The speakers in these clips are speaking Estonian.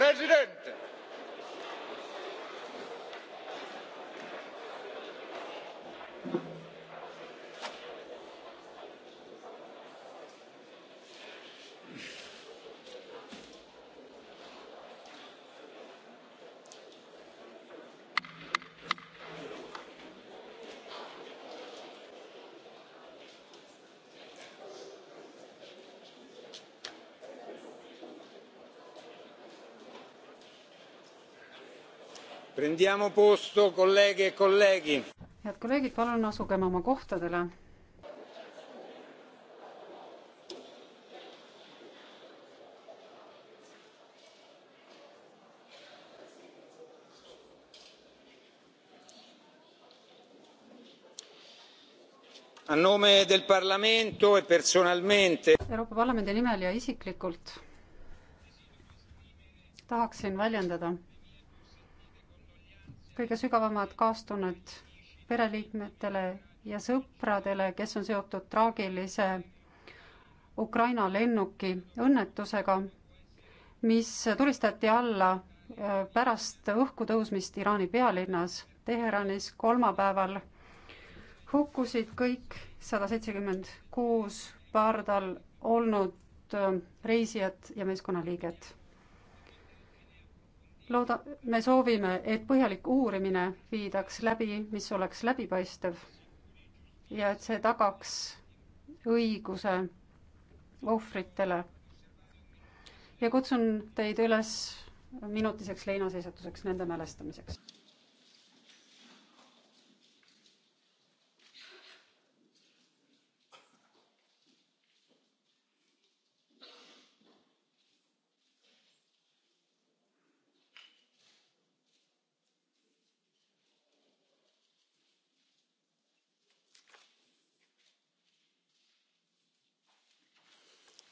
president! Prendiamo posto, kolleege ja e kolleegi. head kolleegid, palun asugem oma kohtadele. A nome del Parlamento e personalmente. Euroopa Parlamendi nimel ja isiklikult tahaksin väljendada kõige sügavamat kaastunnet pereliikmetele ja sõpradele, kes on seotud traagilise Ukraina lennuki õnnetusega, mis tulistati alla äh, pärast õhku tõusmist Iraani pealinnas Teheranis kolmapäeval hukkusid kõik sada seitsekümmend kuus pardal olnud äh, reisijat ja meeskonnaliiget looda, me soovime, et põhjalik uurimine viidaks läbi, mis oleks läbipaistev ja et see tagaks õiguse ohvritele. ja kutsun teid üles minutiseks leinaseisatuseks nende mälestamiseks.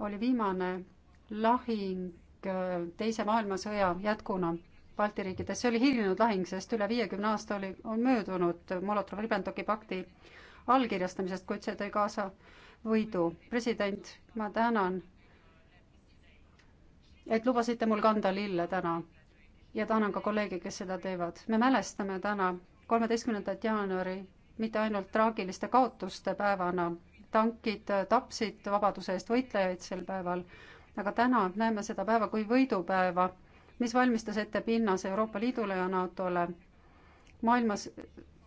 oli viimane lahing äh, Teise maailmasõja jätkuna Balti riikides. see oli hilinenud lahing, sest üle viiekümne aasta oli, on möödunud Molotov-Ribbentropi pakti allkirjastamisest, kuid see tõi kaasa võidu. president, ma tänan, et lubasite mul kanda lille täna ja tänan ka kolleege, kes seda teevad. me mälestame täna kolmeteistkümnendat jaanuari mitte ainult traagiliste kaotuste päevana tankid tapsid vabaduse eest võitlejaid sel päeval, aga täna näeme seda päeva kui võidupäeva, mis valmistas ette pinnase Euroopa Liidule ja NATO-le. maailmas,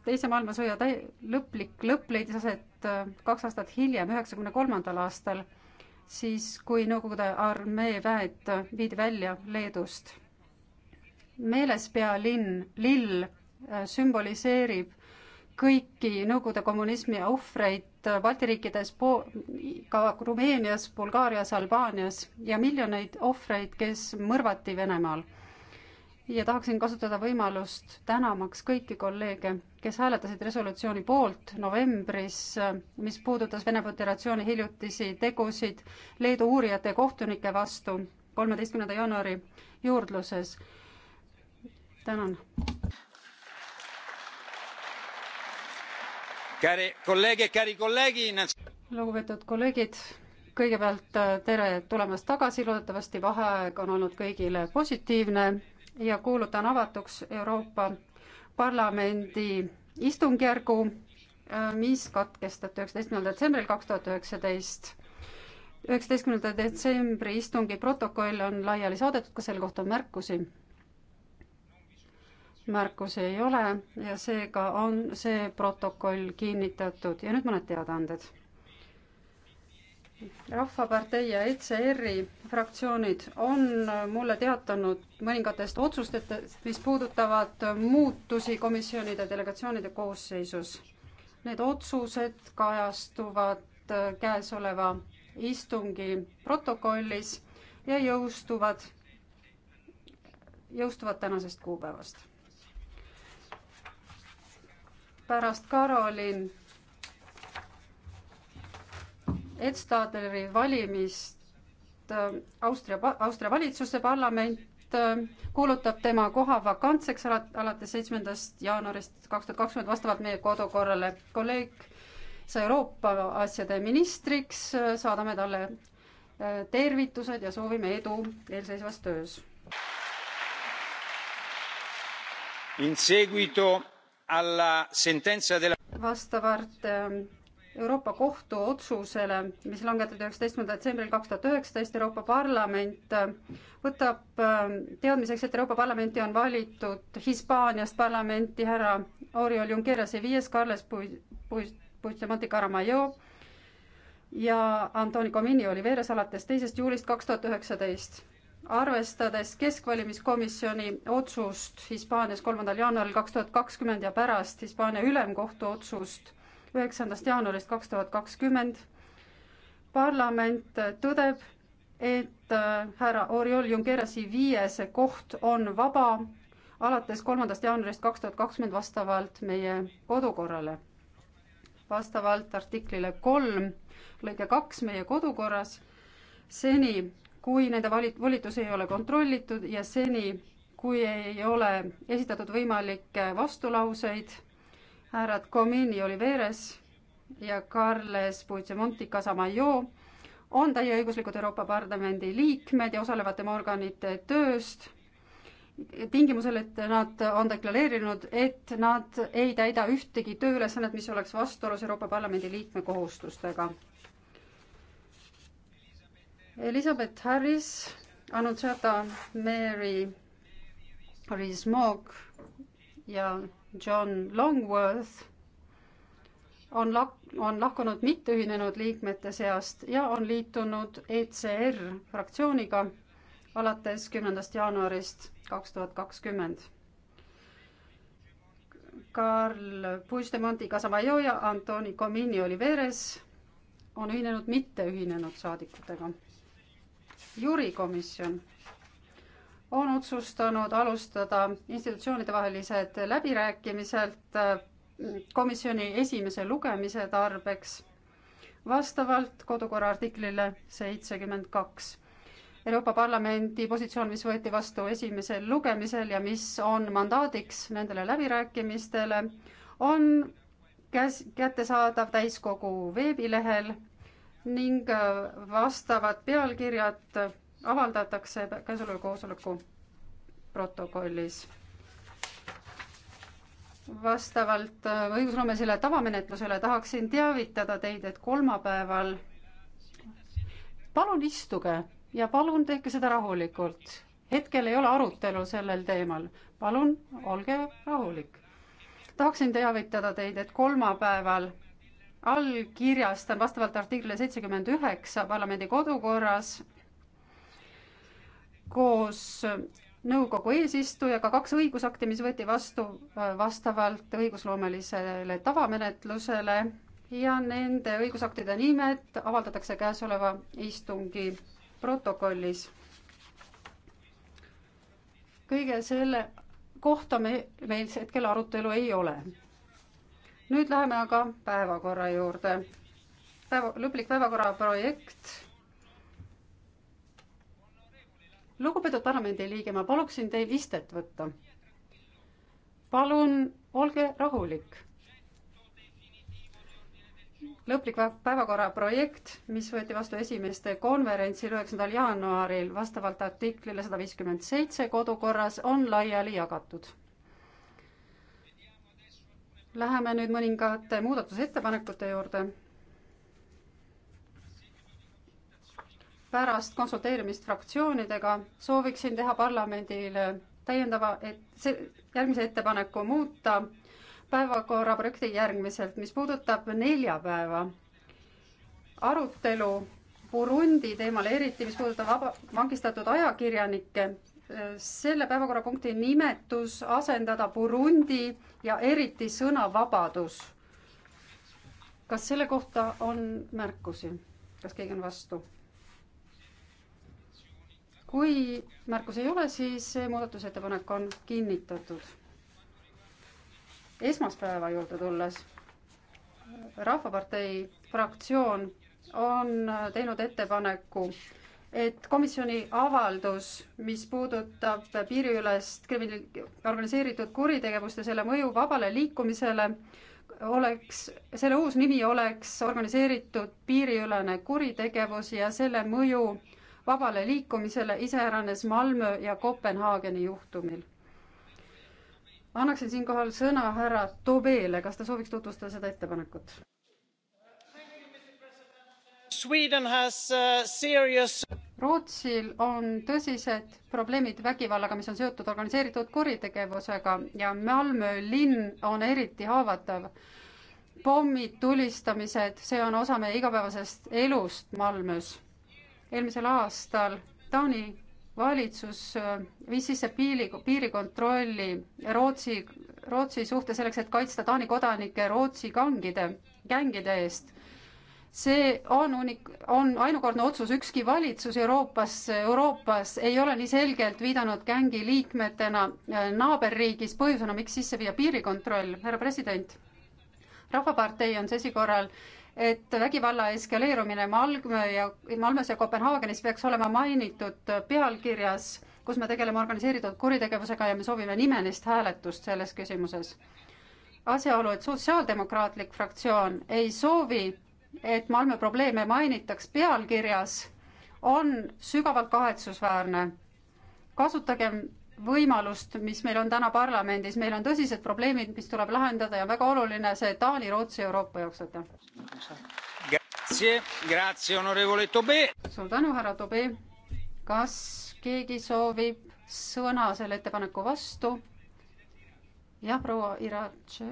teise maailmasõja täi-, lõplik lõpp leidis aset äh, kaks aastat hiljem, üheksakümne kolmandal aastal, siis kui Nõukogude armee väed äh, viidi välja Leedust. meelespea linn, lill äh, sümboliseerib kõiki Nõukogude kommunismi ohvreid Balti riikides, ka Rumeenias, Bulgaarias, Albaanias ja miljoneid ohvreid, kes mõrvati Venemaal. ja tahaksin kasutada võimalust tänamaks kõiki kolleege, kes hääletasid resolutsiooni poolt novembris, mis puudutas Vene Föderatsiooni hiljutisi tegusid Leedu uurijate ja kohtunike vastu kolmeteistkümnenda jaanuari juurdluses. tänan. E lugupeetud kolleegid, kõigepealt äh, tere tulemast tagasi, loodetavasti vaheaeg on olnud kõigile positiivne ja kuulutan avatuks Euroopa Parlamendi istungjärgu, äh, mis katkestati üheksateistkümnendal detsembril kaks tuhat üheksateist. üheksateistkümnenda detsembri istungi protokoll on laiali saadetud, kas selle kohta on märkusi? märkusi ei ole ja seega on see protokoll kinnitatud ja nüüd mõned teadaanded rahvapartei ja ECR-i fraktsioonid on mulle teatanud mõningatest otsustest, mis puudutavad muutusi komisjonide delegatsioonide koosseisus. Need otsused kajastuvad käesoleva istungi protokollis ja jõustuvad, jõustuvad tänasest kuupäevast pärast Karoli Edstadleri valimist äh, Austria, Austria valitsuse parlament äh, kuulutab tema koha vakantseks alates seitsmendast jaanuarist kaks tuhat kakskümmend vastavalt meie kodukorrale. kolleeg sai Euroopa asjade ministriks, äh, saadame talle tervitused ja soovime edu eelseisvas töös. In seguito vastavalt ähm, Euroopa Kohtu otsusele, mis langetati üheksateistkümnendal detsembril kaks tuhat üheksateist, Euroopa Parlament äh, võtab ähm, teadmiseks, et Euroopa Parlamenti on valitud Hispaaniast parlamenti härra Oriol Junqueras ja viies Carles Puigdemont Caramayo ja Antoni Comini Oliveres alates teisest juulist kaks tuhat üheksateist arvestades Keskvalimiskomisjoni otsust Hispaanias kolmandal jaanuaril kaks tuhat kakskümmend ja pärast Hispaania ülemkohtu otsust üheksandast jaanuarist kaks tuhat kakskümmend, parlament tõdeb, et äh, härra Oriol Junquerasi viies koht on vaba alates kolmandast jaanuarist kaks tuhat kakskümmend vastavalt meie kodukorrale. vastavalt artiklile kolm lõige kaks meie kodukorras seni kui nende vali-, volitusi ei ole kontrollitud ja seni, kui ei ole esitatud võimalikke vastulauseid, härrad Comini Oliveres ja Carles Puigdemonti Casamayo on täieõiguslikud Euroopa Parlamendi liikmed ja osalevad tema organite tööst tingimusel, et nad on deklareerinud, et nad ei täida ühtegi tööülesannet, mis oleks vastuolus Euroopa Parlamendi liikme kohustustega Elizabeth Harris, Anuchata Mary Rees-Mogg ja John Longworth on lak-, on lahkunud mitteühinenud liikmete seast ja on liitunud ECR fraktsiooniga alates kümnendast jaanuarist kaks tuhat kakskümmend. Karl Puigdemonti Casamayo ja Antoni Comini Oliveres on ühinenud mitteühinenud saadikutega juurikomisjon on otsustanud alustada institutsioonidevahelised läbirääkimised äh, komisjoni esimese lugemise tarbeks vastavalt kodukorra artiklile seitsekümmend kaks. Euroopa Parlamendi positsioon, mis võeti vastu esimesel lugemisel ja mis on mandaadiks nendele läbirääkimistele, on käs-, kättesaadav täiskogu veebilehel ning äh, vastavad pealkirjad avaldatakse käesoleva koosoleku protokollis. vastavalt äh, õigusloomelisele tavamenetlusele tahaksin teavitada teid, et kolmapäeval palun istuge ja palun tehke seda rahulikult. hetkel ei ole arutelu sellel teemal, palun olge rahulik. tahaksin teavitada teid, et kolmapäeval allkirjastan vastavalt artiklile seitsekümmend üheksa parlamendi kodukorras koos nõukogu eesistujaga kaks õigusakti, mis võeti vastu äh, vastavalt õigusloomelisele tavamenetlusele ja nende õigusaktide nimed avaldatakse käesoleva istungi protokollis. kõige selle kohta me, meil hetkel arutelu ei ole nüüd läheme aga päevakorra juurde. päeva, lõplik päevakorra projekt. lugupeetud parlamendiliige, ma paluksin teil istet võtta. palun olge rahulik lõplik päevakorra projekt, mis võeti vastu esimeste konverentsil üheksandal jaanuaril vastavalt artiklile sada viiskümmend seitse kodukorras, on laiali jagatud Läheme nüüd mõningate muudatusettepanekute juurde. pärast konsulteerimist fraktsioonidega sooviksin teha parlamendile täiendava, et see, järgmise ettepaneku muuta päevakorra projekti järgmiselt, mis puudutab neljapäeva arutelu Burundi teemal, eriti mis puudutab vaba, vangistatud ajakirjanikke selle päevakorrapunkti nimetus asendada Burundi ja eriti sõnavabadus. kas selle kohta on märkusi? kas keegi on vastu? kui märkusi ei ole, siis see muudatusettepanek on kinnitatud. esmaspäeva juurde tulles, Rahvapartei fraktsioon on teinud ettepaneku et komisjoni avaldus, mis puudutab piiriülest organiseeritud kuritegevust ja selle mõju vabale liikumisele, oleks, selle uus nimi oleks organiseeritud piiriülene kuritegevus ja selle mõju vabale liikumisele iseäranes Malmö ja Kopenhaageni juhtumil. annaksin siinkohal sõna härra Tobele, kas ta sooviks tutvustada seda ettepanekut? Uh, serious... Rootsil on tõsised probleemid vägivallaga, mis on seotud organiseeritud kuritegevusega ja Malmö linn on eriti haavatav. pommid, tulistamised, see on osa meie igapäevasest elust Malmös. eelmisel aastal Taani valitsus äh, viis sisse piiri, piirikontrolli Rootsi, Rootsi suhtes selleks, et kaitsta Taani kodanikke Rootsi gangide, gängide eest see on unik-, on ainukordne otsus, ükski valitsus Euroopas, Euroopas ei ole nii selgelt viidanud gängi liikmetena äh, naaberriigis põhjusena, miks sisse viia piirikontroll, härra president. rahvapartei on sesikorral et vägivalla eskaleerumine Malmö ja, Malmös ja Kopenhaagenis peaks olema mainitud pealkirjas, kus me tegeleme organiseeritud kuritegevusega ja me soovime nimelist hääletust selles küsimuses. asjaolu, et sotsiaaldemokraatlik fraktsioon ei soovi et Malmö probleeme mainitaks pealkirjas, on sügavalt kahetsusväärne. kasutagem võimalust, mis meil on täna parlamendis, meil on tõsised probleemid, mis tuleb lahendada ja väga oluline see Taani, Rootsi, Euroopa jaoks, aitäh. suur tänu, härra Tobe. kas keegi soovib sõna selle ettepaneku vastu? jah, proua Iratše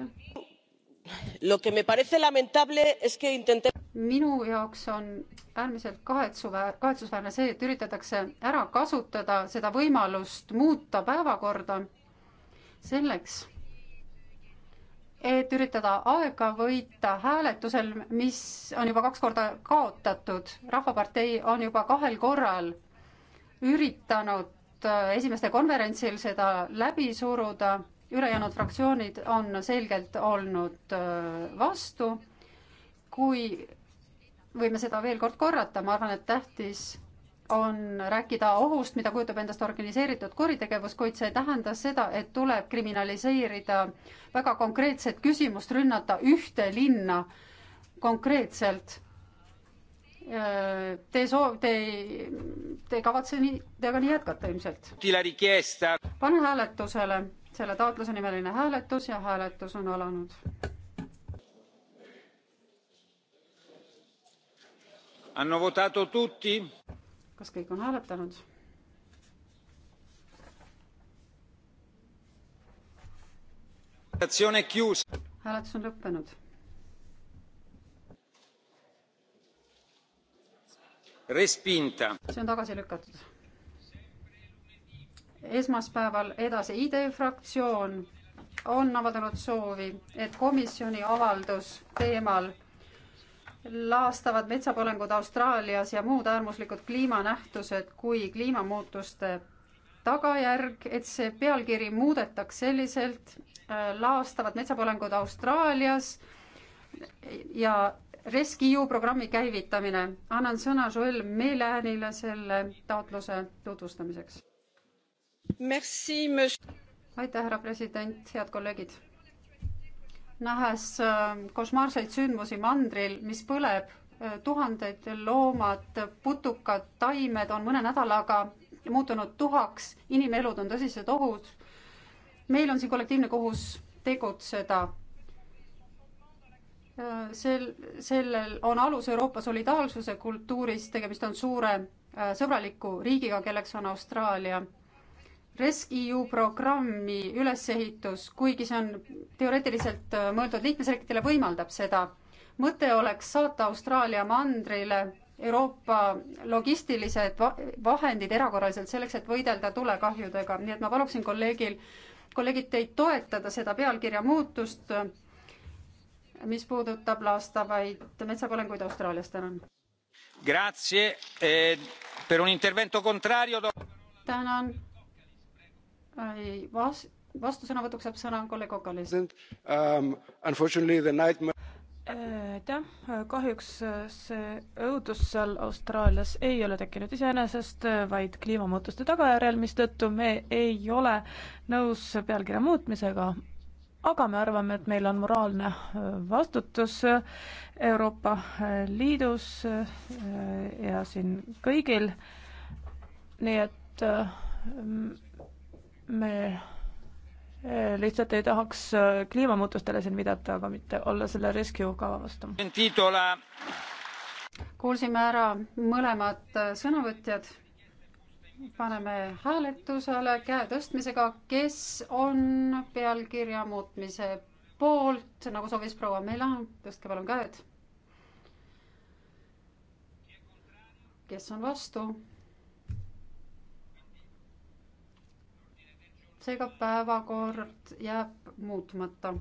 minu jaoks on äärmiselt kahetsuväär-, kahetsusväärne see, et üritatakse ära kasutada seda võimalust muuta päevakorda selleks, et üritada aega võita hääletusel, mis on juba kaks korda kaotatud. rahvapartei on juba kahel korral üritanud äh, esimeste konverentsil seda läbi suruda ülejäänud fraktsioonid on selgelt olnud äh, vastu. kui võime seda veel kord korrata, ma arvan, et tähtis on rääkida ohust, mida kujutab endast organiseeritud kuritegevus, kuid see ei tähenda seda, et tuleb kriminaliseerida väga konkreetset küsimust, rünnata ühte linna konkreetselt. Äh, te soov, te, te ei kavatse nii, teiega nii jätkata ilmselt. panen hääletusele selle taotluse nimeline hääletus ja hääletus on alanud. kas kõik on hääletanud? hääletus on lõppenud. see on tagasi lükatud esmaspäeval edasi. ID fraktsioon on avaldanud soovi, et komisjoni avaldus teemal laastavad metsapõlengud Austraalias ja muud äärmuslikud kliimanähtused kui kliimamuutuste tagajärg, et see pealkiri muudetaks selliselt, äh, laastavad metsapõlengud Austraalias ja Rescue programmi käivitamine. annan sõna Joel Meelänile selle taotluse tutvustamiseks aitäh, härra president, head kolleegid. nähes äh, košmaarseid sündmusi mandril, mis põleb, äh, tuhanded loomad, putukad, taimed on mõne nädalaga muutunud tuhaks, inimelud on tõsised ohud. meil on siin kollektiivne kohus tegutseda äh, sel, sellel on alus Euroopa solidaarsuse kultuuris, tegemist on suure sõbraliku riigiga, kelleks on Austraalia. RescEU programmi ülesehitus, kuigi see on teoreetiliselt äh, mõeldud liikmesriikidele, võimaldab seda. mõte oleks saata Austraalia mandrile Euroopa logistilised vahendid erakorraliselt selleks, et võidelda tulekahjudega, nii et ma paluksin kolleegil, kolleegid teid toetada seda pealkirja muutust, mis puudutab laastavaid metsapõlenguid Austraalias, tänan. Eh, tänan Vas-, vastusõnavõtuks saab sõna kolleeg Okalis. Um, aitäh, kahjuks äh, see õudus seal Austraalias ei ole tekkinud iseenesest, äh, vaid kliimamuutuste tagajärjel, mistõttu me ei ole nõus pealkirja muutmisega, aga me arvame, et meil on moraalne äh, vastutus Euroopa Liidus ja siin kõigil, nii et me eh, lihtsalt ei tahaks eh, kliimamuutustele siin viidata, aga mitte olla selle rescue kava vastu. kuulsime ära mõlemad eh, sõnavõtjad. paneme hääletusele käe tõstmisega, kes on pealkirja muutmise poolt, nagu soovis proua Melan, tõstke palun käed. kes on vastu? seega päevakord jääb muutmata.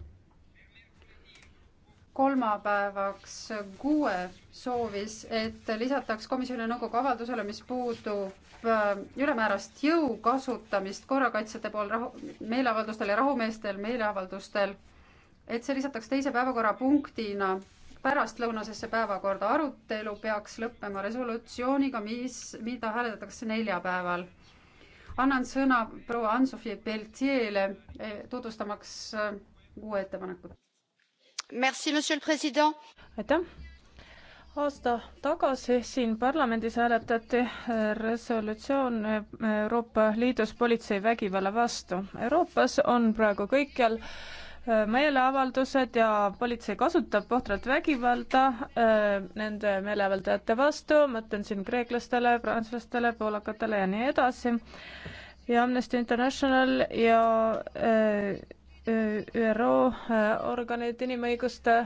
kolmapäevaks kuue soovis, et lisataks komisjoni nõukogu avaldusele, mis puudub äh, ülemäärast jõu kasutamist korrakaitsjate pool rahu, meeleavaldustel ja rahumeestel meeleavaldustel, et see lisataks teise päevakorrapunktina pärastlõunasesse päevakorda. arutelu peaks lõppema resolutsiooniga, mis, mida hääletatakse neljapäeval annan sõna proua Ann-Sofi Peltierile eh, tutvustamaks eh, uue ettepanekut. aitäh aasta tagasi siin parlamendis hääletati eh, resolutsioon Euroopa Liidus politsei vägivalla vastu. Euroopas on praegu kõikjal äh, meeleavaldused ja politsei kasutab ohtralt vägivalda äh, nende meeleavaldajate vastu, mõtlen siin kreeklastele, prantslastele, poolakatele ja nii edasi. ja Amnesty International ja äh, äh, ÜRO organid, inimõiguste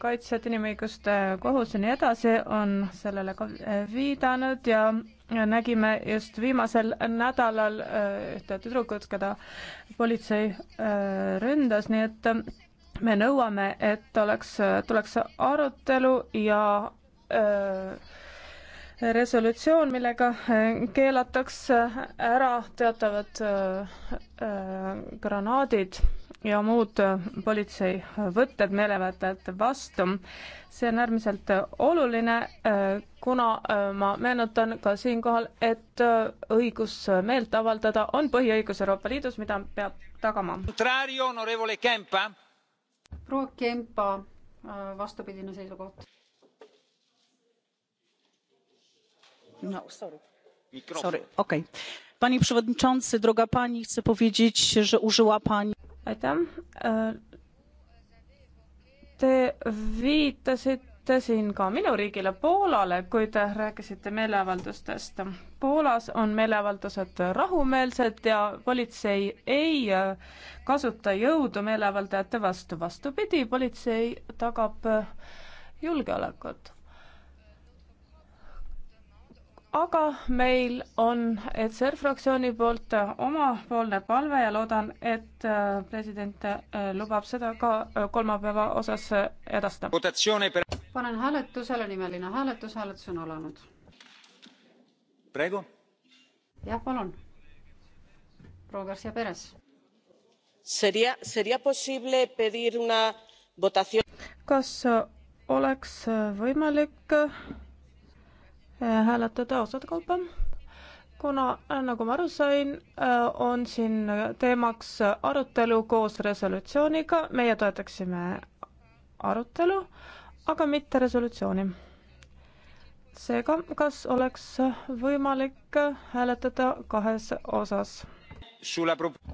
kaitsjad, inimõiguste kohus ja nii edasi on sellele ka viidanud ja nägime just viimasel nädalal äh, ühte tüdrukut, keda politsei äh, ründas, nii et äh, me nõuame, et oleks, tuleks arutelu ja öö, resolutsioon, millega keelatakse ära teatavad öö, öö, granaadid ja muud äh, politsei võtted meelevaldajate vastu. see on äärmiselt äh, oluline, äh, kuna ma meenutan ka siinkohal, et õigus meelt avaldada on põhiõigus Euroopa Liidus, mida peab tagama. proua Kempa, vastupidine seisukoht. no sorry, sorry, okei okay. panie przewodniczący droga pani chcę powiedzieć że użyła pani aitäh. Äh, te viitasite siin ka minu riigile Poolale, kui te rääkisite meeleavaldustest. Poolas on meeleavaldused rahumeelsed ja politsei ei äh, kasuta jõudu meeleavaldajate vastu. vastupidi, politsei tagab äh, julgeolekut aga meil on ECR fraktsiooni poolt omapoolne palve ja loodan, et äh, president äh, lubab seda ka äh, kolmapäeva osas edastada. panen hääletusele, nimeline hääletus, hääletus on alanud. jah, palun. proua Garcia Perez. Seria, seria posible pedir una votación? kas oleks võimalik hääletada osade kaupa. kuna, äh, nagu ma aru sain, äh, on siin teemaks arutelu koos resolutsiooniga, meie toetaksime arutelu, aga mitte resolutsiooni. seega, kas oleks võimalik hääletada kahes osas?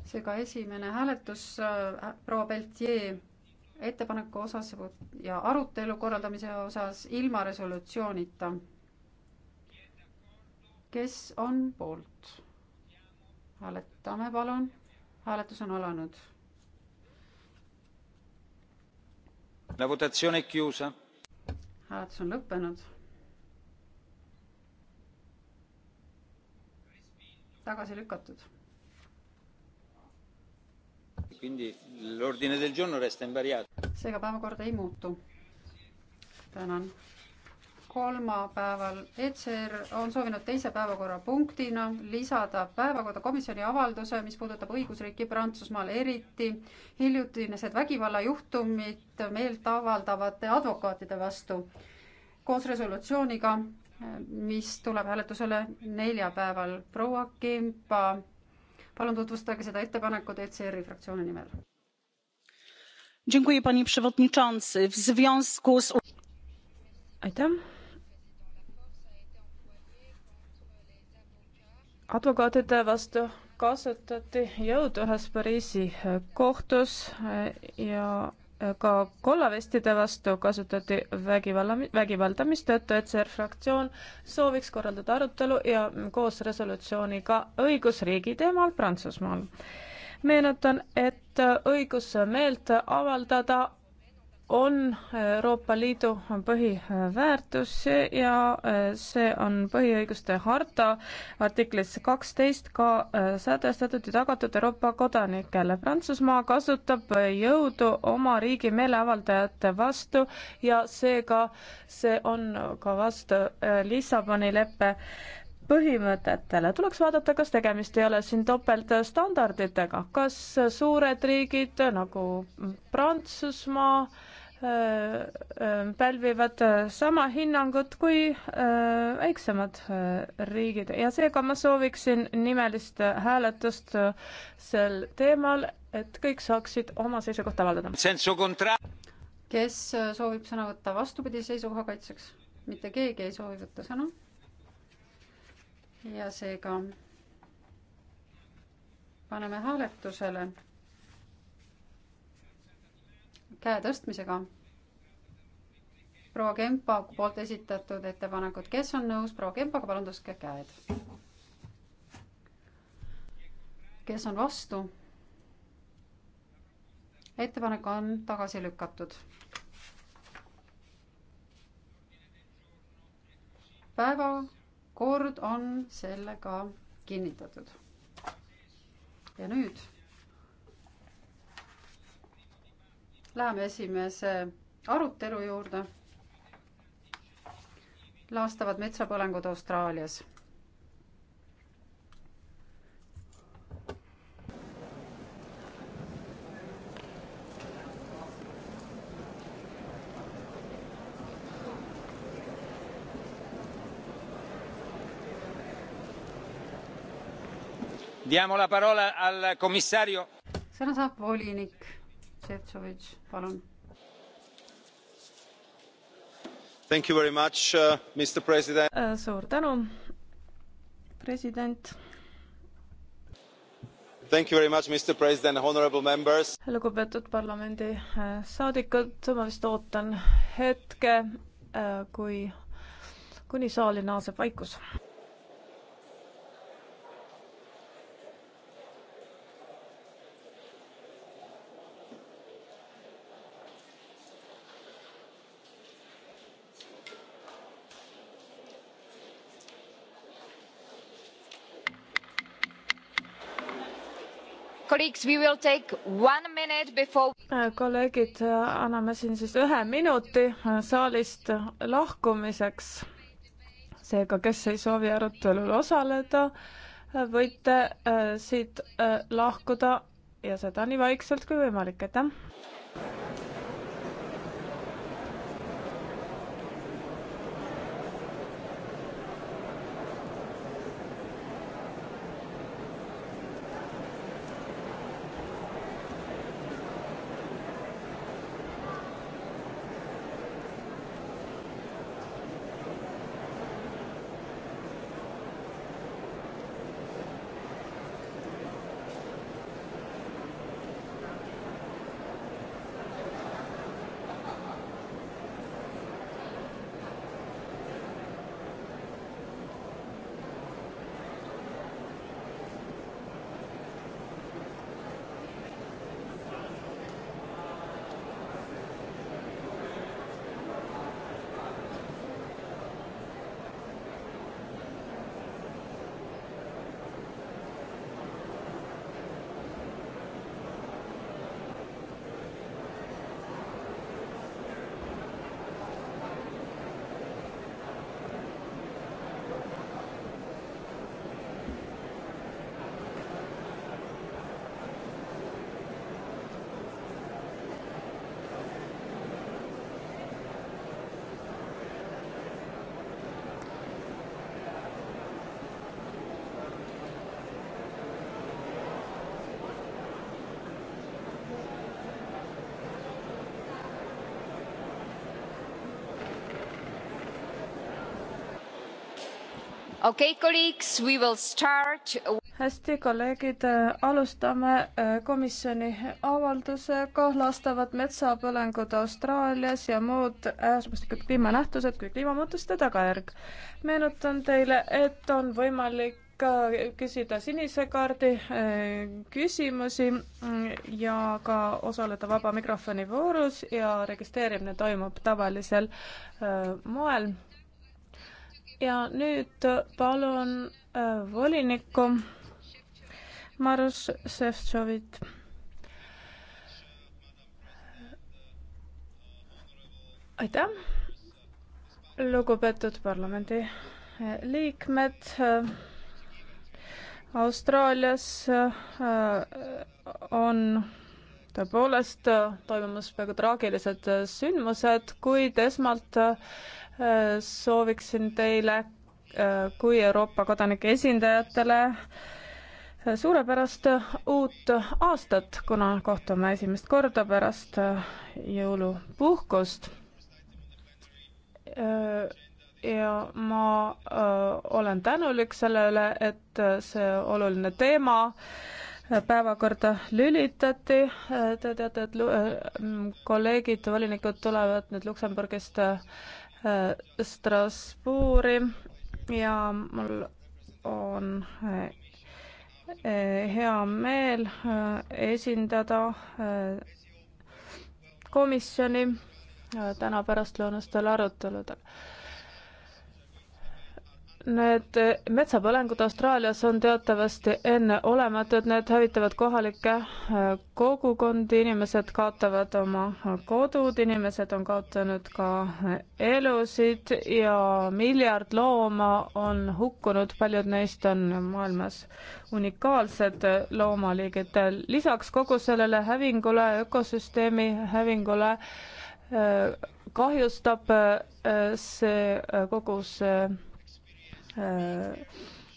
seega esimene hääletus äh, proua Peltier ettepaneku osas ja arutelu korraldamise osas ilma resolutsioonita kes on poolt? hääletame, palun. hääletus on alanud. hääletus on lõppenud. tagasi lükatud. seega päevakord ei muutu. tänan kolmapäeval. ECR on soovinud teise päevakorrapunktina lisada päevakorda komisjoni avalduse, mis puudutab õigusriiki Prantsusmaal eriti hiljutised vägivallajuhtumid meelt avaldavate advokaatide vastu koos resolutsiooniga, mis tuleb hääletusele neljapäeval. proua Kempa, palun tutvustage seda ettepanekut ECR-i fraktsiooni nimel. Dziękuję, panie przewodniczący. W związku z... Aitäh, advokaatide vastu kasutati jõudu ühes Pariisi äh, kohtus äh, ja äh, ka kollavestide vastu kasutati vägivalla, vägivalda, mistõttu ECR fraktsioon sooviks korraldada arutelu ja mm, koos resolutsiooniga õigusriigi teemal Prantsusmaal. meenutan, et õigus meelt avaldada on Euroopa Liidu põhiväärtus ja äh, see on põhiõiguste harta artiklis kaksteist ka äh, sätestatud ja tagatud Euroopa kodanikele. Prantsusmaa kasutab jõudu oma riigi meeleavaldajate vastu ja seega see on ka vastu äh, Lissaboni leppe põhimõtetele tuleks vaadata, kas tegemist ei ole siin topeltstandarditega, kas suured riigid nagu Prantsusmaa pälvivad sama hinnangut kui väiksemad riigid ja seega ma sooviksin nimelist hääletust sel teemal, et kõik saaksid oma seisukohta avaldada. kes soovib sõna võtta vastupidi seisukoha kaitseks? mitte keegi ei soovi võtta sõna. ja seega paneme hääletusele käe tõstmisega proua Kempa poolt esitatud ettepanekut, kes on nõus proua Kempaga, palun tõstke käed. kes on vastu? ettepanek on tagasi lükatud. päevakord on sellega kinnitatud. ja nüüd läheme esimese arutelu juurde laastavad metsapõlengud Austraalias sõna saab volinik šefčovič palun! Much, uh, äh, suur tänu, president. Much, lugupeetud parlamendi äh, saadikud, ma vist ootan hetke, äh, kui, kuni saali naaseb vaikus. Äh, kolleegid, äh, anname siin siis ühe minuti äh, saalist lahkumiseks. seega, kes ei soovi arutelul osaleda, võite siit lahkuda ja seda nii vaikselt kui võimalik, aitäh. okay, colleagues, we will start. hästi, kolleegid, alustame äh, komisjoni avaldusega lastavad metsapõlengud Austraalias ja muud äärmuslikud äh, kliimanähtused kui kliimamuutuste tagajärg. meenutan teile, et on võimalik ka äh, küsida sinise kaardi küsimusi mm, ja ka osaleda vaba mikrofoni voorus ja registreerimine toimub tavalisel moel ja nüüd palun äh, volinikku Maros Šefčovit. aitäh, lugupeetud parlamendi äh, liikmed. Äh, Austraalias on tõepoolest toimumas väga traagilised sündmused, kuid esmalt Äh, sooviksin teile äh, kui Euroopa kodanike esindajatele äh, suurepärast uut aastat, kuna kohtume esimest korda pärast jõulupuhkust. ja ma olen tänulik selle üle, et see oluline teema päevakorda lülitati. Te teate, et kolleegid, volinikud tulevad nüüd Luksemburgist Äh, Strasbourgi ja mul on äh, äh, hea meel esindada komisjoni täna pärastlõunastel aruteludel Need metsapõlengud Austraalias on teatavasti enneolematud, need hävitavad kohalikke äh, kogukondi, inimesed kaotavad oma kodud, inimesed on kaotanud ka äh, elusid ja miljard looma on hukkunud, paljud neist on maailmas unikaalsed äh, loomaliigid. lisaks kogu sellele hävingule, ökosüsteemi hävingule kahjustab see kogu see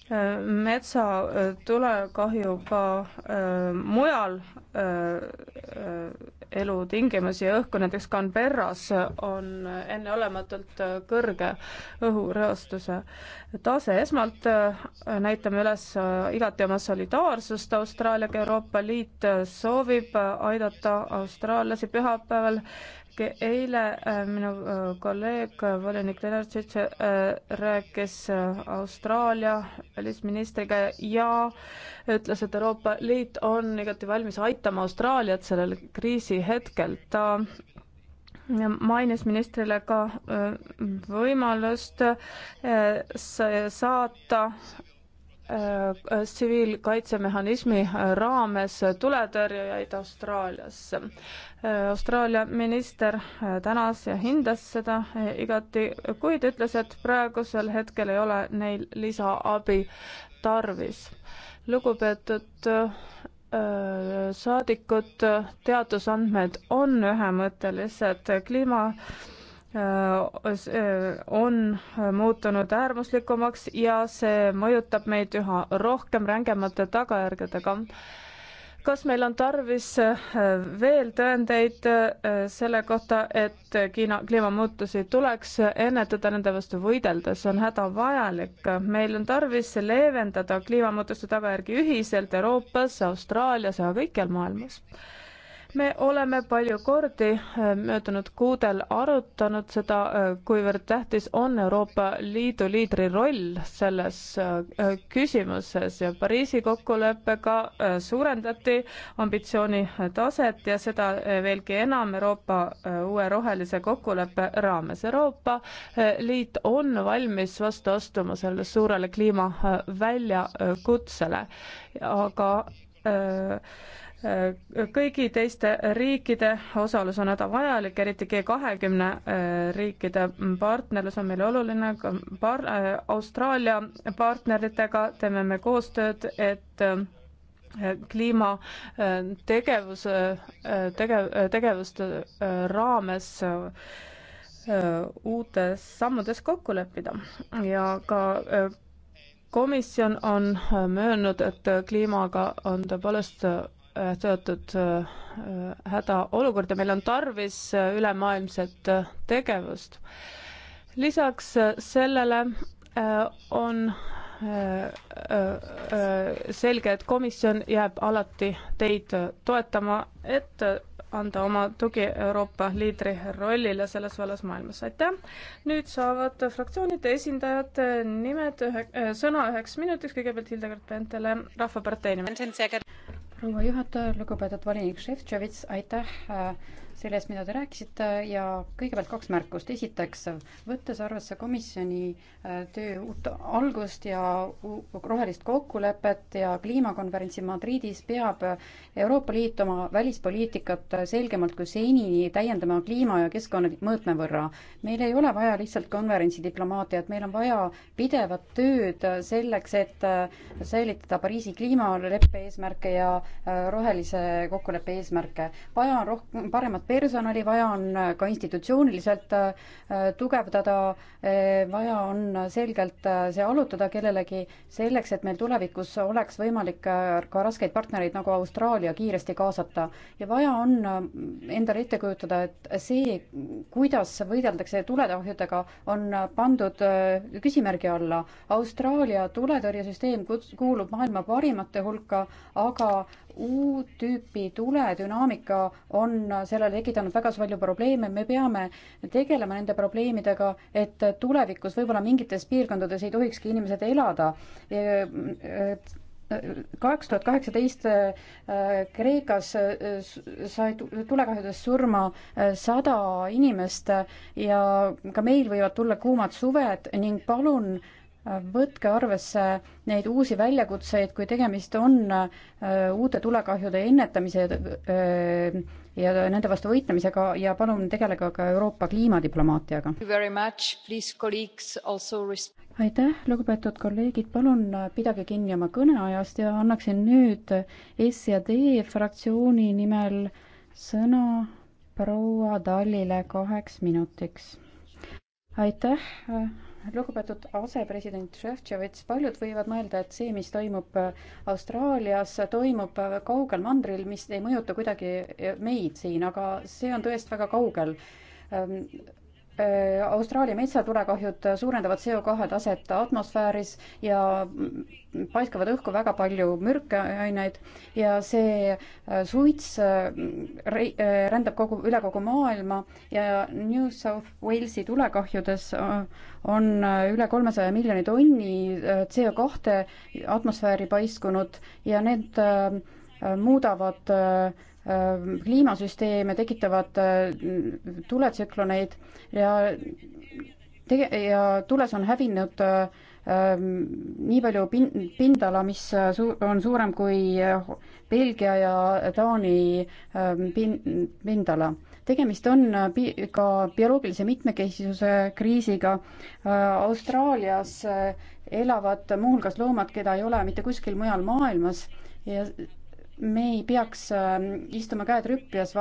metsatulekahjuga äh, äh, mujal äh, elutingimusi ja õhku, näiteks Canberras on enneolematult kõrge õhureostuse tase. esmalt näitame üles igati oma solidaarsust Austraaliaga, Euroopa Liit soovib aidata austraallasi pühapäeval eile äh, minu äh, kolleeg äh, volinik Lenartšitš rääkis Austraalia välisministriga ja ütles, et Euroopa Liit on igati valmis aitama Austraaliat sellel kriisi hetkel. ta mainis ministrile ka võimalust saata Äh, tsiviilkaitsemehhanismi raames tuletõrjujaid Austraaliasse. Äh, Austraalia minister äh, tänas ja hindas seda igati, kuid ütles, et praegusel hetkel ei ole neil lisaabi tarvis. lugupeetud saadikud, teadusandmed on ühemõttelised kliima on muutunud äärmuslikumaks ja see mõjutab meid üha rohkem rängemate tagajärgedega. kas meil on tarvis veel tõendeid selle kohta, et Hiina kliimamuutusi tuleks ennetada, nende vastu võidelda, see on hädavajalik. meil on tarvis leevendada kliimamuutuste tagajärgi ühiselt Euroopas, Austraalias ja kõikjal maailmas me oleme palju kordi äh, möödunud kuudel arutanud seda, äh, kuivõrd tähtis on Euroopa Liidu liidri roll selles äh, küsimuses ja Pariisi kokkuleppega suurendati ambitsiooni taset ja seda veelgi enam Euroopa uue rohelise kokkuleppe raames. Euroopa Liit on valmis vastu astuma sellele suurele kliimaväljakutsele, aga kõigi teiste riikide osalus on hädavajalik, eriti G kahekümne äh, riikide partnerlus on meile oluline, ka par-, äh, Austraalia partneritega teeme me koostööd, et äh, kliimategevuse, tegev, tegevuste raames uutes sammudes kokku leppida ja ka komisjon on möönnud, et kliimaga on tõepoolest teatud äh, hädaolukord ja meil on tarvis äh, ülemaailmset äh, tegevust. lisaks sellele on selge, et komisjon jääb alati teid toetama, et anda oma tugi Euroopa liidri rollile selles vallas maailmas. aitäh! nüüd saavad fraktsioonide esindajad nimed ühe, sõna üheks minutiks, kõigepealt Hildegard Pentele Rahvapartei nimel proua juhataja, lugupeetud volinik Šeftšovitš, aitäh äh, sellest, mida te rääkisite ja kõigepealt kaks märkust. esiteks, võttes arvesse komisjoni äh, töö uut algust ja rohelist kokkulepet ja kliimakonverentsi Madridis, peab Euroopa Liit oma välispoliitikat selgemalt kui senini täiendama kliima ja keskkonna mõõtme võrra. meil ei ole vaja lihtsalt konverentsi diplomaatiat, meil on vaja pidevat tööd selleks, et äh, säilitada Pariisi kliimaleppe eesmärke ja äh, rohelise kokkuleppe eesmärke. vaja on rohkem, paremat personali, vaja on ka institutsiooniliselt äh, tugevdada, äh, vaja on selgelt äh, see allutada kellelegi, selleks et meil tulevikus oleks võimalik ka raskeid partnereid nagu Austraalia kiiresti kaasata. ja vaja on endale ette kujutada, et see, kuidas võideldakse tulekahjudega, on pandud küsimärgi alla. Austraalia tuletõrjesüsteem kuulub maailma parimate hulka, aga uut tüüpi tuledünaamika on sellele tekitanud väga palju probleeme, me peame tegelema nende probleemidega, et tulevikus võib-olla mingites piirkondades ei tohikski inimesed elada kaks tuhat kaheksateist äh, Kreekas äh, sai tulekahjudes surma äh, sada inimest ja ka meil võivad tulla kuumad suved ning palun võtke arvesse neid uusi väljakutseid, kui tegemist on äh, uute tulekahjude ennetamise äh, ja nende vastu võitlemisega ja palun tegelege ka Euroopa kliimadiplomaatiaga. aitäh, lugupeetud kolleegid, palun äh, pidage kinni oma kõneajast ja annaksin nüüd S ja D fraktsiooni nimel sõna proua Tallile kaheks minutiks. aitäh lugupeetud asepresident Šefčovitš, paljud võivad mõelda, et see, mis toimub äh, Austraalias, toimub äh, kaugel mandril, mis ei mõjuta kuidagi äh, meid siin, aga see on tõest väga kaugel ähm, Äh, Austraalia metsatulekahjud suurendavad CO2 taset atmosfääris ja paiskavad õhku väga palju mürkeaineid ja see äh, suits äh, rändab kogu, üle kogu maailma ja New South Walesi tulekahjudes on üle kolmesaja miljoni tonni CO2 atmosfääri paiskunud ja need muudavad Äh, kliimasüsteeme, tekitavad äh, tuletsükloneid ja tege-, ja tules on hävinud äh, nii palju pin-, pindala, mis su-, on suurem kui Belgia ja Taani pin-, pindala. tegemist on pi-, ka bioloogilise mitmekesisuse kriisiga. Austraalias elavad muuhulgas loomad, keda ei ole mitte kuskil mujal maailmas ja me ei peaks ähm, istuma käed rüpjas,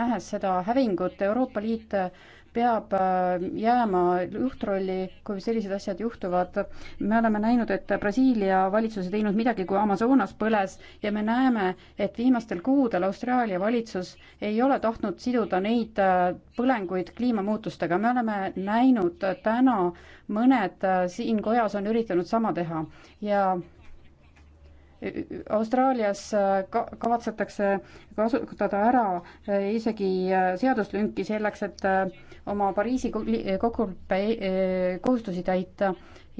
nähes seda hävingut, Euroopa Liit äh, peab äh, jääma juhtrolli, kui sellised asjad juhtuvad. me oleme näinud, et Brasiilia valitsus ei teinud midagi, kui Amazonas põles ja me näeme, et viimastel kuudel Austraalia valitsus ei ole tahtnud siduda neid äh, põlenguid kliimamuutustega. me oleme näinud täna, mõned siin kojas on üritanud sama teha ja Austraalias äh, ka-, kavatsetakse kasutada ära äh, isegi äh, seaduslünki selleks, et oma Pariisi kokkuleppe kohustusi täita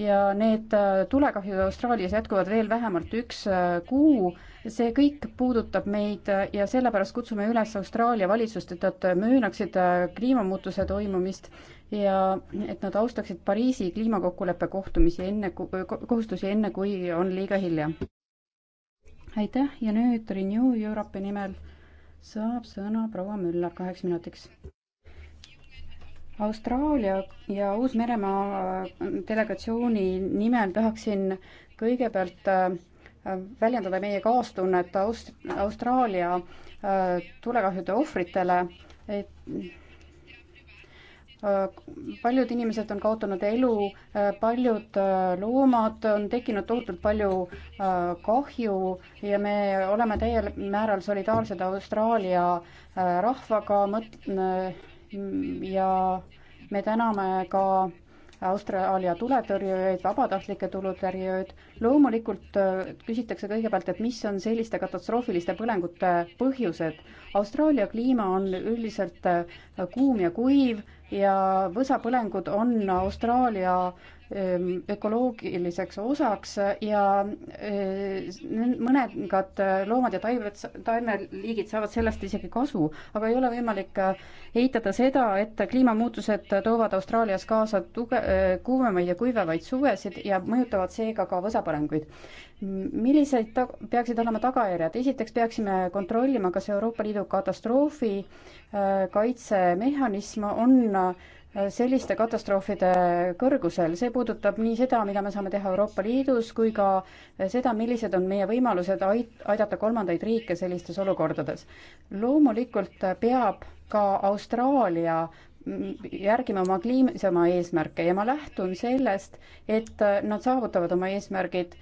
ja need tulekahjud Austraalias jätkuvad veel vähemalt üks kuu. see kõik puudutab meid ja sellepärast kutsume üles Austraalia valitsust, et nad möönaksid kliimamuutuse toimumist ja et nad austaksid Pariisi kliimakokkuleppe kohtumisi enne, kohustusi enne, kui on liiga hilja aitäh ja nüüd Renew Europe'i nimel saab sõna proua Müller kaheks minutiks. Austraalia ja Uus-Meremaa äh, delegatsiooni nimel tahaksin kõigepealt äh, väljendada meie kaastunnet Aust-, Austraalia äh, tulekahjude ohvritele, et Äh, paljud inimesed on kaotanud elu, äh, paljud äh, loomad, on tekkinud tohutult palju kahju ja me oleme täiel määral solidaarsed Austraalia rahvaga mõt-, ja me täname ka Austraalia tuletõrjujaid, vabatahtlikke tuletõrjujaid. loomulikult küsitakse kõigepealt, et mis on selliste katastroofiliste põlengute põhjused. Austraalia kliima on üldiselt kuum ja kuiv ja võsapõlengud on Austraalia Ehm, ökoloogiliseks osaks ja eh, mõningad loomad ja taimed, taimeliigid saavad sellest isegi kasu, aga ei ole võimalik eh, eitada seda, et kliimamuutused toovad Austraalias kaasa tuge-, eh, kuumemaid ja kuivemaid suvesid ja mõjutavad seega ka võsapõlenguid. millised ta-, peaksid olema tagajärjed, esiteks peaksime kontrollima, kas Euroopa Liidu katastroofi kaitsemehhanism on selliste katastroofide kõrgusel, see puudutab nii seda, mida me saame teha Euroopa Liidus, kui ka seda, millised on meie võimalused ait-, aidata kolmandaid riike sellistes olukordades. loomulikult peab ka Austraalia järgime oma kliimisema eesmärke ja ma lähtun sellest, et nad saavutavad oma eesmärgid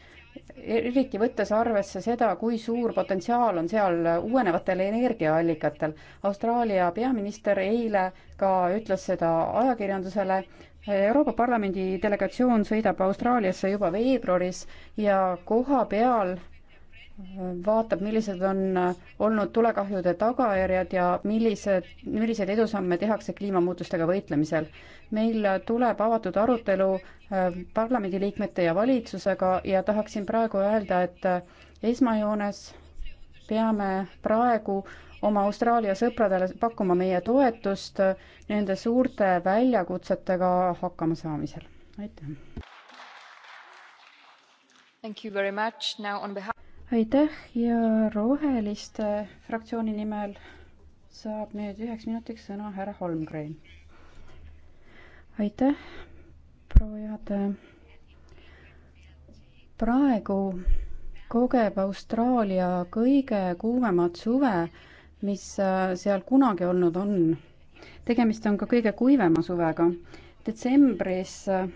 eriti võttes arvesse seda, kui suur potentsiaal on seal uuenevatel energiaallikatel. Austraalia peaminister eile ka ütles seda ajakirjandusele. Euroopa Parlamendi delegatsioon sõidab Austraaliasse juba veebruaris ja koha peal vaatab, millised on olnud tulekahjude tagajärjed ja millised, milliseid edusamme tehakse kliimamuutustega võitlemisel. meil tuleb avatud arutelu äh, parlamendiliikmete ja valitsusega ja tahaksin praegu öelda, et äh, esmajoones peame praegu oma Austraalia sõpradele pakkuma meie toetust äh, nende suurte väljakutsetega hakkama saamisel. aitäh! Thank you very much. Now on behalf aitäh ja Roheliste fraktsiooni nimel saab nüüd üheks minutiks sõna härra Holmgren. aitäh, proua juhataja. praegu kogeb Austraalia kõige kuumemat suve, mis äh, seal kunagi olnud on. tegemist on ka kõige kuivema suvega detsembris äh,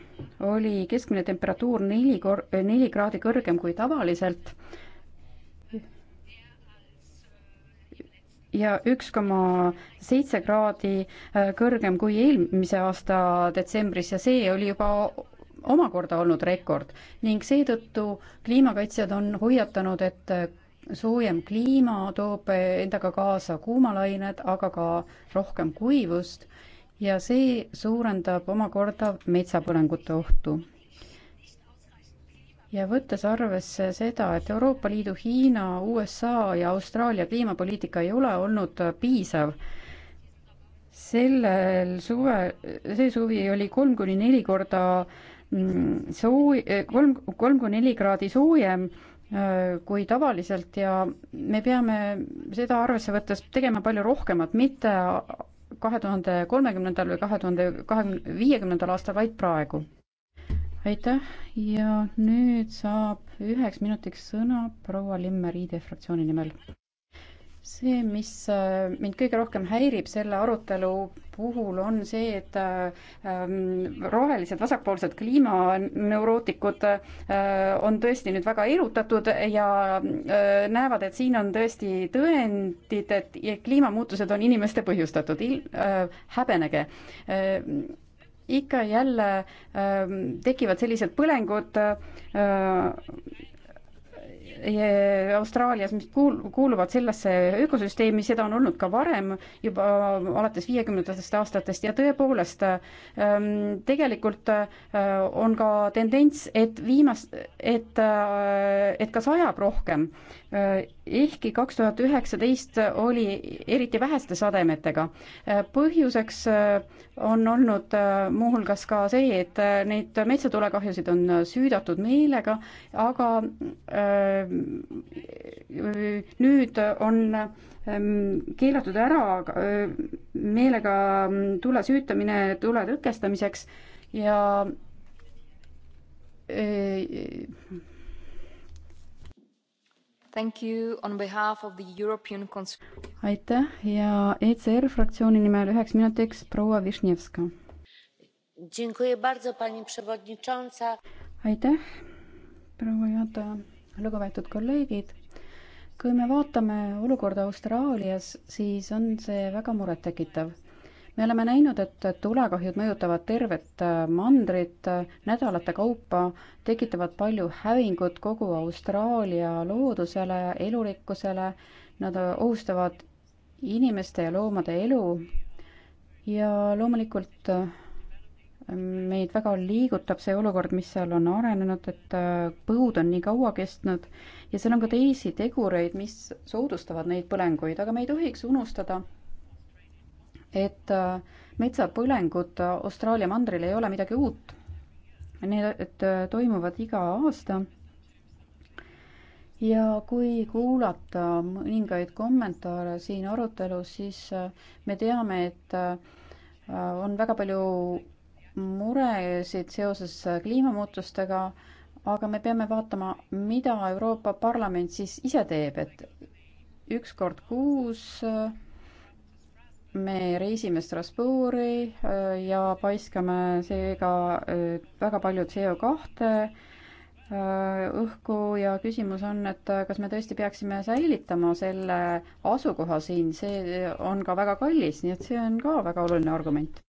oli keskmine temperatuur neli kor-, neli kraadi kõrgem kui tavaliselt ja üks koma seitse kraadi äh, kõrgem kui eelmise aasta detsembris ja see oli juba omakorda olnud rekord ning seetõttu kliimakaitsjad on hoiatanud, et äh, soojem kliima toob endaga kaasa kuumalained, aga ka rohkem kuivust ja see suurendab omakorda metsapõlengute ohtu ja võttes arvesse seda, et Euroopa Liidu, Hiina, USA ja Austraalia kliimapoliitika ei ole olnud piisav, sellel suve, see suvi oli kolm kuni neli korda mm, soo-, kolm, kolm kuni neli kraadi soojem äh, kui tavaliselt ja me peame seda arvesse võttes tegema palju rohkemat, mitte kahe tuhande kolmekümnendal või kahe tuhande kahekümne, viiekümnendal aastal, vaid praegu aitäh ja nüüd saab üheks minutiks sõna proua Limmer ID fraktsiooni nimel. see, mis äh, mind kõige rohkem häirib selle arutelu puhul, on see, et äh, ähm, rohelised vasakpoolsed kliimaneurotikud äh, on tõesti nüüd väga erutatud ja äh, näevad, et siin on tõesti tõendid, et kliimamuutused on inimeste põhjustatud. Äh, häbenege äh, ikka ja jälle äh, tekivad sellised põlengud äh, Austraalias, mis kuul-, kuuluvad sellesse ökosüsteemi, seda on olnud ka varem, juba alates viiekümnendatest aastatest ja tõepoolest, ähm, tegelikult äh, on ka tendents, et viimas-, et, äh, et ka sajab rohkem. Äh, ehkki kaks tuhat üheksateist oli eriti väheste sademetega. Äh, põhjuseks äh, on olnud muuhulgas ka see, et neid metsatulekahjusid on süüdatud meelega, aga nüüd on ähm, keelatud ära meelega mm, tule süütamine tule tõkestamiseks ja aitäh ja ECR fraktsiooni nimel üheks minutiks proua Višnjevska. aitäh, proua juhataja, lugupeetud kolleegid. kui me vaatame olukorda Austraalias, siis on see väga murettekitav me oleme näinud, et tulekahjud mõjutavad tervet äh, mandrit äh, nädalate kaupa, tekitavad palju hävingut kogu Austraalia loodusele, elurikkusele, nad äh, ohustavad inimeste ja loomade elu ja loomulikult meid väga liigutab see olukord, mis seal on arenenud, et põud on nii kaua kestnud ja seal on ka teisi tegureid, mis soodustavad neid põlenguid, aga me ei tohiks unustada, et äh, metsapõlengud äh, Austraalia mandril ei ole midagi uut. Need äh, toimuvad iga aasta. ja kui kuulata mõningaid kommentaare siin arutelus, siis me teame, et on väga palju muresid seoses kliimamuutustega, aga me peame vaatama, mida Euroopa Parlament siis ise teeb, et üks kord kuus me reisime Strasbourgi äh, ja paiskame seega äh, väga palju CO kahte äh, õhku ja küsimus on, et kas me tõesti peaksime säilitama selle asukoha siin, see on ka väga kallis, nii et see on ka väga oluline argument.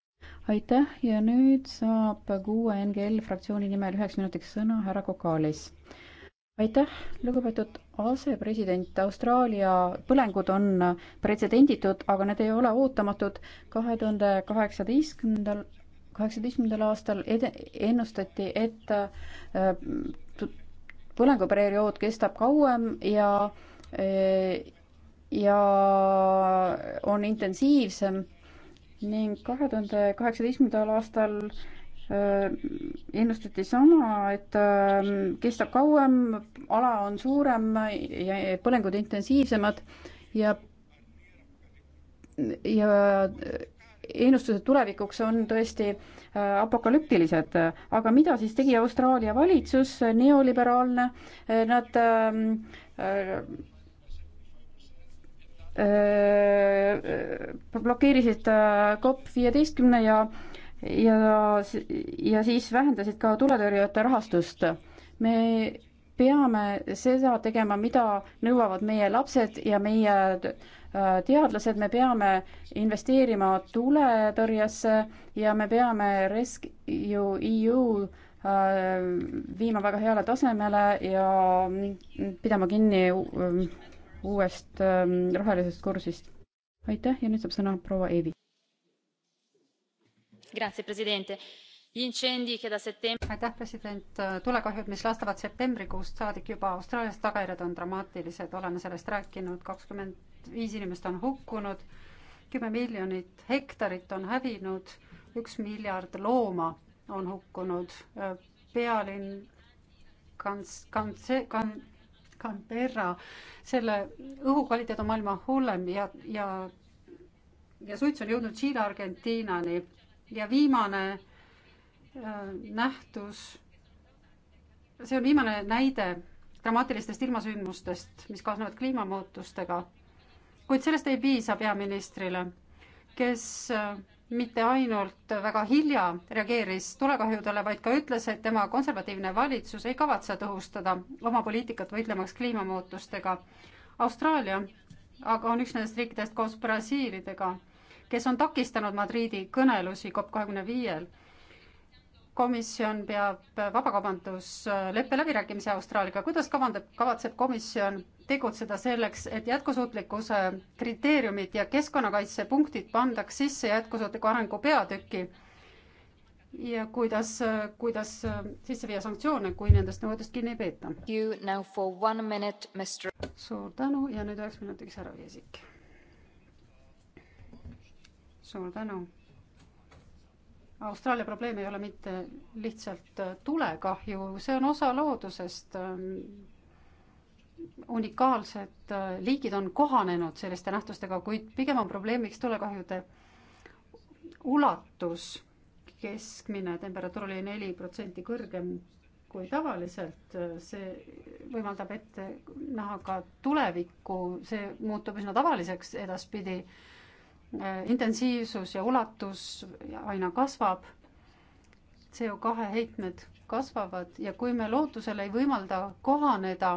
aitäh ja nüüd saab kuue NGL fraktsiooni nimel üheks minutiks sõna härra Kokalis aitäh, lugupeetud asepresident, Austraalia põlengud on pretsedenditud, aga need ei ole ootamatud. kahe tuhande kaheksateistkümnendal, kaheksateistkümnendal aastal ed-, ennustati, et äh, põlenguperiood kestab kauem ja äh, ja on intensiivsem ning kahe tuhande kaheksateistkümnendal aastal ennustati äh, sama, et ähm, kestab kauem, ala on suurem ja põlengud intensiivsemad ja, ja ennustused tulevikuks on tõesti äh, apokalüptilised, aga mida siis tegi Austraalia valitsus, neoliberaalne, äh, nad ähm, äh, äh, blokeerisid COP viieteistkümne ja äh, ja, ja siis vähendasid ka tuletõrjujate rahastust. me peame seda tegema, mida nõuavad meie lapsed ja meie äh, teadlased, me peame investeerima tuletõrjesse ja me peame Rescue EU äh, viima väga heale tasemele ja pidama kinni äh, uuest rohelisest kursist. aitäh ja nüüd saab sõna proua Eevi aitäh, president, tulekahjud, mis lastavad septembrikuust saadik juba Austraalias, tagajärjed on dramaatilised, oleme sellest rääkinud, kakskümmend viis inimest on hukkunud, kümme miljonit hektarit on hävinud, üks miljard looma on hukkunud, pealinn Kans-, Kanse-, Kan-, Canberra, selle õhukvaliteet on maailma hullem ja, ja ja suits on jõudnud Tšiile, Argentiinani ja viimane äh, nähtus, see on viimane näide dramaatilistest ilmasündmustest, mis kaasnevad kliimamuutustega. kuid sellest ei piisa peaministrile, kes äh, mitte ainult väga hilja reageeris tulekahjudele, vaid ka ütles, et tema konservatiivne valitsus ei kavatse tõhustada oma poliitikat võitlemaks kliimamuutustega. Austraalia aga on üks nendest riikidest koos Brasiilidega kes on takistanud Madriidi kõnelusi COP kahekümne viiel. komisjon peab vabakaubandusleppe läbirääkimisi Austraaliaga, kuidas kavandab, kavatseb komisjon tegutseda selleks, et jätkusuutlikkuse kriteeriumid ja keskkonnakaitsepunktid pandaks sisse jätkusuutliku arengu peatüki ja kuidas, kuidas sisse viia sanktsioone, kui nendest nõuetest kinni ei peeta. suur tänu ja nüüd üheks minutiks härra Viisik suur tänu. Austraalia probleem ei ole mitte lihtsalt äh, tulekahju, see on osa loodusest. Ähm, unikaalsed äh, liigid on kohanenud selliste nähtustega, kuid pigem on probleemiks tulekahjude ulatus. keskmine temperatuur oli neli protsenti kõrgem kui tavaliselt, äh, see võimaldab ette näha ka tulevikku, see muutub üsna tavaliseks edaspidi Äh, intensiivsus ja ulatus aina kasvab, CO2 heitmed kasvavad ja kui me lootusele ei võimalda kohaneda,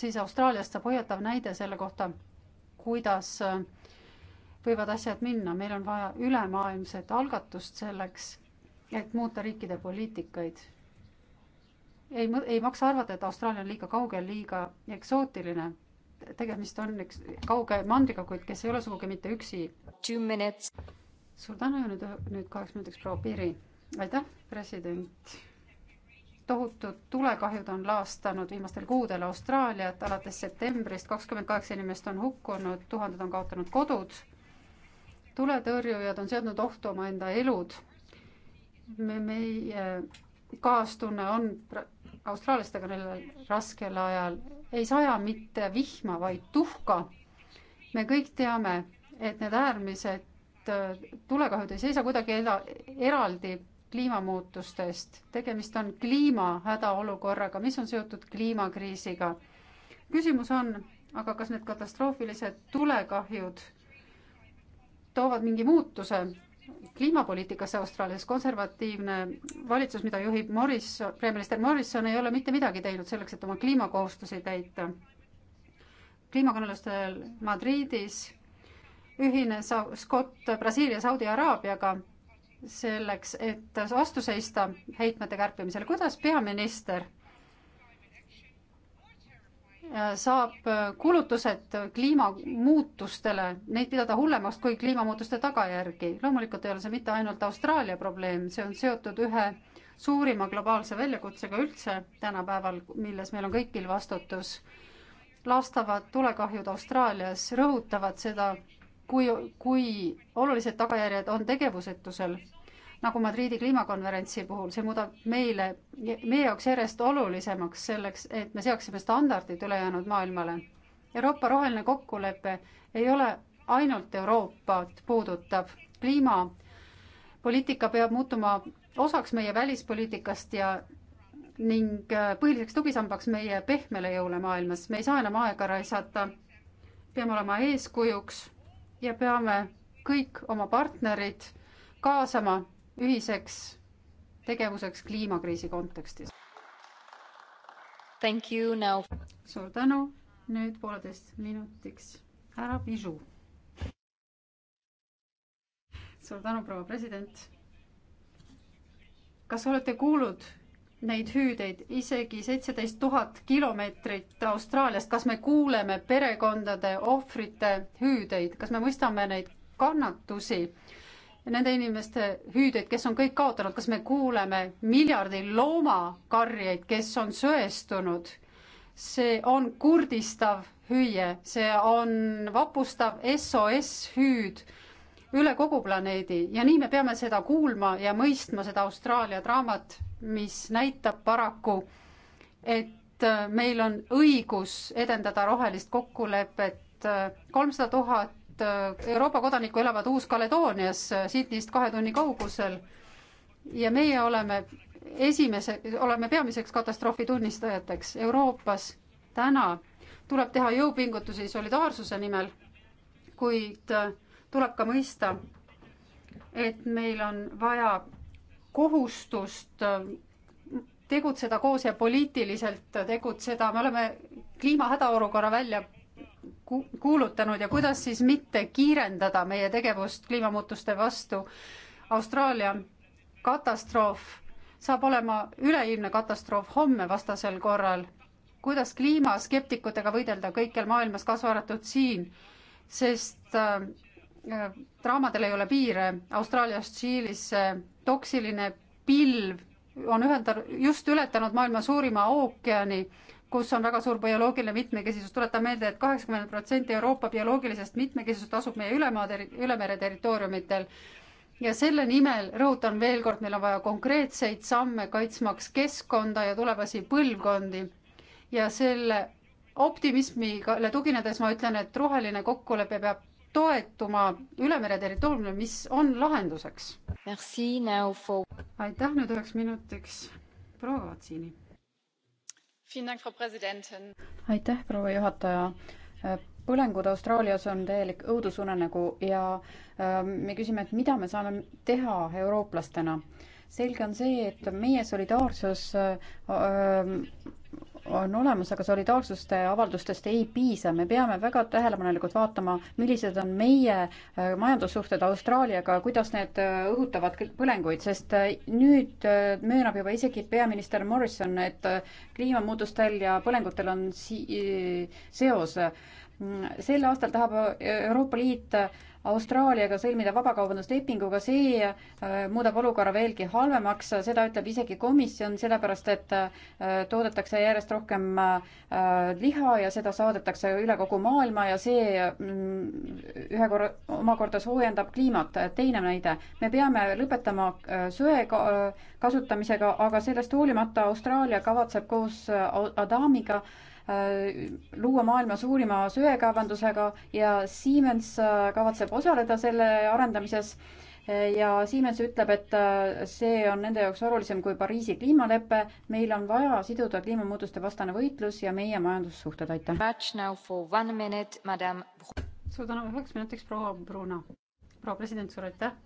siis Austraaliast saab hoiatav näide selle kohta, kuidas äh, võivad asjad minna, meil on vaja ülemaailmset algatust selleks, et muuta riikide poliitikaid. ei, ei maksa arvata, et Austraalia on liiga kaugel, liiga eksootiline tegemist on üks kauge mandriga, kuid kes ei ole sugugi mitte üksi. suur tänu ja nüüd, nüüd kaheks minutiks proua Piiri. aitäh, president tohutud tulekahjud on laastanud viimastel kuudel Austraaliat, alates septembrist kakskümmend kaheksa inimest on hukkunud, tuhanded on kaotanud kodud. tuletõrjujad on seadnud ohtu omaenda elud. me, meie kaastunne on austraallastega sellel raskel ajal, ei saja mitte vihma, vaid tuhka. me kõik teame, et need äärmised äh, tulekahjud ei seisa kuidagi eda, eraldi kliimamuutustest. tegemist on kliimahädaolukorraga, mis on seotud kliimakriisiga. küsimus on, aga kas need katastroofilised tulekahjud toovad mingi muutuse kliimapoliitikasse Austraalias. konservatiivne valitsus, mida juhib Morris, peaminister Morrison, ei ole mitte midagi teinud selleks, et oma kliimakohustusi täita. kliimakõnelustel Madridis ühines Scott Brasiilia Saudi Araabiaga selleks, et vastu seista heitmete kärpimisele. kuidas peaminister saab äh, kulutused kliimamuutustele, neid pidada hullemaks kui kliimamuutuste tagajärgi. loomulikult ei ole see mitte ainult Austraalia probleem, see on seotud ühe suurima globaalse väljakutsega üldse tänapäeval, milles meil on kõigil vastutus. laastavad tulekahjud Austraalias rõhutavad seda, kui, kui olulised tagajärjed on tegevusetusel nagu Madriidi kliimakonverentsi puhul, see muudab meile, meie jaoks järjest olulisemaks selleks, et me seaksime standardid ülejäänud maailmale. Euroopa roheline kokkulepe ei ole ainult Euroopat puudutav, kliimapoliitika peab muutuma osaks meie välispoliitikast ja ning äh, põhiliseks tugisambaks meie pehmele jõule maailmas. me ei saa enam aega raisata, peame olema eeskujuks ja peame kõik oma partnerid kaasama ühiseks tegevuseks kliimakriisi kontekstis. Thank you now. suur tänu, nüüd pooleteist minutiks härra Pižu. suur tänu, proua president. kas olete kuulnud neid hüüdeid, isegi seitseteist tuhat kilomeetrit Austraaliast, kas me kuuleme perekondade ohvrite hüüdeid, kas me mõistame neid kannatusi? nende inimeste hüüdeid, kes on kõik kaotanud, kas me kuuleme miljardi loomakarjeid, kes on söestunud? see on kurdistav hüüe, see on vapustav SOS hüüd üle kogu planeedi ja nii me peame seda kuulma ja mõistma seda Austraalia draamat, mis näitab paraku, et äh, meil on õigus edendada rohelist kokkulepet äh, kolmsada tuhat tuhat äh, Euroopa kodanikku elavad Uus-Kaledoonias, äh, Sydneyst kahe tunni kaugusel. ja meie oleme esimese, oleme peamiseks katastroofi tunnistajateks Euroopas täna. tuleb teha jõupingutusi solidaarsuse nimel, kuid äh, tuleb ka mõista, et meil on vaja kohustust tegutseda koos ja poliitiliselt tegutseda, me oleme kliima hädaolukorra välja kuulutanud ja kuidas siis mitte kiirendada meie tegevust kliimamuutuste vastu. Austraalia katastroof saab olema üleilmne katastroof homme vastasel korral. kuidas kliimaskeptikutega võidelda kõikjal maailmas, kaasa arvatud siin, sest äh, äh draamadel ei ole piire. Austraalias, Tšiilis äh, toksiline pilv on ühendanud, just ületanud maailma suurima ookeani äh, kus on väga suur bioloogiline mitmekesisus. tuletan meelde et, et kaheksakümmend protsenti Euroopa bioloogilisest mitmekesisust asub meie ülemaade, ülemere territooriumitel. ja selle nimel, rõhutan veel kord, meil on vaja konkreetseid samme kaitsmaks keskkonda ja tulevasi põlvkondi. ja selle optimismile tuginedes ma ütlen, et roheline kokkulepe peab toetuma ülemere territooriumile, mis on lahenduseks. For... aitäh, nüüd üheks minutiks proua Katsini aitäh, proua juhataja äh, põlengud Austraalias on täielik õudusunenägu ja äh, me küsime, et mida me saame teha eurooplastena. selge on see, et meie solidaarsus äh, äh on olemas, aga solidaarsuste avaldustest ei piisa, me peame väga tähelepanelikult vaatama, millised on meie äh, majandussuhted Austraaliaga, kuidas need äh, õhutavad põlenguid, sest äh, nüüd möönab juba isegi peaminister Morrison, et kliimamuutustel ja põlengutel on si-, seos. Mm, sel aastal tahab Euroopa Liit Austraaliaga sõlmida vabakaubanduslepinguga, see äh, muudab olukorra veelgi halvemaks, seda ütleb isegi komisjon, sellepärast et äh, toodetakse järjest rohkem äh, liha ja seda saadetakse üle kogu maailma ja see mm, ühe korra, omakorda soojendab kliimat. teine näide, me peame lõpetama söe kasutamisega, aga sellest hoolimata Austraalia kavatseb koos Adamiga Äh, luua maailma suurima söekaevandusega ja Siemens äh, kavatseb osaleda selle arendamises ja Siemens ütleb, et äh, see on nende jaoks olulisem kui Pariisi kliimalepe. meil on vaja siduda kliimamuutuste vastane võitlus ja meie majandussuhted, aitäh. suur tänu, üheks minutiks proua Bruna. proua president, suur aitäh.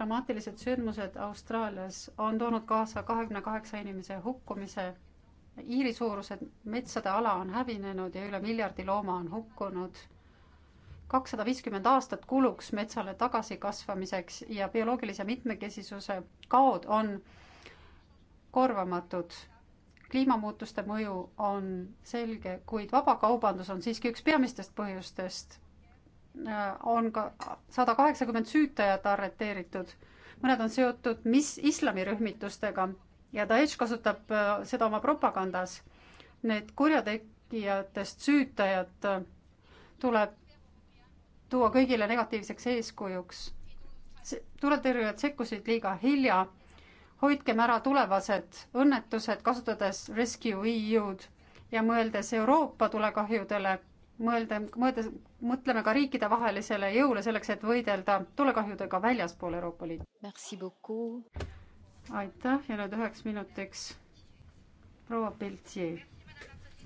dramaatilised sündmused Austraalias on toonud kaasa kahekümne kaheksa inimese hukkumise Iiri suurused metsade ala on hävinenud ja üle miljardi looma on hukkunud. kakssada viiskümmend aastat kuluks metsale tagasikasvamiseks ja bioloogilise mitmekesisuse kaod on korvamatud. kliimamuutuste mõju on selge, kuid vabakaubandus on siiski üks peamistest põhjustest. Äh, on ka sada kaheksakümmend süütajat arreteeritud, mõned on seotud mis islamirühmitustega ja Daesh kasutab äh, seda oma propagandas. Need kurjategijatest süütajad äh, tuleb tuua kõigile negatiivseks eeskujuks. tuletõrjujad sekkusid liiga hilja. hoidkem ära tulevased õnnetused, kasutades Rescue EU-d ja mõeldes Euroopa tulekahjudele, mõelda, mõeldes, mõtleme ka riikidevahelisele jõule selleks, et võidelda tulekahjudega väljaspool Euroopa Liitu aitäh ja nüüd üheks minutiks proua Piltsi.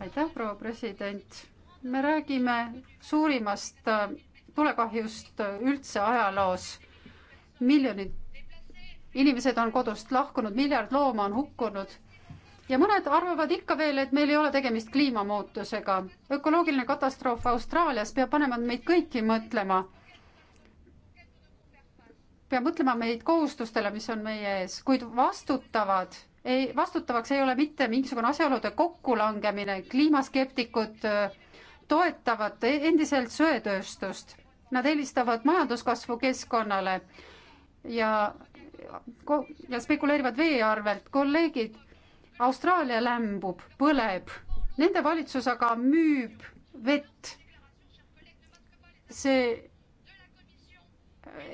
aitäh, proua president. me räägime suurimast äh, tulekahjust äh, üldse ajaloos. miljonid inimesed on kodust lahkunud, miljard looma on hukkunud ja mõned arvavad ikka veel, et meil ei ole tegemist kliimamuutusega. ökoloogiline katastroof Austraalias peab panema meid kõiki mõtlema peab mõtlema meid kohustustele, mis on meie ees, kuid vastutavad ei, vastutavaks ei ole mitte mingisugune asjaolude kokkulangemine, kliimaskeptikud äh, toetavad e-, endiselt söetööstust, nad eelistavad majanduskasvu keskkonnale ja, ja spekuleerivad vee arvelt, kolleegid, Austraalia lämbub, põleb, nende valitsus aga müüb vett. see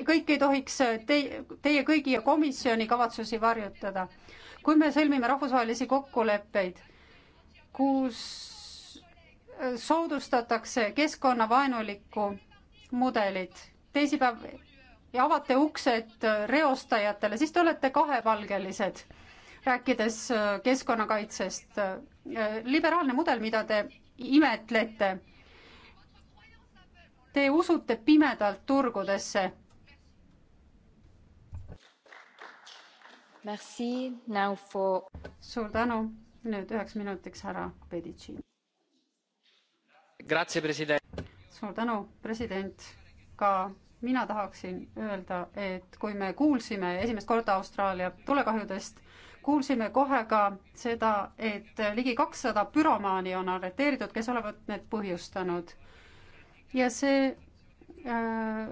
kõik ei tohiks teie, teie kõigi ja komisjoni kavatsusi varjutada. kui me sõlmime rahvusvahelisi kokkuleppeid, kus soodustatakse keskkonnavaenulikku mudelit, teisipäev ja avate uksed reostajatele, siis te olete kahepalgelised, rääkides keskkonnakaitsest. liberaalne mudel, mida te imetlete, te usute pimedalt turgudesse For... suur tänu, nüüd üheks minutiks härra Pedicin. suur tänu, president, ka mina tahaksin öelda, et kui me kuulsime esimest korda Austraalia tulekahjudest, kuulsime kohe ka seda, et ligi kakssada püromaani on arreteeritud, kes olevat need põhjustanud. ja see äh,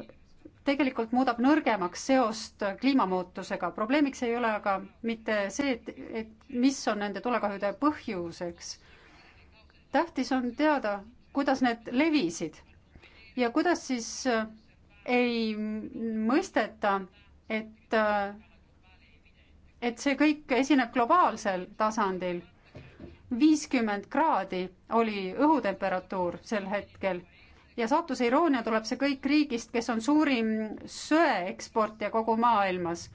tegelikult muudab nõrgemaks seost kliimamuutusega. probleemiks ei ole aga mitte see, et, et mis on nende tulekahjude põhjuseks. tähtis on teada, kuidas need levisid ja kuidas siis äh, ei mõisteta, et, äh, et see kõik esineb globaalsel tasandil. viiskümmend kraadi oli õhutemperatuur sel hetkel ja saatuse iroonia tuleb see kõik riigist, kes on suurim söeeksportija kogu maailmas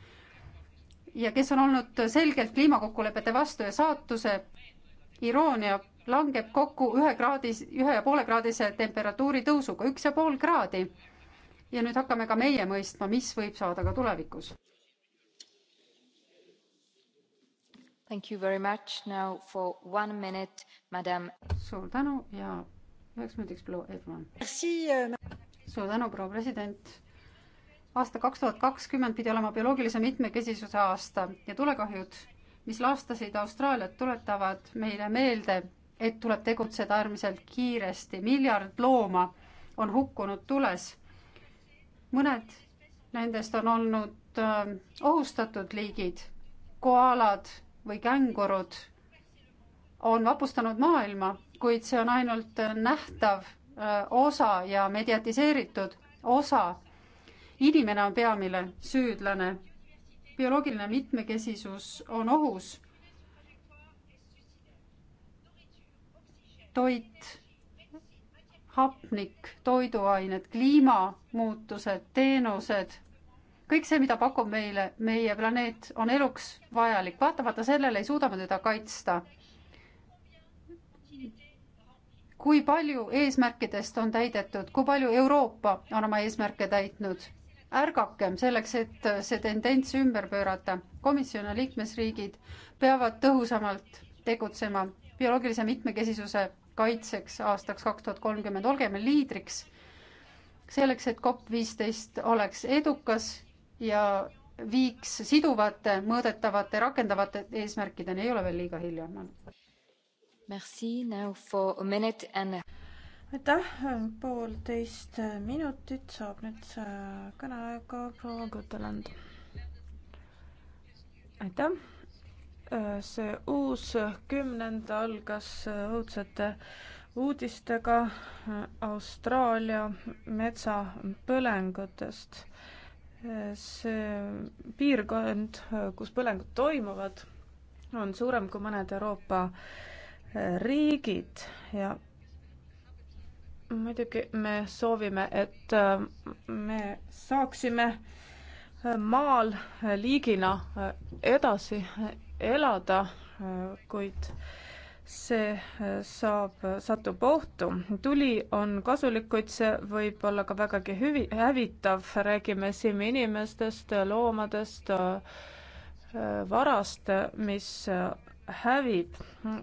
ja kes on olnud selgelt kliimakokkulepete vastu ja saatuse iroonia langeb kokku ühe kraadis, ühe ja poole kraadise temperatuuri tõusuga, üks ja pool kraadi. ja nüüd hakkame ka meie mõistma, mis võib saada ka tulevikus. Thank you very much now for one minute, madam. suur tänu ja üheks minutiks Blue Edmond. Euh, suur tänu, proua president. aasta kaks tuhat kakskümmend pidi olema bioloogilise mitmekesisuse aasta ja tulekahjud, mis laastasid Austraaliat, tuletavad meile meelde, et tuleb tegutseda äärmiselt kiiresti. miljard looma on hukkunud tules. mõned nendest on olnud äh, ohustatud liigid, koaalad või kängurud on vapustanud maailma kuid see on ainult nähtav äh, osa ja mediatiseeritud osa. inimene on peamine süüdlane. bioloogiline mitmekesisus on ohus. toit, hapnik, toiduained, kliimamuutused, teenused kõik see, mida pakub meile meie planeet, on eluks vajalik, vaatamata sellele ei suuda me teda kaitsta kui palju eesmärkidest on täidetud, kui palju Euroopa on oma eesmärke täitnud? ärgakem selleks, et see tendents ümber pöörata. komisjon ja liikmesriigid peavad tõhusamalt tegutsema bioloogilise mitmekesisuse kaitseks aastaks kaks tuhat kolmkümmend, olgem liidriks selleks, et COP viisteist oleks edukas ja viiks siduvate, mõõdetavate, rakendavate eesmärkideni, ei ole veel liiga hilja. And... aitäh, poolteist minutit saab nüüd kõneaega proua Kütteland. aitäh. see uus kümnend algas õudsete uudistega Austraalia metsapõlengutest. see piirkond, kus põlengud toimuvad, on suurem kui mõned Euroopa riigid ja muidugi me soovime, et äh, me saaksime äh, maal äh, liigina edasi elada, kuid see saab, satub ohtu. tuli on kasulik, kuid see võib olla ka vägagi hüvi-, hävitav, räägime siin inimestest, loomadest, varast, mis hävib.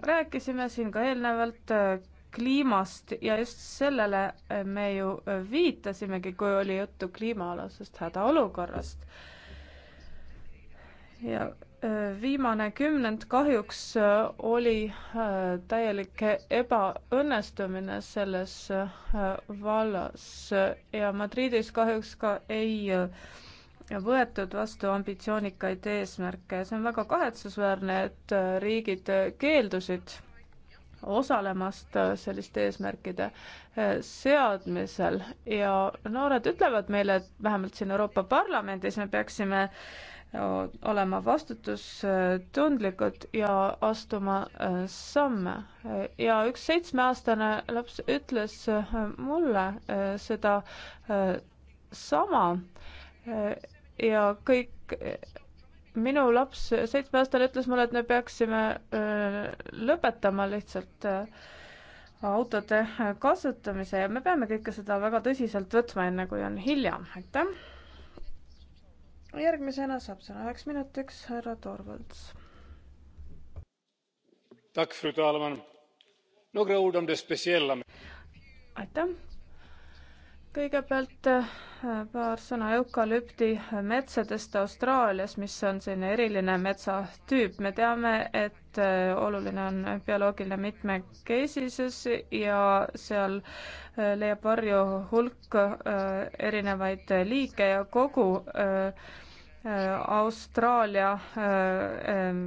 rääkisime siin ka eelnevalt äh, kliimast ja just sellele äh, me ju äh, viitasimegi, kui oli juttu kliimaalasest hädaolukorrast. ja viimane kümnend kahjuks oli täielik ebaõnnestumine selles vallas ja Madridis kahjuks ka ei võetud vastu ambitsioonikaid eesmärke ja see on väga kahetsusväärne, et riigid keeldusid osalemast selliste eesmärkide seadmisel ja noored ütlevad meile, et vähemalt siin Euroopa Parlamendis me peaksime olema vastutustundlikud ja astuma samme. ja üks seitsmeaastane laps ütles mulle seda sama ja kõik, minu laps, seitsmeaastane, ütles mulle, et me peaksime äh, lõpetama lihtsalt äh, autode kasutamise ja me peame kõike seda väga tõsiselt võtma, enne kui on hilja, aitäh. järgmisena saab sõna üheks minutiks härra Torvalds. aitäh kõigepealt äh, paar sõna eukalüpti metsadest Austraalias, mis on selline eriline metsatüüp. me teame, et äh, oluline on bioloogiline mitmekesisus ja seal äh, leiab varju hulk erinevaid liike ja kogu Austraalia ähm,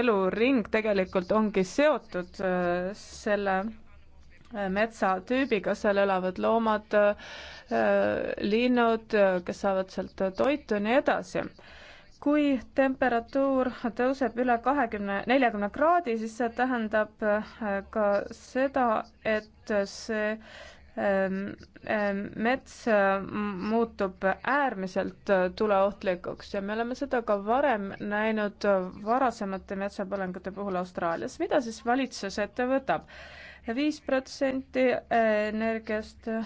eluring tegelikult ongi seotud selle metsatüübiga, seal elavad loomad, äh, linnud, kes saavad sealt toitu ja nii edasi. kui temperatuur tõuseb üle kahekümne, neljakümne kraadi, siis see tähendab äh, ka seda, et see ähm, ähm, mets äh, muutub äärmiselt tuleohtlikuks ja me oleme seda ka varem näinud varasemate metsapõlengute puhul Austraalias. mida siis valitsus ette võtab? viis protsenti äh, energiast äh,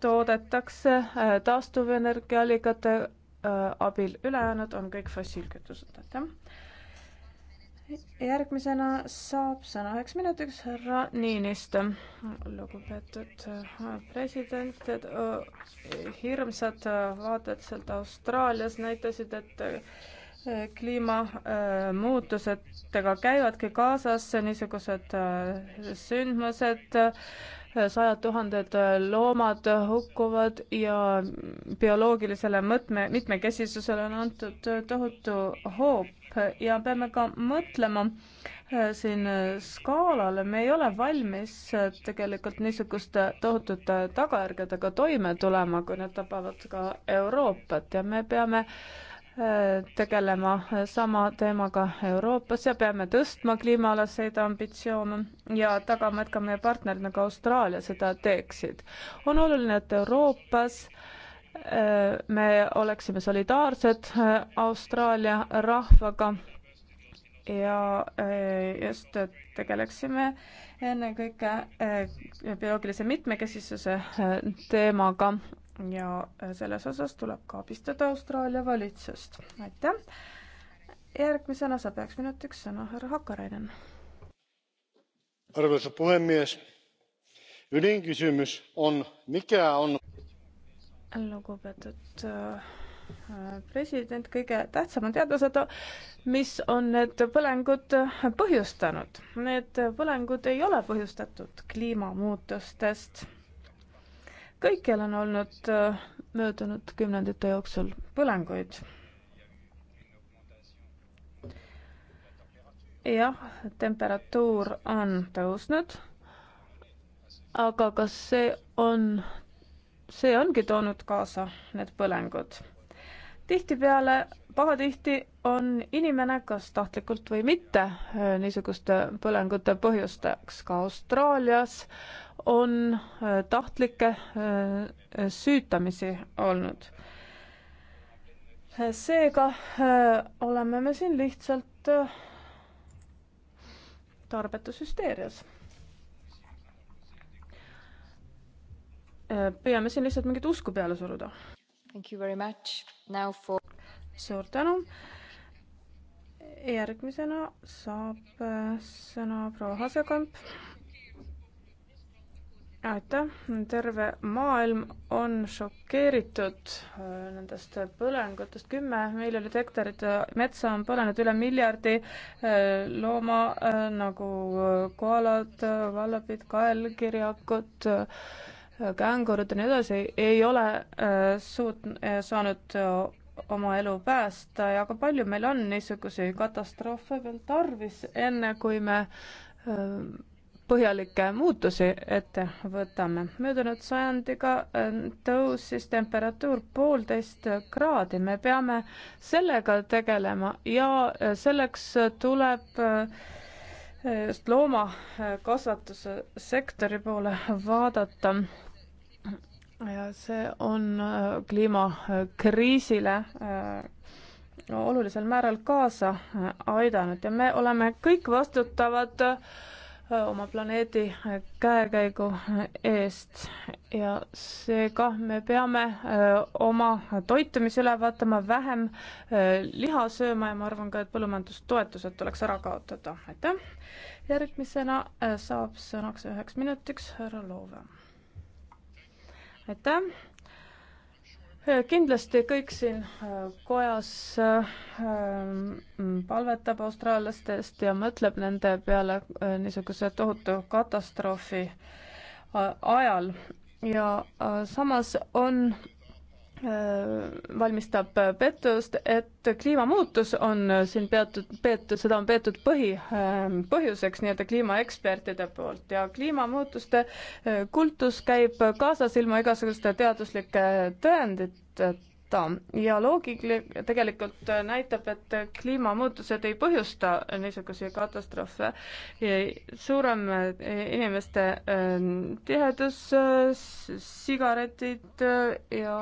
toodetakse äh, taastuvenergiaallikate abil, ülejäänud on kõik fossiilkütused, aitäh. järgmisena saab sõna üheks minutiks härra Niinistö. lugupeetud president, hirmsad vaated sealt Austraalias näitasid, et kliimamuutusetega käivadki kaasas niisugused äh, sündmused, sajad tuhanded äh, loomad hukkuvad ja bioloogilisele mõtme, mitmekesisusele on antud äh, tohutu hoop ja peame ka mõtlema siin skaalale, me ei ole valmis tegelikult niisuguste tohutute tagajärgedega toime tulema, kui need tabavad ka Euroopat ja me peame äh, tegelema sama teemaga Euroopas ja peame tõstma kliimaalaseid ambitsioone ja tagama, et ka meie partnerid nagu Austraalia seda teeksid. on oluline, et Euroopas äh, me oleksime solidaarsed äh, Austraalia rahvaga ja äh, just tegeleksime ennekõike bioloogilise mitmekesisuse teemaga ja äh, selles osas tuleb ka abistada Austraalia valitsust. aitäh! järgmisena saab üheks minutiks sõna härra Hakkarainen. arvoisa puhemies, ydinkysymys on, mikä on lugupeetud äh, president, kõige tähtsam on teada saada, mis on need põlengud põhjustanud. Need põlengud ei ole põhjustatud kliimamuutustest kõikjal on olnud äh, möödunud kümnendite jooksul põlenguid. jah, temperatuur on tõusnud, aga kas see on, see ongi toonud kaasa need põlengud tihtipeale, pahatihti on inimene kas tahtlikult või mitte äh, niisuguste põlengute põhjustajaks. ka Austraalias on äh, tahtlikke äh, süütamisi olnud. seega oleme me siin lihtsalt tarbetus hüsteerias. püüame siin lihtsalt mingit usku peale suruda For... suur tänu. järgmisena saab äh, sõna proua Hasekamp. aitäh, terve maailm on šokeeritud äh, nendest põlengutest, kümme miljonit hektarit äh, metsa on põlenud, üle miljardi looma nagu koalad, vallapid, kaelkirjakud kängurud ja nii edasi, ei ole äh, suut-, äh, saanud äh, oma elu päästa ja ka palju meil on niisuguseid katastroofe veel tarvis, enne kui me põhjalikke muutusi ette võtame. möödunud sajandiga tõusis temperatuur poolteist kraadi, me peame sellega tegelema ja selleks tuleb just loomakasvatuse sektori poole vaadata ja see on äh, kliimakriisile äh, olulisel määral kaasa äh, aidanud ja me oleme kõik vastutavad oma planeedi käekäigu eest ja seega me peame oma toitumise üle vaatama, vähem liha sööma ja ma arvan ka, et põllumajandustoetused tuleks ära kaotada. aitäh! järgmisena saab sõnaks üheks minutiks härra Loove aitäh! Äh, kindlasti kõik siin äh, kojas äh, ähm, palvetab austraallaste eest ja mõtleb nende peale niisuguse tohutu katastroofi ajal ja samas on Äh, valmistab äh, pettust, et kliimamuutus on äh, siin peatud, peetud, seda on peetud põhi, ähm, põhjuseks nii-öelda kliimaekspertide poolt ja kliimamuutuste kultus käib kaasas ilma igasuguste teaduslike tõenditeta kohta ja loogika tegelikult näitab, et kliimamuutused ei põhjusta niisuguseid katastroofe. suurem eh, inimeste eh, tihedus, sigaretid eh, ja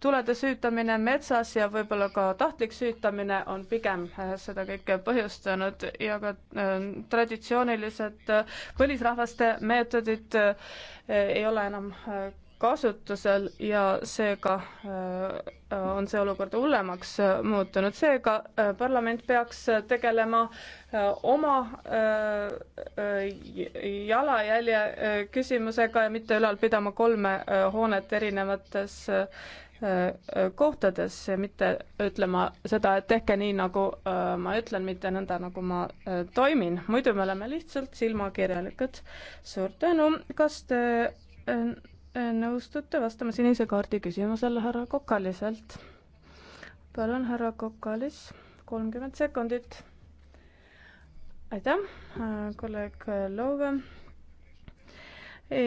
tulede süütamine metsas ja võib-olla ka tahtlik süütamine on pigem seda kõike põhjustanud ja ka traditsioonilised põlisrahvaste meetodid ei ole enam kasutusel ja seega äh, on see olukord hullemaks äh, muutunud, seega äh, parlament peaks tegelema oma jalajälje küsimusega ja mitte ülal pidama kolme hoonet erinevates kohtades, mitte ütlema seda, et tehke nii, nagu ma ütlen, mitte nõnda, nagu ma toimin, muidu me oleme lihtsalt silmakirjalikud. suur tänu, kas te nõustute vastama sinise kaardi küsimusele härra Kokaliselt? palun, härra Kokalis, kolmkümmend sekundit. aitäh, äh, kolleeg Loove e,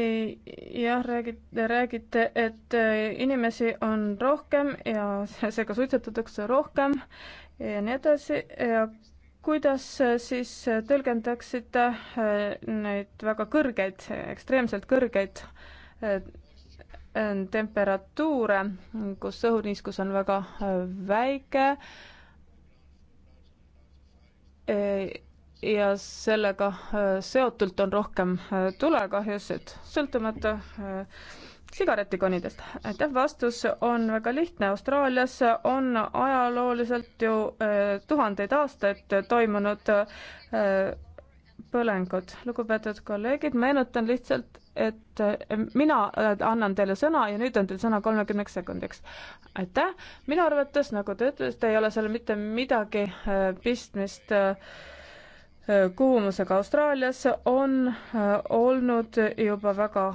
jah, räägite, räägite, et äh, inimesi on rohkem ja seega suitsetatakse rohkem ja nii edasi ja kuidas äh, siis tõlgendaksite neid väga kõrgeid, ekstreemselt kõrgeid temperatuure, kus õhuniiskus on väga äh, väike e, ja sellega äh, seotult on rohkem äh, tulekahjusid, sõltumata sigaretikonidest. aitäh, vastus on väga lihtne. Austraalias on ajalooliselt ju tuhandeid aastaid toimunud põlengud. lugupeetud kolleegid, meenutan lihtsalt et mina äh, annan teile sõna ja nüüd on teil sõna kolmekümneks sekundiks. aitäh, minu arvates, nagu te ütlesite, ei ole seal mitte midagi äh, pistmist äh, kuumusega Austraalias on olnud juba väga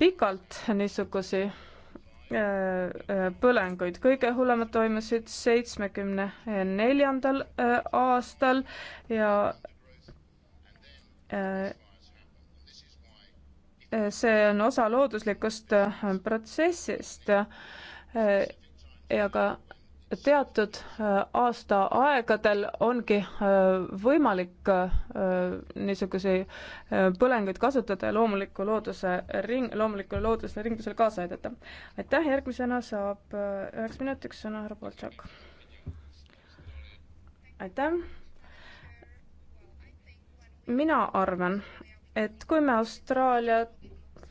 pikalt niisugusi põlenguid. kõige hullemad toimusid seitsmekümne neljandal aastal ja see on osa looduslikust äh, protsessist äh, ja ka teatud äh, aastaaegadel ongi võimalik niisuguseid põlenguid kasutada ja loomuliku looduse ring, loomulikule loodusele ringlusele kaasa aidata. aitäh, järgmisena saab üheks minutiks sõna härra Poltšak. aitäh. mina arvan, et kui me Austraaliat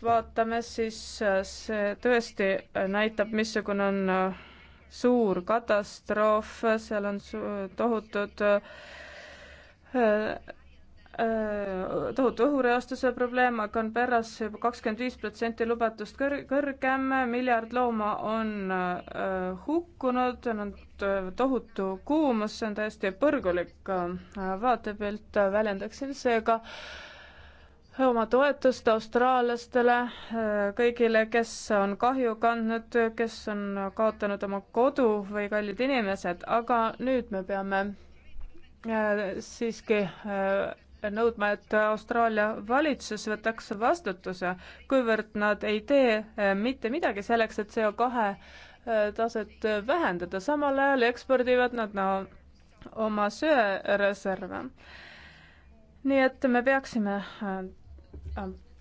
vaatame, siis äh, see tõesti äh, näitab, missugune on äh, suur katastroof, seal on tohutud tohutu õhureostuse probleem, aga on Perras juba kakskümmend viis protsenti lubatust kõr-, kõrgem, miljard looma on äh, hukkunud, on tohutu kuumus, see on täiesti põrgulik äh, vaatepilt äh,, väljendaksin seega äh, oma toetust austraallastele, äh, kõigile, kes on kahju kandnud, kes on kaotanud oma kodu või kallid inimesed, aga nüüd me peame äh, siiski äh, nõudma, et Austraalia valitsus võtaks vastutuse, kuivõrd nad ei tee mitte midagi selleks, et CO kahe taset vähendada, samal ajal ekspordivad nad no, oma söereserve. nii et me peaksime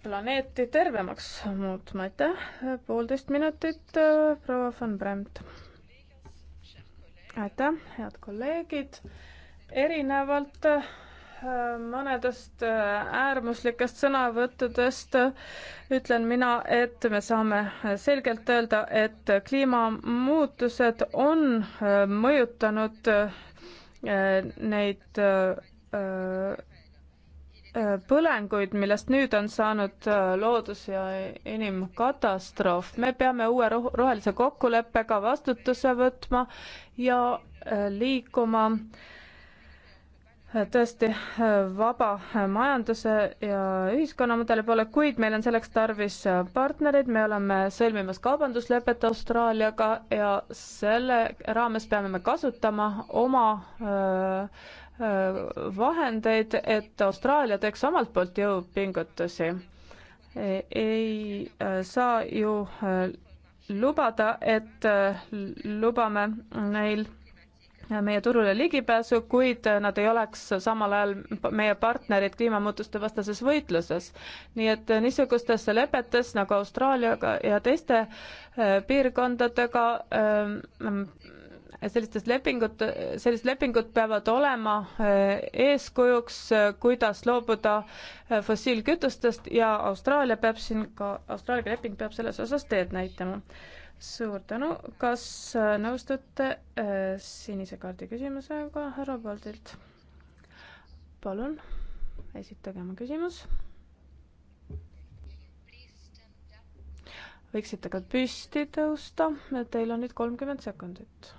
planeeti tervemaks muutma, aitäh, poolteist minutit, äh, proua von Bremt. aitäh, head kolleegid, erinevalt äh, mõnedest äh, äärmuslikest sõnavõttudest ütlen mina, et me saame selgelt öelda, et kliimamuutused on mõjutanud neid Äh, põlenguid, millest nüüd on saanud äh, loodus- ja inimkatastroof. me peame uue rohelise kokkuleppega vastutuse võtma ja äh, liikuma tõesti vaba majanduse ja ühiskonnamudeli poole, kuid meil on selleks tarvis partnereid, me oleme sõlmimas kaubanduslepet Austraaliaga ja selle raames peame me kasutama oma öö, vahendeid, et Austraalia teeks omalt poolt jõupingutusi. ei äh, saa ju äh, lubada, et äh, lubame neil meie turule ligipääsu, kuid nad ei oleks samal ajal meie partnerid kliimamuutuste vastases võitluses. nii et niisugustesse lepetes nagu Austraaliaga ja teiste piirkondadega ähm, sellistes lepingut, sellised lepingud peavad olema eh, eeskujuks, eh, kuidas loobuda eh, fossiilkütustest ja Austraalia peab siin ka, Austraalia leping peab selles osas teed näitama. suur tänu, kas nõustute sinise kaardi küsimusega härra Paldilt? palun, esitage oma küsimus võiksite ka püsti tõusta, teil on nüüd kolmkümmend sekundit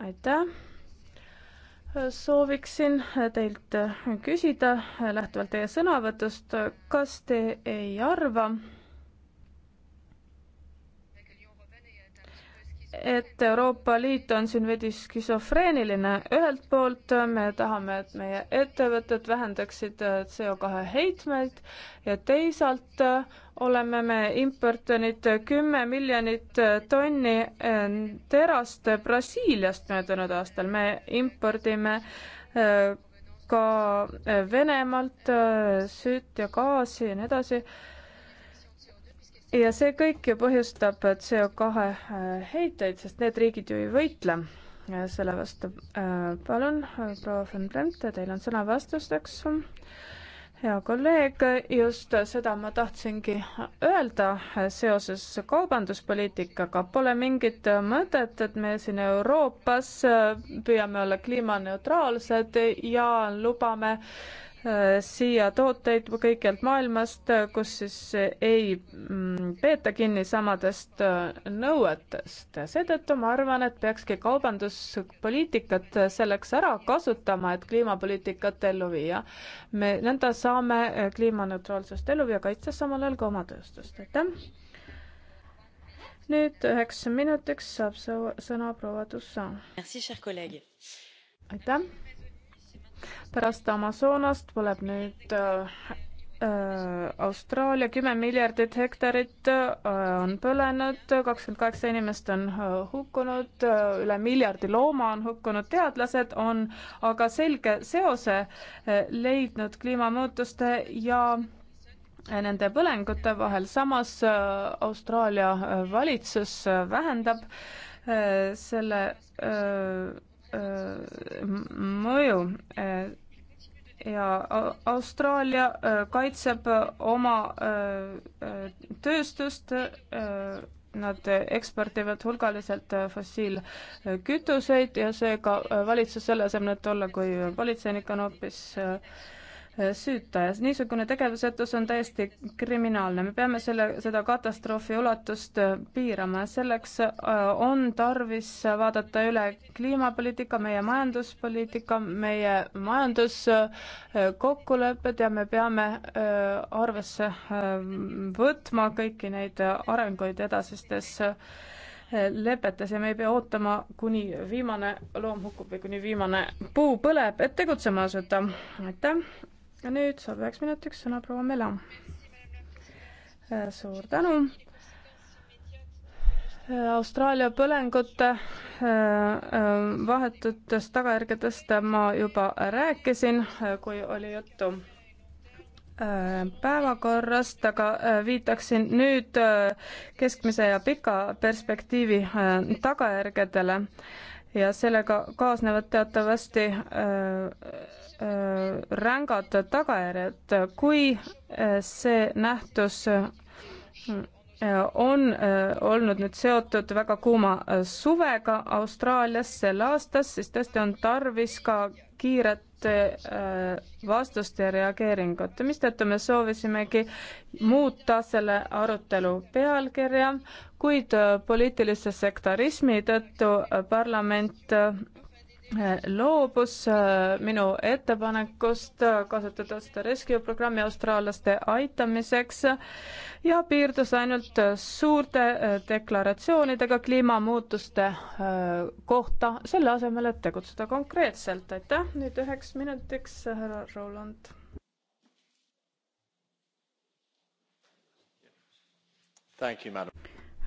aitäh! sooviksin teilt küsida lähtuvalt teie sõnavõtust, kas te ei arva, et Euroopa Liit on siin veidi skisofreeniline. ühelt poolt me tahame, et meie ettevõtted vähendaksid äh, CO2 heitmeid ja teisalt äh, oleme me importinud kümme miljonit äh, tonni terast Brasiiliast möödunud aastal. me impordime ka Venemaalt süüt ja gaasi ja nii edasi ja see kõik ju põhjustab CO2 äh, heiteid, sest need riigid ju ei võitle äh, selle vastu. Äh, palun, proua von Bremte, teil on sõna vastusteks. hea kolleeg, just seda ma tahtsingi öelda seoses kaubanduspoliitikaga. Pole mingit mõtet, et me siin Euroopas püüame olla kliimaneutraalsed ja lubame Äh, siia tooteid kõikjalt maailmast, kus siis ei mm, peeta kinni samadest äh, nõuetest. seetõttu ma arvan, et peakski kaubanduspoliitikat selleks ära kasutama, et kliimapoliitikat ellu viia. me nõnda saame äh, kliimaneutraalsust ellu viia, kaitses samal ajal ka oma tööstust, aitäh. nüüd üheks minutiks saab sõna proua Tussan. aitäh pärast Amazonast tuleb nüüd äh, äh, Austraalia kümme miljardit hektarit äh, on põlenud, kakskümmend kaheksa inimest on hukkunud, üle miljardi looma on hukkunud, teadlased on aga selge seose leidnud kliimamuutuste ja nende põlengute vahel, samas Austraalia valitsus vähendab selle Äh, mõju äh, ja Austraalia äh, kaitseb oma tööstust, nad ekspordivad hulgaliselt fossiilkütuseid ja seega valitsus selle asemel, et olla kui politseinik, on hoopis süüta ja niisugune tegevusetus on täiesti kriminaalne. me peame selle, seda katastroofi ulatust äh, piirama ja selleks äh, on tarvis vaadata üle kliimapoliitika, meie majanduspoliitika, meie majanduskokkulepped ja me peame äh, arvesse võtma kõiki neid arenguid edasistes lepetes ja me ei pea ootama, kuni viimane loom hukkub või kuni viimane puu põleb, et tegutsema asuda. aitäh! ja nüüd saab üheks minutiks sõna proua Mela. Äh, suur tänu. Äh, Austraalia põlengute äh, vahetutest tagajärgedest ma juba rääkisin, kui oli juttu päevakorrast, aga viitaksin nüüd keskmise ja pika perspektiivi tagajärgedele ja sellega kaasnevad teatavasti Äh, rängad tagajärjed, kui äh, see nähtus äh, on olnud nüüd seotud väga kuuma suvega Austraalias sel aastas, siis tõesti on tarvis ka kiiret vastust ja reageeringut, mistõttu me soovisimegi muuta selle arutelu pealkirja, kuid poliitilise sektarismi tõttu parlament loobus äh, minu ettepanekust äh, kasutada seda rescue programmi austraallaste aitamiseks ja piirdus ainult äh, suurte deklaratsioonidega kliimamuutuste kohta, selle asemel, et tegutseda konkreetselt. aitäh, nüüd üheks minutiks härra Roland.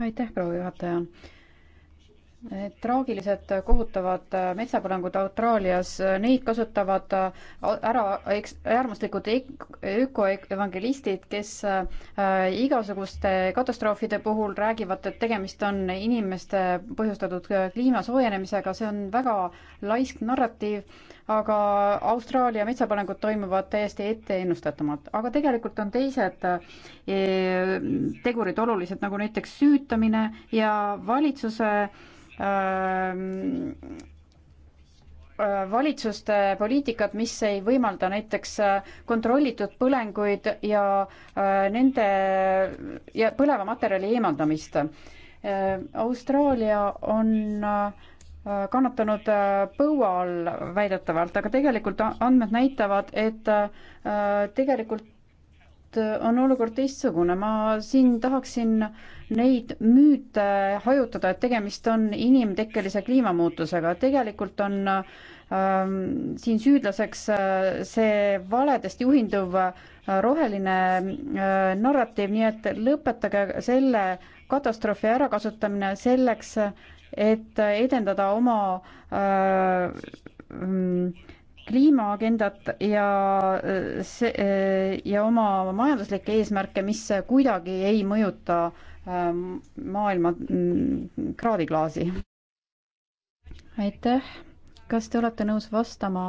aitäh, proua juhataja Need traagilised kohutavad metsapõlengud Austraalias, neid kasutavad ära eks, äärmuslikud ökoevangelistid, kes äh, igasuguste katastroofide puhul räägivad, et tegemist on inimeste põhjustatud kliima soojenemisega, see on väga laisk narratiiv, aga Austraalia metsapõlengud toimuvad täiesti etteennustatamad. aga tegelikult on teised äh, tegurid olulised, nagu näiteks süütamine ja valitsuse Ehm, ehm, valitsuste poliitikat, mis ei võimalda näiteks äh, kontrollitud põlenguid ja äh, nende ja põleva materjali eemaldamist. Ehm, Austraalia on äh, kannatanud põua all väidetavalt, aga tegelikult andmed näitavad, et tegelikult on olukord teistsugune. ma siin tahaksin neid müüte hajutada, et tegemist on inimtekkelise kliimamuutusega, tegelikult on ähm, siin süüdlaseks äh, see valedest juhinduv äh, roheline äh, narratiiv, nii et lõpetage selle katastroofi ärakasutamine selleks, et edendada oma äh, mm, kliimaagendat ja äh, see äh, ja oma majanduslikke eesmärke, mis kuidagi ei mõjuta Ähm, maailma mm, kraadiklaasi. aitäh, kas te olete nõus vastama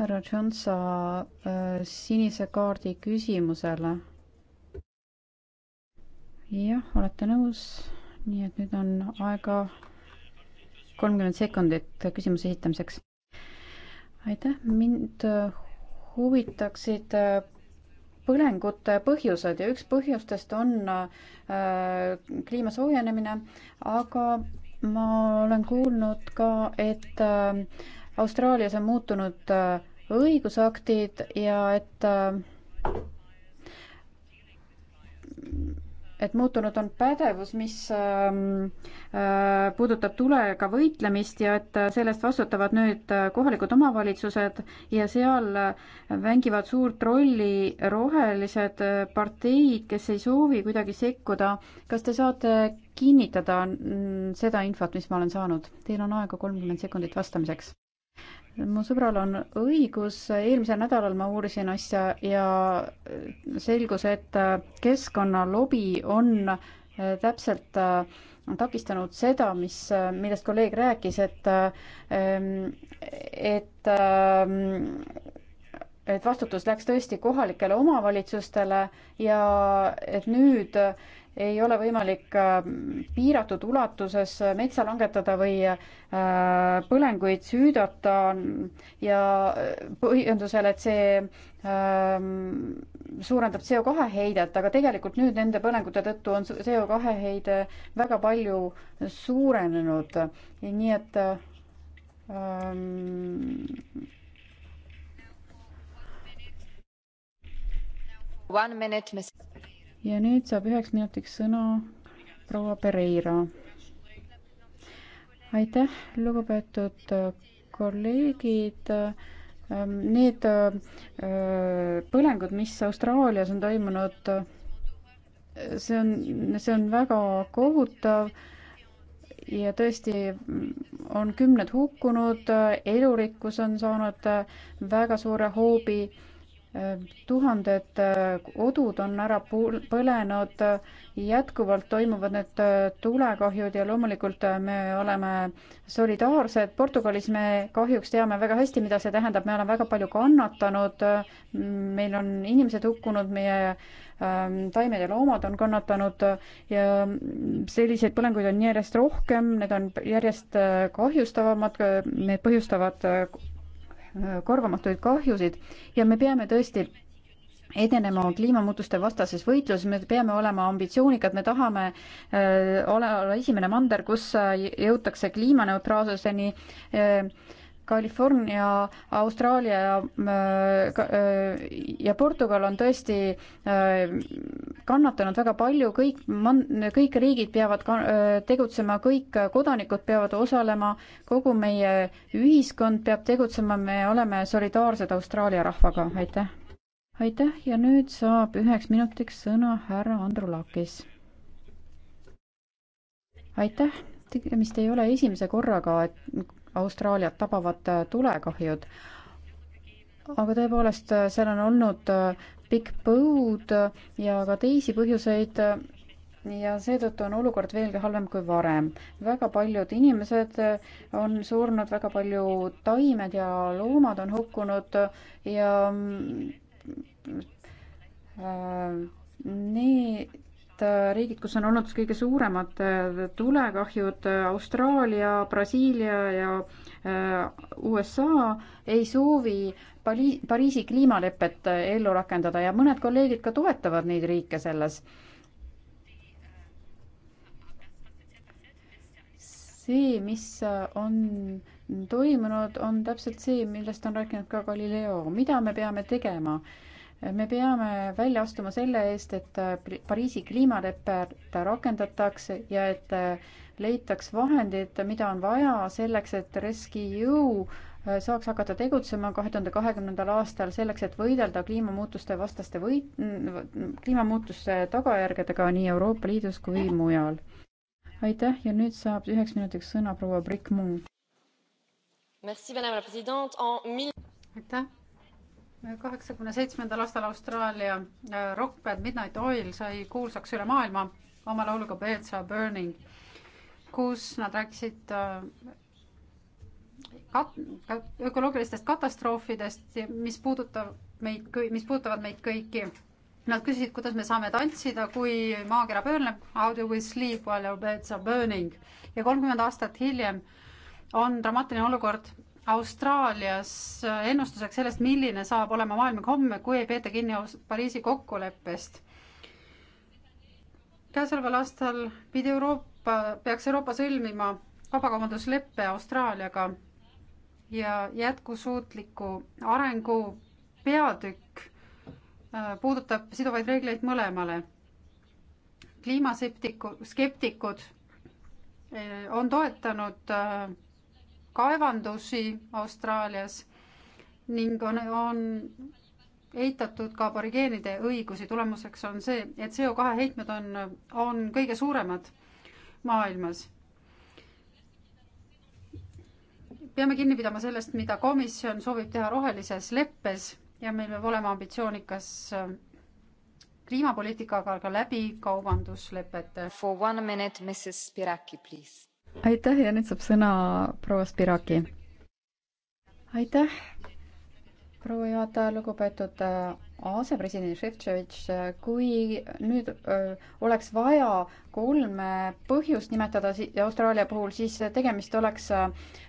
härra Johnsa äh, sinise kaardi küsimusele? jah, olete nõus, nii et nüüd on aega kolmkümmend sekundit küsimuse esitamiseks. aitäh, mind äh, huvitaksid äh, põlengute põhjused ja üks põhjustest on äh, kliima soojenemine, aga ma olen kuulnud ka, et äh, Austraalias on muutunud äh, õigusaktid ja et et muutunud on pädevus, mis ähm, äh, puudutab tulega võitlemist ja et äh, sellest vastutavad nüüd äh, kohalikud omavalitsused ja seal mängivad suurt rolli rohelised parteid, kes ei soovi kuidagi sekkuda. kas te saate kinnitada seda infot, mis ma olen saanud? Teil on aega kolmkümmend sekundit vastamiseks mu sõbral on õigus, eelmisel nädalal ma uurisin asja ja selgus, et keskkonnalobi on äh, täpselt äh, takistanud seda, mis, äh, millest kolleeg rääkis, et ähm, et ähm, et vastutus läks tõesti kohalikele omavalitsustele ja et nüüd äh, ei ole võimalik äh, piiratud ulatuses metsa langetada või äh, põlenguid süüdata ja põhjendusel, et see ähm, suurendab CO2 heidet, aga tegelikult nüüd nende põlengute tõttu on CO2 heide väga palju suurenenud, nii et ähm, One minute, Miss ja nüüd saab üheks minutiks sõna proua Pereira. aitäh, lugupeetud äh, kolleegid. Ähm, need äh, põlengud, mis Austraalias on toimunud, äh, see on, see on väga kohutav ja tõesti on kümned hukkunud, elurikkus on saanud väga suure hoobi tuhanded kodud äh, on ära põlenud, jätkuvalt toimuvad need äh, tulekahjud ja loomulikult äh, me oleme solidaarsed. Portugalis me kahjuks teame väga hästi, mida see tähendab, me oleme väga palju kannatanud, meil on inimesed hukkunud, meie ähm, taimed ja loomad on kannatanud ja selliseid põlenguid on järjest rohkem, need on järjest kahjustavamad, need põhjustavad korvamatuid kahjusid ja me peame tõesti edenema kliimamuutuste vastases võitluses, me peame olema ambitsioonikad, me tahame äh, ole, olla esimene mander, kus äh, jõutakse kliimaneutraalsuseni äh, California, Austraalia ja, äh, äh, ja Portugal on tõesti äh, kannatanud väga palju, kõik man-, kõik riigid peavad ka-, tegutsema, kõik kodanikud peavad osalema, kogu meie ühiskond peab tegutsema, me oleme solidaarsed Austraalia rahvaga, aitäh! aitäh ja nüüd saab üheks minutiks sõna härra Andrulakis. aitäh, tegemist ei ole esimese korraga, et Austraaliat tabavad äh, tulekahjud. aga tõepoolest, äh, seal on olnud äh, pikk põud ja ka teisi põhjuseid ja seetõttu on olukord veelgi halvem kui varem. väga paljud inimesed on surnud, väga palju taimed ja loomad on hukkunud ja mm, äh, nii et äh, riigid, kus on olnud kõige suuremad äh, tulekahjud, äh, Austraalia, Brasiilia ja USA, ei soovi Pali-, Pariisi kliimalepet ellu rakendada ja mõned kolleegid ka toetavad neid riike selles. see, mis on toimunud, on täpselt see, millest on rääkinud ka Galileo, mida me peame tegema me peame välja astuma selle eest, et Pariisi kliimalepet rakendatakse ja et leitaks vahendid, mida on vaja selleks, et Rescue äh, saaks hakata tegutsema kahe tuhande kahekümnendal aastal selleks, et võidelda kliimamuutuste vastaste või-, mm, kliimamuutuste tagajärgedega nii Euroopa Liidus kui mujal. aitäh ja nüüd saab üheks minutiks sõna proua Brick Moon. aitäh kaheksakümne seitsmendal aastal Austraalia äh, rokkbänd Midnight Oil sai kuulsaks üle maailma oma lauluga Birds are burning, kus nad rääkisid äh, kat-, ökoloogilistest katastroofidest, mis puudutab meid kõi-, mis puudutavad meid kõiki. Nad küsisid, kuidas me saame tantsida, kui maakera pöörleb, how do we sleep while our beds are burning. ja kolmkümmend aastat hiljem on dramaatiline olukord Austraalias äh, ennustuseks sellest, milline saab olema maailm homme, kui ei peeta kinni Pariisi kokkuleppest. käesoleval aastal pidi Euroopa, peaks Euroopa sõlmima vabakaubandusleppe Austraaliaga ja jätkusuutliku arengu peatükk äh, puudutab siduvaid reegleid mõlemale. kliimaseptiku, skeptikud äh, on toetanud kaevandusi Austraalias ning on, on eitatud ka aborigeenide õigusi. tulemuseks on see, et CO2 heitmed on, on kõige suuremad maailmas. peame kinni pidama sellest, mida komisjon soovib teha rohelises leppes ja meil peab olema ambitsioonikas äh, kliimapoliitika, aga ka läbi kaubanduslepete. For one minute, Mrs Spiraki, please aitäh ja nüüd saab sõna proua Spiraki. aitäh, proua juhataja, lugupeetud äh, asepresident Šefčovitš, kui nüüd öö, äh, oleks vaja kolme põhjust nimetada Austraalia puhul, siis tegemist oleks öö,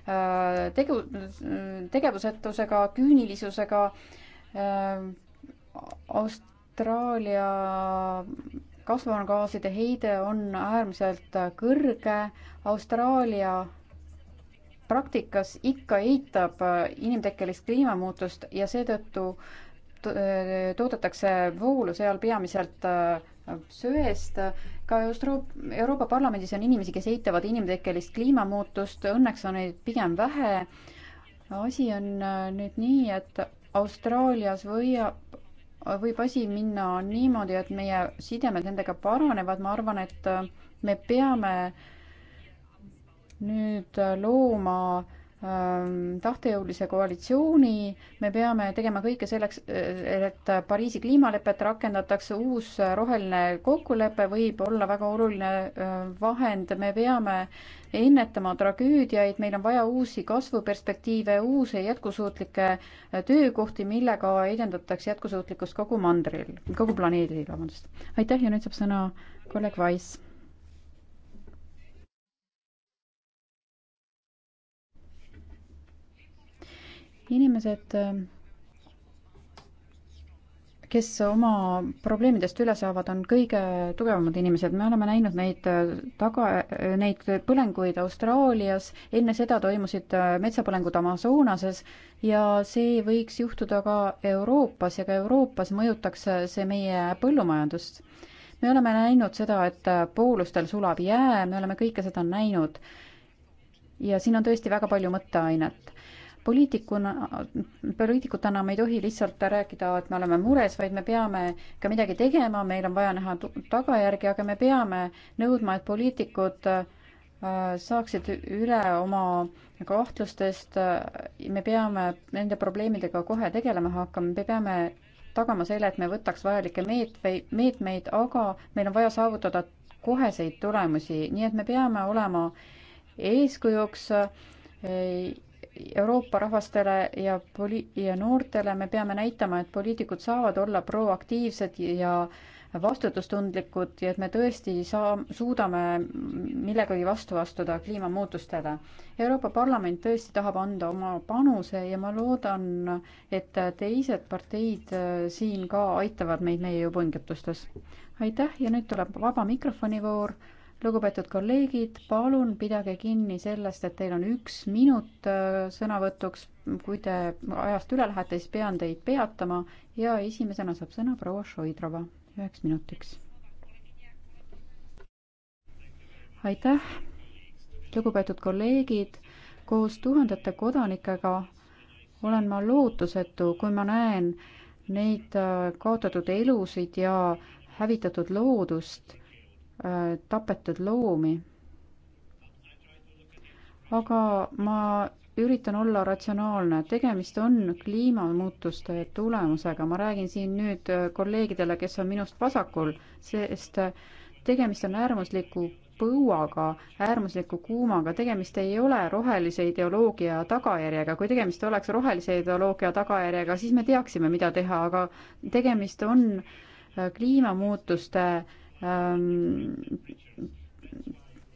äh, tegu, tegevusetusega, küünilisusega. Austraalia kasvuhoonegaaside heide on äärmiselt kõrge. Austraalia praktikas ikka eitab inimtekkelist kliimamuutust ja seetõttu toodetakse voolu seal peamiselt äh, söest. ka Euroopa Parlamendis on inimesi, kes eitavad inimtekkelist kliimamuutust, õnneks on neid pigem vähe. asi on äh, nüüd nii, et Austraalias või võib asi minna niimoodi, et meie sidemed nendega paranevad, ma arvan, et äh, me peame nüüd äh, looma ähm, tahtejõulise koalitsiooni, me peame tegema kõike selleks, äh, et Pariisi kliimalepet rakendatakse, uus roheline kokkulepe võib olla väga oluline vahend, me peame äh, ennetama tragöödiaid, meil on vaja uusi kasvuperspektiive, uusi jätkusuutlikke äh, töökohti, millega edendatakse jätkusuutlikkust kogu mandril, kogu planeedil, vabandust. aitäh ja nüüd saab sõna kolleeg Wise. inimesed äh, kes oma probleemidest üle saavad, on kõige tugevamad inimesed, me oleme näinud neid taga, neid põlenguid Austraalias, enne seda toimusid metsapõlengud Amazonases ja see võiks juhtuda ka Euroopas ja ka Euroopas mõjutaks see meie põllumajandust. me oleme näinud seda, et poolustel sulab jää, me oleme kõike seda näinud. ja siin on tõesti väga palju mõtteainet poliitikuna, poliitikutena me ei tohi lihtsalt rääkida, et me oleme mures, vaid me peame ka midagi tegema, meil on vaja näha tagajärgi, aga me peame nõudma, et poliitikud äh, saaksid üle oma kahtlustest, äh, me peame nende probleemidega kohe tegelema hakkama, me peame tagama selle, et me võtaks vajalikke meetmeid, meetmeid, aga meil on vaja saavutada koheseid tulemusi, nii et me peame olema eeskujuks äh, Euroopa rahvastele ja poli- ja noortele me peame näitama, et poliitikud saavad olla proaktiivsed ja vastutustundlikud ja et me tõesti saa-, suudame millegagi vastu astuda kliimamuutustele. Euroopa Parlament tõesti tahab anda oma panuse ja ma loodan, et teised parteid äh, siin ka aitavad meid meie jõupingutustes. aitäh ja nüüd tuleb vaba mikrofoni voor lugupeetud kolleegid, palun pidage kinni sellest, et teil on üks minut äh, sõnavõtuks. kui te ajast üle lähete, siis pean teid peatama ja esimesena saab sõna proua Šoidrova üheks minutiks. aitäh, lugupeetud kolleegid, koos tuhandete kodanikega olen ma lootusetu, kui ma näen neid äh, kaotatud elusid ja hävitatud loodust Äh, tapetud loomi. aga ma üritan olla ratsionaalne, tegemist on kliimamuutuste tulemusega, ma räägin siin nüüd äh, kolleegidele, kes on minust vasakul, sest äh, tegemist on äärmusliku põuaga, äärmusliku kuumaga, tegemist ei ole rohelise ideoloogia tagajärjega, kui tegemist oleks rohelise ideoloogia tagajärjega, siis me teaksime, mida teha, aga tegemist on kliimamuutuste äh, Ähm,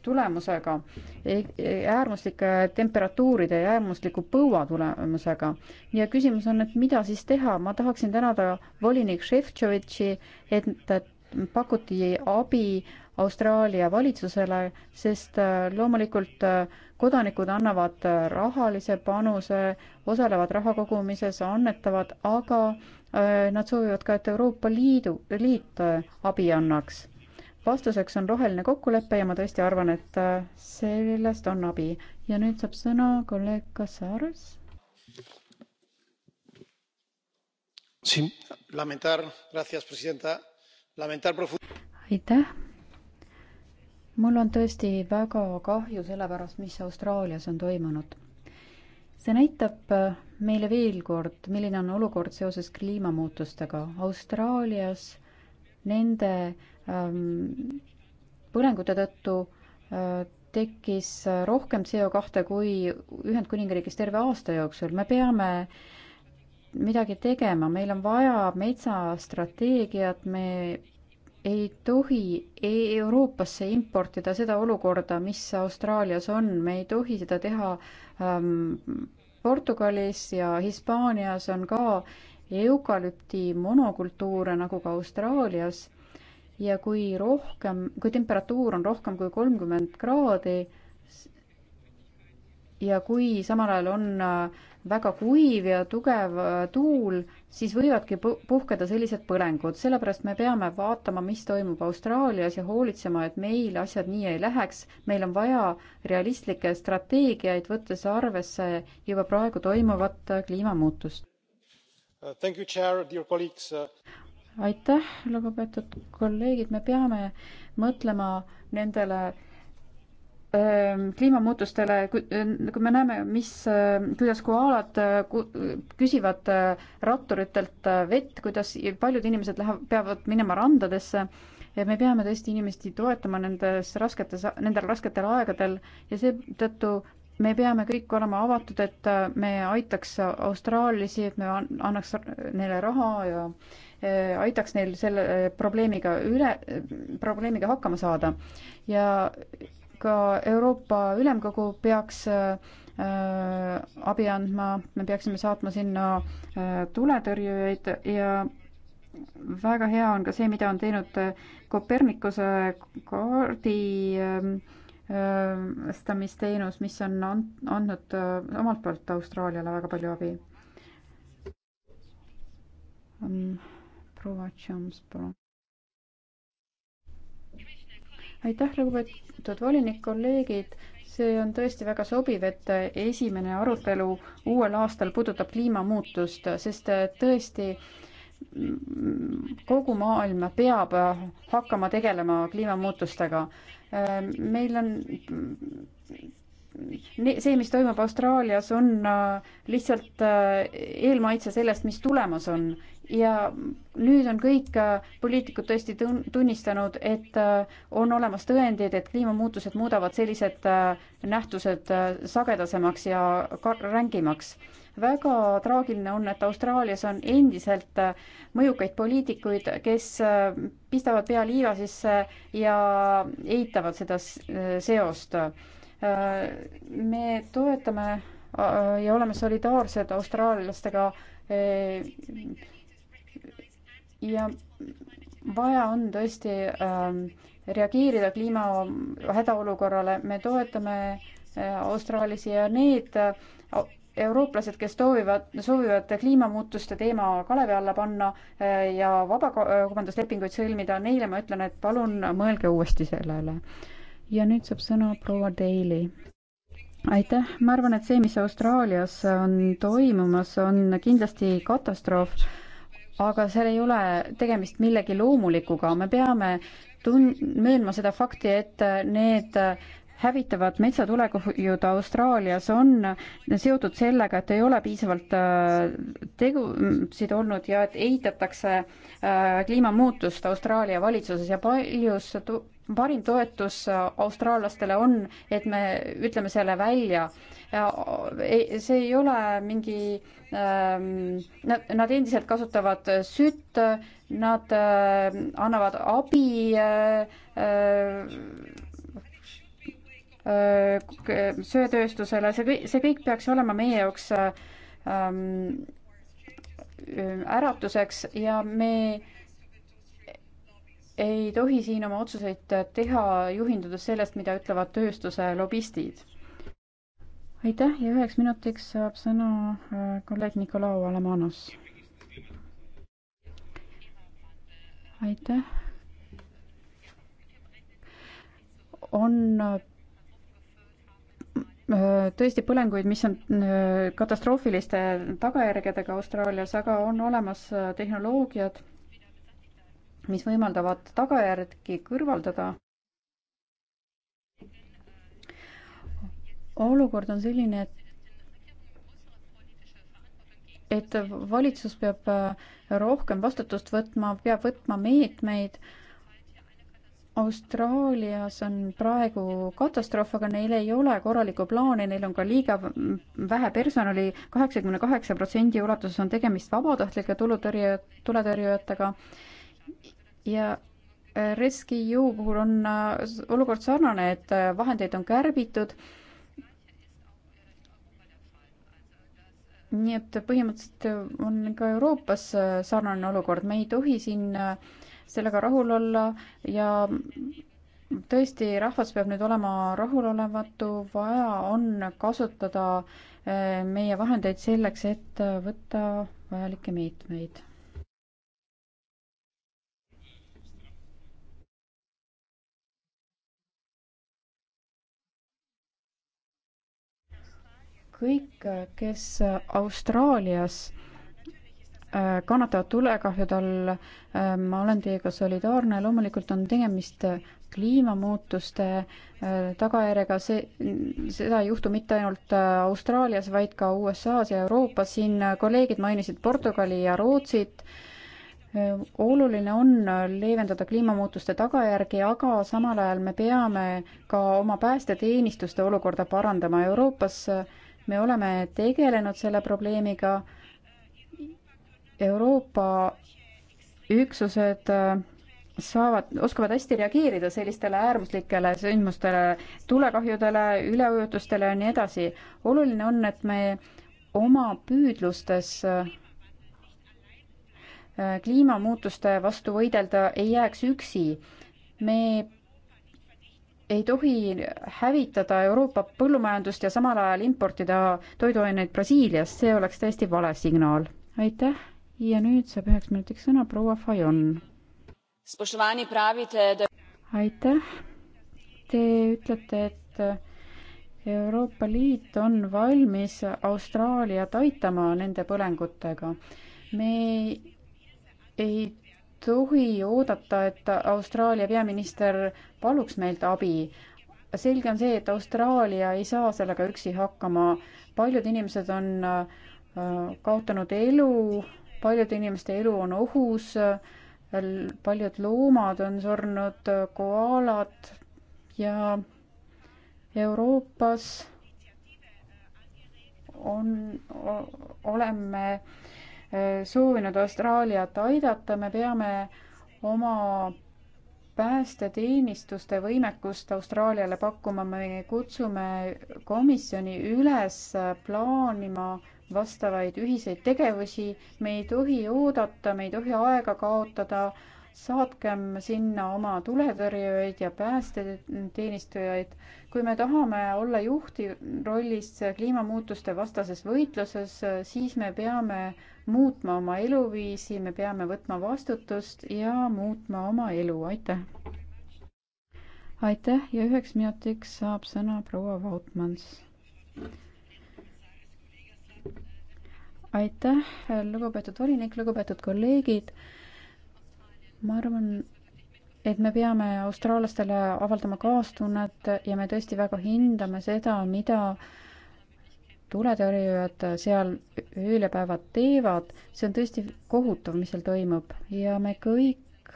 tulemusega, eh, äärmuslike temperatuuride ja äärmusliku põua tulemusega. ja küsimus on, et mida siis teha, ma tahaksin tänada volinik Šefčovitši, et ta pakuti abi Austraalia valitsusele, sest äh, loomulikult äh, kodanikud annavad äh, rahalise panuse, osalevad raha kogumises, annetavad, aga nad soovivad ka, et Euroopa Liidu, liit abi annaks vastuseks on roheline kokkulepe ja ma tõesti arvan, et äh, sellest on abi. ja nüüd saab sõna kolleeg Kasares. aitäh. mul on tõesti väga kahju selle pärast, mis Austraalias on toimunud. see näitab äh, meile veel kord, milline on olukord seoses kliimamuutustega. Austraalias nende Ehm, põlengute tõttu äh, tekkis rohkem CO kahte kui Ühendkuningriigis terve aasta jooksul. me peame midagi tegema, meil on vaja metsastrateegiat, me ei tohi Euroopasse importida seda olukorda, mis Austraalias on, me ei tohi seda teha ähm, Portugalis ja Hispaanias on ka eukalüpti monokultuure, nagu ka Austraalias ja kui rohkem, kui temperatuur on rohkem kui kolmkümmend kraadi ja kui samal ajal on äh, väga kuiv ja tugev äh, tuul, siis võivadki puhkeda sellised põlengud, sellepärast me peame vaatama, mis toimub Austraalias ja hoolitsema, et meil asjad nii ei läheks. meil on vaja realistlikke strateegiaid, võttes arvesse juba praegu toimuvat äh, kliimamuutust. Uh, aitäh, lugupeetud kolleegid, me peame mõtlema nendele ähm, kliimamuutustele, äh, kui me näeme, mis, äh, kuidas koaalad äh, küsivad ratturitelt vett, kuidas paljud inimesed lähevad, peavad minema randadesse ja me peame tõesti inimesi toetama nendes rasketes, nendel rasketel aegadel ja seetõttu me peame kõik olema avatud, et me aitaks austraallasi, et me annaks neile raha ja äh, Äh, aitaks neil selle äh, probleemiga üle, äh, probleemiga hakkama saada. ja ka Euroopa Ülemkogu peaks abi andma, me peaksime saatma sinna tuletõrjujaid ja väga hea on ka see, mida on teinud Kopernikuse kaardi ähm, stamisteenus, mis on andnud omalt poolt Austraaliale väga palju abi proua Tšams, palun. aitäh, lugupeetud volinik, kolleegid see on tõesti väga sobiv, et esimene arutelu uuel aastal puudutab kliimamuutust, sest tõesti kogu maailm peab hakkama tegelema kliimamuutustega. meil on see, mis toimub Austraalias, on äh, lihtsalt äh, eelmaitse sellest, mis tulemas on ja nüüd on kõik äh, poliitikud tõesti tunnistanud, et on olemas tõendid, et kliimamuutused muudavad sellised nähtused sagedasemaks ja rängimaks. väga traagiline on, et Austraalias on endiselt mõjukaid poliitikuid, kes pistavad pea liiva sisse ja eitavad seda seost me toetame äh, ja oleme solidaarsed austraallastega. Äh, ja vaja on tõesti äh, reageerida kliima hädaolukorrale, me toetame austraallasi ja need eurooplased, kes soovivad, soovivad kliimamuutuste teema kalevi alla panna ja vabakaubanduslepinguid sõlmida, neile ma ütlen, et palun mõelge uuesti selle üle ja nüüd saab sõna proua Daly. aitäh, ma arvan, et see, mis Austraalias on toimumas, on kindlasti katastroof, aga seal ei ole tegemist millegi loomulikuga, me peame tun-, möönma seda fakti, et need hävitavad metsatulekahjud Austraalias on seotud sellega, et ei ole piisavalt äh, tegusid olnud ja et eitatakse äh, kliimamuutust Austraalia valitsuses ja paljus parim toetus äh, austraallastele on, et me ütleme selle välja. see ei ole mingi ähm, Nad, nad endiselt kasutavad sütt, nad äh, annavad abi äh, söetööstusele, see, see kõik peaks olema meie jaoks ähm, äratuseks ja me äh, ei tohi siin oma otsuseid teha, juhindudes sellest, mida ütlevad tööstuse lobistid. aitäh ja üheks minutiks saab sõna äh, kolleeg Nikolau Alamanos. aitäh. on äh, tõesti põlenguid, mis on äh, katastroofiliste tagajärgedega Austraalias, aga on olemas tehnoloogiad mis võimaldavad tagajärgi kõrvaldada. olukord on selline, et et valitsus peab äh, rohkem vastutust võtma, peab võtma meetmeid. Austraalias on praegu katastroof, aga neil ei ole korralikku plaani, neil on ka liiga vähe personali, kaheksakümne kaheksa protsendi ulatuses on tegemist vabatahtlike tulutõrje, tuletõrjujatega ja äh, Rescue puhul on äh, olukord sarnane, et äh, vahendeid on kärbitud. nii et põhimõtteliselt on ka Euroopas sarnane olukord, me ei tohi siin sellega rahul olla ja tõesti, rahvas peab nüüd olema rahulolematu, vaja on kasutada meie vahendeid selleks, et võtta vajalikke meetmeid kõik, kes Austraalias äh, kannatavad tulekahjude all, äh, ma olen teiega solidaarne, loomulikult on tegemist kliimamuutuste äh, tagajärjega, see, seda ei juhtu mitte ainult Austraalias, vaid ka USA-s ja Euroopas, siin kolleegid mainisid Portugali ja Rootsit, oluline on leevendada kliimamuutuste tagajärgi, aga samal ajal me peame ka oma päästeteenistuste olukorda parandama, Euroopas äh, me oleme tegelenud selle probleemiga. Euroopa üksused äh, saavad, oskavad hästi reageerida sellistele äärmuslikele sündmustele, tulekahjudele, üleujutustele ja nii edasi. oluline on, et me oma püüdlustes äh, kliimamuutuste vastu võidelda ei jääks üksi. me ei tohi hävitada Euroopa põllumajandust ja samal ajal importida toiduaineid Brasiiliast, see oleks täiesti vale signaal. aitäh ja nüüd saab üheks minutiks sõna proua Fajon. aitäh. Te ütlete, et Euroopa Liit on valmis Austraaliat aitama nende põlengutega. me ei tohi oodata, et Austraalia peaminister paluks meilt abi. selge on see, et Austraalia ei saa sellega üksi hakkama. paljud inimesed on äh, kaotanud elu, paljude inimeste elu on ohus, paljud loomad on surnud, koaalad ja Euroopas on, oleme äh, soovinud Austraaliat aidata, me peame oma päästeteenistuste võimekust Austraaliale pakkuma, me kutsume komisjoni üles plaanima vastavaid ühiseid tegevusi, me ei tohi oodata, me ei tohi aega kaotada, saatkem sinna oma tuletõrjujaid ja päästeteenistujaid. kui me tahame olla juhti rollis kliimamuutuste vastases võitluses, siis me peame muutma oma eluviisi, me peame võtma vastutust ja muutma oma elu, aitäh! aitäh ja üheks minutiks saab sõna proua Vautmans. aitäh, lugupeetud volinik, lugupeetud kolleegid. ma arvan, et me peame austraallastele avaldama kaastunnet ja me tõesti väga hindame seda, mida äh, tuletõrjujad seal ööl ja päevad teevad, see on tõesti kohutav, mis seal toimub ja me kõik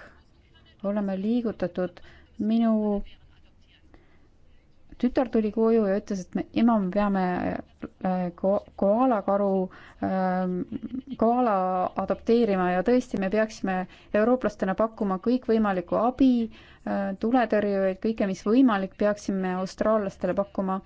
oleme liigutatud. minu tütar tuli koju ja ütles, et me, ema, me peame äh, ko-, koaalakaru, ähm, koala adopteerima ja tõesti, me peaksime eurooplastena pakkuma kõikvõimalikku abi, äh, tuletõrjujaid, kõike, mis võimalik, peaksime austraallastele pakkuma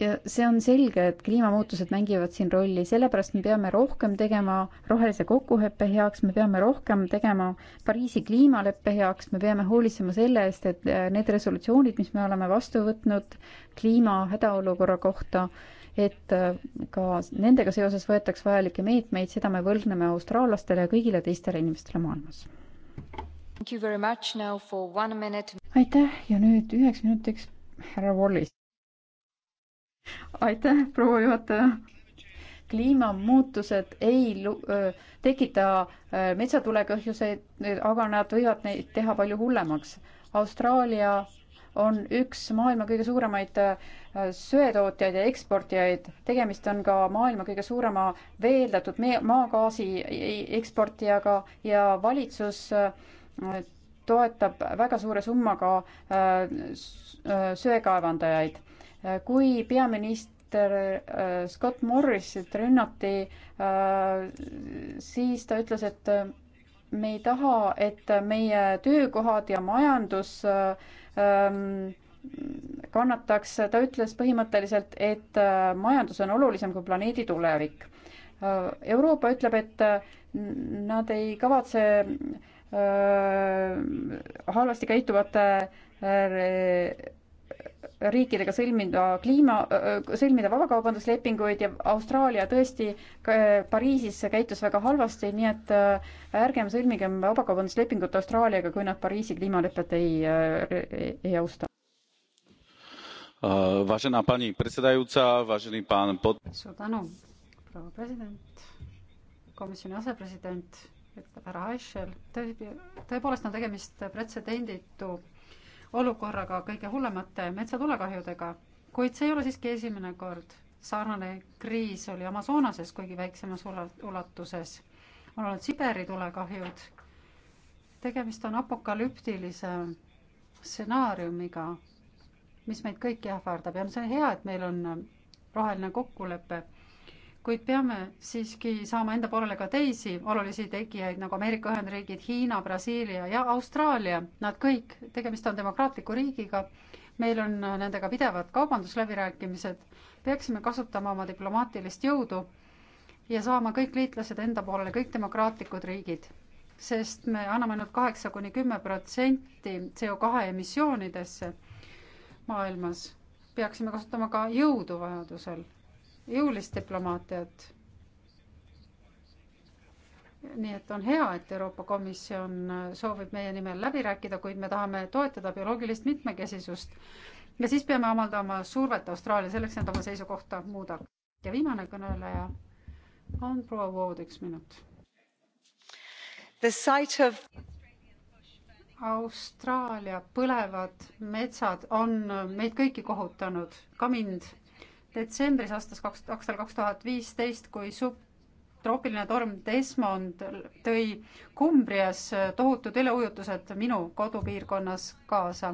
ja see on selge, et kliimamuutused mängivad siin rolli, sellepärast me peame rohkem tegema rohelise kokkuleppe heaks, me peame rohkem tegema Pariisi kliimaleppe heaks, me peame hoolitsema selle eest, et äh, need resolutsioonid, mis me oleme vastu võtnud kliima hädaolukorra kohta, et äh, ka nendega seoses võetaks vajalikke meetmeid, seda me võlgneme austraallastele ja kõigile teistele inimestele maailmas. aitäh ja nüüd üheks minutiks härra Wallis aitäh, proua juhataja kliimamuutused ei tekita metsatulekahjuseid, aga nad võivad neid teha palju hullemaks. Austraalia on üks maailma kõige suuremaid söetootjaid ja eksportijaid. tegemist on ka maailma kõige suurema veeldatud maagaasi e-, eksportijaga ja valitsus toetab väga suure summaga söekaevandajaid kui peaminister äh, Scott Morrisit rünnati, äh, siis ta ütles, et äh, me ei taha, et meie töökohad ja majandus ähm, kannataks, ta ütles põhimõtteliselt, et majandus on olulisem kui planeedi tulevik. Euroopa ütleb, et nad ei kavatse halvasti käituvate riikidega sõlmida kliima, sõlmida vabakaubanduslepinguid ja Austraalia tõesti äh, Pariisis käitus väga halvasti, nii et äh, ärgem sõlmigem vabakaubanduslepingut Austraaliaga, kui nad Pariisi kliimalepet ei, äh, ei austa. Vážená pani predsedajúca, vážený pán pod... Suur tänu, proua president, komisjoni asepresident, ütleb härra Aischel. tõepoolest on tegemist pretsedenditu olukorraga, kõige hullemate metsatulekahjudega, kuid see ei ole siiski esimene kord. sarnane kriis oli Amazonases, kuigi väiksemas ulatuses. on olnud Siberi tulekahjud. tegemist on apokalüptilise stsenaariumiga, mis meid kõiki ähvardab ja on see hea, et meil on roheline kokkulepe kuid peame siiski saama enda poolele ka teisi olulisi tegijaid nagu Ameerika Ühendriigid, Hiina, Brasiilia ja Austraalia. Nad kõik, tegemist on demokraatliku riigiga, meil on nendega pidevad kaubandusläbirääkimised, peaksime kasutama oma diplomaatilist jõudu ja saama kõik liitlased enda poolele, kõik demokraatlikud riigid. sest me anname ainult kaheksa kuni kümme protsenti CO kahe emissioonidesse maailmas. peaksime kasutama ka jõudu vajadusel jõulist diplomaatiat. nii et on hea, et Euroopa Komisjon soovib meie nimel läbi rääkida, kuid me tahame toetada bioloogilist mitmekesisust. ja siis peame avaldama survet Austraalia selleks, et oma seisukohta muudab. ja viimane kõneleja on proua Wood, üks minut. The site of Austraalia põlevad metsad on meid kõiki kohutanud, ka mind detsembris aastas kaks, aastal kaks tuhat viisteist, kui subtroopiline torm Desmond tõi Kumbrias tohutud üleujutused minu kodupiirkonnas kaasa.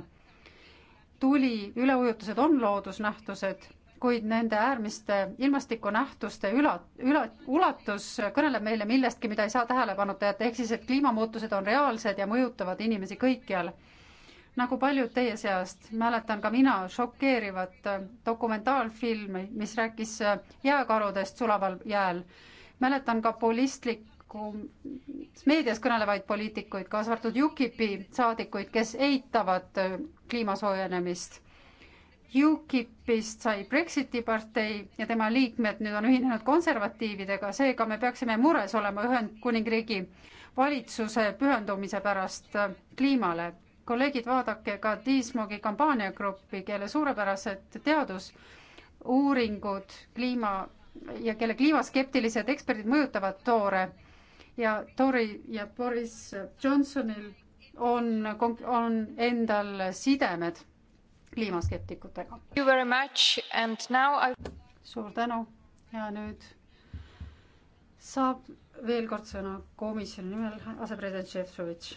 tuli üleujutused on loodusnähtused, kuid nende äärmiste ilmastikunähtuste üla, üla, ulatus kõneleb meile millestki, mida ei saa tähelepanuta jätta, ehk siis, et kliimamuutused on reaalsed ja mõjutavad inimesi kõikjal nagu paljud teie seast, mäletan ka mina šokeerivat äh, dokumentaalfilmi, mis rääkis äh, jääkarudest sulaval jääl. mäletan ka populistlikku meedias kõnelevaid poliitikuid, kaasa arvatud UKIP-i saadikuid, kes eitavad äh, kliima soojenemist. UKIP-ist sai Brexiti partei ja tema liikmed nüüd on ühinenud konservatiividega, seega me peaksime mures olema Ühendkuningriigi valitsuse pühendumise pärast kliimale kolleegid, vaadake ka Tiismogi kampaaniagruppi, kelle suurepärased teadusuuringud kliima ja kelle kliimaskeptilised eksperdid mõjutavad Toore ja Tori ja Boris Johnsonil on, on endal sidemed kliimaskeptikutega. I... suur tänu ja nüüd saab veel kord sõna komisjoni nimel asepresident Šefčovitš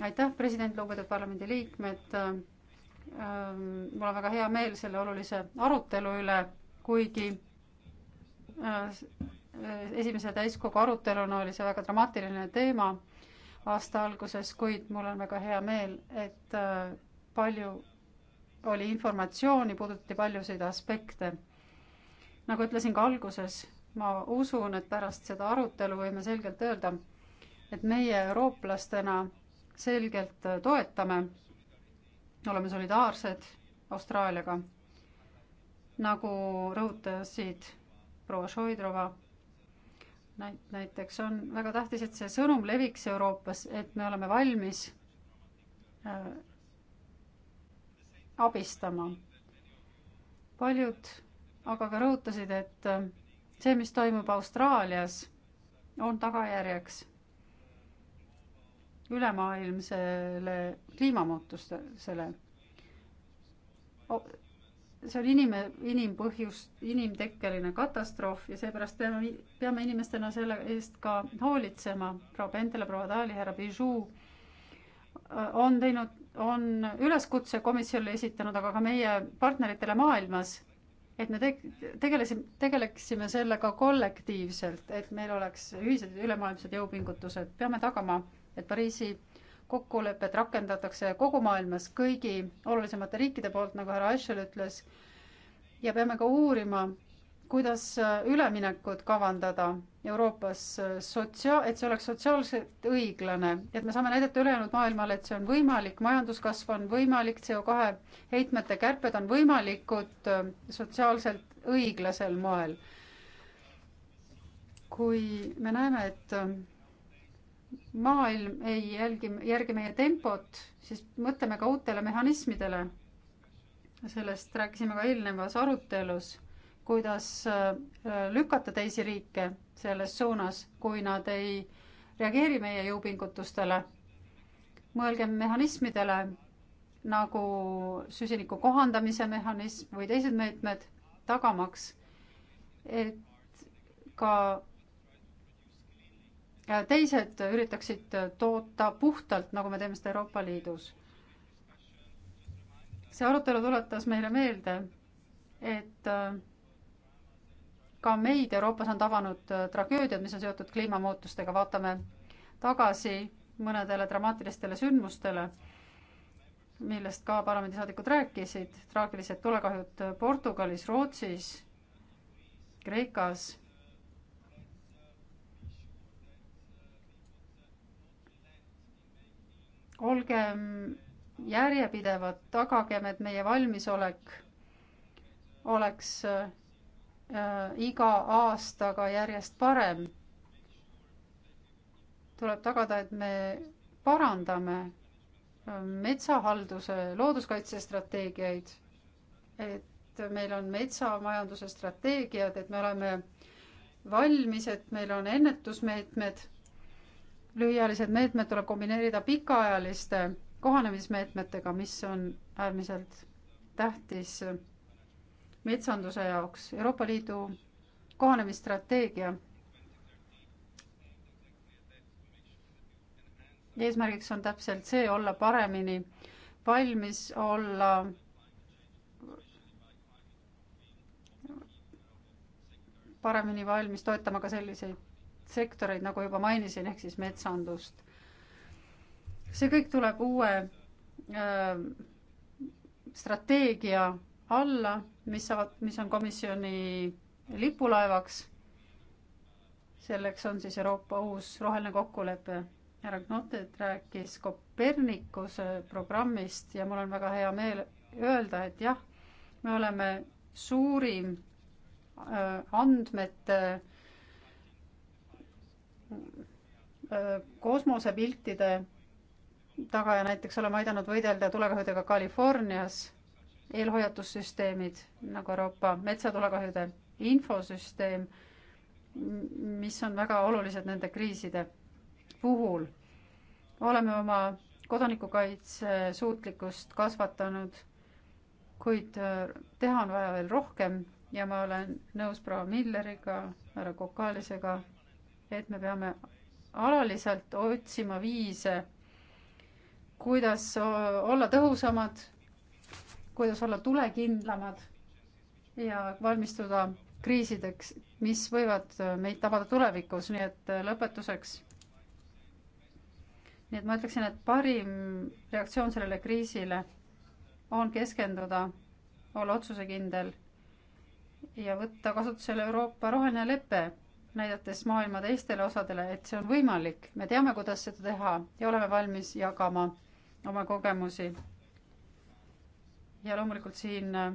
aitäh, president, lugupeetud parlamendiliikmed. Ähm, mul on väga hea meel selle olulise arutelu üle, kuigi äh, esimese täiskogu aruteluna oli see väga dramaatiline teema aasta alguses, kuid mul on väga hea meel, et äh, palju oli informatsiooni, puudutati paljusid aspekte. nagu ütlesin ka alguses, ma usun, et pärast seda arutelu võime selgelt öelda, et meie eurooplastena selgelt äh, toetame, oleme solidaarsed Austraaliaga, nagu rõhutasid proua Šoidrova, näit-, näiteks on väga tähtis, et see sõnum leviks Euroopas, et me oleme valmis äh, abistama. paljud aga ka rõhutasid, et äh, see, mis toimub Austraalias, on tagajärjeks ülemaailmsele kliimamuutustele. see on inim, inimpõhjus, inimtekkeline katastroof ja seepärast peame, peame inimestena selle eest ka hoolitsema. proua Pentele, proua Dali, härra Bijou äh, on teinud, on üleskutse komisjonile esitanud, aga ka meie partneritele maailmas, et me teg-, tegelesime, tegeleksime sellega kollektiivselt, et meil oleks ühised ülemaailmsed jõupingutused, peame tagama et Pariisi kokkulepet rakendatakse kogu maailmas kõigi olulisemate riikide poolt, nagu härra Aschel ütles, ja peame ka uurima, kuidas üleminekut kavandada Euroopas sotsia-, et see oleks sotsiaalselt õiglane, et me saame näidata ülejäänud maailmale, et see on võimalik, majanduskasv on võimalik, CO2 heitmete kärped on võimalikud äh, sotsiaalselt õiglasel moel. kui me näeme, et äh, maailm ei jälgi, järgi meie tempot, siis mõtleme ka uutele mehhanismidele. sellest rääkisime ka eelnevas arutelus, kuidas äh, lükata teisi riike selles suunas, kui nad ei reageeri meie jõupingutustele. mõelgem mehhanismidele nagu süsiniku kohandamise mehhanism või teised meetmed, tagamaks, et ka teised üritaksid toota puhtalt, nagu me teeme seda Euroopa Liidus. see arutelu tuletas meile meelde, et äh, ka meid Euroopas on tabanud äh, tragöödiad, mis on seotud kliimamuutustega, vaatame tagasi mõnedele dramaatilistele sündmustele, millest ka parlamendisaadikud rääkisid, traagilised tulekahjud Portugalis, Rootsis, Kreekas olgem järjepidevad, tagagem, et meie valmisolek oleks äh, iga aastaga järjest parem. tuleb tagada, et me parandame äh, metsahalduse looduskaitsestrateegiaid, et meil on metsamajanduse strateegiad, et me oleme valmis, et meil on ennetusmeetmed lühiajalised meetmed tuleb kombineerida pikaajaliste kohanemismeetmetega, mis on äärmiselt tähtis metsanduse jaoks. Euroopa Liidu kohanemisstrateegia eesmärgiks on täpselt see, olla paremini valmis, olla paremini valmis toetama ka selliseid sektoreid, nagu juba mainisin, ehk siis metsandust. see kõik tuleb uue äh, strateegia alla, mis saavad, mis on komisjoni lipulaevaks. selleks on siis Euroopa uus roheline kokkulepe. härra Knotet rääkis Kopernikuse programmist ja mul on väga hea meel öelda, et jah, me oleme suurim äh, andmete Äh, kosmosepiltide taga ja näiteks oleme aidanud võidelda tulekahjudega Californias, eelhoiatussüsteemid nagu Euroopa metsatulekahjude infosüsteem, mis on väga olulised nende kriiside puhul. oleme oma kodanikukaitse suutlikkust kasvatanud, kuid äh, teha on vaja veel rohkem ja ma olen nõus proua Milleriga, härra Kokalisega et me peame alaliselt otsima viise, kuidas olla tõhusamad, kuidas olla tulekindlamad ja valmistuda kriisideks, mis võivad meid tabada tulevikus, nii et lõpetuseks. nii et ma ütleksin, et parim reaktsioon sellele kriisile on keskenduda, olla otsusekindel ja võtta kasutusele Euroopa roheline lepe näidates maailma teistele osadele, et see on võimalik, me teame, kuidas seda teha ja oleme valmis jagama oma kogemusi. ja loomulikult siin äh,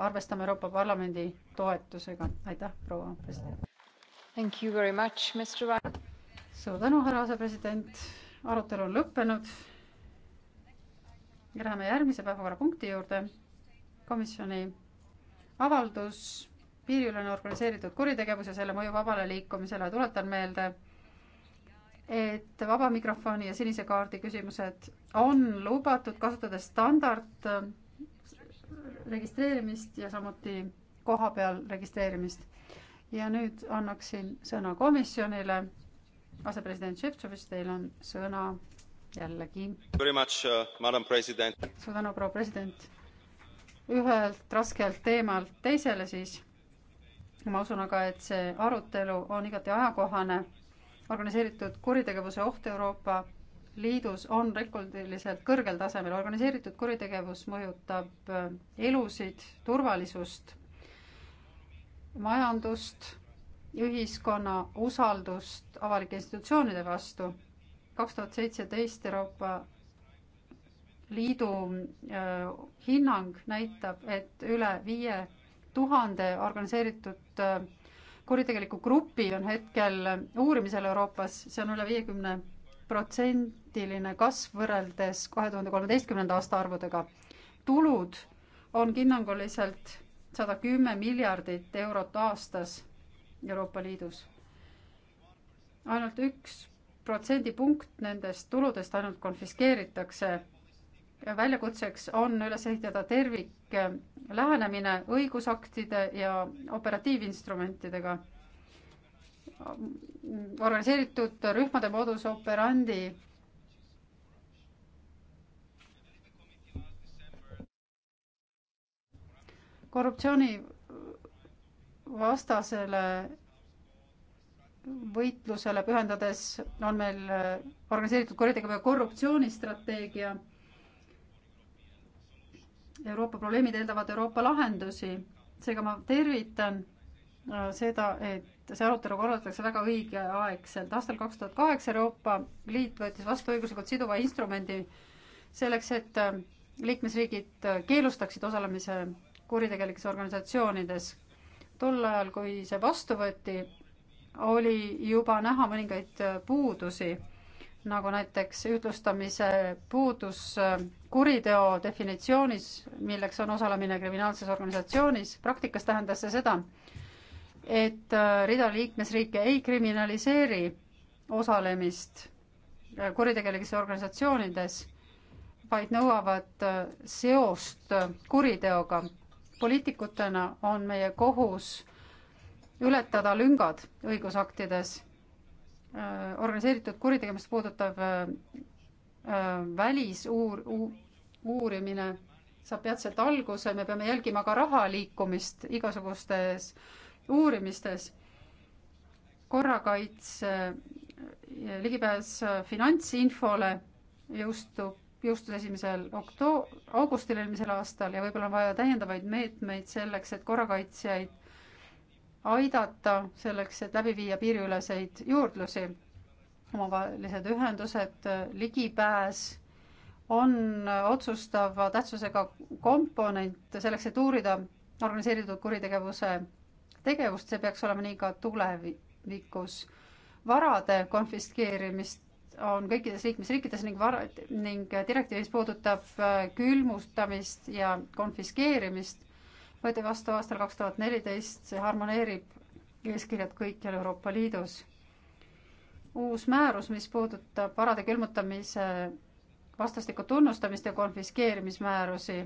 arvestame Euroopa Parlamendi toetusega. aitäh, proua president. Thank you very much, Mr. suur tänu, härra asepresident. arutelu on lõppenud. Läheme järgmise päevakorrapunkti juurde. komisjoni avaldus piiriülene organiseeritud kuritegevus ja selle mõju vabale liikumisele. tuletan meelde, et vaba mikrofoni ja sinise kaardi küsimused on lubatud, kasutades standard registreerimist ja samuti kohapeal registreerimist. ja nüüd annaksin sõna komisjonile. asepresident Šeftšovis, teil on sõna jällegi. Uh, suur tänu, proua president. ühelt raskelt teemalt teisele siis ma usun aga, et see arutelu on igati ajakohane. organiseeritud kuritegevuse oht Euroopa Liidus on rekordiliselt kõrgel tasemel. organiseeritud kuritegevus mõjutab äh, elusid, turvalisust, majandust, ühiskonna usaldust avalike institutsioonide vastu. kaks tuhat seitseteist Euroopa Liidu äh, hinnang näitab, et üle viie tuhande organiseeritud äh, kuritegeliku grupi on hetkel uurimisel Euroopas, see on üle viiekümne protsendiline kasv võrreldes kahe tuhande kolmeteistkümnenda aasta arvudega. tulud on hinnanguliselt sada kümme miljardit eurot aastas Euroopa Liidus ainult. ainult üks protsendipunkt nendest tuludest ainult konfiskeeritakse väljakutseks on üles ehitada tervik eh, lähenemine õigusaktide ja operatiivinstrumentidega. organiseeritud rühmade modus operandi korruptsioonivastasele võitlusele pühendades on meil eh, organiseeritud kuritegevuse korruptsioonistrateegia Euroopa probleemid eeldavad Euroopa lahendusi. seega ma tervitan äh, seda, et see arutelu korraldatakse väga õigeaegselt. aastal kaks tuhat kaheksa Euroopa Liit võttis vastu õiguslikult siduva instrumendi selleks, et äh, liikmesriigid äh, keelustaksid osalemise kuritegelikes organisatsioonides. tol ajal, kui see vastu võeti, oli juba näha mõningaid puudusi nagu näiteks ühtlustamise puudus äh, kuriteo definitsioonis, milleks on osalemine kriminaalses organisatsioonis, praktikas tähendas see seda, et äh, rida liikmesriike ei kriminaliseeri osalemist äh, kuritegelikes organisatsioonides, vaid nõuavad seost kuriteoga. poliitikutena on meie kohus ületada lüngad õigusaktides Äh, organiseeritud kuritegevust puudutav äh, äh, välisuur- u..., uurimine saab peatselt alguse, me peame jälgima ka raha liikumist igasugustes uurimistes, korrakaitse, ligipääs finantsinfole jõustub, jõustus esimesel okto-, augustil eelmisel aastal ja võib-olla on vaja täiendavaid meetmeid selleks, et korrakaitsjaid aidata selleks, et läbi viia piiriüleseid juurdlusi. omavahelised ühendused, ligipääs on otsustava tähtsusega komponent selleks, et uurida organiseeritud kuritegevuse tegevust, see peaks olema nii ka tulevikus. varade konfiskeerimist on kõikides liikmesriikides ning vara- ning direktiivis puudutab külmutamist ja konfiskeerimist võeti vastu aastal kaks tuhat neliteist, see harmoneerib eeskirjad kõikjal Euroopa Liidus. uus määrus, mis puudutab varade külmutamise vastastikku tunnustamist ja konfiskeerimismäärusi,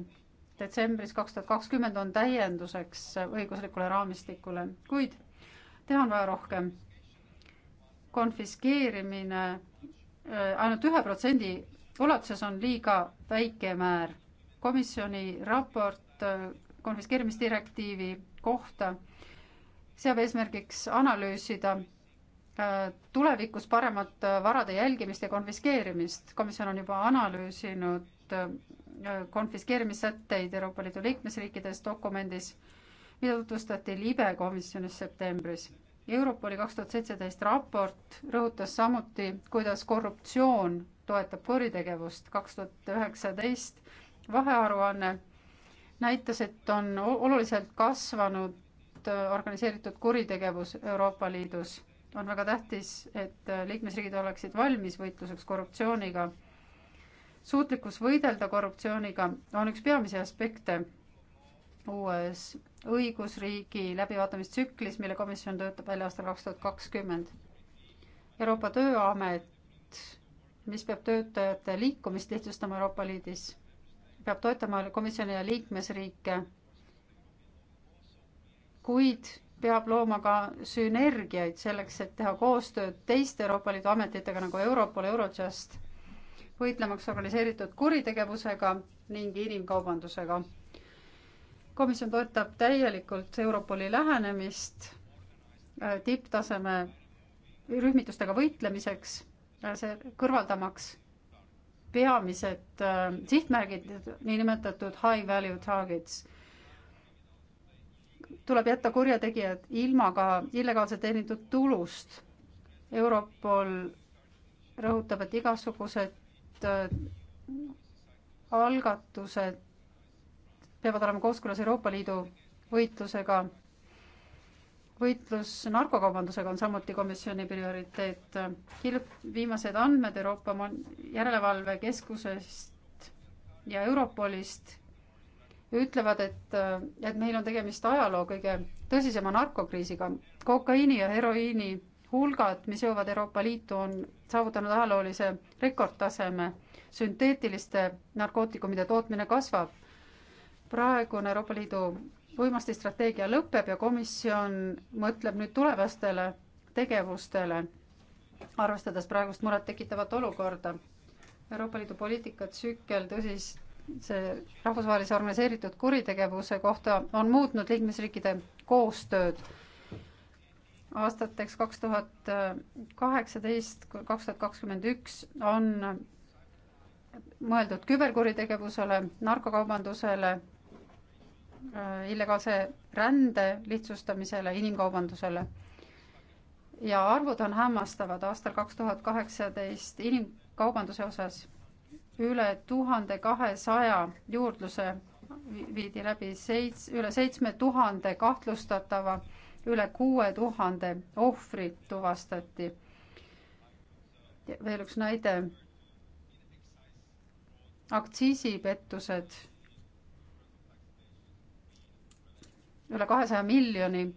detsembris kaks tuhat kakskümmend on täienduseks õiguslikule raamistikule, kuid teha on vaja rohkem. konfiskeerimine äh, ainult ühe protsendi ulatuses on liiga väike määr. komisjoni raport äh, konfiskeerimisdirektiivi kohta seab eesmärgiks analüüsida äh, tulevikus paremat äh, varade jälgimist ja konfiskeerimist. komisjon on juba analüüsinud äh, konfiskeerimissätteid Euroopa Liidu liikmesriikides dokumendis, mida tutvustati libe komisjonis septembris. Europoli kaks tuhat seitseteist raport rõhutas samuti, kuidas korruptsioon toetab kuritegevust. kaks tuhat üheksateist vahearuanne näitas, et on oluliselt kasvanud äh, organiseeritud kuritegevus Euroopa Liidus. on väga tähtis, et äh, liikmesriigid oleksid valmis võitluseks korruptsiooniga. suutlikkus võidelda korruptsiooniga on üks peamisi aspekte uues õigusriigi läbivaatamistsüklis, mille komisjon töötab välja aastal kaks tuhat kakskümmend. Euroopa Tööamet, mis peab töötajate liikumist lihtsustama Euroopa Liidis peab toetama komisjoni ja liikmesriike, kuid peab looma ka sünergiaid selleks, et teha koostööd teiste Euroopa Liidu ametitega nagu Europol, Eurojust, võitlemaks organiseeritud kuritegevusega ning inimkaubandusega. komisjon toetab täielikult Europoli lähenemist äh, tipptaseme rühmitustega võitlemiseks, äh, see kõrvaldamaks peamised äh, sihtmärgid, niinimetatud high value targets. tuleb jätta kurjategijad ilma ka illegaalselt teenitud tulust. Europol rõhutab, et igasugused äh, algatused peavad olema kooskõlas Euroopa Liidu võitlusega võitlus narkokaubandusega on samuti komisjoni prioriteet. hiljuti viimased andmed Euroopa järelevalvekeskusest ja Europolist ütlevad, et, et meil on tegemist ajaloo kõige tõsisema narkokriisiga. kokaiini ja heroiini hulgad, mis jõuavad Euroopa Liitu, on saavutanud ajaloolise rekordtaseme. sünteetiliste narkootikumide tootmine kasvab. praegune Euroopa Liidu uimasti strateegia lõpeb ja komisjon mõtleb nüüd tulevastele tegevustele, arvestades praegust murettekitavat olukorda. Euroopa Liidu poliitikatsükkel tõsis see rahvusvahelise organiseeritud kuritegevuse kohta on muutnud liikmesriikide koostööd aastateks kaks tuhat kaheksateist, kaks tuhat kakskümmend üks on mõeldud küberkuritegevusele, narkokaubandusele, Äh, illegaalse rände lihtsustamisele, inimkaubandusele. ja arvud on hämmastavad, aastal kaks tuhat kaheksateist inimkaubanduse osas üle tuhande kahesaja juurdluse viidi läbi seits-, üle seitsme tuhande kahtlustatava, üle kuue tuhande ohvri tuvastati. veel üks näide, aktsiisipettused üle kahesaja miljoni.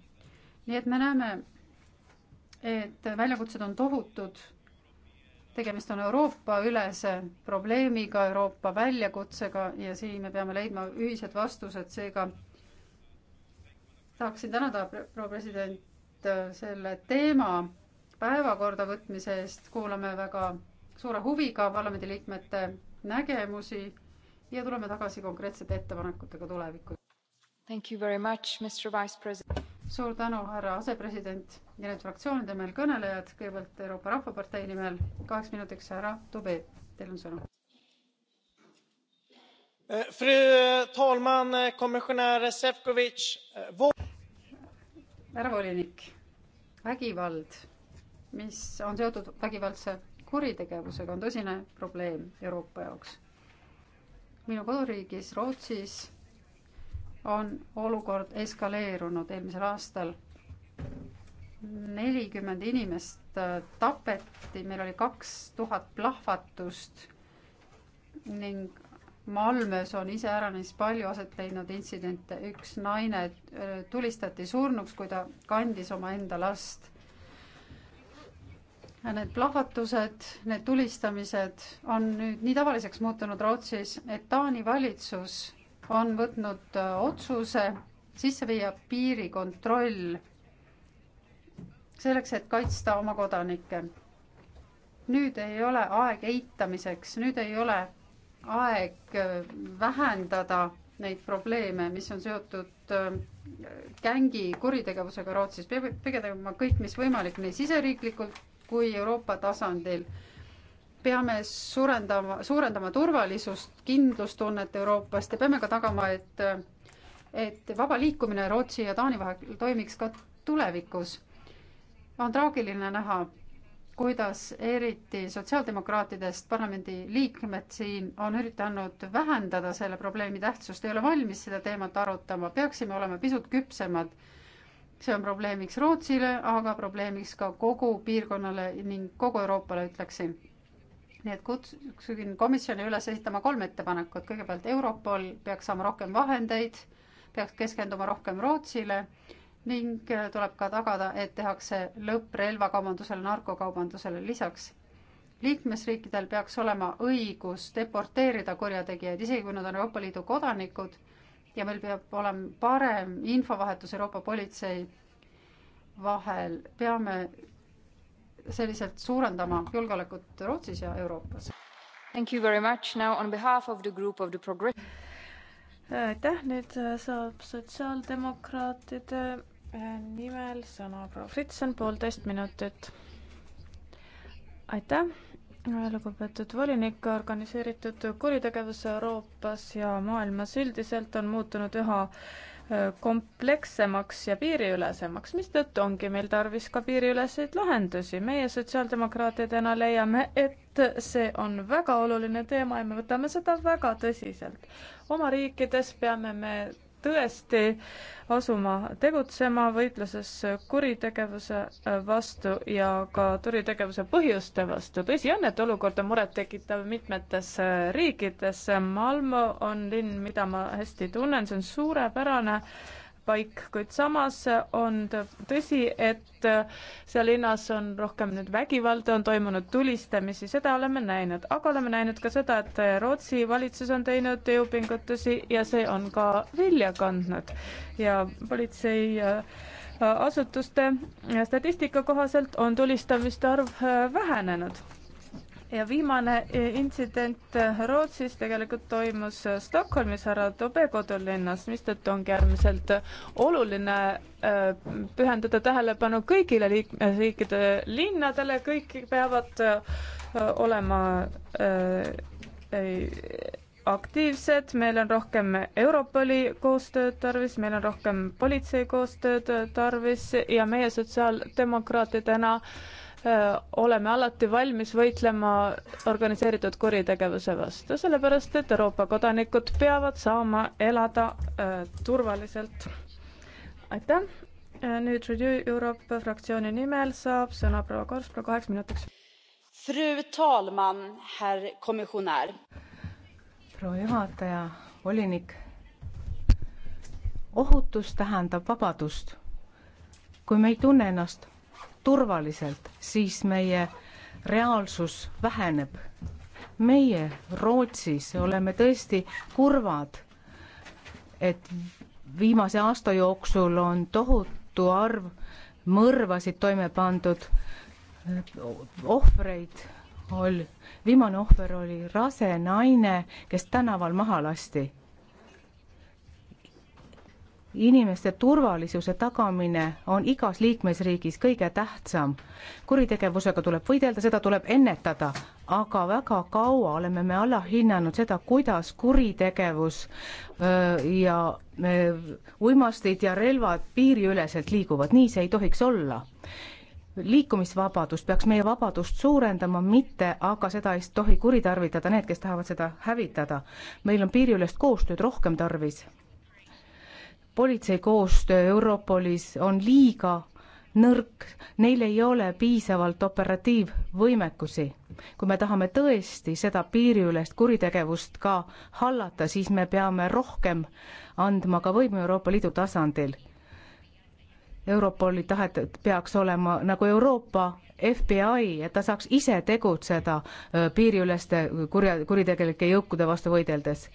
nii et me näeme, et väljakutsed on tohutud. tegemist on Euroopa-ülese probleemiga, Euroopa väljakutsega ja siin me peame leidma ühised vastused, seega tahaksin tänada proua president äh, selle teema päevakorda võtmise eest, kuulame väga suure huviga parlamendiliikmete nägemusi ja tuleme tagasi konkreetsete ettepanekutega tulevikus suur tänu, härra asepresident ja nüüd fraktsioonide nimel kõnelejad, kõigepealt Euroopa Rahvapartei nimel kaheks minutiks härra Tube, teil on sõna. Eh, fru talman, eh, komisjonär Sefcovic. Eh, härra volinik, vägivald, mis on seotud vägivaldse kuritegevusega, on tõsine probleem Euroopa jaoks. minu koduriigis Rootsis on olukord eskaleerunud eelmisel aastal. nelikümmend inimest äh, tapeti, meil oli kaks tuhat plahvatust ning Malmös on iseäranis palju aset leidnud intsidente, üks naine äh, tulistati surnuks, kui ta kandis omaenda last. Need plahvatused, need tulistamised on nüüd nii tavaliseks muutunud Rootsis, et Taani valitsus on võtnud äh, otsuse sisse viia piirikontroll selleks, et kaitsta oma kodanikke. nüüd ei ole aeg eitamiseks, nüüd ei ole aeg äh, vähendada neid probleeme, mis on seotud äh, gängi kuritegevusega Rootsis, peab tegema kõik, mis võimalik nii siseriiklikult kui Euroopa tasandil peame suurendama, suurendama turvalisust, kindlustunnet Euroopast ja peame ka tagama, et, et vaba liikumine Rootsi ja Taani vahel toimiks ka tulevikus. on traagiline näha, kuidas eriti sotsiaaldemokraatidest parlamendi liikmed siin on üritanud vähendada selle probleemi tähtsust, ei ole valmis seda teemat arutama, peaksime olema pisut küpsemad see on probleemiks Rootsile, aga probleemiks ka kogu piirkonnale ning kogu Euroopale, ütleksin nii et kutsusin komisjoni üles esitama kolm ettepanekut, kõigepealt Europol peaks saama rohkem vahendeid, peaks keskenduma rohkem Rootsile ning tuleb ka tagada, et tehakse lõpp relvakaubandusele, narkokaubandusele, lisaks liikmesriikidel peaks olema õigus deporteerida kurjategijaid, isegi kui nad on Euroopa Liidu kodanikud ja meil peab olema parem infovahetus Euroopa politsei vahel, peame selliselt suurendama julgeolekut Rootsis ja Euroopas. aitäh, nüüd äh, saab sotsiaaldemokraatide äh, nimel sõna proua Fritson, poolteist minutit. aitäh lugupeetud volinik, organiseeritud kuritegevus Euroopas ja maailmas üldiselt on muutunud üha komplekssemaks ja piiriülesemaks, mistõttu ongi meil tarvis ka piiriüleseid lahendusi. meie sotsiaaldemokraatidena leiame, et see on väga oluline teema ja me võtame seda väga tõsiselt. oma riikides peame me tõesti asuma tegutsema võitluses kuritegevuse äh, vastu ja ka kuritegevuse põhjuste vastu. tõsi on, et olukord on murettekitav mitmetes äh, riikides. Malmo on linn, mida ma hästi tunnen, see on suurepärane äh, paik, kuid samas on tõsi, et seal linnas on rohkem nüüd vägivalda, on toimunud tulistamisi, seda oleme näinud, aga oleme näinud ka seda, et Rootsi valitsus on teinud jõupingutusi ja see on ka vilja kandnud ja politsei äh, asutuste äh, statistika kohaselt on tulistamiste arv äh, vähenenud ja viimane eh, intsident eh, Rootsis tegelikult toimus eh, Stockholmis, härra Tobe kodulinnas, mistõttu ongi äärmiselt oluline pühendada tähelepanu kõigile liikmesriikide linnadele, kõik peavad olema aktiivsed, meil on rohkem Europoli koostööd tarvis, meil on rohkem politsei koostööd tarvis ja meie sotsiaaldemokraatidena äh, oleme alati valmis võitlema organiseeritud kuritegevuse vastu, sellepärast et Euroopa kodanikud peavad saama elada äh, turvaliselt. aitäh, nüüd Renew Euroopa fraktsiooni nimel saab sõna proua Korspro kaheks minutiks. Fru talman, härr komisjonär. proua juhataja, volinik. ohutus tähendab vabadust. kui me ei tunne ennast turvaliselt, siis meie reaalsus väheneb. meie Rootsis oleme tõesti kurvad, et viimase aasta jooksul on tohutu arv mõrvasid toime pandud, ohvreid oli, viimane ohver oli rase naine, kes tänaval maha lasti inimeste turvalisuse tagamine on igas liikmesriigis kõige tähtsam. kuritegevusega tuleb võidelda, seda tuleb ennetada, aga väga kaua oleme me alahinnanud seda, kuidas kuritegevus ja uimastid ja relvad piiriüleselt liiguvad, nii see ei tohiks olla liikumisvabadus peaks meie vabadust suurendama, mitte aga seda ei tohi kuritarvitada need, kes tahavad seda hävitada. meil on piiriülest koostööd rohkem tarvis politsei koostöö Europolis on liiga nõrk, neil ei ole piisavalt operatiivvõimekusi. kui me tahame tõesti seda piiriülest kuritegevust ka hallata, siis me peame rohkem andma ka võimu Euroopa Liidu tasandil. Europoli tahet peaks olema nagu Euroopa FBI, et ta saaks ise tegutseda piiriüleste kurja, kuritegelike jõukude vastu võideldes.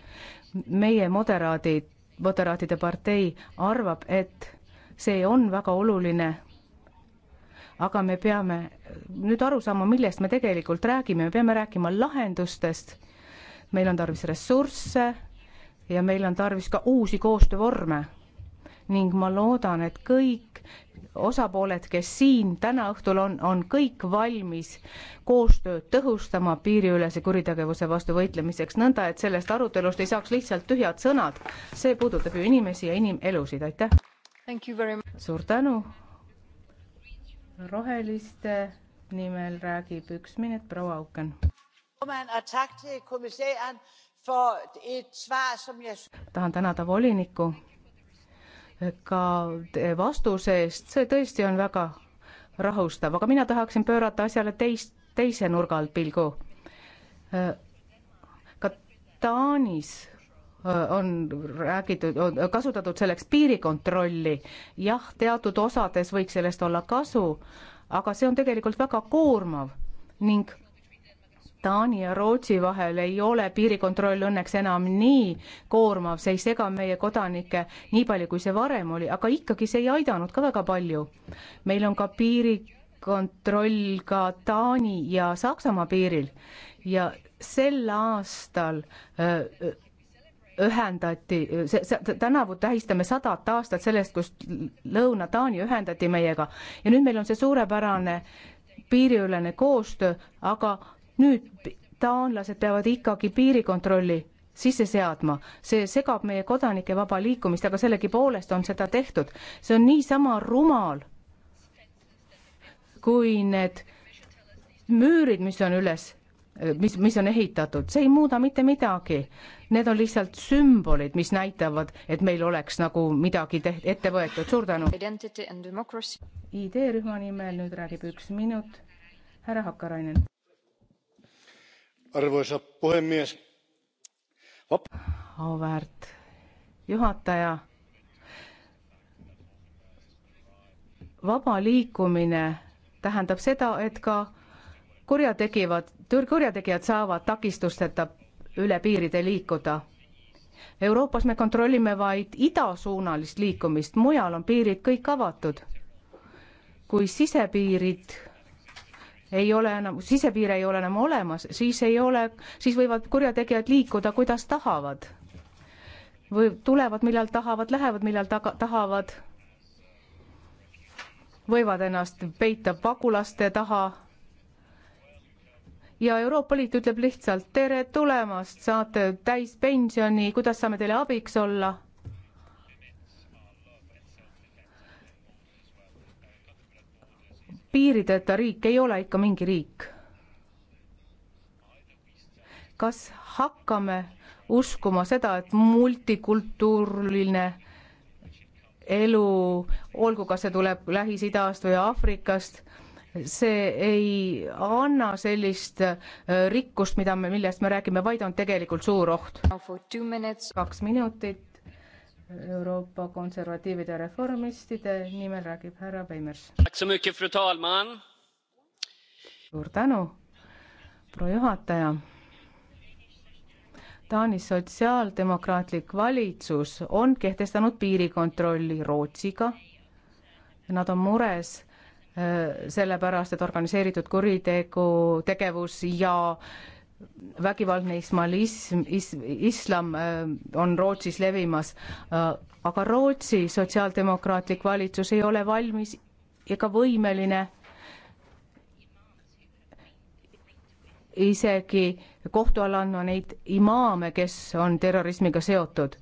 meie moderaadid Moderaatide partei arvab, et see on väga oluline, aga me peame nüüd aru saama, millest me tegelikult räägime, me peame rääkima lahendustest, meil on tarvis ressursse ja meil on tarvis ka uusi koostöövorme ning ma loodan, et kõik osapooled, kes siin täna õhtul on, on kõik valmis koostööd tõhustama piiriülese kuritegevuse vastu võitlemiseks, nõnda et sellest arutelust ei saaks lihtsalt tühjad sõnad. see puudutab ju inimesi ja inimelusid, aitäh. suur tänu. roheliste nimel räägib üks minut proua Auken. tahan tänada volinikku ka vastuse eest, see tõesti on väga rahustav, aga mina tahaksin pöörata asjale teist, teise nurga alt pilgu. ka Taanis on räägitud, on kasutatud selleks piirikontrolli. jah, teatud osades võiks sellest olla kasu, aga see on tegelikult väga koormav ning Taani ja Rootsi vahel ei ole piirikontroll õnneks enam nii koormav, see ei sega meie kodanikke nii palju, kui see varem oli, aga ikkagi see ei aidanud ka väga palju. meil on ka piirikontroll ka Taani ja Saksamaa piiril ja sel aastal öö, ühendati, see, see, tänavu tähistame sadat aastat sellest, kus Lõuna-Taani ühendati meiega ja nüüd meil on see suurepärane piiriülene koostöö, aga nüüd taanlased peavad ikkagi piirikontrolli sisse seadma, see segab meie kodanike vaba liikumist, aga sellegipoolest on seda tehtud. see on niisama rumal kui need müürid, mis on üles, mis, mis on ehitatud, see ei muuda mitte midagi. Need on lihtsalt sümbolid, mis näitavad, et meil oleks nagu midagi teht-, ette võetud, suur tänu. ID-rühma nimel nüüd räägib üks minut härra Hakkarainen arvoisa puhemies auväärt juhataja vaba liikumine tähendab seda et ka kurjategivad kurjategijad saavad takistusteta üle piiride liikuda euroopas me kontrollime vaid idasuunalist liikumist mujal on piirid kõik avatud kui sisepiirid ei ole enam, sisepiir ei ole enam olemas, siis ei ole, siis võivad kurjategijad liikuda, kuidas tahavad. või tulevad, millal tahavad, lähevad, millal taga, tahavad. võivad ennast peita pagulaste taha. ja Euroopa Liit ütleb lihtsalt tere tulemast, saate täispensioni, kuidas saame teile abiks olla piirideta riik ei ole ikka mingi riik. kas hakkame uskuma seda, et multikultuuriline elu, olgu kas see tuleb Lähis-Idast või Aafrikast, see ei anna sellist äh, rikkust, mida me, millest me räägime, vaid on tegelikult suur oht. kaks minutit Euroopa konservatiivide ja reformistide nimel räägib härra Veimers. suur tänu, proua juhataja. Taani sotsiaaldemokraatlik valitsus on kehtestanud piirikontrolli Rootsiga. Nad on mures äh, sellepärast, et organiseeritud kuritegu, tegevus ja äh, vägivaldne ismalism is,, islam äh, on Rootsis levimas, äh, aga Rootsi sotsiaaldemokraatlik valitsus ei ole valmis ega võimeline isegi kohtu alla andma neid imaame, kes on terrorismiga seotud.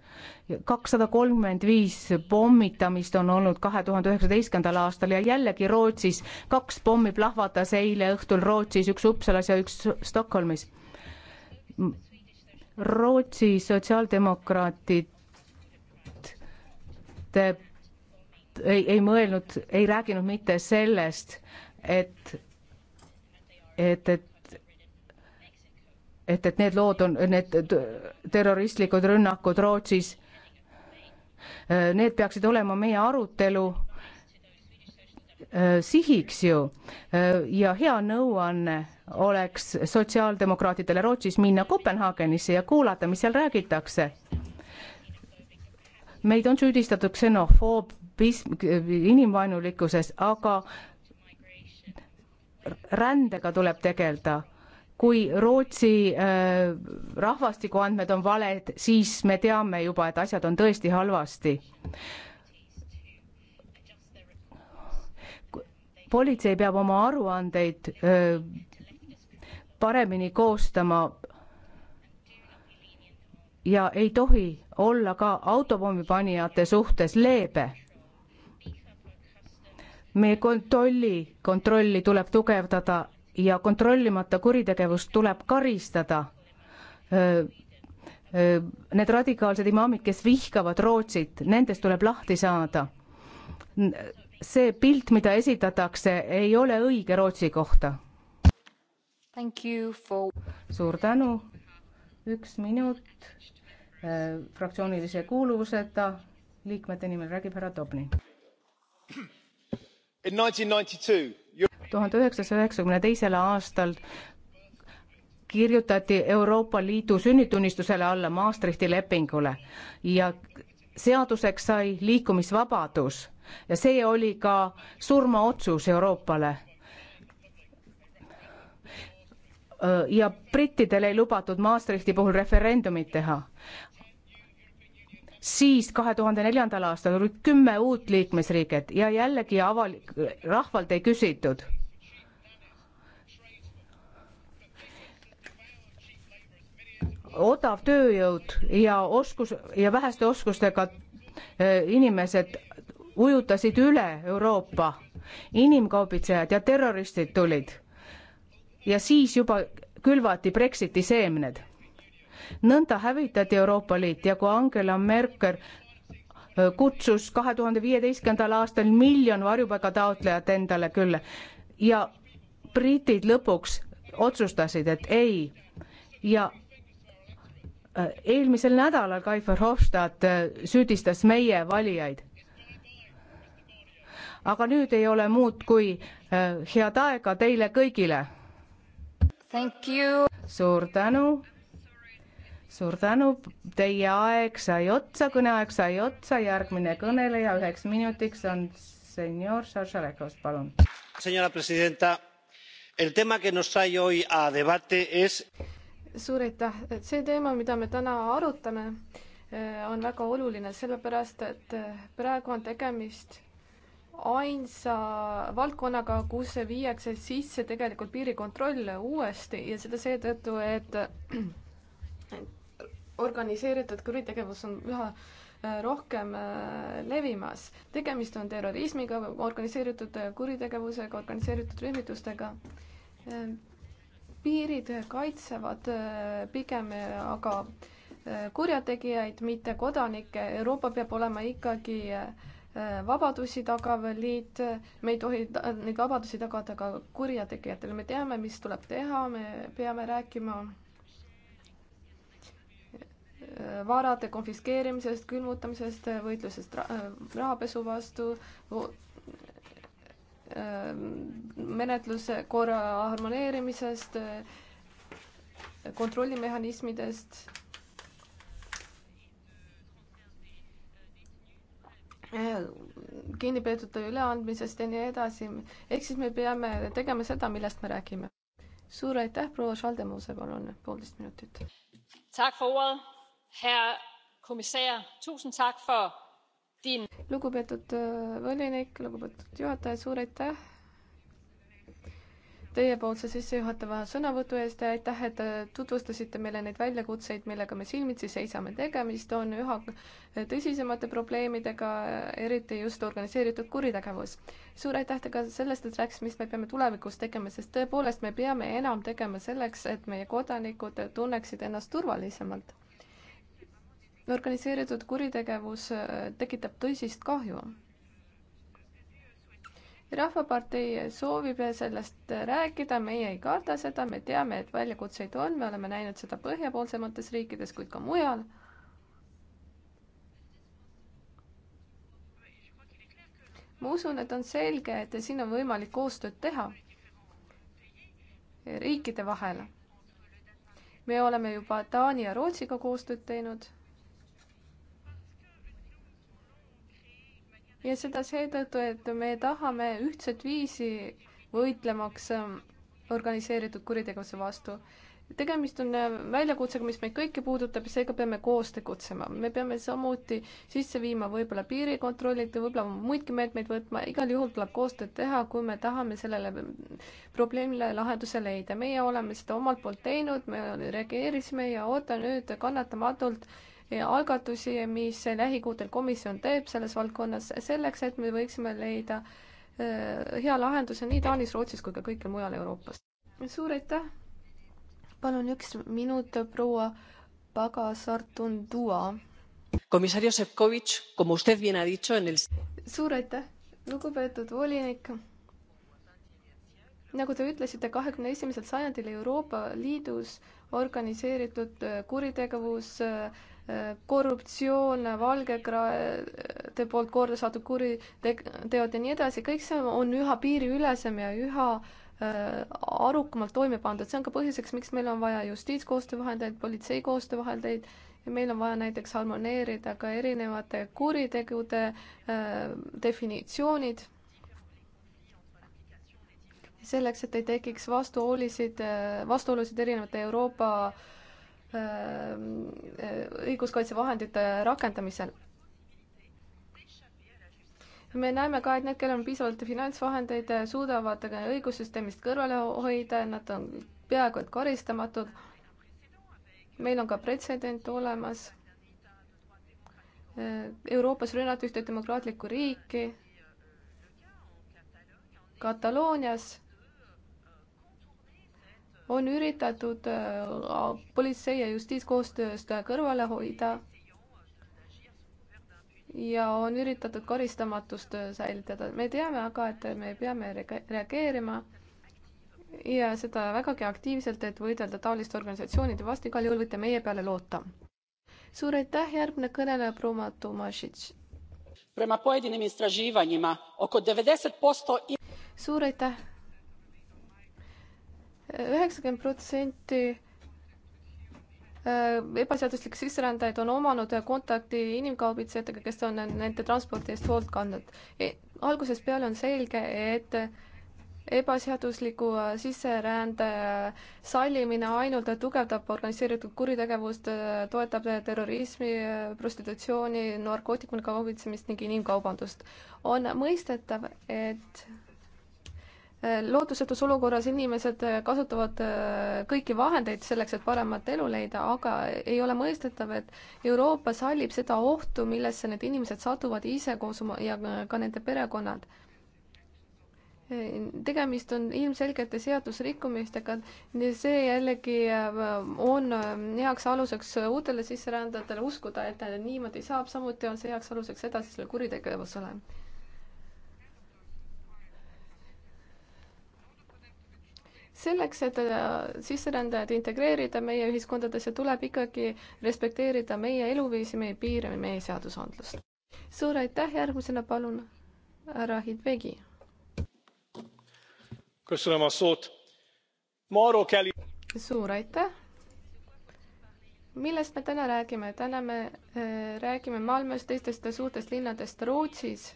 kakssada kolmkümmend viis pommitamist on olnud kahe tuhande üheksateistkümnendal aastal ja jällegi Rootsis kaks pommi plahvatas eile õhtul Rootsis, üks Uppsalas ja üks Stockholmis Rootsi sotsiaaldemokraatid ei, ei mõelnud, ei rääkinud mitte sellest, et, et, et et, et need lood on, need terroristlikud rünnakud Rootsis, need peaksid olema meie arutelu Äh, sihiks ju äh, ja hea nõuanne oleks sotsiaaldemokraatidele Rootsis minna Kopenhaagenisse ja kuulata, mis seal räägitakse. meid on süüdistatud ksenofoobis, inimvaenulikkuses, aga rändega tuleb tegeleda. kui Rootsi äh, rahvastikuandmed on valed, siis me teame juba, et asjad on tõesti halvasti politsei peab oma aruandeid paremini koostama ja ei tohi olla ka autopommipanijate suhtes leebe. meie kontrolli, kontrolli tuleb tugevdada ja kontrollimata kuritegevust tuleb karistada. Need radikaalsed imaamid, kes vihkavad Rootsit, nendest tuleb lahti saada see pilt, mida esitatakse, ei ole õige Rootsi kohta. For... suur tänu, üks minut äh, fraktsioonilise kuuluvuseta liikmete nimel räägib härra Tobni. tuhande üheksasaja üheksakümne teisel aastal kirjutati Euroopa Liidu sünnitunnistusele alla Maastrichti lepingule ja seaduseks sai liikumisvabadus ja see oli ka surmaotsus Euroopale. ja brittidele ei lubatud Maastrichti puhul referendumit teha. siis kahe tuhande neljandal aastal olid kümme uut liikmesriiget ja jällegi avalik, rahvalt ei küsitud odav tööjõud ja oskus ja väheste oskustega eh, inimesed ujutasid üle Euroopa. inimkaubitsejad ja terroristid tulid. ja siis juba külvati Brexiti seemned. nõnda hävitati Euroopa Liit ja kui Angela Merkel eh, kutsus kahe tuhande viieteistkümnendal aastal miljon varjupaigataotlejat endale külla ja britid lõpuks otsustasid, et ei ja eelmisel nädalal Kai Verhofstadt äh, süüdistas meie valijaid. aga nüüd ei ole muud kui äh, head aega teile kõigile. suur tänu. suur tänu, teie aeg sai otsa, kõneaeg sai otsa, järgmine kõneleja üheks minutiks on señor Sarsarekos, palun. Señora presidenta, el tema que nos trae hoy a debate es suur aitäh, et see teema, mida me täna arutame, eh, on väga oluline, sellepärast et eh, praegu on tegemist ainsa valdkonnaga, kus viiakse sisse tegelikult piirikontroll uuesti ja seda seetõttu, et eh, organiseeritud kuritegevus on üha rohkem levimas. tegemist on terrorismiga, organiseeritud kuritegevusega, organiseeritud rühmitustega piirid kaitsevad äh, pigem äh, aga äh, kurjategijaid, mitte kodanikke. Euroopa peab olema ikkagi vabadusi tagav liit, me ei tohi neid vabadusi tagada ka kurjategijatele, me teame, mis tuleb teha, me peame rääkima varade konfiskeerimisest, külmutamisest, võitlusest rahapesu vastu, Äh, menetluskorra harmoneerimisest, äh, kontrollimehhanismidest. Äh, kinnipeetute üleandmisest ja nii edasi. ehk siis me peame tegema seda, millest me räägime. suur aitäh, proua Schaldemuse, palun poolteist minutit lugupeetud äh, volinik, lugupeetud juhataja, suur aitäh teiepoolse sissejuhatava sõnavõtu eest ja aitäh, et äh, tutvustasite meile neid väljakutseid, millega me silmitsi seisame. tegemist on üha äh, tõsisemate probleemidega, eriti just organiseeritud kuritegevus. suur aitäh ka sellest, et rääkisite, mis me peame tulevikus tegema, sest tõepoolest me peame enam tegema selleks, et meie kodanikud tunneksid ennast turvalisemalt organiseeritud kuritegevus äh, tekitab tõsist kahju. rahvapartei soovib sellest rääkida, meie ei karda seda, me teame, et väljakutseid on, me oleme näinud seda põhjapoolsemates riikides, kuid ka mujal. ma usun, et on selge, et siin on võimalik koostööd teha riikide vahel. me oleme juba Taani ja Rootsiga koostööd teinud ja seda seetõttu, et me tahame ühtset viisi võitlemaks ähm, organiseeritud kuritegevuse vastu. tegemist on äh, väljakutsega, mis meid kõiki puudutab ja seega peame koos tegutsema. me peame samuti sisse viima võib-olla piirikontrollid ja võib-olla muidki meetmeid võtma, igal juhul tuleb koostööd teha, kui me tahame sellele ähm, probleemile lahenduse leida. meie oleme seda omalt poolt teinud, me reageerisime ja ootan nüüd kannatamatult algatusi, mis lähikuudel komisjon teeb selles valdkonnas, selleks et me võiksime leida äh, hea lahenduse nii Taanis, Rootsis kui ka kõikjal mujal Euroopas. suur aitäh! palun üks minut, proua Pagasartundua. komissario Šefkovitš, como usted bien ha dicho en el. suur aitäh, lugupeetud volinik nagu te ütlesite, kahekümne esimesel sajandil Euroopa Liidus organiseeritud äh, kuritegevus äh, korruptsioon, valgekraede poolt korda saadud kuriteod ja nii edasi, kõik see on üha piiriülesem ja üha äh, arukamalt toime pandud, see on ka põhjuseks, miks meil on vaja justiitskoostöövahendeid, politsei koostöövahendeid ja meil on vaja näiteks harmoneerida ka erinevate kuritegude äh, definitsioonid selleks, et ei tekiks vastuolisid, äh, vastuolusid erinevate Euroopa Äh, õiguskaitsevahendite rakendamisel me näeme ka, et need, kellel on piisavalt finantsvahendeid, suudavad õigussüsteemist kõrvale hoida, nad on peaaegu et karistamatud. meil on ka pretsedent olemas. Äh, Euroopas rünnati ühte demokraatlikku riiki. Kataloonias on üritatud äh, politsei ja justiitskoostööst kõrvale hoida ja on üritatud karistamatust äh, säilitada. me teame aga, et me peame reageerima ja seda vägagi aktiivselt, et võidelda taoliste organisatsioonide vastu, igal juhul võite meie peale loota. suur aitäh, järgmine kõneleja, Bruma Tomašitš. suur aitäh üheksakümmend protsenti äh, ebaseaduslikke sisserändajaid on omanud kontakti inimkaubitsejatega, kes on nende transpordi eest hoolt kandnud e,. algusest peale on selge, et ebaseadusliku äh, sisserände sallimine ainult tugevdab organiseeritud kuritegevust, äh, toetab terrorismi, prostitutsiooni, narkootikumide kaubitsemist ning inimkaubandust. on mõistetav, et lootusetus olukorras inimesed äh, kasutavad äh, kõiki vahendeid selleks, et paremat elu leida, aga ei ole mõistetav, et Euroopa sallib seda ohtu, millesse need inimesed satuvad ise koos oma ja äh, ka nende perekonnad. tegemist on ilmselgete seadusrikkumistega, see jällegi on heaks aluseks uutele sisserändajatele uskuda, et niimoodi saab, samuti on see heaks aluseks edasisele kuritegevusele selleks, et äh, sisserändajad integreerida meie ühiskondadesse, tuleb ikkagi respekteerida meie eluviisi, meie piire, meie seadusandlust. suur aitäh, järgmisena palun härra Hidvegi. suur aitäh. millest me täna räägime, täna me äh, räägime Malmöst, teistest suurtest linnadest Rootsis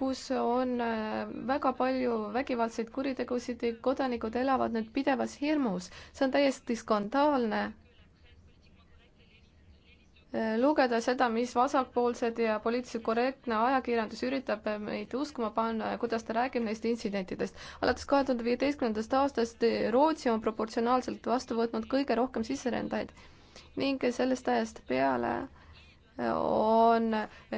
kus on äh, väga palju vägivaldseid kuritegusid, kodanikud elavad nüüd pidevas hirmus. see on täiesti skandaalne äh, lugeda seda, mis vasakpoolsed ja poliitiliselt korrektne ajakirjandus üritab äh, meid uskuma panna ja kuidas ta räägib neist intsidentidest. alates kahe tuhande viieteistkümnendast aastast Rootsi on proportsionaalselt vastu võtnud kõige rohkem sisserändajaid ning sellest ajast peale on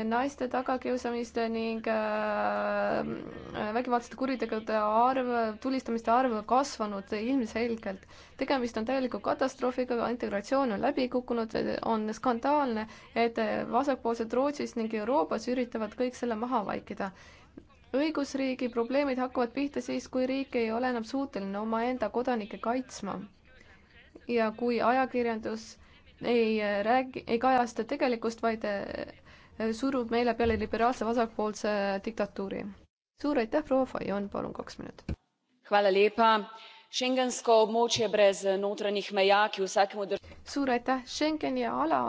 naiste tagakiusamiste ning äh, vägivaldsete kuritegude arv, tulistamiste arv kasvanud ilmselgelt. tegemist on täieliku katastroofiga, integratsioon on läbi kukkunud, on skandaalne, et vasakpoolsed Rootsis ning Euroopas üritavad kõik selle maha vaikida õigusriigi probleemid hakkavad pihta siis, kui riik ei ole enam suuteline omaenda kodanikke kaitsma. ja kui ajakirjandus ei äh, räägi, ei kajasta tegelikkust, vaid äh, surub meile peale liberaalse vasakpoolse diktatuuri. suur aitäh, proua Fajon, palun kaks minutit. Schengensko območje brez äh, notranjih meja, ki vsakemu drž-. suur aitäh, Schengeni ala,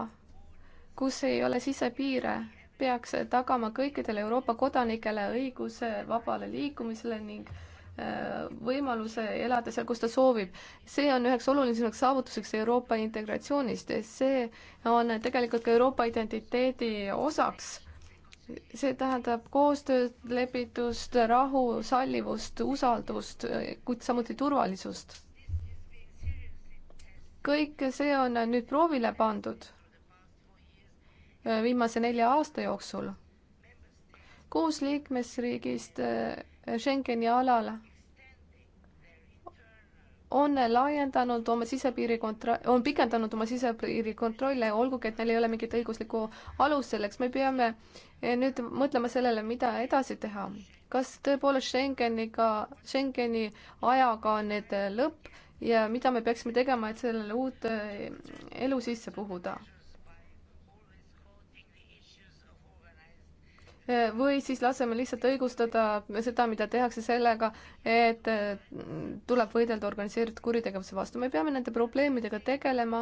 kus ei ole sisepiire, peaks tagama kõikidele Euroopa kodanikele õiguse vabale liikumisele ning võimaluse elada seal, kus ta soovib. see on üheks olulisemaks saavutuseks Euroopa integratsioonist ja see on tegelikult ka Euroopa identiteedi osaks. see tähendab koostööd, lepitust, rahu, sallivust, usaldust, kuid samuti turvalisust. kõik see on nüüd proovile pandud viimase nelja aasta jooksul. kuus liikmesriigist Schengeni alal on laiendanud oma sisepiiri kontra-, on pikendanud oma sisepiiri kontrolle, olgugi et neil ei ole mingit õiguslikku alust selleks, me peame eh, nüüd mõtlema sellele, mida edasi teha. kas tõepoolest Schengeniga, Schengeni ajaga on nüüd lõpp ja mida me peaksime tegema, et sellele uut eh, elu sisse puhuda? või siis laseme lihtsalt õigustada seda, mida tehakse sellega, et mm, tuleb võidelda organiseeritud kuritegevuse vastu. me peame nende probleemidega tegelema,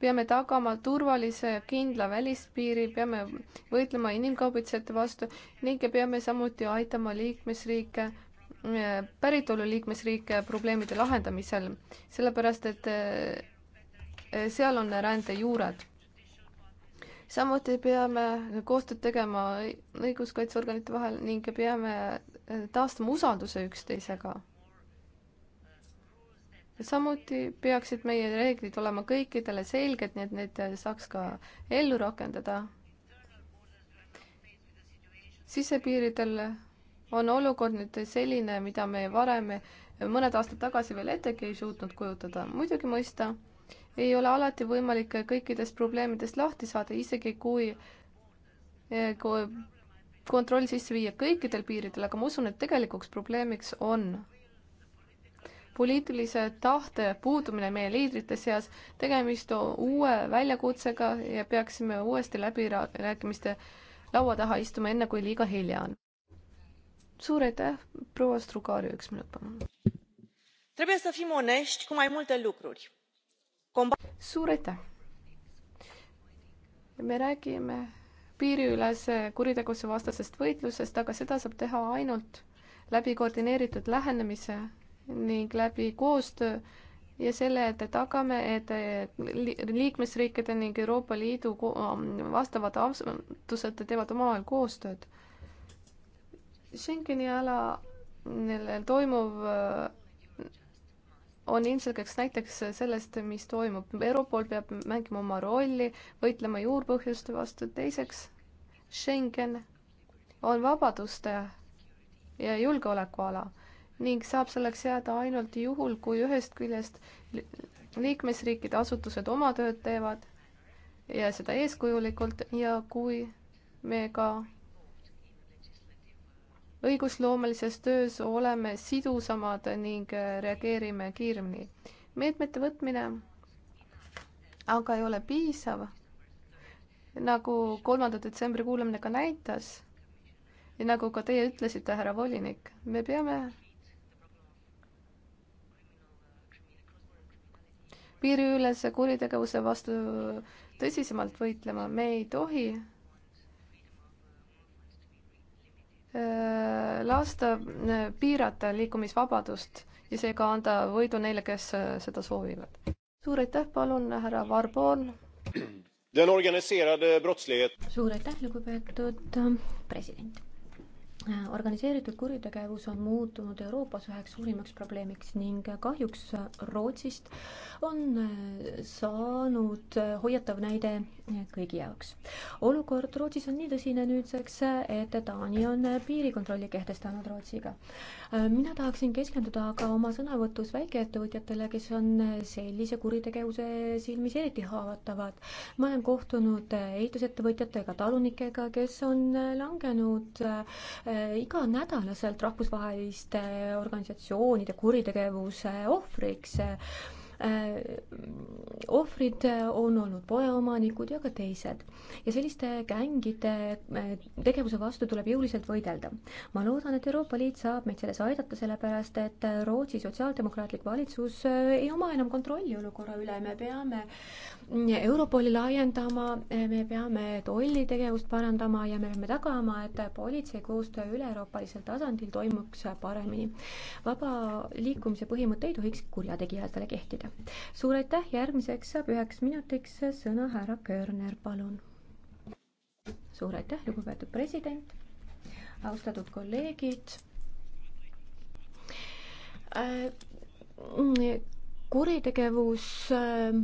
peame tagama turvalise ja kindla välispiiri, peame võitlema inimkaubitsejate vastu ning peame samuti aitama liikmesriike eh, päritolu liikmesriike probleemide lahendamisel, sellepärast et eh, seal on rände juured samuti peame koostööd tegema õiguskaitseorganite vahel ning peame eh, taastama usalduse üksteisega. samuti peaksid meie reeglid olema kõikidele selged, nii et neid saaks ka ellu rakendada. sisepiiridel on olukord nüüd selline, mida me varem mõned aastad tagasi veel ettegi ei suutnud kujutada, muidugi mõista ei ole alati võimalik kõikidest probleemidest lahti saada, isegi kui, eh, kui kontroll sisse viia kõikidel piiridel, aga ma usun, et tegelikuks probleemiks on poliitilise tahte puudumine meie liidrite seas, tegemist uue väljakutsega ja peaksime uuesti läbirääkimiste laua taha istuma, enne kui liiga hilja on. suur aitäh, proua Strugari, üks minut palun. Trebuie să fim onești cu mai multe lucruri suur aitäh! me räägime piiriülese kuritegevuse vastasest võitlusest, aga seda saab teha ainult läbi koordineeritud lähenemise ning läbi koostöö ja selle, et tagame, et liikmesriikide ning Euroopa Liidu vastavad asutused teevad omavahel koostööd. Schengeni ala toimuv on ilmselgeks näiteks sellest, mis toimub. Europol peab mängima oma rolli, võitlema juurpõhjuste vastu, teiseks Schengen on vabaduste ja julgeolekuala ning saab selleks jääda ainult juhul, kui ühest küljest liikmesriikide asutused oma tööd teevad ja seda eeskujulikult ja kui me ka õigusloomelises töös oleme sidusamad ning äh, reageerime kiiremini. meetmete võtmine aga ei ole piisav, nagu kolmanda detsembri kuulamine ka näitas ja nagu ka teie ütlesite, härra volinik, me peame piiriülese kuritegevuse vastu tõsisemalt võitlema, me ei tohi lasta äh, piirata liikumisvabadust ja seega anda võidu neile, kes äh, seda soovivad. suur aitäh, palun, härra Varboon. suur aitäh, lugupeetud äh, president organiseeritud kuritegevus on muutunud Euroopas üheks suurimaks probleemiks ning kahjuks Rootsist on äh, saanud äh, hoiatav näide äh, kõigi jaoks. olukord Rootsis on nii tõsine nüüdseks, et Taani on piirikontrolli kehtestanud Rootsiga. mina tahaksin keskenduda aga oma sõnavõtus väikeettevõtjatele, kes on sellise kuritegevuse silmis eriti haavatavad. ma olen kohtunud ehitusettevõtjatega, talunikega, kes on langenud Äh, iganädalaselt rahvusvaheliste organisatsioonide kuritegevuse ohvriks Äh, ohvrid äh, on olnud poeomanikud ja ka teised. ja selliste gängide äh, tegevuse vastu tuleb jõuliselt võidelda. ma loodan, et Euroopa Liit saab meid selles aidata, sellepärast et Rootsi sotsiaaldemokraatlik valitsus ei oma enam kontrolli olukorra üle, me peame mm, Europoli laiendama, me peame tollitegevust parandama ja me peame tagama, et politsei koostöö üle-euroopalisel tasandil toimuks paremini. vaba liikumise põhimõte ei tohiks kurjategijatele kehtida teile. suur aitäh, järgmiseks saab üheks minutiks sõna härra Körner, palun. suur aitäh, lugupeetud president, austatud kolleegid äh,. kuritegevus äh,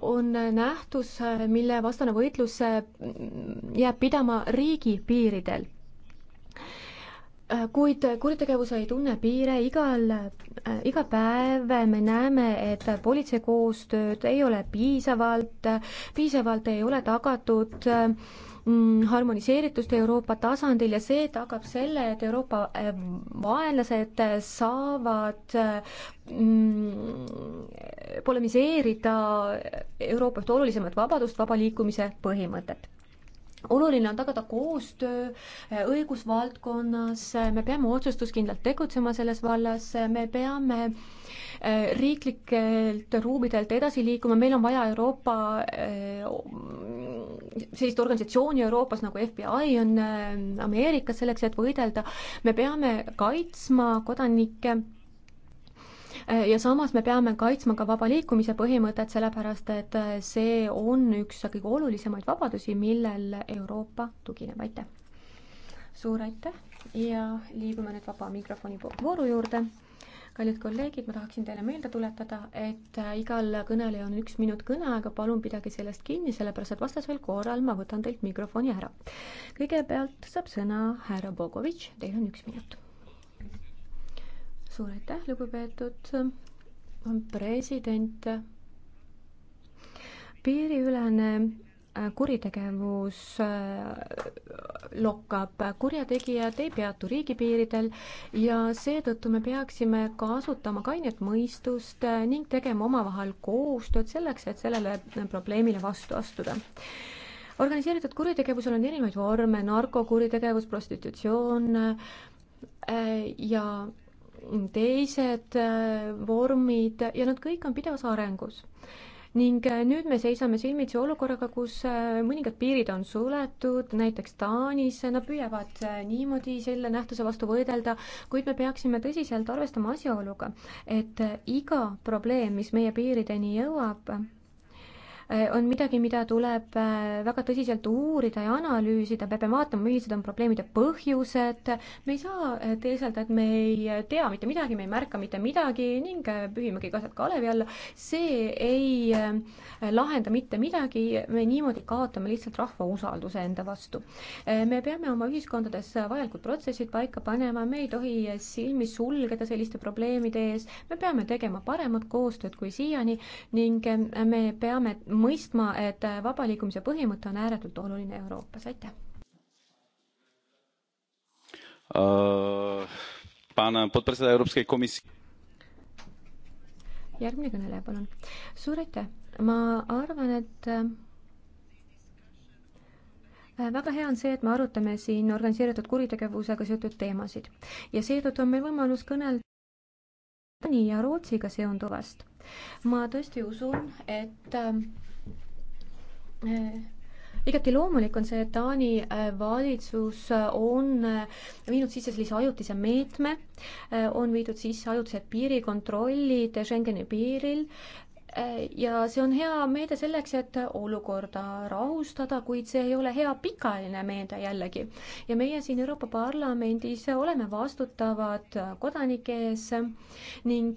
on nähtus, mille vastane võitlus äh, jääb pidama riigi piiridel Äh, kuid kuritegevus ei tunne piire, igal, äh, iga päev me näeme, et politsei koostööd ei ole piisavalt, piisavalt ei ole tagatud mm, harmoniseeritust Euroopa tasandil ja see tagab selle, et Euroopa äh, vaenlased saavad mm, polemiseerida Euroopa üht olulisemat vabadust, vaba liikumise põhimõtet oluline on tagada koostöö eh, õigusvaldkonnas, me peame otsustuskindlalt tegutsema selles vallas, me peame eh, riiklikelt ruumidelt edasi liikuma, meil on vaja Euroopa, eh, sellist organisatsiooni Euroopas nagu FBI on Ameerikas selleks, et võidelda, me peame kaitsma kodanikke ja samas me peame kaitsma ka vaba liikumise põhimõtet, sellepärast et äh, see on üks kõige olulisemaid vabadusi, millel Euroopa tugineb, aitäh! suur aitäh ja liigume nüüd vaba mikrofoni vooru juurde kallid kolleegid, ma tahaksin teile meelde tuletada, et äh, igal kõnelejal on üks minut kõneaega, palun pidage sellest kinni, sellepärast et vastasel korral ma võtan teilt mikrofoni ära. kõigepealt saab sõna härra Bogovitš, teil on üks minut suur aitäh, lugupeetud ähm, ähm, president. piiriülene äh, kuritegevus äh, lokkab, kurjategijad ei peatu riigipiiridel ja seetõttu me peaksime kasutama kainet mõistust äh, ning tegema omavahel koostööd selleks, et sellele probleemile vastu astuda organiseeritud kuritegevusel on erinevaid vorme, narkokuritegevus, prostitutsioon ja teised äh, vormid ja nad kõik on pidevas arengus. ning äh, nüüd me seisame silmitsi olukorraga, kus äh, mõningad piirid on suletud, näiteks Taanis, nad püüavad niimoodi selle nähtuse vastu võidelda, kuid me peaksime tõsiselt arvestama asjaoluga, et iga probleem, mis meie piirideni jõuab, Eh, on midagi, mida tuleb eh, väga tõsiselt uurida ja analüüsida, me peame vaatama, millised on probleemide põhjused, me ei saa eh, teeselda, et me ei tea mitte midagi, me ei märka mitte midagi ning pühimegi kasad kalevi alla, see ei lahenda mitte midagi, me niimoodi kaotame lihtsalt rahva usalduse enda vastu. me peame oma ühiskondades vajalikud protsessid paika panema, me ei tohi silmi sulgeda selliste probleemide ees, me peame tegema paremat koostööd kui siiani ning me peame mõistma, et vaba liikumise põhimõte on ääretult oluline Euroopas, aitäh uh,. Äh, Pan podpredseda Europskei komisjoni. järgmine kõneleja, palun. suur aitäh, ma arvan, et äh, väga hea on see, et me arutame siin organiseeritud kuritegevusega seotud teemasid ja seetõttu on meil võimalus kõnelda Taani ja Rootsiga seonduvast. ma tõesti usun, et äh, Äh, igati loomulik on see, et Taani äh, valitsus äh, on viinud sisse sellise ajutise meetme, on viidud sisse ajutised piirikontrollid Schengeni piiril ja see on hea meede selleks, et olukorda rahustada, kuid see ei ole hea pikaajaline meede jällegi. ja meie siin Euroopa Parlamendis oleme vastutavad kodanike ees ning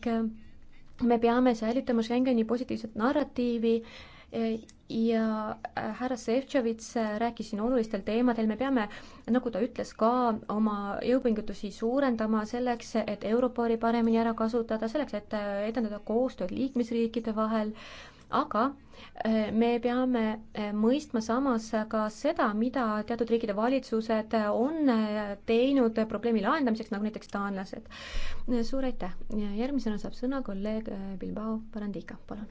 me peame säilitama Schengeni positiivset narratiivi ja äh, härra Šefčovitš äh, rääkis siin olulistel teemadel, me peame, nagu ta ütles, ka oma jõupingutusi suurendama selleks, et Europoli paremini ära kasutada, selleks, et äh, edendada koostööd liikmesriikide vahel aga me peame mõistma samas ka seda, mida teatud riikide valitsused on teinud probleemi lahendamiseks, nagu näiteks taanlased. suur aitäh, järgmisena saab sõna kolleeg Bilbao Barandiga, palun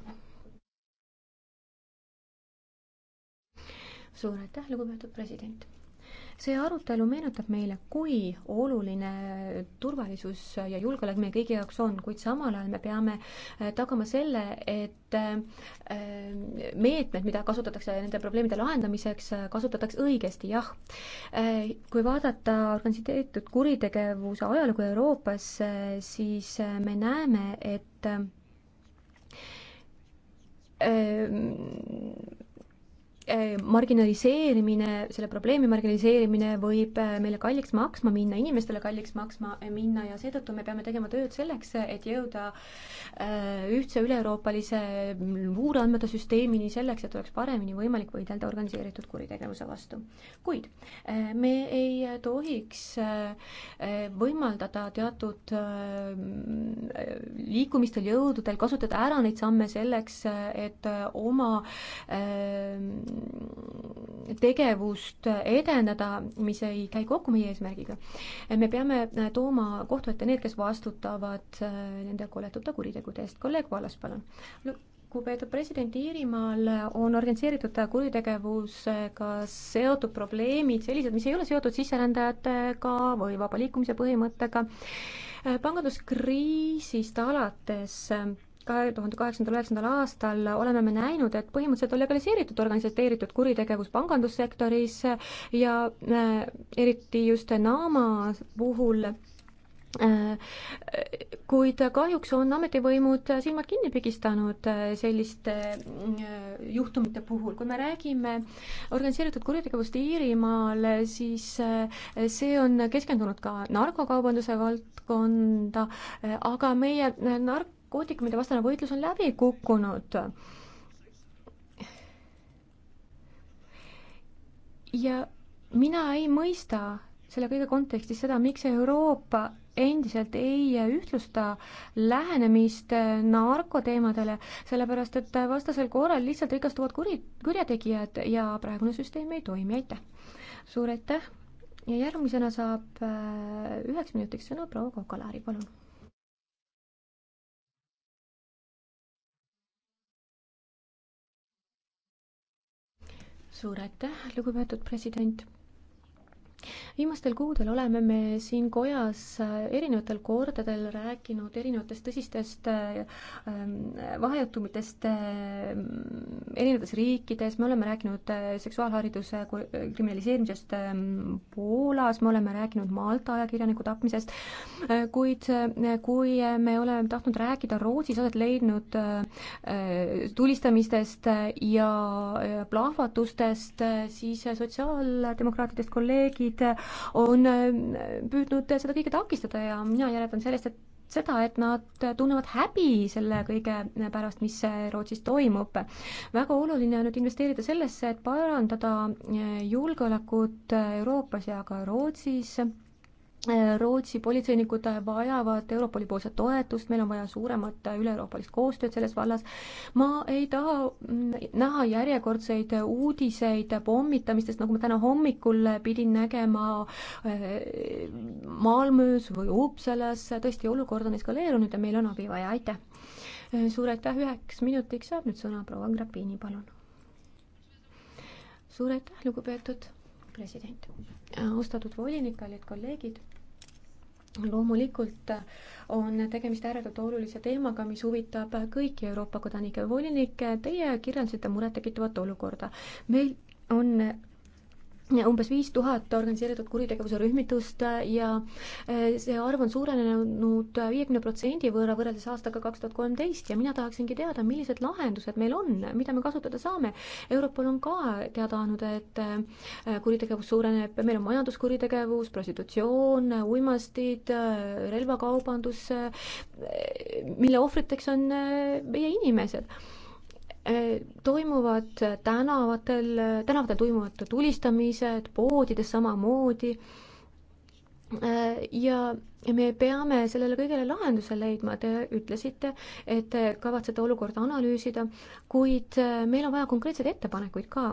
suur aitäh, lugupeetud president! see arutelu meenutab meile, kui oluline turvalisus ja julgeolek meie kõigi jaoks on, kuid samal ajal me peame äh, tagama selle, et äh, meetmed, mida kasutatakse nende probleemide lahendamiseks, äh, kasutatakse õigesti, jah. kui vaadata organiseeritud kuritegevuse ajalugu Euroopas, siis me näeme, et Äh, marginaliseerimine, selle probleemi marginaliseerimine võib äh, meile kalliks maksma minna, inimestele kalliks maksma äh, minna ja seetõttu me peame tegema tööd selleks, et jõuda ühtse üle-euroopalise mm, luureandmete süsteemini, selleks et oleks paremini võimalik võidelda organiseeritud kuritegevuse vastu. kuid me ei tohiks võimaldada teatud mm, liikumistel, jõududel kasutada ära neid samme selleks, et oma tegevust edendada, mis ei käi kokku meie eesmärgiga. me peame tooma kohtu ette need, kes vastutavad äh, nende koletute kuritegude eest. kolleeg Vallas, palun lugupeetud president Iirimaal on organiseeritud kuritegevusega seotud probleemid sellised, mis ei ole seotud sisserändajatega või vaba liikumise põhimõttega. panganduskriisist alates äh, kahe tuhande kaheksandal, üheksandal aastal oleme me näinud, et põhimõtteliselt on legaliseeritud organiseeritud kuritegevus pangandussektoris ja äh, eriti just Naama puhul äh, kuid kahjuks on ametivõimud silmad kinni pigistanud äh, selliste juhtumite puhul. kui me räägime organiseeritud kuritegevust Iirimaal, siis see on keskendunud ka narkokaubanduse valdkonda, aga meie nark-, narkootikumide vastane võitlus on läbi kukkunud. ja mina ei mõista selle kõige kontekstis seda, miks Euroopa endiselt ei ühtlusta lähenemist narkoteemadele, sellepärast et vastasel korral lihtsalt rikastuvad kuri, kurjategijad ja praegune süsteem ei toimi, aitäh! suur aitäh ja järgmisena saab äh, üheks minutiks sõna proua Kokalaari, palun suur aitäh, lugupeetud president viimastel kuudel oleme me siin kojas erinevatel kordadel rääkinud erinevatest tõsistest ähm, vahejuhtumitest ähm, erinevates riikides, me oleme rääkinud äh, seksuaalhariduse kriminaliseerimisest ähm, Poolas, me oleme rääkinud Malta ajakirjaniku tapmisest, äh, kuid äh, kui me oleme tahtnud rääkida Rootsis aset leidnud tulistamistest ja plahvatustest, siis sotsiaaldemokraatidest kolleegid liikmesriigid on äh, püüdnud seda kõike takistada ja mina järeldan sellest, et seda, et nad tunnevad häbi selle kõige pärast, mis Rootsis toimub. väga oluline on nüüd investeerida sellesse, et parandada äh, julgeolekut Euroopas ja ka Rootsis Rootsi politseinikud vajavad Europoli poolset toetust, meil on vaja suuremat üle-euroopalist koostööd selles vallas. ma ei taha mm, näha järjekordseid uudiseid pommitamistest, nagu ma täna hommikul pidin nägema eh, Malmös või Uppsalas, tõesti olukord on eskaleerunud ja meil on abi vaja, aitäh! Eh, suur aitäh, üheks minutiks saab nüüd sõna proua Grapini, palun! suur aitäh, lugupeetud president! austatud volinik, kallid kolleegid! loomulikult on tegemist ääretult olulise teemaga, mis huvitab kõiki Euroopa kodanikke. volinik, teie kirjeldasite murettekitavat olukorda. meil on umbes viis tuhat organiseeritud kuritegevuse rühmitust ja äh, see arv on suurenenud viiekümne protsendi võrra võrreldes aastaga kaks tuhat kolmteist ja mina tahaksingi teada, millised lahendused meil on, mida me kasutada saame. Europol on ka teada andnud, et äh, kuritegevus suureneb, meil on majanduskuritegevus, prostitutsioon, uimastid, äh, relvakaubandus, mille ohvriteks on meie inimesed toimuvad tänavatel, tänavatel toimuvad tulistamised, poodides samamoodi. ja me peame sellele kõigele lahenduse leidma, te ütlesite, et te kavatsete olukorda analüüsida, kuid meil on vaja konkreetseid ettepanekuid ka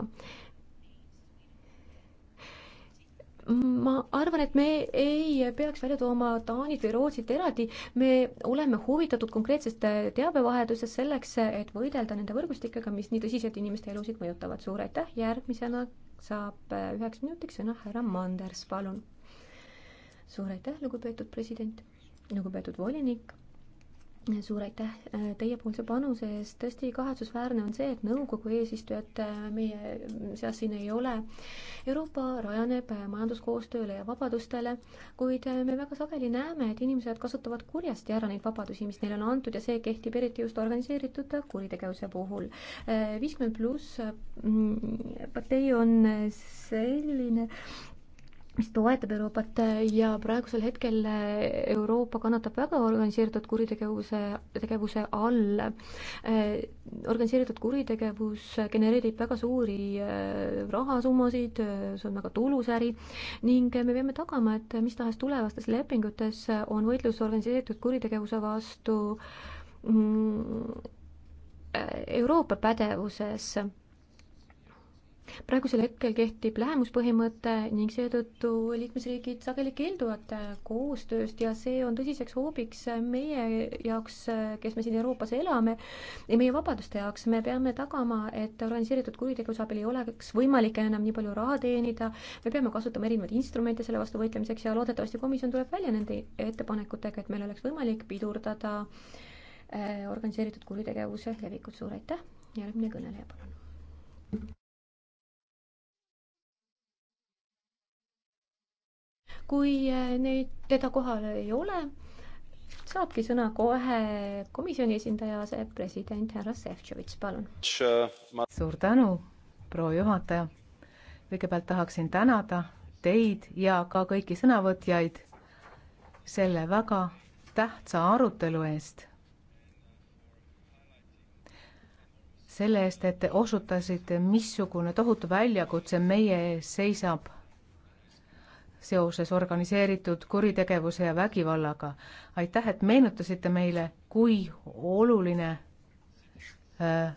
ma arvan, et me ei peaks välja tooma Taanit või Rootsit eraldi, me oleme huvitatud konkreetsest teabevahetusest selleks, et võidelda nende võrgustikega, mis nii tõsiselt inimeste elusid mõjutavad. suur aitäh, järgmisena saab üheks minutiks sõna härra Manders, palun. suur aitäh, lugupeetud president, lugupeetud volinik suur aitäh äh, teiepoolse panuse eest, tõesti kahetsusväärne on see, et nõukogu eesistujat äh, meie seas siin ei ole. Euroopa rajaneb äh, majanduskoostööle ja vabadustele, kuid me väga sageli näeme, et inimesed kasutavad kurjasti ära neid vabadusi, mis neile on antud ja see kehtib eriti just organiseeritud kuritegevuse puhul. viiskümmend pluss mm, partei on selline mis toetab Euroopat äh, ja praegusel hetkel äh, Euroopa kannatab väga organiseeritud kuritegevuse, tegevuse all. Äh, organiseeritud kuritegevus genereerib väga suuri rahasummasid, see on väga tulus äri ning me peame tagama, et mis tahes tulevastes lepingutes on võitlus organiseeritud kuritegevuse vastu mm, Euroopa pädevuses praegusel hetkel kehtib lähemuspõhimõte ning seetõttu liikmesriigid sageli keelduvad koostööst ja see on tõsiseks hoobiks meie jaoks, kes me siin Euroopas elame, ja meie vabaduste jaoks. me peame tagama, et organiseeritud kuritegevuse abil ei oleks võimalik enam nii palju raha teenida, me peame kasutama erinevaid instrumente selle vastu võitlemiseks ja loodetavasti komisjon tuleb välja nende ettepanekutega, et meil oleks võimalik pidurdada eh, organiseeritud kuritegevuse levikut. suur aitäh, järgmine kõneleja, palun. kui eh, neid, teda kohal ei ole, saabki sõna kohe komisjoni esindaja, asepresident härra Šefčovitš, palun. suur tänu, proua juhataja. kõigepealt tahaksin tänada teid ja ka kõiki sõnavõtjaid selle väga tähtsa arutelu eest. selle eest, et te osutasite, missugune tohutu väljakutse meie ees seisab seoses organiseeritud kuritegevuse ja vägivallaga. aitäh, et meenutasite meile, kui oluline äh,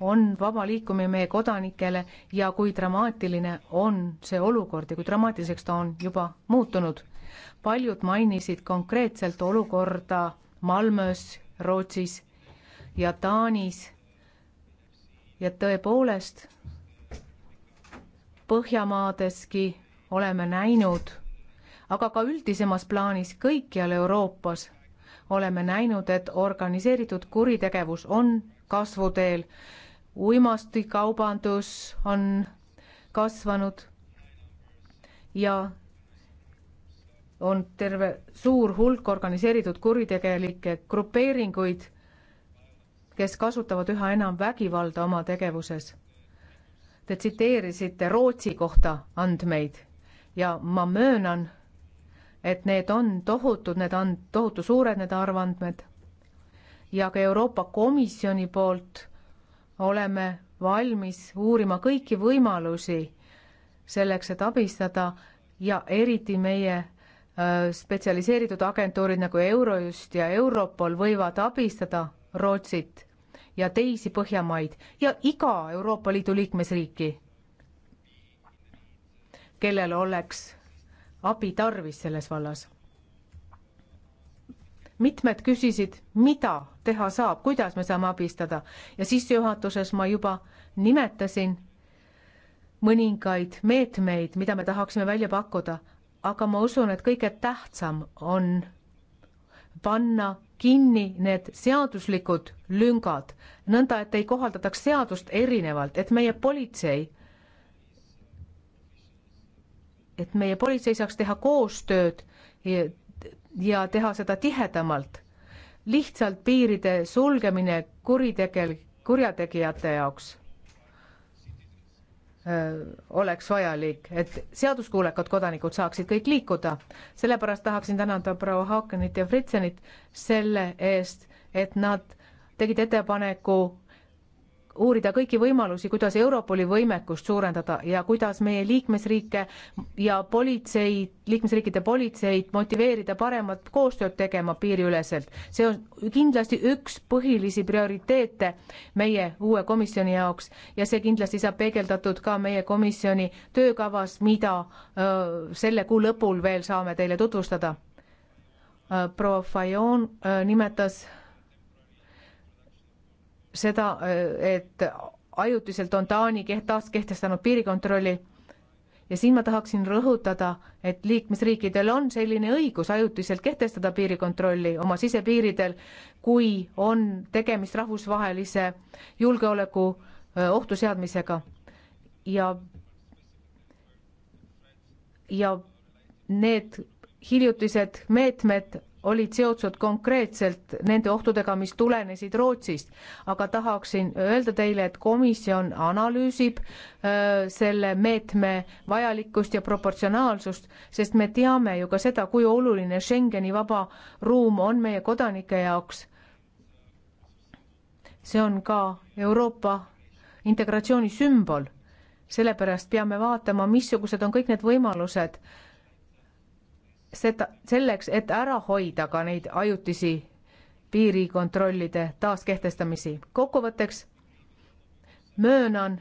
on vaba liikumine meie kodanikele ja kui dramaatiline on see olukord ja kui dramaatiliseks ta on juba muutunud. paljud mainisid konkreetselt olukorda Malmös, Rootsis ja Taanis ja tõepoolest Põhjamaadeski oleme näinud, aga ka üldisemas plaanis kõikjal Euroopas oleme näinud, et organiseeritud kuritegevus on kasvuteel, uimastikaubandus on kasvanud ja on terve suur hulk organiseeritud kuritegelikke grupeeringuid, kes kasutavad üha enam vägivalda oma tegevuses. Te tsiteerisite Rootsi kohta andmeid ja ma möönan, et need on tohutud, need on tohutu suured, need arvandmed. ja ka Euroopa Komisjoni poolt oleme valmis uurima kõiki võimalusi selleks, et abistada ja eriti meie äh, spetsialiseeritud agentuurid nagu Eurojust ja Europol võivad abistada Rootsit ja teisi Põhjamaid ja iga Euroopa Liidu liikmesriiki kellel oleks abi tarvis selles vallas. mitmed küsisid, mida teha saab, kuidas me saame abistada ja sissejuhatuses ma juba nimetasin mõningaid meetmeid, mida me tahaksime välja pakkuda, aga ma usun, et kõige tähtsam on panna kinni need seaduslikud lüngad, nõnda et ei kohaldataks seadust erinevalt, et meie politsei et meie politsei saaks teha koostööd ja, ja teha seda tihedamalt. lihtsalt piiride sulgemine kuritegel-, kurjategijate jaoks öö, oleks vajalik, et seaduskuulekad kodanikud saaksid kõik liikuda. sellepärast tahaksin tänada proua Haakenit ja Fritzenit selle eest, et nad tegid ettepaneku uurida kõiki võimalusi, kuidas Europoli võimekust suurendada ja kuidas meie liikmesriike ja politseid, liikmesriikide politseid motiveerida paremat koostööd tegema piiriüleselt. see on kindlasti üks põhilisi prioriteete meie uue komisjoni jaoks ja see kindlasti saab peegeldatud ka meie komisjoni töökavas, mida öö, selle kuu lõpul veel saame teile tutvustada. proua Fajon öö, nimetas seda, äh, et ajutiselt on Taani keht-, taas kehtestanud piirikontrolli ja siin ma tahaksin rõhutada, et liikmesriikidel on selline õigus ajutiselt kehtestada piirikontrolli oma sisepiiridel, kui on tegemist rahvusvahelise julgeoleku äh, ohtu seadmisega. ja, ja need hiljutised meetmed olid seotud konkreetselt nende ohtudega, mis tulenesid Rootsist. aga tahaksin öelda teile, et komisjon analüüsib öö, selle meetme vajalikkust ja proportsionaalsust, sest me teame ju ka seda, kui oluline Schengeni vaba ruum on meie kodanike jaoks. see on ka Euroopa integratsiooni sümbol. sellepärast peame vaatama, missugused on kõik need võimalused seda, selleks, et ära hoida ka neid ajutisi piirikontrollide taaskehtestamisi. kokkuvõtteks möönan,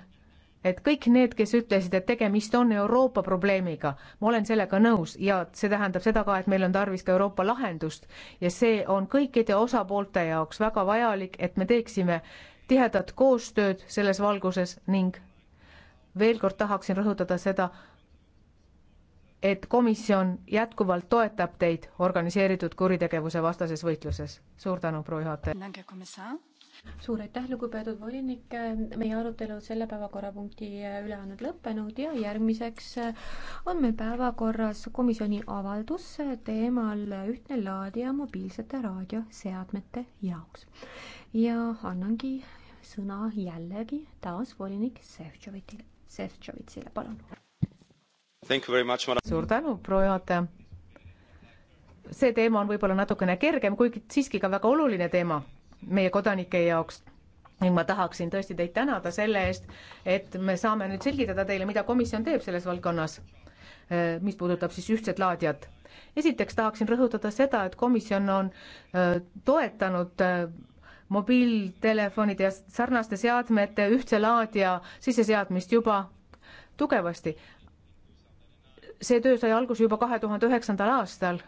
et kõik need, kes ütlesid, et tegemist on Euroopa probleemiga, ma olen sellega nõus ja see tähendab seda ka, et meil on tarvis ka Euroopa lahendust ja see on kõikide osapoolte jaoks väga vajalik, et me teeksime tihedat koostööd selles valguses ning veel kord tahaksin rõhutada seda, et komisjon jätkuvalt toetab teid organiseeritud kuritegevuse vastases võitluses. suur tänu, proua juhataja. suur aitäh, lugupeetud volinik, meie arutelu selle päevakorrapunkti üle on nüüd lõppenud ja järgmiseks on meil päevakorras komisjoni avaldus teemal ühtne laadija mobiilsete raadioseadmete jaoks. ja annangi sõna jällegi taas volinik Šefčovičile, Šefčovičile, palun suur tänu, proua juhataja. see teema on võib-olla natukene kergem, kuigi siiski ka väga oluline teema meie kodanike jaoks ning ma tahaksin tõesti teid tänada selle eest, et me saame nüüd selgitada teile, mida komisjon teeb selles valdkonnas, eh, mis puudutab siis ühtset laadijat. esiteks tahaksin rõhutada seda, et komisjon on eh, toetanud eh, mobiiltelefonide ja sarnaste seadmete ühtse laadija sisseseadmist juba tugevasti see töö sai alguse juba kahe tuhande üheksandal aastal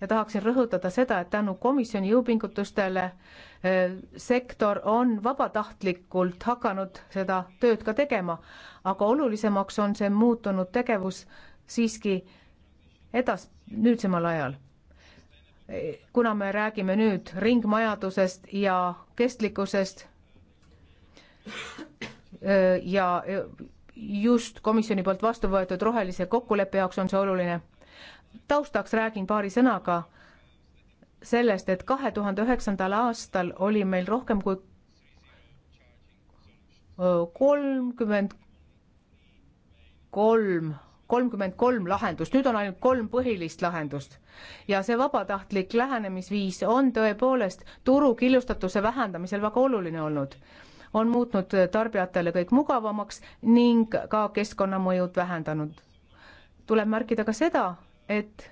ja tahaksin rõhutada seda, et tänu komisjoni jõupingutustele äh, sektor on vabatahtlikult hakanud seda tööd ka tegema, aga olulisemaks on see muutunud tegevus siiski edas-, nüüdsemal ajal. kuna me räägime nüüd ringmajadusest ja kestlikkusest äh, ja just komisjoni poolt vastu võetud rohelise kokkuleppe jaoks on see oluline. taustaks räägin paari sõnaga sellest, et kahe tuhande üheksandal aastal oli meil rohkem kui kolmkümmend kolm, kolmkümmend kolm lahendust, nüüd on ainult kolm põhilist lahendust. ja see vabatahtlik lähenemisviis on tõepoolest turu killustatuse vähendamisel väga oluline olnud on muutnud tarbijatele kõik mugavamaks ning ka keskkonnamõjud vähendanud. tuleb märkida ka seda, et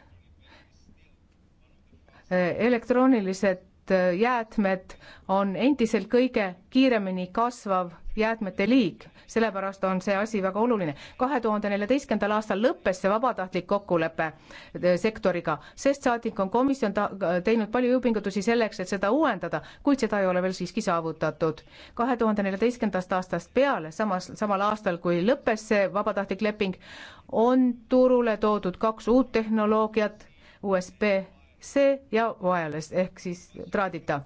elektroonilised et äh, jäätmed on endiselt kõige kiiremini kasvav jäätmete liik, sellepärast on see asi väga oluline. kahe tuhande neljateistkümnendal aastal lõppes see vabatahtlik kokkulepe äh, sektoriga, sest saadik on komisjon ta-, äh, teinud palju jõupingutusi selleks, et seda uuendada, kuid seda ei ole veel siiski saavutatud. kahe tuhande neljateistkümnendast aastast peale, samas, samal aastal, kui lõppes see vabatahtlik leping, on turule toodud kaks uut tehnoloogiat, USB see ja wireless ehk siis traadita.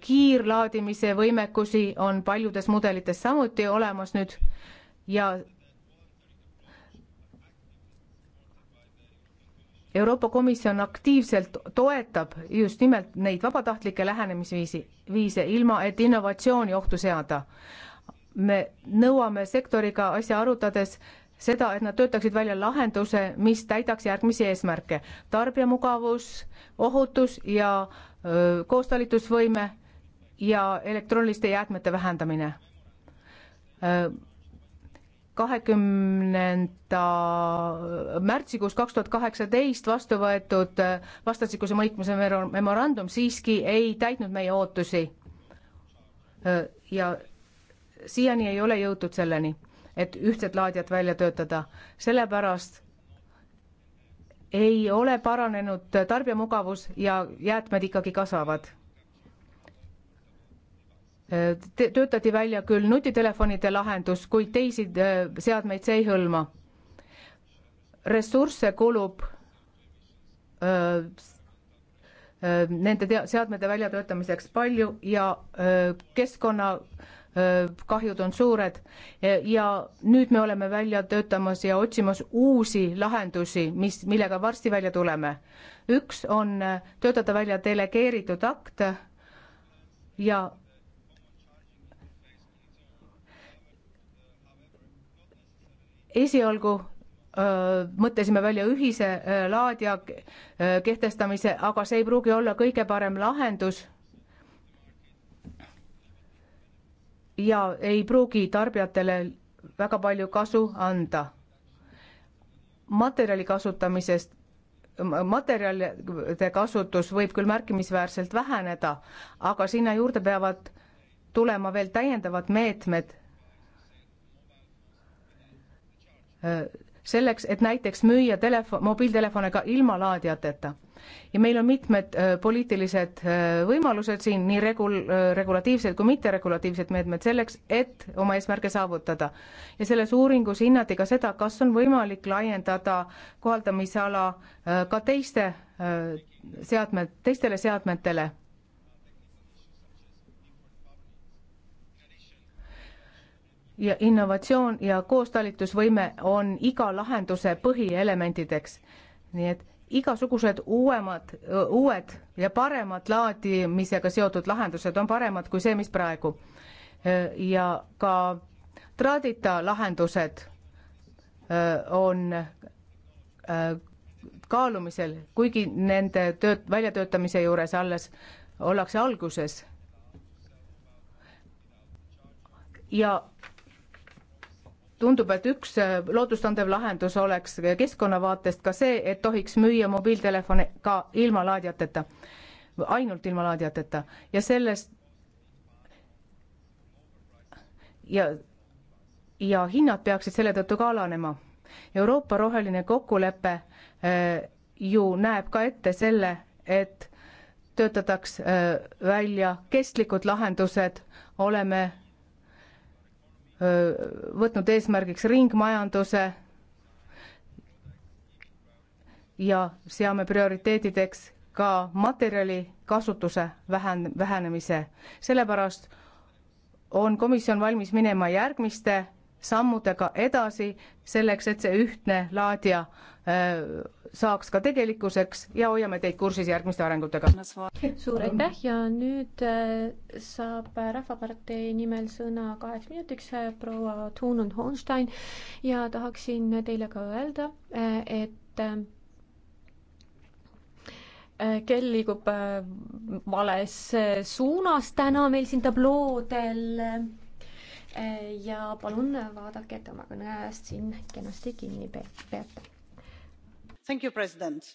kiirlaadimise võimekusi on paljudes mudelites samuti olemas nüüd ja Euroopa Komisjon aktiivselt toetab just nimelt neid vabatahtlikke lähenemisviisi, viise, ilma et innovatsiooni ohtu seada. me nõuame sektoriga asja arutades, seda, et nad töötaksid välja lahenduse, mis täidaks järgmisi eesmärke. tarbijamugavus, ohutus ja öö, koostalitusvõime ja elektrooniliste jäätmete vähendamine. kahekümnenda märtsikuus kaks tuhat kaheksateist vastu võetud vastastikuse mõõtmise memorandum siiski ei täitnud meie ootusi. ja siiani ei ole jõutud selleni et ühtset laadijat välja töötada, sellepärast ei ole paranenud tarbijamugavus ja jäätmed ikkagi kasvavad. töötati välja küll nutitelefonide lahendus, kuid teisi äh, seadmeid see ei hõlma. ressursse kulub öö, äh, öö, äh, nende seadmete väljatöötamiseks palju ja öö, keskkonna kahjud on suured ja nüüd me oleme välja töötamas ja otsimas uusi lahendusi, mis, millega varsti välja tuleme. üks on äh, töötada välja delegeeritud akt ja esialgu öö, mõtlesime välja ühise öö, laadija kehtestamise, aga see ei pruugi olla kõige parem lahendus ja ei pruugi tarbijatele väga palju kasu anda. materjali kasutamisest, materjalide kasutus võib küll märkimisväärselt väheneda, aga sinna juurde peavad tulema veel täiendavad meetmed äh, selleks, et näiteks müüa telefon, mobiiltelefone ka ilma laadijateta ja meil on mitmed äh, poliitilised äh, võimalused siin, nii regul-, äh, regulatiivsed kui mitteregulatiivsed meetmed selleks, et oma eesmärke saavutada. ja selles uuringus hinnati ka seda, kas on võimalik laiendada kohaldamisala ka teiste seadmed, teistele seadmetele. ja innovatsioon ja koostalitusvõime on iga lahenduse põhielemendideks. nii et igasugused uuemad, uued ja paremad laadimisega seotud lahendused on paremad kui see, mis praegu. ja ka traadita lahendused äh, on äh, kaalumisel, kuigi nende tööt-, väljatöötamise juures alles ollakse alguses. ja tundub, et üks äh, lootustandev lahendus oleks keskkonna vaatest ka see, et tohiks müüa mobiiltelefone ka ilma laadijateta, ainult ilma laadijateta ja sellest ja, ja hinnad peaksid selle tõttu ka alanema. Euroopa roheline kokkulepe äh, ju näeb ka ette selle, et töötataks äh, välja kestlikud lahendused, oleme võtnud eesmärgiks ringmajanduse ja seame prioriteetideks ka materjali kasutuse vähen-, vähenemise. sellepärast on komisjon valmis minema järgmiste sammudega edasi selleks, et see ühtne laadija äh, saaks ka tegelikkuseks ja hoiame teid kursis järgmiste arengutega. suur aitäh ja nüüd äh, saab Rahvapartei nimel sõna kaheks minutiks äh, proua Tunun Hornstein ja tahaksin teile ka öelda, äh, et äh, äh, kell liigub vales suunas täna meil siin tabloodel Eh, ja palun vaadake, et oma kõne ajast siin kenasti kinni peate. Thank you, president.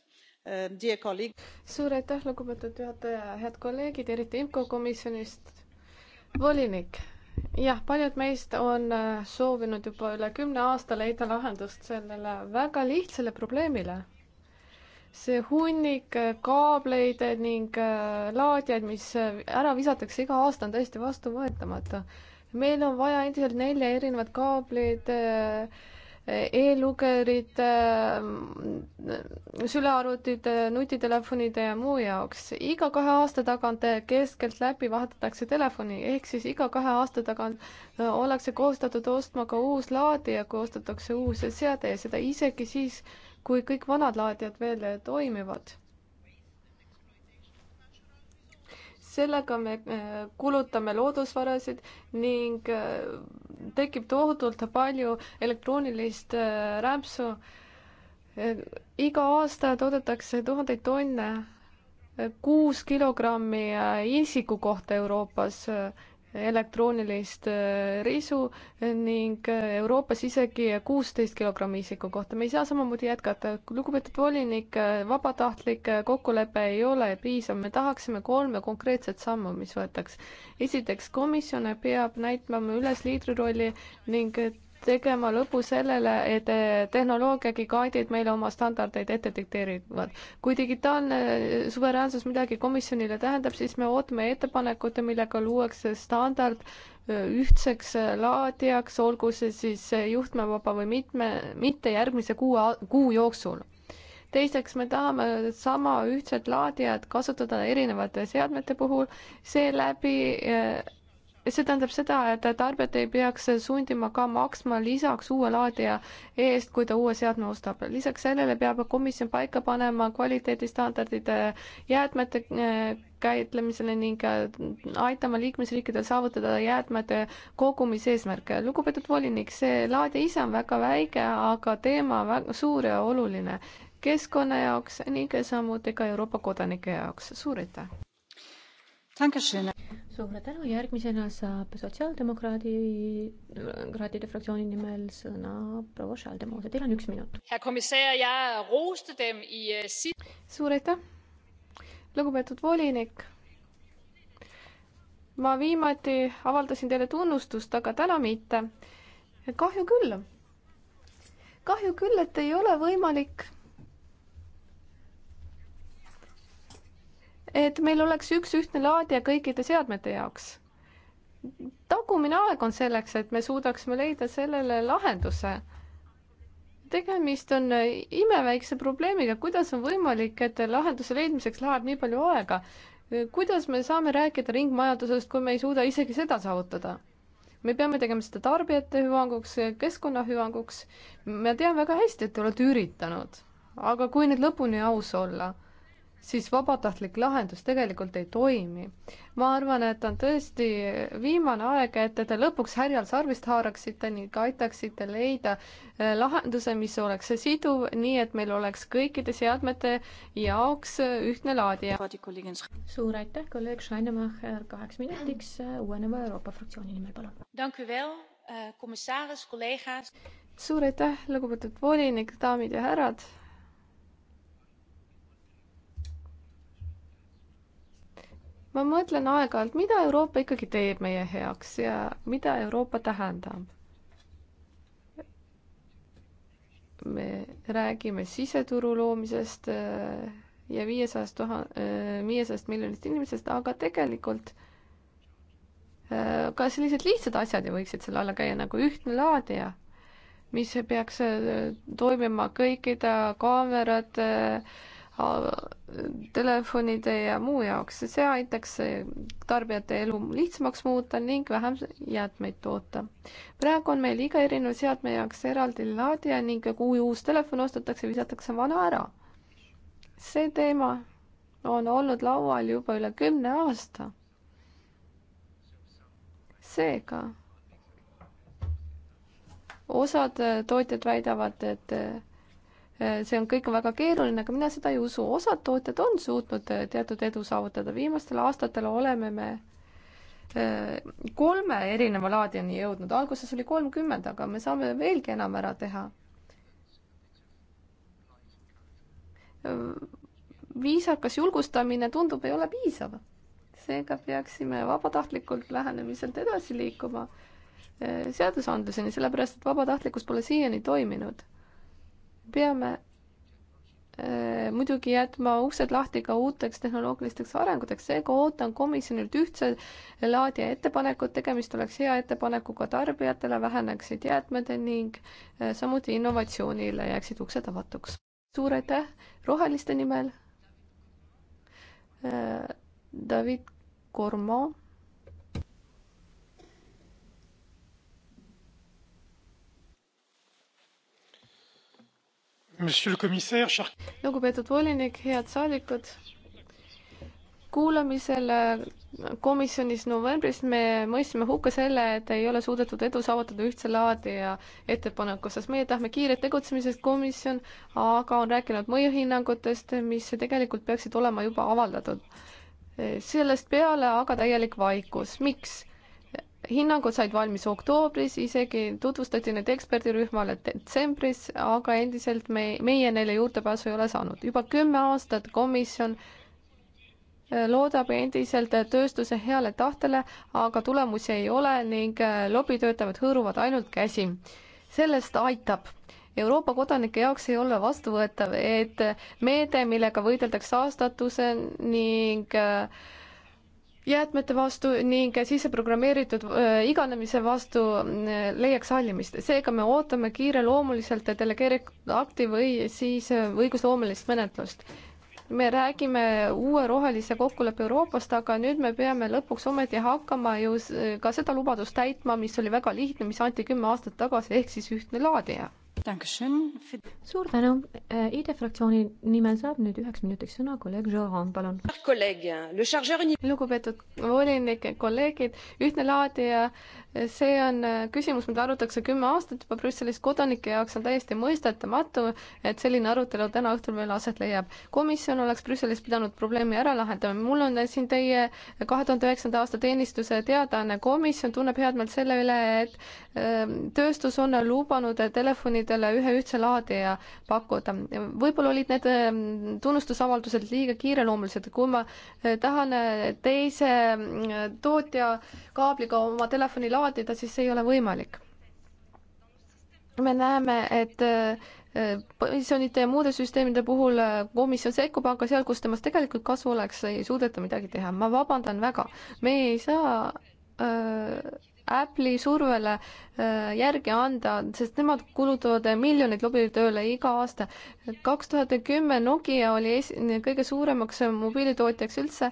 Eh, suur aitäh, lugupeetud juhataja, head kolleegid, eriti IMCO komisjonist. volinik, jah, paljud meist on eh, soovinud juba üle kümne aasta leida lahendust sellele väga lihtsale probleemile see hunnik kaableid ning laadijaid, mis ära visatakse iga aasta, on täiesti vastuvõetamatu meil on vaja endiselt nelja erinevat kaablit äh, e-lugerid, äh, sülearvutid, äh, nutitelefonid ja muu jaoks. iga kahe aasta tagant keskeltläbi vahetatakse telefoni, ehk siis iga kahe aasta tagant ollakse kohustatud ostma ka uus laadija, kui ostetakse uus seade ja seda isegi siis, kui kõik vanad laadijad veel toimivad sellega me äh, kulutame loodusvarasid ning äh, tekib tohutult palju elektroonilist äh, rämpsu. iga aasta toodetakse tuhandeid tonne, kuus kilogrammi isiku kohta Euroopas elektroonilist äh, risu äh, ning äh, Euroopas isegi kuusteist kilogrammi isiku kohta. me ei saa samamoodi jätkata. lugupeetud volinik, vabatahtlik kokkulepe ei ole piisav, me tahaksime kolme konkreetset sammu, mis võetaks. esiteks, komisjon peab näitama üles liidrirolli ning tegema lõpu sellele, et eh, tehnoloogia gigaadid meile oma standardeid ette dikteerivad. kui digitaalne eh, suveräänsus midagi komisjonile tähendab, siis me ootame ettepanekut, millega luuakse standard eh, ühtseks laadijaks, olgu see siis juhtmevaba või mitme, mitte järgmise kuue, kuu jooksul. teiseks, me tahame sama ühtset laadijat kasutada erinevate seadmete puhul, seeläbi see tähendab seda, et tarbijat ei peaks sundima ka maksma lisaks uue laadija eest, kui ta uue seadme ostab. lisaks sellele peab komisjon paika panema kvaliteedistandardid eh, jäätmete eh, käitlemisele ning eh, aitama liikmesriikidel saavutada jäätmete kogumise eesmärke. lugupeetud volinik, see laadija ise on väga väike, aga teema on väga suur ja oluline keskkonna jaoks ning samuti ka Euroopa kodanike jaoks. suur aitäh! suur tänu, järgmisena saab sotsiaaldemokraadi, kraadide fraktsiooni nimel sõna proua Schaldemose, teil on üks minut. Äh, suur aitäh, lugupeetud volinik ma viimati avaldasin teile tunnustust, aga täna mitte. kahju küll. kahju küll, et ei ole võimalik et meil oleks üks ühtne laadija kõikide seadmete jaoks. tagumine aeg on selleks, et me suudaksime leida sellele lahenduse. tegemist on imeväikse probleemiga, kuidas on võimalik, et lahenduse leidmiseks läheb nii palju aega. kuidas me saame rääkida ringmajandusest, kui me ei suuda isegi seda saavutada? me peame tegema seda tarbijate hüvanguks, keskkonna hüvanguks. ma tean väga hästi, et te olete üritanud, aga kui nüüd lõpuni aus olla siis vabatahtlik lahendus tegelikult ei toimi. ma arvan, et on tõesti viimane aeg, et te lõpuks härjal sarvist haaraksite ning aitaksite leida äh, lahenduse, mis oleks siduv, nii et meil oleks kõikide seadmete jaoks äh, ühtne laadija. suur aitäh, kolleeg Scheinemacher, kaheks minutiks äh, Uueneva Euroopa fraktsiooni nimel, palun. suur aitäh, lugupeetud volinik, daamid ja härrad ma mõtlen aeg-ajalt, mida Euroopa ikkagi teeb meie heaks ja mida Euroopa tähendab. me räägime siseturu loomisest äh, ja viiesajast tuhat, äh, viiesajast miljonist inimesest, aga tegelikult äh, ka sellised lihtsad asjad ju võiksid selle alla käia, nagu ühtne laadija, mis peaks toimima kõikide kaamerate äh, telefonide ja muu jaoks, see aitaks tarbijate elu lihtsamaks muuta ning vähem jäätmeid toota. praegu on meil iga erineva seadme jaoks eraldi laadija ning kui uus telefon ostetakse, visatakse vana ära. see teema on olnud laual juba üle kümne aasta. seega osad tootjad väidavad, et Äh, see on kõik väga keeruline, aga mina seda ei usu. osad tootjad on suutnud äh, teatud edu saavutada. viimastel aastatel oleme me äh, kolme erineva laadini jõudnud. alguses oli kolmkümmend, aga me saame veelgi enam ära teha. viisakas julgustamine tundub, ei ole piisav. seega peaksime vabatahtlikult lähenemiselt edasi liikuma seadusandluseni, sellepärast et vabatahtlikkus pole siiani toiminud peame äh, muidugi jätma uksed lahti ka uuteks tehnoloogilisteks arenguteks, seega ootan komisjonilt ühtse laadi ettepanekut, tegemist oleks hea ettepanekuga tarbijatele, väheneksid jäätmed ning äh, samuti innovatsioonile jääksid uksed avatuks. suur aitäh roheliste nimel. Äh, David Cormont. lugupeetud volinik, head saadikud. kuulamisel äh, komisjonis novembris me mõistsime hukka selle, et ei ole suudetud edu saavutada ühtse laadi ja ettepaneku osas. meie tahame kiiret tegutsemisest, komisjon aga on rääkinud mõjuhinnangutest, mis tegelikult peaksid olema juba avaldatud. sellest peale aga täielik vaikus, miks? hinnangud said valmis oktoobris, isegi tutvustati need eksperdirühmale detsembris, aga endiselt me, meie neile juurdepääsu ei ole saanud. juba kümme aastat komisjon äh, loodab endiselt äh, tööstuse heale tahtele, aga tulemusi ei ole ning äh, lobitöötajad hõõruvad ainult käsi. sellest aitab. Euroopa kodanike jaoks ei ole vastuvõetav, et meede, millega võideldakse saastatuse ning äh, jäätmete vastu ning sisseprogrammeeritud äh, iganemise vastu äh, leiaks hallimist. seega me ootame kiireloomuliselt delegeeritud akti või siis äh, õigusloomelist menetlust. me räägime uue rohelise kokkuleppe Euroopast, aga nüüd me peame lõpuks ometi hakkama ju ka seda lubadust täitma, mis oli väga lihtne, mis anti kümme aastat tagasi, ehk siis ühtne laadija suur tänu, äh, ID e fraktsiooni nimel saab nüüd üheks minutiks sõna kolleeg Joran, palun. lugupeetud volinik, kolleegid, ühtne laadija, äh, see on äh, küsimus, mida arutatakse kümme aastat juba Brüsselis, kodanike jaoks on täiesti mõistetamatu, et selline arutelu täna õhtul veel aset leiab. komisjon oleks Brüsselis pidanud probleemi ära lahendama, mul on siin teie kahe tuhande üheksanda aasta teenistuse teadaanne, komisjon tunneb head meelt selle üle, et tööstus on lubanud telefonide küsimustele ühe ühtse laadi ja pakkuda. võib-olla olid need ehm, tunnustusavaldused liiga kiireloomulised, kui ma eh, tahan eh, teise eh, tootja kaabliga oma telefoni laadida, siis see ei ole võimalik. me näeme, et pensionite ja muude süsteemide puhul komisjon sekkub, aga seal, kus temast tegelikult kasu oleks, ei suudeta midagi teha. ma vabandan väga, me ei saa öö, Apple'i survele äh, järgi anda, sest nemad kulutavad miljoneid lobitööle iga aasta. kaks tuhat kümme Nokia oli es-, kõige suuremaks mobiilitootjaks üldse.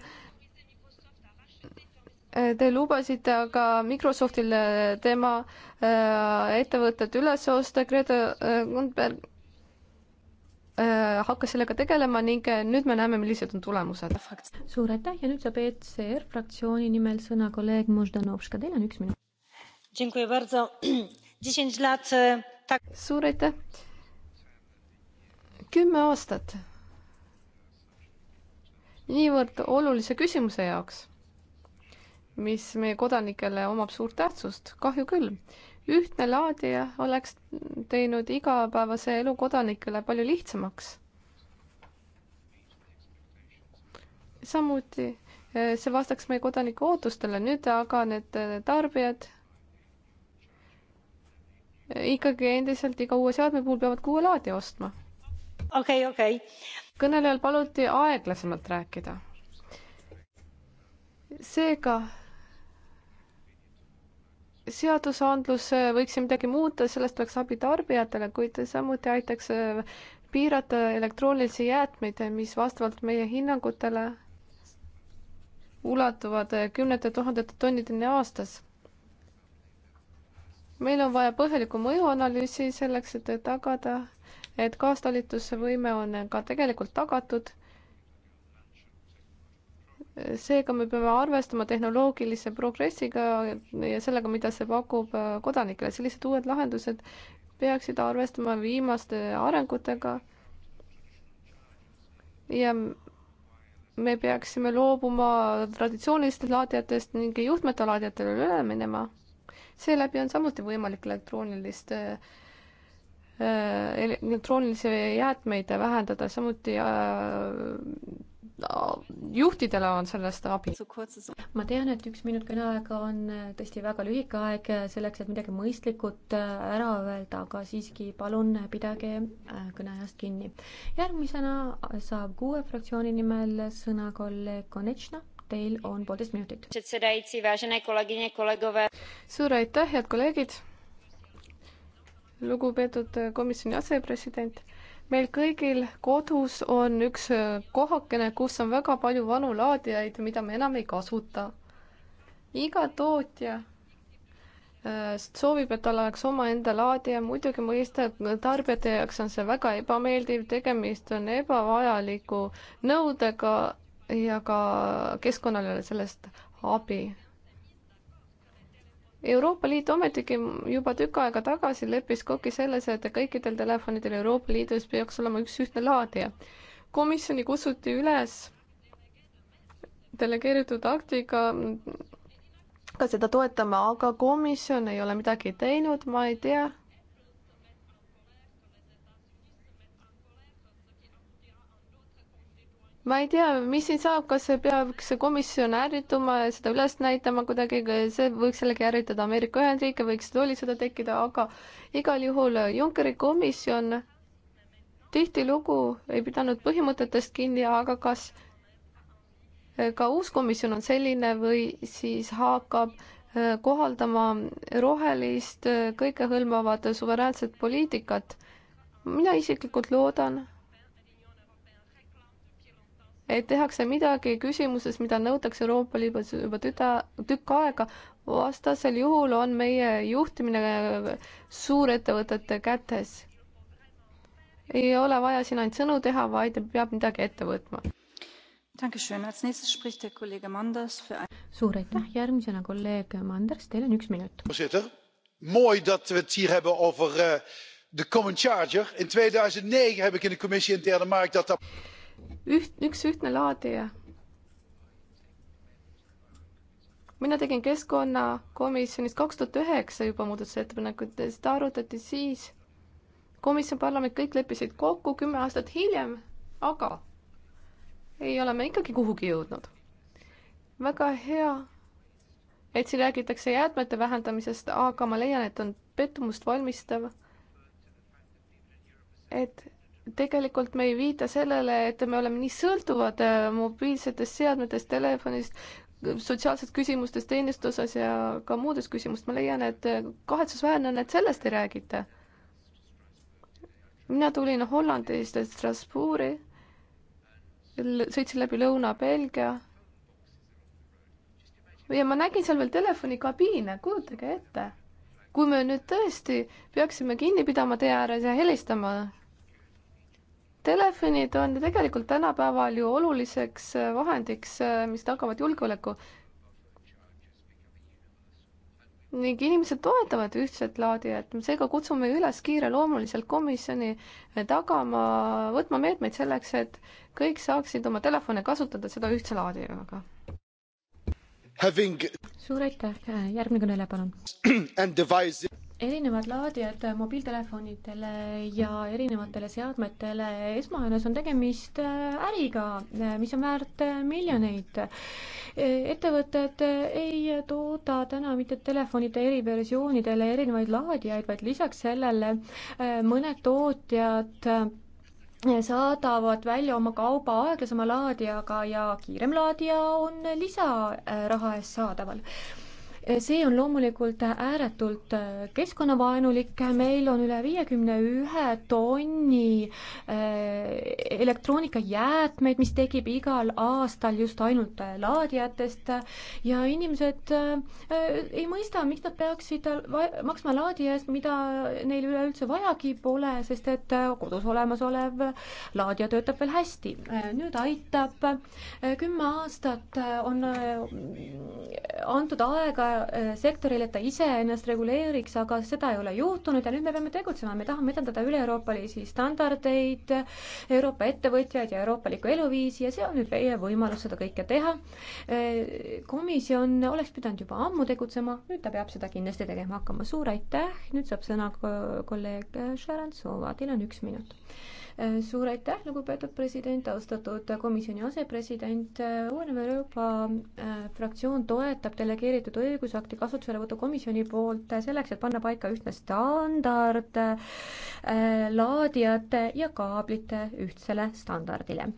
Te lubasite aga Microsoftil äh, tema äh, ettevõtet üles osta, Greta Thunberg hakkas sellega tegelema ning nüüd me näeme, millised on tulemused. suur aitäh ja nüüd saab ECR fraktsiooni nimel sõna kolleeg Moždanovska, teil on üks minut. E, suur aitäh! kümme aastat niivõrd olulise küsimuse jaoks, mis meie kodanikele omab suurt tähtsust, kahju küll. ühtne laadija oleks teinud igapäevase elu kodanikele palju lihtsamaks. samuti e, see vastaks meie kodanike ootustele, nüüd aga need e, tarbijad ikkagi endiselt iga uue seadme puhul peavad kuue laadi ostma. okei okay,, okei okay.. kõnelejal paluti aeglasemalt rääkida. seega seadusandlus võiks siin midagi muuta, sellest oleks abi tarbijatele, kuid samuti aitaks äh, piirata elektroonilisi jäätmeid, mis vastavalt meie hinnangutele ulatuvad kümnete tuhandete tonnideni aastas meil on vaja põhjalikku mõjuanalüüsi selleks, et tagada, et kaastalitusvõime on ka tegelikult tagatud. seega me peame arvestama tehnoloogilise progressiga ja sellega, mida see pakub äh, kodanikele. sellised uued lahendused peaksid arvestama viimaste arengutega. ja me peaksime loobuma traditsioonilistest laadijatest ning juhtmete laadijatele üle minema seeläbi on samuti võimalik elektroonilist äh, elektroonilisi jäätmeid vähendada, samuti äh, juhtidele on sellest abi. ma tean, et üks minut kõneaega on äh, tõesti väga lühike aeg selleks, et midagi mõistlikut ära öelda, aga siiski palun pidage kõneajast kinni. järgmisena saab kuue fraktsiooni nimel sõna kolleeg Konechna teil on poolteist minutit. suur aitäh, head kolleegid! lugupeetud komisjoni asepresident, meil kõigil kodus on üks kohakene, kus on väga palju vanu laadijaid, mida me enam ei kasuta. iga tootja äh, soovib, et tal oleks omaenda laadija, muidugi mõista, tarbijate jaoks on see väga ebameeldiv, tegemist on ebavajaliku nõudega ja ka keskkonnale sellest abi. Euroopa Liit ometigi juba tükk aega tagasi leppis kokku selles, et kõikidel telefonidel Euroopa Liidus peaks olema üks ühtne laadija. komisjoni kutsuti üles delegeeritud aktiga ka seda toetama, aga komisjon ei ole midagi teinud, ma ei tea ma ei tea, mis siin saab, kas see peaks komisjon ärrituma ja seda üles näitama kuidagi, see võiks jällegi ärritada Ameerika Ühendriike, võiks loolisõda tekkida, aga igal juhul Junckeri komisjon tihtilugu ei pidanud põhimõtetest kinni, aga kas ka uus komisjon on selline või siis hakkab äh, kohaldama rohelist äh, kõikehõlmavat suveräänset poliitikat. mina isiklikult loodan, et tehakse midagi küsimuses, mida nõutakse Euroopa Liidus juba tüda, tükk aega, vastasel juhul on meie juhtimine suurettevõtete kätes. ei ole vaja siin ainult sõnu teha, vaid peab midagi ette võtma. suur aitäh, järgmisena kolleeg Manders, teil on üks minut. Mooi dat we het hier hebben over eh, de Common Charger. In 2009 heb ik in de commissie interne markt dat üht, üks ühtne laadija. mina tegin keskkonnakomisjonis kaks tuhat üheksa juba muudatusettepanekut ja seda arutati siis. komisjon, parlament, kõik leppisid kokku kümme aastat hiljem, aga ei ole me ikkagi kuhugi jõudnud. väga hea, et siin räägitakse jäätmete vähendamisest, aga ma leian, et on pettumust valmistav, et tegelikult me ei viita sellele, et me oleme nii sõltuvad äh, mobiilsetest seadmetest, telefonist, sotsiaalsest küsimustest, teenuste osas ja ka muudest küsimust, ma leian, et äh, kahetsusväärne on, et sellest ei räägita. mina tulin Hollandist Strasbourgi, sõitsin läbi Lõuna-Belgia ja ma nägin seal veel telefonikabiine, kujutage ette. kui me nüüd tõesti peaksime kinni pidama tee ääres ja helistama Telefonid on tegelikult tänapäeval ju oluliseks äh, vahendiks, äh, mis tagavad julgeoleku. ning inimesed toetavad ühtset laadijat, seega kutsume üles kiireloomuliselt komisjoni äh, tagama, võtma meetmeid selleks, et kõik saaksid oma telefone kasutada seda ühtse laadijaga. Having... suur aitäh, järgmine kõneleja, palun erinevad laadijad mobiiltelefonidele ja erinevatele seadmetele, esmajoones on tegemist äh, äriga, äh, mis on väärt äh, miljoneid. E, ettevõtted ei tooda täna mitte telefonide eriversioonidele erinevaid laadijaid, vaid lisaks sellele mõned tootjad saadavad välja oma kauba aeglasema laadijaga ja kiirem laadija on lisaraha eest saadaval Eh, see on loomulikult ääretult äh, keskkonnavaenulik, meil on üle viiekümne ühe tonni äh, elektroonikajäätmeid, mis tekib igal aastal just ainult äh, laadijatest ja inimesed ei mõista, miks nad peaksid maksma laadija eest, mida neil üleüldse vajagi pole, sest et kodus olemasolev laadija töötab veel hästi. nüüd aitab, kümme aastat on antud aega, Äh, sektorile, et ta ise ennast reguleeriks, aga seda ei ole juhtunud ja nüüd me peame tegutsema, me tahame edendada üle-euroopalisi standardeid, Euroopa ettevõtjaid ja euroopalikku eluviisi ja see on nüüd meie võimalus seda kõike teha. Äh, komisjon oleks pidanud juba ammu tegutsema, nüüd ta peab seda kindlasti tegema hakkama, suur aitäh, nüüd saab sõna kolleeg Šarantsova, teil on üks minut Äh, suur aitäh, lugupeetud president, austatud komisjoni asepresident. Äh, uuenev Euroopa äh, fraktsioon toetab delegeeritud õigusakti kasutuselevõtu komisjoni poolt selleks, et panna paika ühtne standard laadijate ja kaablite ühtsele standardile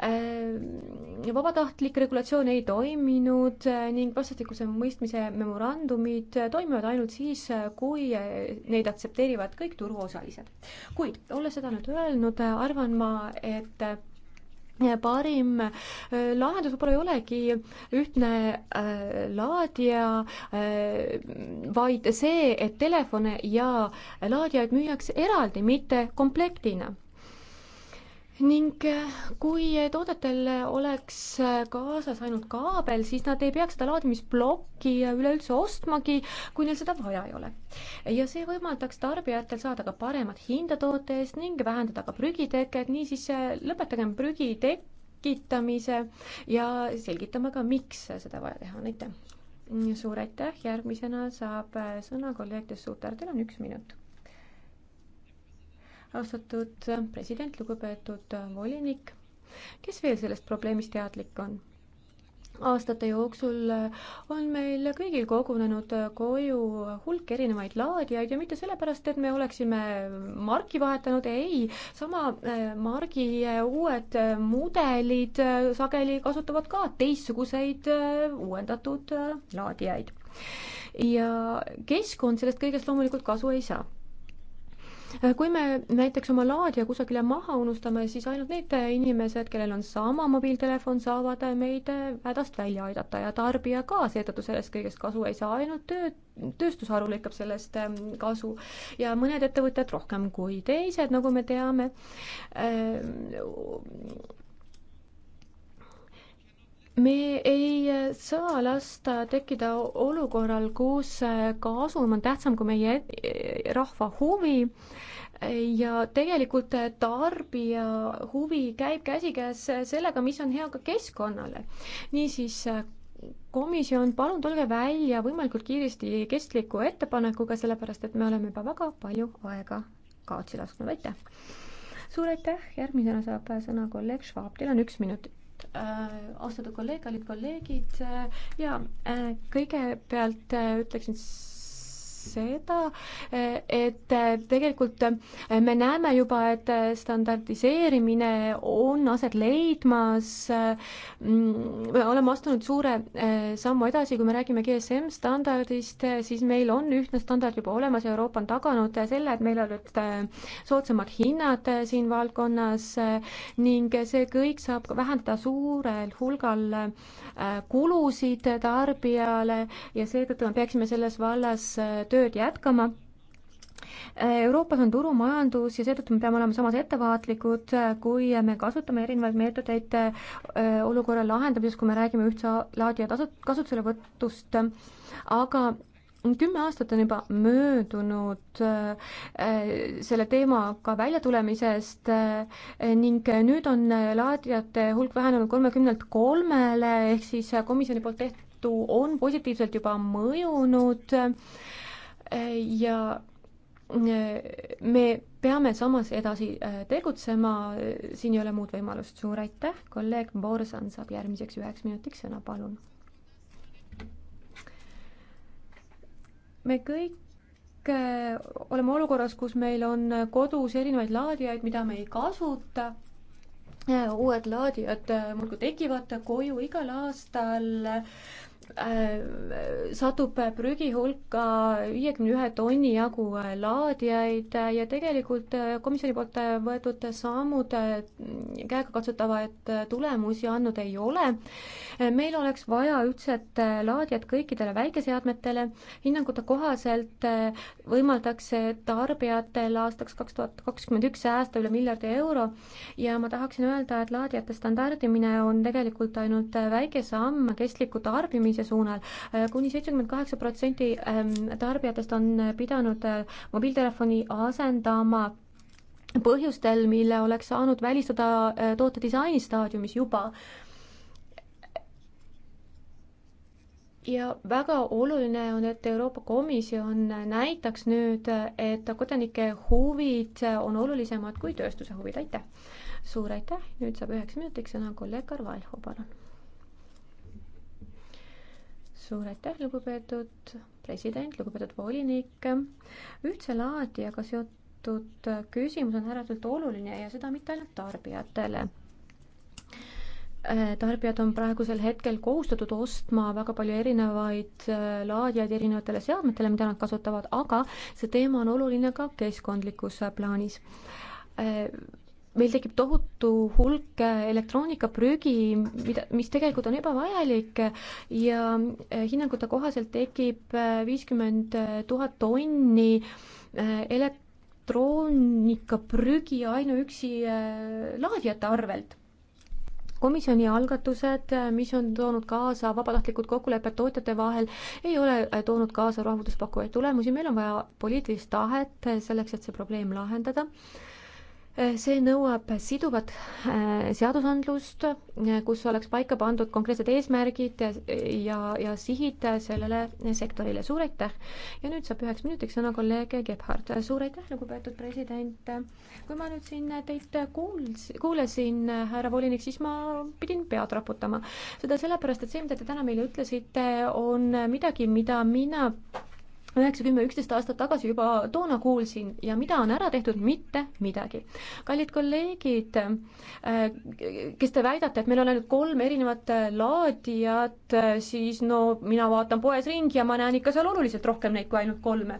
Äh, vabatahtlik regulatsioon ei toiminud äh, ning vastastikuse mõistmise memorandumid äh, toimivad ainult siis, kui neid aktsepteerivad kõik turuosalised. kuid olles seda nüüd öelnud, arvan ma, et parim lahendus võib-olla ei olegi ühtne äh, laadija äh,, vaid see, et telefone ja laadijaid müüakse eraldi, mitte komplektina ning eh, kui toodetel oleks eh, kaasas ainult kaabel, siis nad ei peaks seda laadimisplokki eh, üleüldse ostmagi, kui neil seda vaja ei ole. ja see võimaldaks tarbijatel saada ka paremat hinda toote eest ning vähendada ka prügiteket, niisiis lõpetagem prügi tekitamise ja selgitame ka, miks seda vaja teha on, aitäh! suur aitäh, järgmisena saab sõna kolleeg Dessuter, teil on üks minut austatud president, lugupeetud volinik, kes veel sellest probleemist teadlik on? aastate jooksul on meil kõigil kogunenud koju hulk erinevaid laadijaid ja mitte sellepärast, et me oleksime marki vahetanud, ei, sama äh, margi äh, uued äh, mudelid sageli kasutavad ka teistsuguseid uuendatud laadijaid. ja keskkond sellest kõigest loomulikult kasu ei saa kui me näiteks oma laadija kusagile maha unustame, siis ainult need inimesed, kellel on sama mobiiltelefon, saavad meid hädast välja aidata ja tarbija ka seetõttu sellest kõigest kasu ei saa, ainult töö, tööstusharu lõikab sellest ähm, kasu ja mõned ettevõtjad rohkem kui teised, nagu me teame äh, me ei saa lasta tekkida olukorral, kus äh, kasum on tähtsam kui meie äh, rahva huvi ja tegelikult äh, tarbija huvi käib käsikäes sellega, mis on hea ka keskkonnale. niisiis, komisjon, palun tulge välja võimalikult kiiresti kestliku ettepanekuga, sellepärast et me oleme juba väga palju aega kaotsi lasknud, aitäh! suur aitäh, järgmisena saab sõna kolleeg Schwab, teil on üks minut Äh, austatud kolleeg, kallid kolleegid äh, ja äh, kõigepealt ütleksin seda, et tegelikult me näeme juba, et standardiseerimine on aset leidmas, me oleme astunud suure eh, sammu edasi, kui me räägime GSM-standardist, siis meil on ühtne standard juba olemas, Euroopa on taganud selle, et meil olid eh, soodsamad hinnad eh, siin valdkonnas ning see kõik saab vähendada suurel hulgal Äh, kulusid tarbijale ja seetõttu me peaksime selles vallas äh, tööd jätkama äh, Euroopas on turumajandus ja seetõttu me peame olema samas ettevaatlikud, kui me kasutame erinevaid meetodeid olukorra lahendamiseks, kui me räägime ühtse laadija tasu, kasutuselevõtust, aga kümme aastat on juba möödunud äh, selle teemaga väljatulemisest äh, ning nüüd on laadijate hulk vähenenud kolmekümnelt kolmele, ehk siis komisjoni poolt tehtu on positiivselt juba mõjunud äh, ja me peame samas edasi tegutsema, siin ei ole muud võimalust. suur aitäh, kolleeg Borsan saab järgmiseks üheks minutiks sõna, palun me kõik äh, oleme olukorras, kus meil on kodus erinevaid laadijaid, mida me ei kasuta. Äh, uued laadijad äh, muudkui tekivad koju igal aastal satub prügi hulka viiekümne ühe tonni jagu laadijaid ja tegelikult komisjoni poolt võetud sammud käegakatsutavaid tulemusi andnud ei ole meil oleks vaja ühtset äh, laadijat kõikidele väikeseadmetele, hinnangute kohaselt äh, võimaldaks see tarbijatel aastaks kaks tuhat kakskümmend üks säästa üle miljardi euro ja ma tahaksin öelda, et laadijate standardimine on tegelikult ainult äh, väike samm kestliku tarbimise suunal kuni. kuni seitsekümmend kaheksa protsenti ähm, tarbijatest on pidanud mobiiltelefoni asendama põhjustel, mille oleks saanud välistada toote disainistaadiumis juba ja väga oluline on, et Euroopa Komisjon näitaks nüüd, et kodanike huvid on olulisemad kui tööstuse huvid, aitäh! suur aitäh, nüüd saab üheks minutiks sõna kolleeg Carvalho, palun. suur aitäh, lugupeetud president, lugupeetud volinik, ühtse laadi aga seotud küsimus on ääretult oluline ja seda mitte ainult tarbijatele Äh, tarbijad on praegusel hetkel kohustatud ostma väga palju erinevaid äh, laadijaid erinevatele seadmetele, mida nad kasutavad, aga see teema on oluline ka keskkondlikus äh, plaanis meil tekib tohutu hulk elektroonikaprügi, mida, mis tegelikult on ebavajalik ja hinnangute kohaselt tekib viiskümmend tuhat tonni elektroonikaprügi ainuüksi laadijate arvelt komisjoni algatused, mis on toonud kaasa vabatahtlikud kokkulepped tootjate vahel, ei ole toonud kaasa rahulduspakkuvaid tulemusi, meil on vaja poliitilist tahet selleks, et see probleem lahendada see nõuab siduvat äh, seadusandlust, äh, kus oleks paika pandud konkreetsed eesmärgid ja, ja sihid sellele sektorile. suur aitäh! ja nüüd saab üheks minutiks sõna kolleeg Gebhard. suur aitäh, lugupeetud president! kui ma nüüd siin teid kuuls-, kuulasin, härra volinik, siis ma pidin pead raputama. seda sellepärast, et see, mida te täna meile ütlesite, on midagi, mida mina üheksa, kümme, üksteist aastat tagasi juba toona kuulsin ja mida on ära tehtud, mitte midagi. kallid kolleegid, äh, kes te väidate, et meil on ainult kolm erinevat äh, laadijat, äh, siis no mina vaatan poes ringi ja ma näen ikka seal oluliselt rohkem neid kui ainult kolme.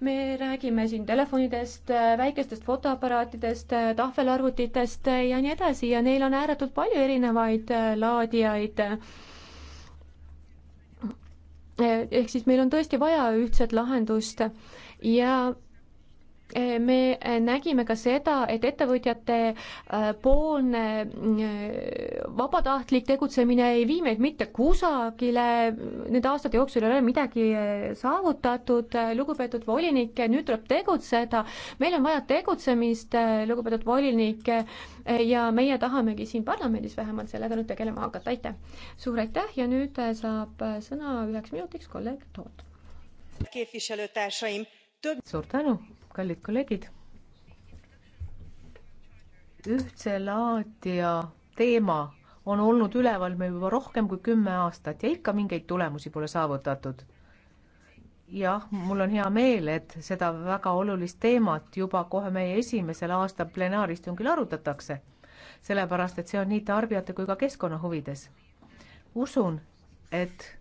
me räägime siin telefonidest, väikestest fotoaparaatidest, tahvelarvutitest ja nii edasi ja neil on ääretult palju erinevaid laadijaid Eh, ehk siis meil on tõesti vaja ühtset lahendust ja me äh, nägime ka seda, et ettevõtjate äh, poolne äh, vabatahtlik tegutsemine ei vii meid mitte kusagile, nende aastate jooksul ei ole midagi saavutatud, lugupeetud volinik, nüüd tuleb tegutseda, meil on vaja tegutsemist, lugupeetud volinik, ja meie tahamegi siin parlamendis vähemalt sellega nüüd tegelema hakata, aitäh! suur aitäh ja nüüd saab sõna üheks minutiks kolleeg Toot. suur tänu! kallid kolleegid. ühtse laadija teema on olnud üleval meil juba rohkem kui kümme aastat ja ikka mingeid tulemusi pole saavutatud. jah, mul on hea meel, et seda väga olulist teemat juba kohe meie esimesel aastal plenaaristungil arutatakse, sellepärast et see on nii tarbijate kui ka keskkonna huvides. usun, et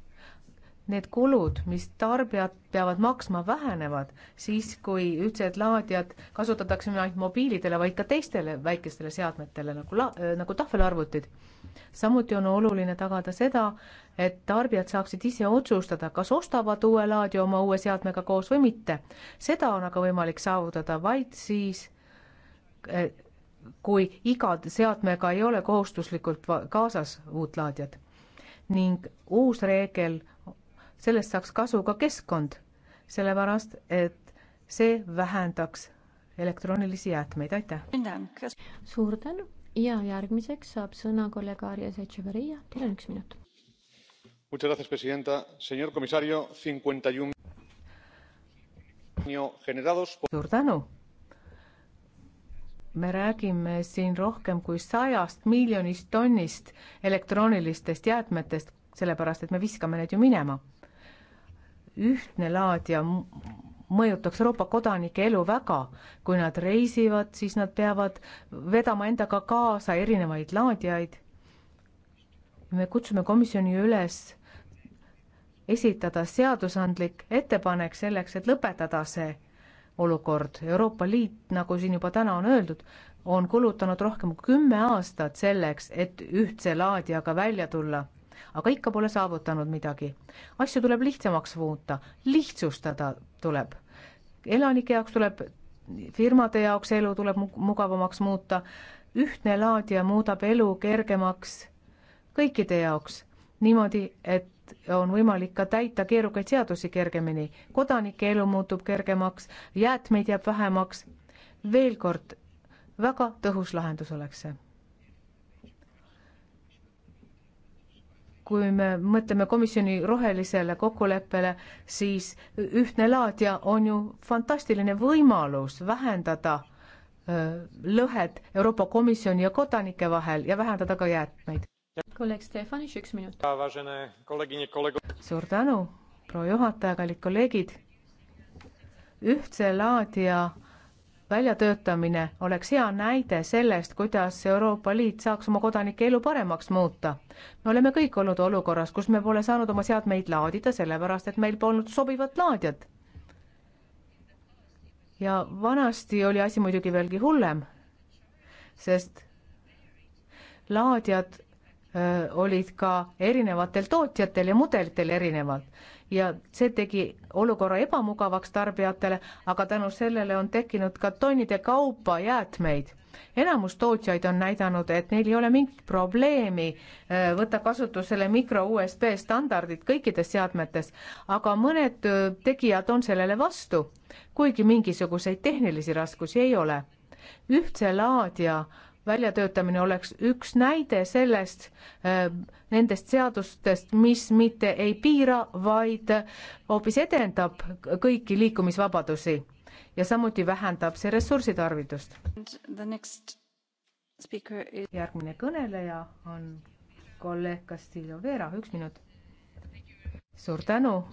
need kulud, mis tarbijad peavad maksma, vähenevad siis, kui ühtsed laadijad kasutatakse mitte ainult mobiilidele, vaid ka teistele väikestele seadmetele nagu la-, äh, nagu tahvelarvutid. samuti on oluline tagada seda, et tarbijad saaksid ise otsustada, kas ostavad uue laadi oma uue seadmega koos või mitte. seda on aga võimalik saavutada vaid siis, äh, kui iga seadmega ei ole kohustuslikult kaasas uut laadijat ning uus reegel sellest saaks kasu ka keskkond, sellepärast et see vähendaks elektroonilisi jäätmeid, aitäh! suur tänu ja järgmiseks saab sõna kolleeg Arja Setševeria, teil on üks minut. suur tänu! me räägime siin rohkem kui sajast miljonist tonnist elektroonilistest jäätmetest, sellepärast et me viskame need ju minema ühtne laad ja mõjutaks Euroopa kodanike elu väga. kui nad reisivad, siis nad peavad vedama endaga kaasa erinevaid laadjaid. me kutsume komisjoni üles esitada seadusandlik ettepanek selleks, et lõpetada see olukord. Euroopa Liit, nagu siin juba täna on öeldud, on kulutanud rohkem kui kümme aastat selleks, et ühtse laadijaga välja tulla aga ikka pole saavutanud midagi. asju tuleb lihtsamaks muuta, lihtsustada tuleb. elanike jaoks tuleb, firmade jaoks elu tuleb mugavamaks muuta, ühtne laadija muudab elu kergemaks kõikide jaoks, niimoodi, et on võimalik ka täita keerukaid seadusi kergemini, kodanike elu muutub kergemaks, jäätmeid jääb vähemaks. veel kord, väga tõhus lahendus oleks see kui me mõtleme komisjoni rohelisele kokkuleppele, siis ühtne laadija on ju fantastiline võimalus vähendada lõhed Euroopa Komisjoni ja kodanike vahel ja vähendada ka jäätmeid. kolleeg Stefanis, üks minut. suur tänu, proua juhataja, kallid kolleegid. ühtse laadija väljatöötamine oleks hea näide sellest, kuidas Euroopa Liit saaks oma kodanike elu paremaks muuta. me oleme kõik olnud olukorras, kus me pole saanud oma seadmeid laadida, sellepärast et meil polnud sobivat laadijat. ja vanasti oli asi muidugi veelgi hullem, sest laadijad Äh, olid ka erinevatel tootjatel ja mudelitel erinevad ja see tegi olukorra ebamugavaks tarbijatele, aga tänu sellele on tekkinud ka tonnide kaupa jäätmeid. enamus tootjaid on näidanud, et neil ei ole mingit probleemi äh, võtta kasutusele mikro USB standardid kõikides seadmetes, aga mõned äh, tegijad on sellele vastu, kuigi mingisuguseid tehnilisi raskusi ei ole. ühtse laadija äh, väljatöötamine oleks üks näide sellest, äh, nendest seadustest, mis mitte ei piira, vaid hoopis edendab kõiki liikumisvabadusi ja samuti vähendab see ressursitarvidust. Is... järgmine kõneleja on kolleeg Castillo Vera, üks minut. suur tänu.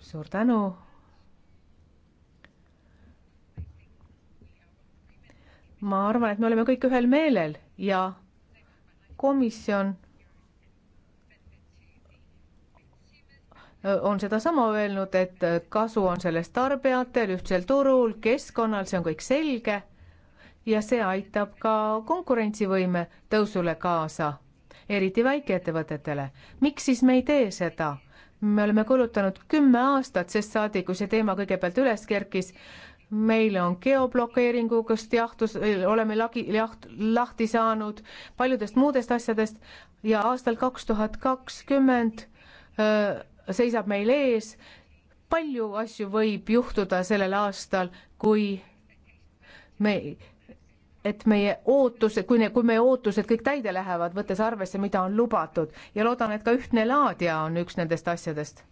suur tänu, ma arvan, et me oleme kõik ühel meelel ja komisjon on sedasama öelnud, et kasu on sellest tarbijatel, ühtsel turul, keskkonnal, see on kõik selge ja see aitab ka konkurentsivõime tõusule kaasa, eriti väikeettevõtetele. miks siis me ei tee seda? me oleme kulutanud kümme aastat, sest saadik, kui see teema kõigepealt üles kerkis, meile on geoblokeeringust jahtus, oleme lagi, jaht, lahti saanud paljudest muudest asjadest ja aastal kaks tuhat kakskümmend seisab meil ees. palju asju võib juhtuda sellel aastal, kui me, et meie ootused, kui ne-, kui meie ootused kõik täide lähevad, võttes arvesse, mida on lubatud ja loodan, et ka ühtne laadija on üks nendest asjadest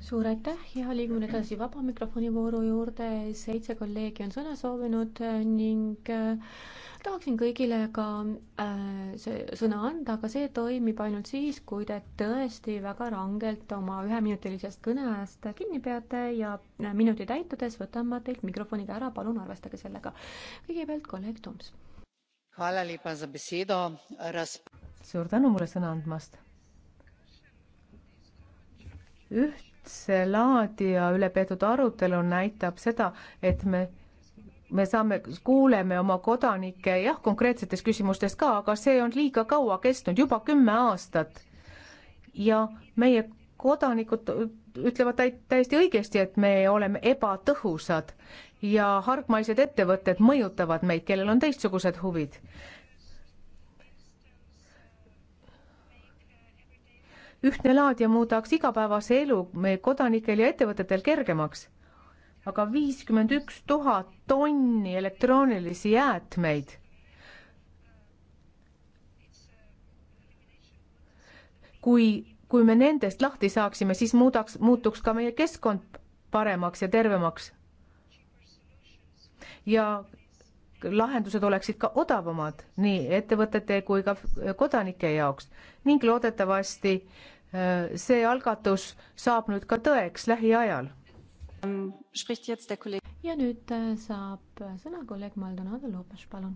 suur aitäh ja liigume edasi vaba mikrofoni vooru juurde. seitse kolleegi on sõna soovinud ning äh, tahaksin kõigile ka äh, sõna anda, aga see toimib ainult siis, kui te tõesti väga rangelt oma üheminutilisest kõneajast kinni peate ja äh, minuti täitudes võtan ma teilt mikrofonid ära, palun arvestage sellega. kõigepealt kolleeg Toms. suur tänu mulle sõna andmast ühtse laadi ja üle peetud arutelu näitab seda, et me, me saame, kuuleme oma kodanikke jah, konkreetsetest küsimustest ka, aga see on liiga kaua kestnud, juba kümme aastat. ja meie kodanikud ütlevad täiesti õigesti, et me oleme ebatõhusad ja hargmaised ettevõtted mõjutavad meid, kellel on teistsugused huvid. ühtne laad ja muudaks igapäevase elu meie kodanikel ja ettevõtetel kergemaks. aga viiskümmend üks tuhat tonni elektroonilisi jäätmeid. kui, kui me nendest lahti saaksime, siis muudaks, muutuks ka meie keskkond paremaks ja tervemaks. ja lahendused oleksid ka odavamad nii ettevõtete kui ka kodanike jaoks ning loodetavasti äh, see algatus saab nüüd ka tõeks lähiajal. Ähm, ja nüüd äh, saab sõna kolleeg Maldonado Lopes, palun.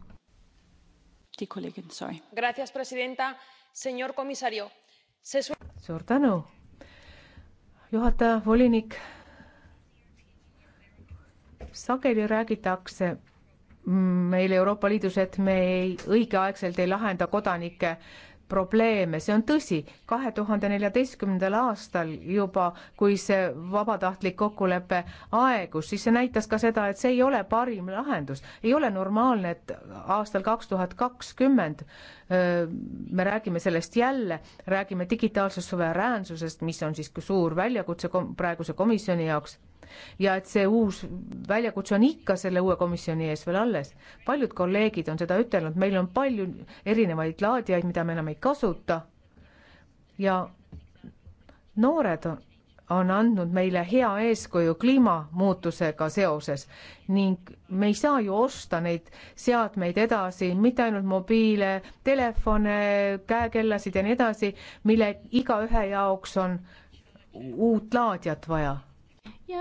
suur tänu, juhataja, volinik. sageli räägitakse meil Euroopa Liidus, et me ei, õigeaegselt ei lahenda kodanike probleeme, see on tõsi, kahe tuhande neljateistkümnendal aastal juba, kui see vabatahtlik kokkulepe aegus, siis see näitas ka seda, et see ei ole parim lahendus. ei ole normaalne, et aastal kaks tuhat kakskümmend me räägime sellest jälle, räägime digitaalsest suveräänsusest, mis on siis suur väljakutse kom praeguse komisjoni jaoks ja et see uus väljakutse on ikka selle uue komisjoni ees veel alles. paljud kolleegid on seda ütelnud, meil on palju erinevaid laadijaid, mida me enam ei kasuta ja noored on, on andnud meile hea eeskuju kliimamuutusega seoses ning me ei saa ju osta neid seadmeid edasi, mitte ainult mobiile, telefone, käekellasid ja nii edasi, mille igaühe jaoks on uut laadijat vaja ja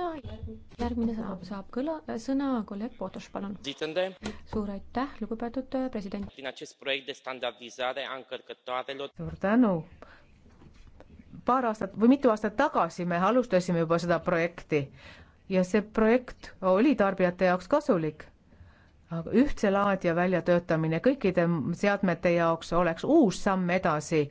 järgmine saab, saab kõla, sõna kolleeg Potoš, palun. suur aitäh, lugupeetud äh, president. suur tänu. paar aastat või mitu aastat tagasi me alustasime juba seda projekti ja see projekt oli tarbijate jaoks kasulik aga ühtse laadija väljatöötamine kõikide seadmete jaoks oleks uus samm edasi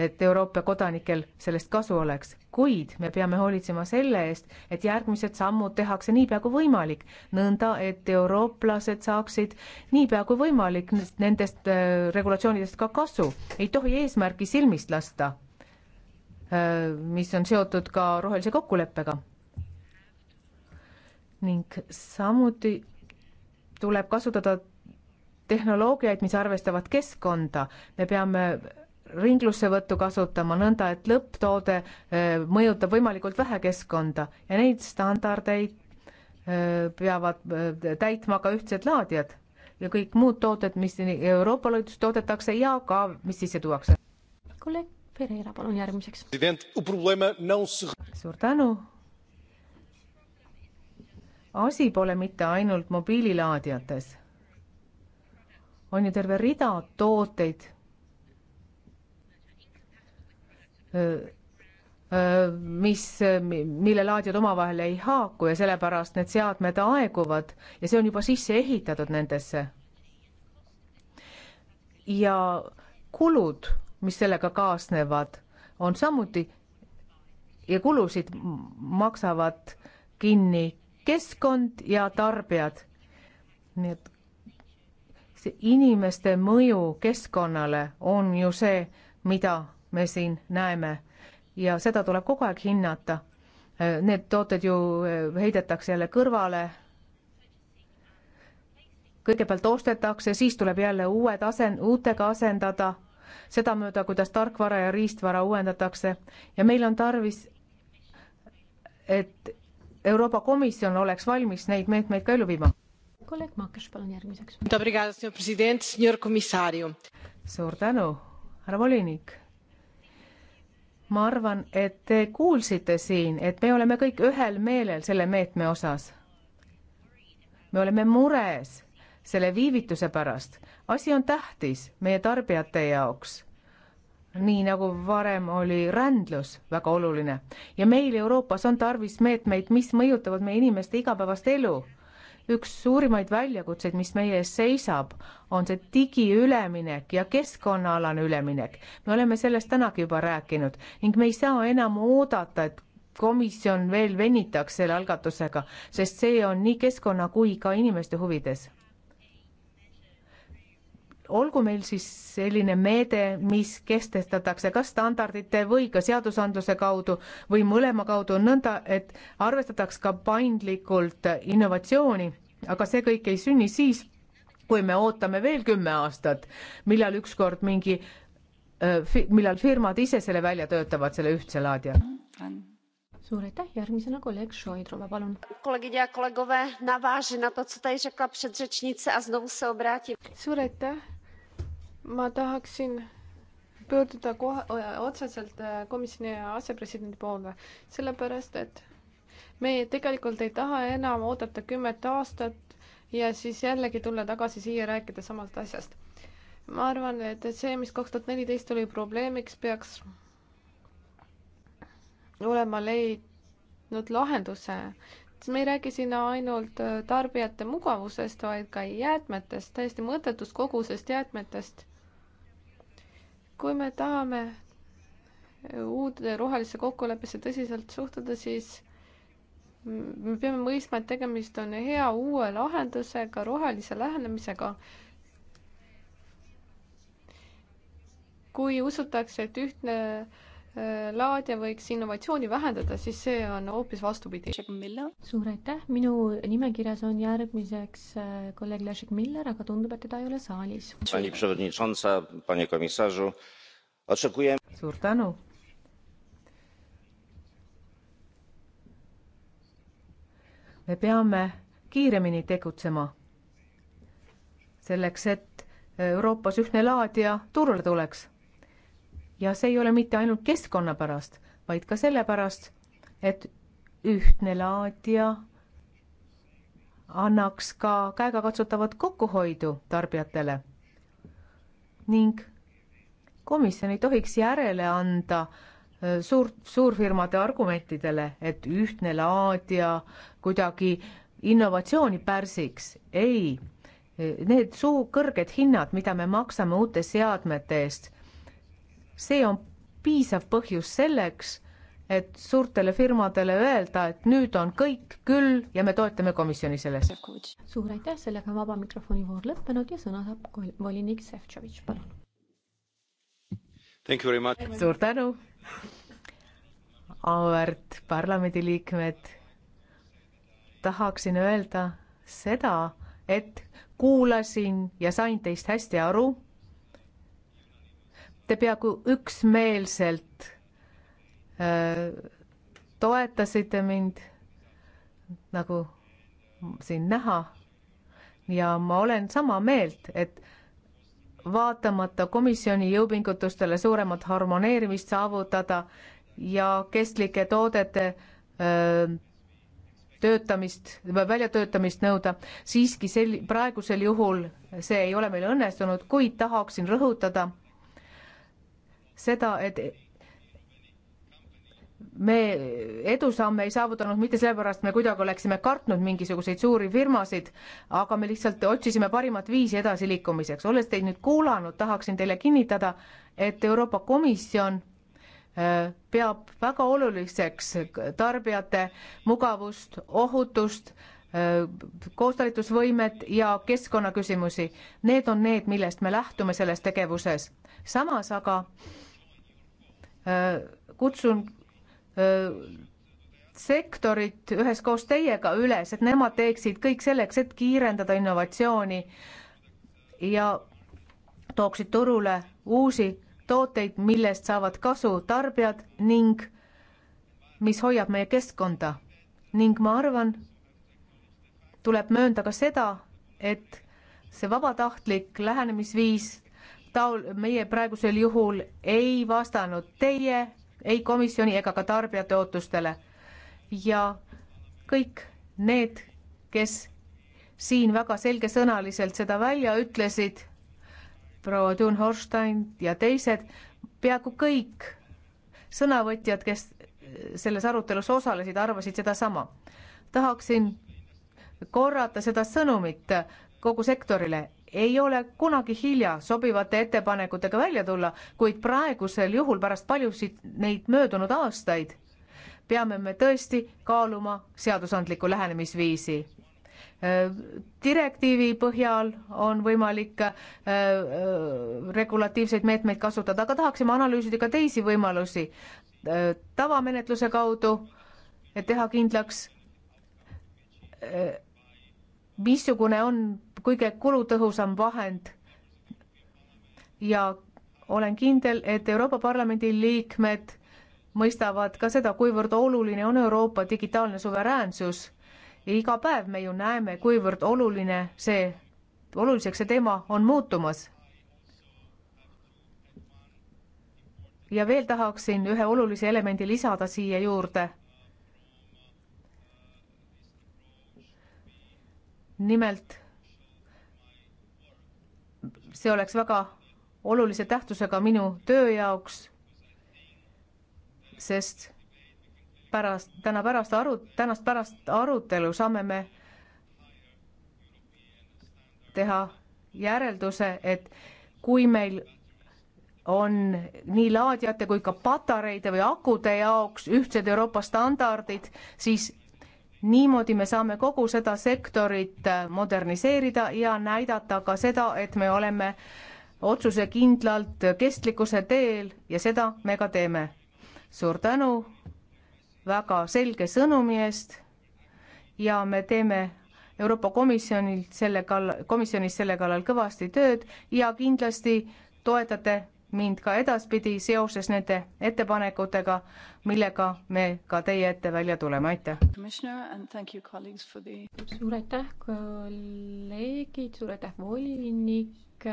et Euroopa kodanikel sellest kasu oleks, kuid me peame hoolitsema selle eest, et järgmised sammud tehakse niipea kui võimalik, nõnda et eurooplased saaksid niipea kui võimalik nendest äh, regulatsioonidest ka kasu. ei tohi eesmärki silmist lasta, äh, mis on seotud ka rohelise kokkuleppega. ning samuti tuleb kasutada tehnoloogiaid, mis arvestavad keskkonda, me peame ringlussevõttu kasutama nõnda, et lõpptoode äh, mõjutab võimalikult vähe keskkonda ja neid standardeid äh, peavad äh, täitma ka ühtsed laadijad ja kõik muud tooted, mis Euroopa Liidus toodetakse ja ka, mis sisse tuuakse. kolleeg Pereira, palun järgmiseks. suur tänu. asi pole mitte ainult mobiililaadijates. on ju terve rida tooteid mis, mille laadijad omavahel ei haaku ja sellepärast need seadmed aeguvad ja see on juba sisse ehitatud nendesse. ja kulud, mis sellega kaasnevad, on samuti ja kulusid maksavad kinni keskkond ja tarbijad. nii et see inimeste mõju keskkonnale on ju see, mida me siin näeme ja seda tuleb kogu aeg hinnata. Äh, need tooted ju äh, heidetakse jälle kõrvale. kõigepealt ostetakse, siis tuleb jälle uued asen-, uutega asendada, sedamööda, kuidas tarkvara ja riistvara uuendatakse ja meil on tarvis, et Euroopa Komisjon oleks valmis neid meetmeid ka ellu viima. kolleeg Maakas, palun järgmiseks. suur tänu, härra volinik ma arvan, et te kuulsite siin, et me oleme kõik ühel meelel selle meetme osas. me oleme mures selle viivituse pärast. asi on tähtis meie tarbijate jaoks. nii nagu varem oli rändlus väga oluline ja meil Euroopas on tarvis meetmeid, mis mõjutavad meie inimeste igapäevast elu üks suurimaid väljakutseid, mis meie ees seisab, on see digiüleminek ja keskkonnaalane üleminek. me oleme sellest tänagi juba rääkinud ning me ei saa enam oodata, et komisjon veel venitaks selle algatusega, sest see on nii keskkonna kui ka inimeste huvides olgu meil siis selline meede, mis kestestatakse kas standardite või ka seadusandluse kaudu või mõlema kaudu nõnda, et arvestataks ka paindlikult innovatsiooni, aga see kõik ei sünni siis, kui me ootame veel kümme aastat, millal ükskord mingi, äh, millal firmad ise selle välja töötavad, selle ühtse laadija suur aitäh, järgmisena kolleeg Šoidrova, palun. suur aitäh, ma tahaksin pöörduda kohe, otseselt äh, komisjoni asepresidendi poole, sellepärast et me tegelikult ei taha enam oodata kümmet aastat ja siis jällegi tulla tagasi siia rääkida samast asjast. ma arvan, et see, mis kaks tuhat neliteist oli probleemiks, peaks olen ma leidnud lahenduse. me ei räägi siin ainult äh, tarbijate mugavusest, vaid ka jäätmetest, täiesti mõttetust kogusest jäätmetest. kui me tahame äh, uude rohelisse kokkuleppesse tõsiselt suhtuda, siis me peame mõistma, et tegemist on hea uue lahendusega, rohelise lähenemisega. kui usutakse, et ühtne laadija võiks innovatsiooni vähendada, siis see on hoopis vastupidi. suur aitäh, minu nimekirjas on järgmiseks äh, kolleeg Leszek Miller, aga tundub, et teda ei ole saalis. suur tänu. me peame kiiremini tegutsema selleks, et Euroopas ühtne laadija turule tuleks ja see ei ole mitte ainult keskkonna pärast, vaid ka sellepärast, et ühtne laadija annaks ka käegakatsutavat kokkuhoidu tarbijatele. ning komisjon ei tohiks järele anda äh, suurt, suurfirmade argumentidele, et ühtne laadija kuidagi innovatsiooni pärsiks. ei, need suu-kõrged hinnad, mida me maksame uute seadmete eest see on piisav põhjus selleks, et suurtele firmadele öelda, et nüüd on kõik küll ja me toetame komisjoni selles. suur aitäh, sellega on vaba mikrofoni voor lõppenud ja sõna saab volinik Šefčovitš, palun. suur tänu, auväärt parlamendiliikmed. tahaksin öelda seda, et kuulasin ja sain teist hästi aru te peaaegu üksmeelselt äh, toetasite mind, nagu siin näha. ja ma olen sama meelt, et vaatamata komisjoni jõupingutustele suuremat harmoneerimist saavutada ja kestlike toodete öö, äh, töötamist või väljatöötamist nõuda, siiski sel-, praegusel juhul see ei ole meil õnnestunud, kuid tahaksin rõhutada, seda, et me edusamme ei saavutanud mitte sellepärast, me kuidagi oleksime kartnud mingisuguseid suuri firmasid, aga me lihtsalt otsisime parimat viisi edasiliikumiseks. olles teid nüüd kuulanud, tahaksin teile kinnitada, et Euroopa Komisjon äh, peab väga oluliseks tarbijate mugavust, ohutust, koostalitusvõimet ja keskkonnaküsimusi. Need on need, millest me lähtume selles tegevuses. samas aga kutsun sektorit üheskoos teiega üles, et nemad teeksid kõik selleks, et kiirendada innovatsiooni ja tooksid turule uusi tooteid, millest saavad kasu tarbijad ning mis hoiab meie keskkonda. ning ma arvan, tuleb möönda ka seda, et see vabatahtlik lähenemisviis taol-, meie praegusel juhul ei vastanud teie, ei komisjoni ega ka tarbijate ootustele. ja kõik need, kes siin väga selgesõnaliselt seda välja ütlesid, proua Thun Horstein ja teised, peaaegu kõik sõnavõtjad, kes selles arutelus osalesid, arvasid sedasama. tahaksin korrata seda sõnumit kogu sektorile, ei ole kunagi hilja sobivate ettepanekutega välja tulla, kuid praegusel juhul pärast paljusid neid möödunud aastaid peame me tõesti kaaluma seadusandlikku lähenemisviisi. direktiivi põhjal on võimalik äh, äh, regulatiivseid meetmeid kasutada, aga tahaksime analüüsida ka teisi võimalusi äh, tavamenetluse kaudu, et teha kindlaks missugune on kõige kulutõhusam vahend. ja olen kindel, et Euroopa Parlamendi liikmed mõistavad ka seda, kuivõrd oluline on Euroopa digitaalne suveräänsus. iga päev me ju näeme, kuivõrd oluline see, oluliseks see teema on muutumas. ja veel tahaksin ühe olulise elemendi lisada siia juurde nimelt see oleks väga olulise tähtsusega minu töö jaoks, sest pärast, täna pärast aru, tänast pärast arutelu saame me teha järelduse, et kui meil on nii laadijate kui ka patareide või akude jaoks ühtsed Euroopa standardid, siis niimoodi me saame kogu seda sektorit äh, moderniseerida ja näidata ka seda, et me oleme otsusekindlalt kestlikkuse teel ja seda me ka teeme. suur tänu väga selge sõnumi eest ja me teeme Euroopa Komisjonilt selle kallal, komisjonis selle kallal kõvasti tööd ja kindlasti toetate mind ka edaspidi seoses nende ettepanekutega, millega me ka teie ette välja tuleme, aitäh. suur aitäh, kolleegid, suur aitäh, volinik.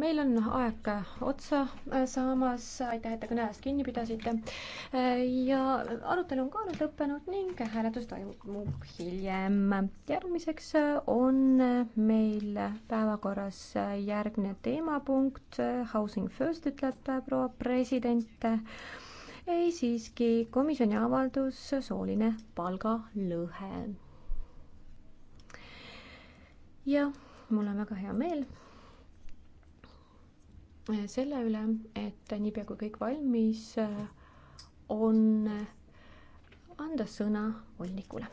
meil on aeg otsa äh, saamas, aitäh, et te kõne ajast kinni pidasite. Äh, ja arutelu on ka nüüd lõppenud ning hääletus toimub hiljem. järgmiseks äh, on meil päevakorras järgmine teemapunkt, Housing First ütleb proua president. ei siiski, komisjoni avaldus, sooline palgalõhe. jah, mul on väga hea meel selle üle, et niipea kui kõik valmis äh, on, äh, anda sõna volinikule.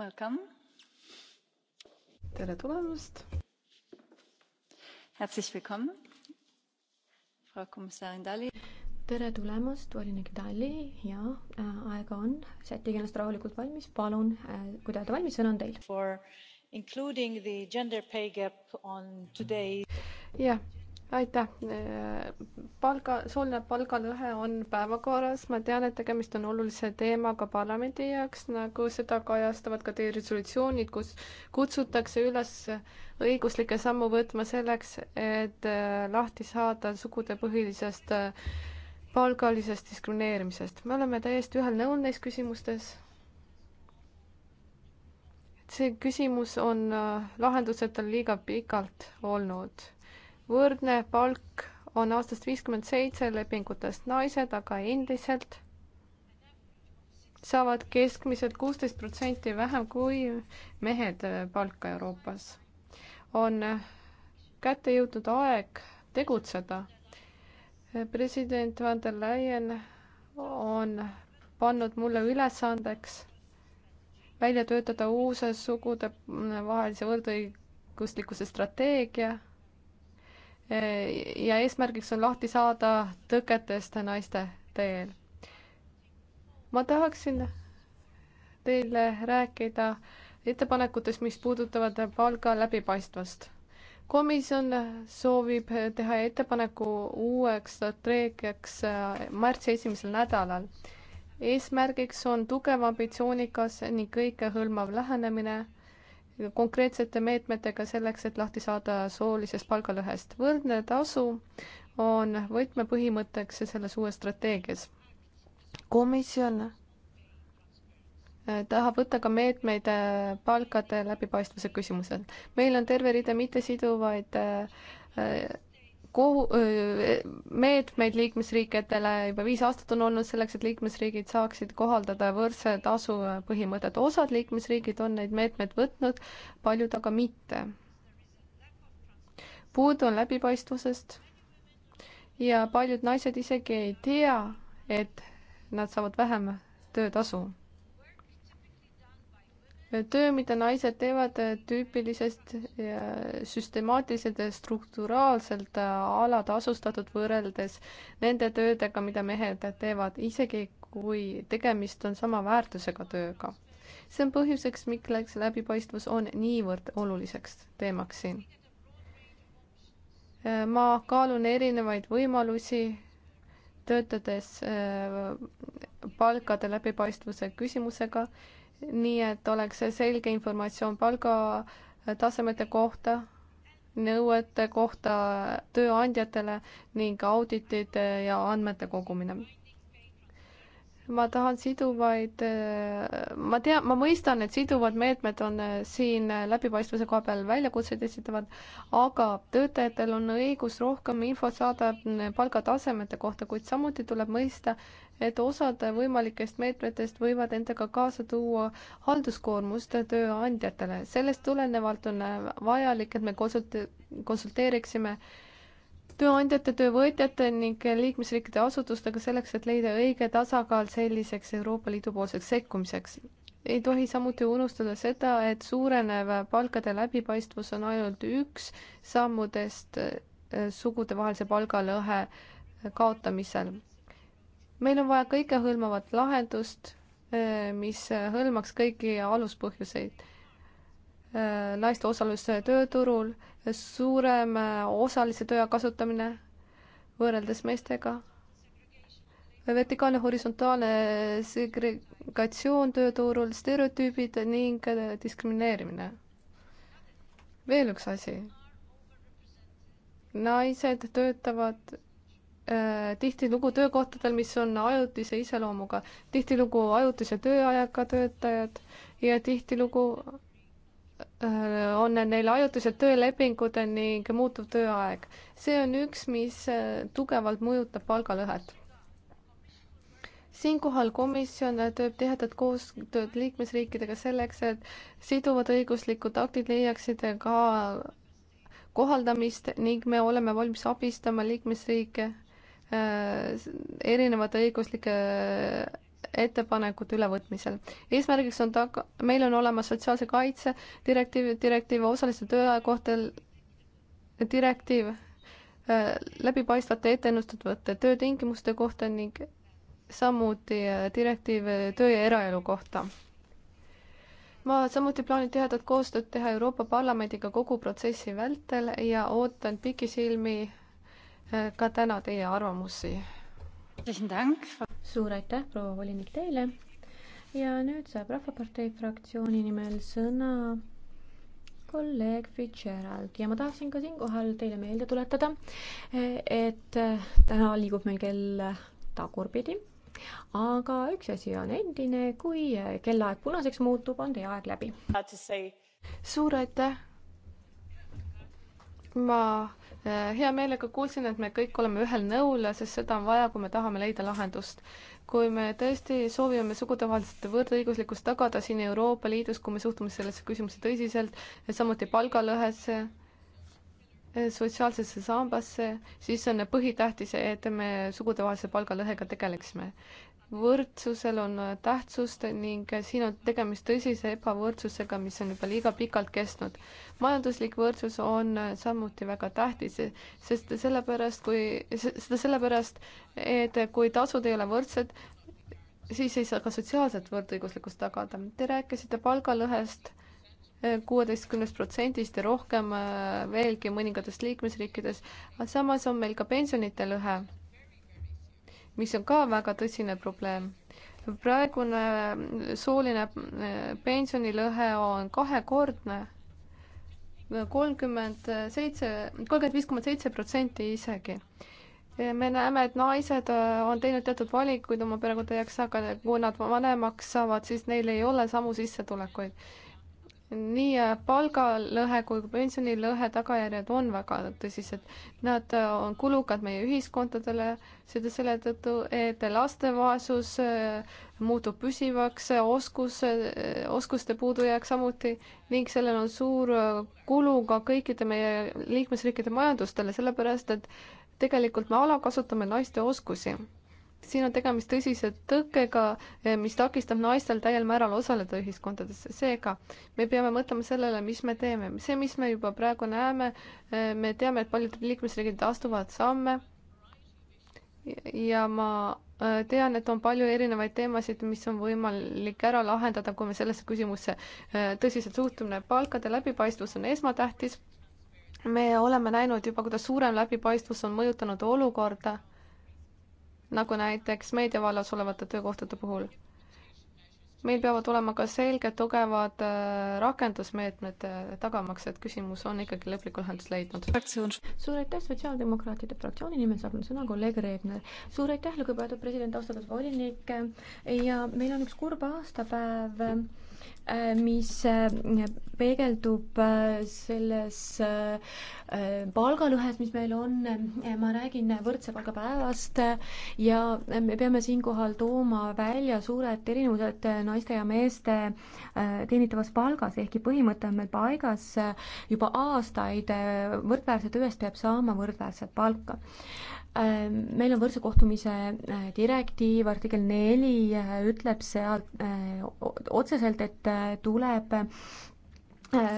Welcome. tere tulemast. Herzlich willkommen, Frau Kommissarin Dali tere tulemast, volinik Dali ja äh, aega on, sättige ennast rahulikult valmis, palun äh,, kui te olete valmis, sõna on teil. jah, aitäh. palga, sooline palgalõhe on päevakorras, ma tean, et tegemist on olulise teemaga parlamendi jaoks, nagu seda kajastavad ka teie resolutsioonid, kus kutsutakse üles õiguslikke sammu võtma selleks, et äh, lahti saada sugudepõhilisest äh, palgalisest diskrimineerimisest. me oleme täiesti ühel nõul neis küsimustes. see küsimus on äh, lahenduseta liiga pikalt olnud. võrdne palk on aastast viiskümmend seitse lepingutest naised, aga endiselt saavad keskmiselt kuusteist protsenti vähem kui mehed äh, palka Euroopas. on äh, kätte jõudnud aeg tegutseda president Van der Leyen on pannud mulle ülesandeks välja töötada uus sugude vahelise võrdõiguslikkuse strateegia ja eesmärgiks on lahti saada tõketest naiste teel. ma tahaksin teile rääkida ettepanekutest, mis puudutavad palga läbipaistvust komisjon soovib teha ettepaneku uueks strateegiaks äh, märtsi esimesel nädalal. eesmärgiks on tugev, ambitsioonikas ning kõikehõlmav lähenemine konkreetsete meetmetega selleks, et lahti saada soolisest palgalõhest. võrdne tasu on võtmepõhimõtteks selles uues strateegias. komisjon Äh, tahab võtta ka meetmeid äh, palkade läbipaistvuse küsimusel. meil on terve rida mittesiduvaid äh, kohu-, meetmeid liikmesriikidele, juba viis aastat on olnud selleks, et liikmesriigid saaksid kohaldada võrdse tasu põhimõtet. osad liikmesriigid on neid meetmeid võtnud, paljud aga mitte. puudu on läbipaistvusest ja paljud naised isegi ei tea, et nad saavad vähem töötasu töö, mida naised teevad äh, tüüpilisest ja süstemaatiliselt ja strukturaalselt äh, alatasustatud võrreldes nende töödega, mida mehed teevad, isegi kui tegemist on sama väärtusega tööga. see on põhjuseks, miks läbipaistvus on niivõrd oluliseks teemaks siin. Äh, ma kaalun erinevaid võimalusi töötades palkade läbipaistvuse küsimusega nii et oleks selge informatsioon palgatasemete kohta, nõuete kohta tööandjatele ning auditid ja andmete kogumine. ma tahan siduvaid, ma tean, ma mõistan, et siduvad meetmed on siin läbipaistvuse koha peal väljakutseid esitavad, aga töötajatel on õigus rohkem infot saada palgatasemete kohta, kuid samuti tuleb mõista, et osad võimalikest meetmetest võivad endaga kaasa tuua halduskoormust tööandjatele. sellest tulenevalt on vajalik, et me konsult-, konsulteeriksime tööandjate, töövõtjate ning liikmesriikide asutustega selleks, et leida õige tasakaal selliseks Euroopa Liidu poolseks sekkumiseks ei tohi samuti unustada seda, et suurenev palkade läbipaistvus on ainult üks sammudest eh, sugudevahelise palgalõhe kaotamisel meil on vaja kõikehõlmavat lahendust, eh, mis hõlmaks kõiki aluspõhjuseid. Eh, naiste osalus tööturul, eh, suurem osalise töö kasutamine võrreldes meestega, vertikaalne horisontaalne segregatsioon tööturul, stereotüübid ning diskrimineerimine. veel üks asi. naised töötavad Äh, tihtilugu töökohtadel, mis on ajutise iseloomuga, tihtilugu ajutise tööajaga töötajad ja tihtilugu äh, on neil ajutised töölepingud ning muutuv tööaeg. see on üks, mis äh, tugevalt mõjutab palgalõhet. siinkohal komisjon teeb tihedat koostööd liikmesriikidega selleks, et siduvad õiguslikud aktid leiaksid ka kohaldamist ning me oleme valmis abistama liikmesriike Äh, erinevate õiguslike ettepanekute ülevõtmisel. eesmärgiks on taga, meil on olemas sotsiaalse kaitse direktiiv, direktiiv osaliste tööaja kohta, direktiiv äh, läbipaistvate etteennustatavate töötingimuste kohta ning samuti äh, direktiiv töö ja eraelu kohta. ma samuti plaanin tihedat koostööd teha Euroopa Parlamendiga kogu protsessi vältel ja ootan pikisilmi ka täna teie arvamusi. suur aitäh, proua volinik teile. ja nüüd saab Rahvapartei fraktsiooni nimel sõna kolleeg Fitzgerald ja ma tahaksin ka siinkohal teile meelde tuletada, et eh, täna liigub meil kell tagurpidi aga üks asi on endine, kui eh, kellaaeg punaseks muutub, on teie aeg läbi. suur aitäh. ma Äh, hea meelega kuulsin, et me kõik oleme ühel nõul, sest seda on vaja, kui me tahame leida lahendust. kui me tõesti soovime sugudevahelist võrdõiguslikkust tagada siin Euroopa Liidus, kui me suhtume sellesse küsimusse tõsiselt, samuti palgalõhesse, äh, sotsiaalsesse sambasse, siis on põhitähtis, et me sugudevahelise palgalõhega tegeleksime võrdsusel on äh, tähtsust ning äh, siin on tegemist tõsise ebavõrdsusega, mis on juba liiga pikalt kestnud. majanduslik võrdsus on äh, samuti väga tähtis, e, sest sellepärast, kui, seda sellepärast, et kui tasud ei ole võrdsed, siis ei saa ka sotsiaalset võrdõiguslikkust tagada. Te rääkisite palgalõhest kuueteistkümnest protsendist ja rohkem veelgi mõningates liikmesriikides, samas on meil ka pensionite lõhe mis on ka väga tõsine probleem. praegune sooline äh, pensionilõhe on kahekordne, kolmkümmend seitse, kolmkümmend viis koma seitse protsenti isegi me näeme, et naised äh, on teinud teatud valikuid oma perekondade jaoks, aga kui nad vanemaks saavad, siis neil ei ole samu sissetulekuid nii äh, palgalõhe kui pensionilõhe tagajärjed on väga tõsised. Nad äh, on kulukad meie ühiskondadele, seda selle tõttu, et laste vaesus äh, muutub püsivaks, oskus, oskuste puudujääk samuti ning sellel on suur kulu ka kõikide meie liikmesriikide majandustele, sellepärast et tegelikult me alakasutame naiste oskusi siin on tegemist tõsise tõkkega, eh, mis takistab naistel täiel määral osaleda ühiskondades, seega me peame mõtlema sellele, mis me teeme, see, mis me juba praegu näeme, eh, me teame, et paljud liikmesriigid astuvad samme ja ma eh, tean, et on palju erinevaid teemasid, mis on võimalik ära lahendada, kui me sellesse küsimusse tõsiselt suhtume. palkade läbipaistvus on esmatähtis. me oleme näinud juba, kuidas suurem läbipaistvus on mõjutanud olukorda nagu näiteks meedia vallas olevate töökohtade puhul. meil peavad olema ka selged, tugevad äh, rakendusmeetmed, äh, tagamaks, et küsimus on ikkagi lõplikku lahendust leidnud. suur aitäh, Sotsiaaldemokraatide fraktsiooni nimel saab nüüd sõna kolleeg Reebner. suur aitäh, lugupeetud president, austatud volinik ja meil on üks kurb aastapäev Äh, mis äh, peegeldub äh, selles palgalõhes, mis meil on, ma räägin võrdse palga päevast ja me peame siinkohal tooma välja suured erinevused naiste ja meeste teenitavas palgas, ehkki põhimõte on meil paigas juba aastaid, võrdväärse töö eest peab saama võrdväärset palka Äh, meil on võrdse kohtumise äh, direktiiv, artikkel neli äh, ütleb seal otseselt, et tuleb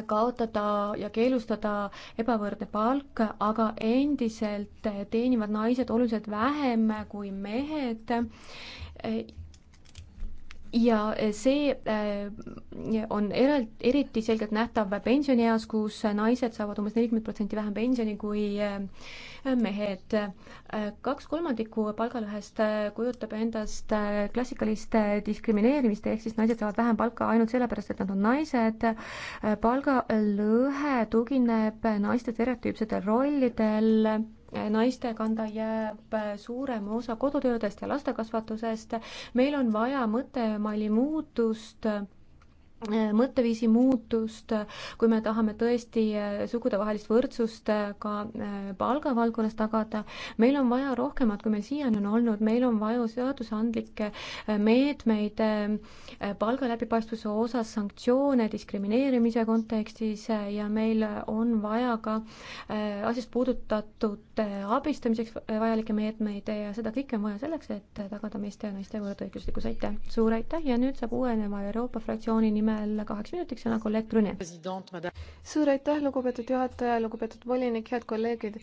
kaotada ja keelustada ebavõrdne palk, aga endiselt teenivad naised oluliselt vähem kui mehed ja eh, see eh, on eraldi, eriti selgelt nähtav pensionieas, kus naised saavad umbes nelikümmend protsenti vähem pensioni kui eh, mehed. kaks kolmandikku palgalõhest kujutab endast klassikalist diskrimineerimist, ehk siis naised saavad vähem palka ainult sellepärast, et nad on naised. palgalõhe tugineb naiste stereotüüpsetel rollidel naiste kanda jääb suurem osa kodutöödest ja lastekasvatusest. meil on vaja mõttemalli muutust mõtteviisi muutust, kui me tahame tõesti sugudevahelist võrdsust ka äh, palgavaldkonnas tagada, meil on vaja rohkemat, kui meil siiani on olnud, meil on vaja seadusandlikke äh, meetmeid äh, palga läbipaistvuse osas, sanktsioone diskrimineerimise kontekstis ja meil on vaja ka asjast puudutatud abistamiseks äh, vajalikke meetmeid ja seda kõike on vaja selleks, et äh, tagada meeste ja naiste võrdõiguslikkus, aitäh! suur aitäh ja nüüd saab uueneva Euroopa fraktsiooni nimel kaheks minutiks sõna kolleeg Brüne. suur aitäh, lugupeetud juhataja, lugupeetud volinik, head kolleegid!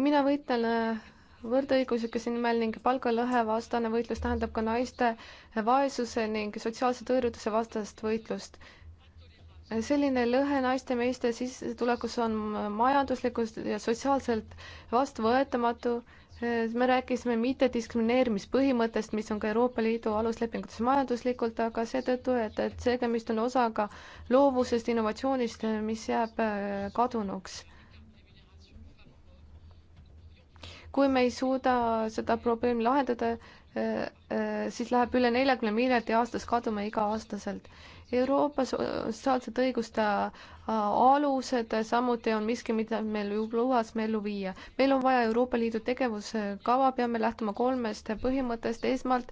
mina võitlen äh, võrdõiguslikkuse nimel ning palgalõhe vastane võitlus tähendab ka naiste vaesuse ning sotsiaalse tõrjutuse vastast võitlust selline lõhe naiste meeste sissetulekus on majanduslikult ja sotsiaalselt vastuvõetamatu. me rääkisime mittediskrimineerimispõhimõttest, mis on ka Euroopa Liidu aluslepingutes majanduslikult, aga seetõttu, et, et tegemist on osaga loovusest, innovatsioonist, mis jääb äh, kadunuks. kui me ei suuda seda probleemi lahendada, Äh, äh, siis läheb üle neljakümne miljardi aastas kaduma iga-aastaselt. Euroopa äh, sotsiaalsete õiguste alused samuti on miski, mida meil lubas me ellu viia. meil on vaja Euroopa Liidu tegevuskava, peame lähtuma kolmest põhimõttest, esmalt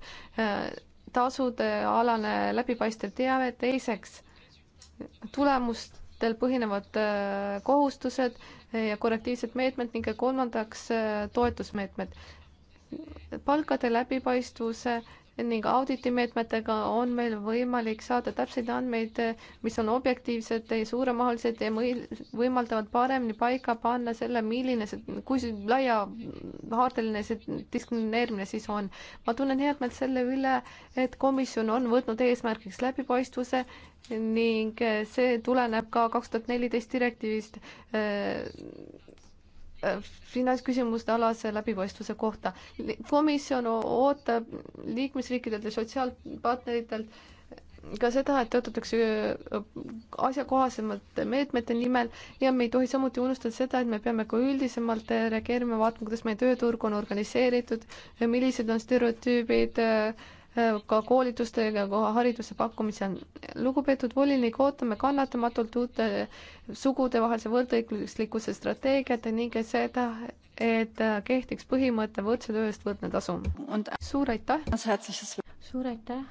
tasude alane läbipaistev teave, teiseks tulemustel põhinevad kohustused ja korrektiivsed meetmed ning kolmandaks toetusmeetmed palkade läbipaistvuse ning auditimeetmetega on meil võimalik saada täpseid andmeid, mis on objektiivsed ja suuremahulised ja võimaldavad paremini paika panna selle, milline see, kui laiahaardeline see diskrimineerimine siis on. ma tunnen head meelt selle üle, et komisjon on võtnud eesmärgiks läbipaistvuse ning see tuleneb ka kaks tuhat neliteist direktiivist Äh, finantsküsimuste alase läbipaistvuse kohta. komisjon ootab liikmesriikidelt ja sotsiaalpartneritelt ka seda, et töötatakse äh, asjakohasemate meetmete nimel ja me ei tohi samuti unustada seda, et me peame ka üldisemalt äh, reageerima, vaatama, kuidas meie tööturg on organiseeritud, millised on stereotüübid äh,, ka koolituste ja hariduse pakkumisel. lugupeetud volinik, ootame kannatamatult uute sugudevahelise võrdõiguslikkuse strateegiate ning seda, et kehtiks põhimõte võrdse töö eest võrdne tasu. suur aitäh! suur aitäh!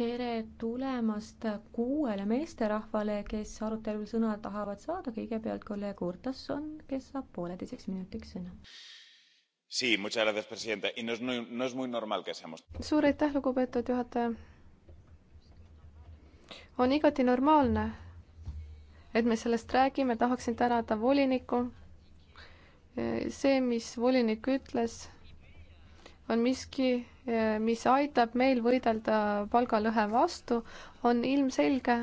tere tulemast kuuele meesterahvale, kes arutelul sõna tahavad saada. kõigepealt kolleeg Urtasson, kes saab pooleteiseks minutiks sõna suur aitäh, lugupeetud juhataja. on igati normaalne, et me sellest räägime, tahaksin tänada volinikku. see, mis volinik ütles, on miski, mis aitab meil võidelda palgalõhe vastu, on ilmselge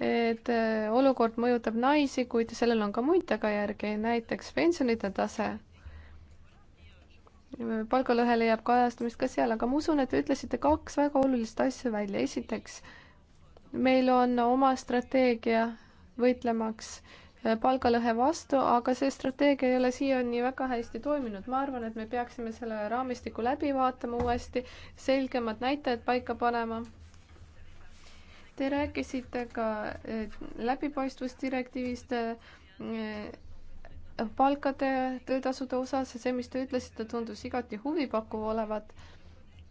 et olukord mõjutab naisi, kuid sellel on ka muid tagajärgi, näiteks pensionide tase palgalõhe leiab kajastamist ka seal, aga ma usun, et te ütlesite kaks väga olulist asja välja. esiteks, meil on oma strateegia võitlemaks äh, palgalõhe vastu, aga see strateegia ei ole siiani väga hästi toiminud. ma arvan, et me peaksime selle raamistiku läbi vaatama uuesti, selgemad näitajad paika panema. Te rääkisite ka äh, läbipaistvusdirektiivist äh, palkade, töötasude osas ja see, mis te ütlesite, tundus igati huvipakkuv olevat.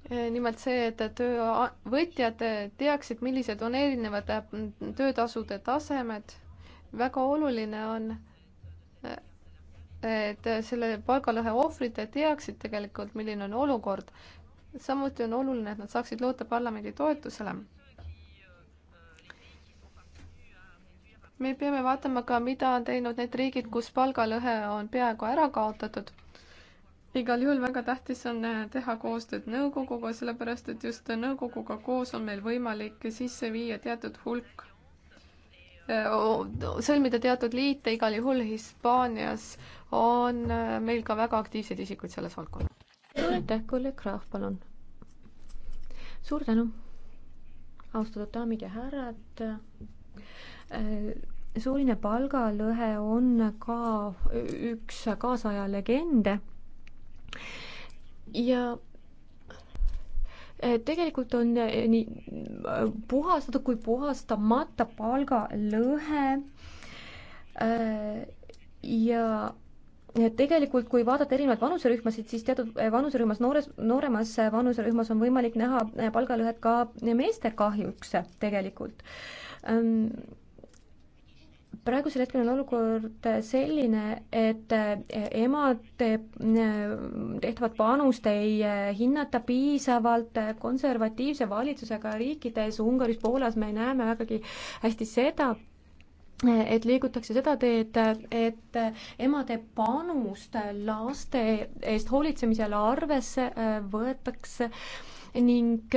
Eh, nimelt see, et töövõtjad teaksid, millised on erinevad mm, töötasude tasemed. väga oluline on, eh, et selle palgalõhe ohvrid teaksid tegelikult, milline on olukord. samuti on oluline, et nad saaksid loota parlamendi toetusele me peame vaatama ka, mida on teinud need riigid, kus palgalõhe on peaaegu ära kaotatud. igal juhul väga tähtis on eh, teha koostööd nõukoguga, sellepärast et just nõukoguga koos on meil võimalik sisse viia teatud hulk, eh, sõlmida teatud liite, igal juhul Hispaanias on eh, meil ka väga aktiivseid isikuid selles valdkonnas. aitäh, kolleeg Krahv, palun. suur tänu, austatud daamid ja härrad Äh, sooline palgalõhe on ka üks kaasaja legende ja äh, tegelikult on äh, nii puhastatud kui puhastamata palgalõhe ja Ja tegelikult, kui vaadata erinevaid vanuserühmasid, siis teatud vanuserühmas, noores, nooremas vanuserühmas on võimalik näha palgalõhet ka meeste kahjuks tegelikult. Ähm, praegusel hetkel on olukord selline, et äh, emade äh, tehtavat panust ei äh, hinnata piisavalt konservatiivse valitsusega riikides, Ungaris, Poolas me näeme vägagi hästi seda, et liigutakse seda teed, et emade panust laste eest hoolitsemisel arvesse võetakse ning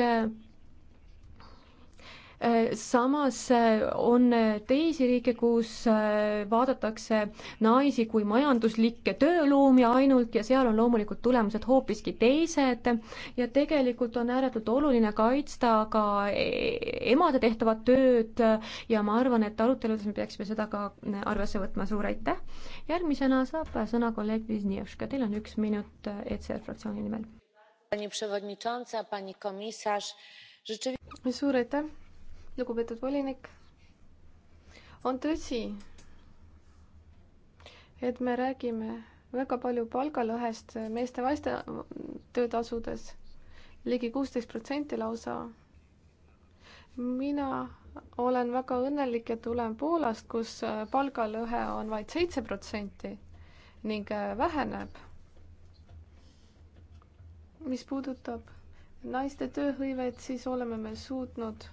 samas äh, on äh, teisi riike, kus äh, vaadatakse naisi kui majanduslikke tööloomi ainult ja seal on loomulikult tulemused hoopiski teised ja tegelikult on ääretult oluline kaitsta ka e-, emade tehtavat tööd ja ma arvan, et aruteludes me peaksime seda ka arvesse võtma, suur aitäh! järgmisena saab sõna kolleeg Viznievška, teil on üks minut ECR fraktsiooni nimel. suur aitäh! lugupeetud volinik, on tõsi, et me räägime väga palju palgalõhest meeste naiste töötasudes, ligi kuusteist protsenti lausa. mina olen väga õnnelik, et tulen Poolast, kus palgalõhe on vaid seitse protsenti ning väheneb. mis puudutab naiste tööhõivet, siis oleme me suutnud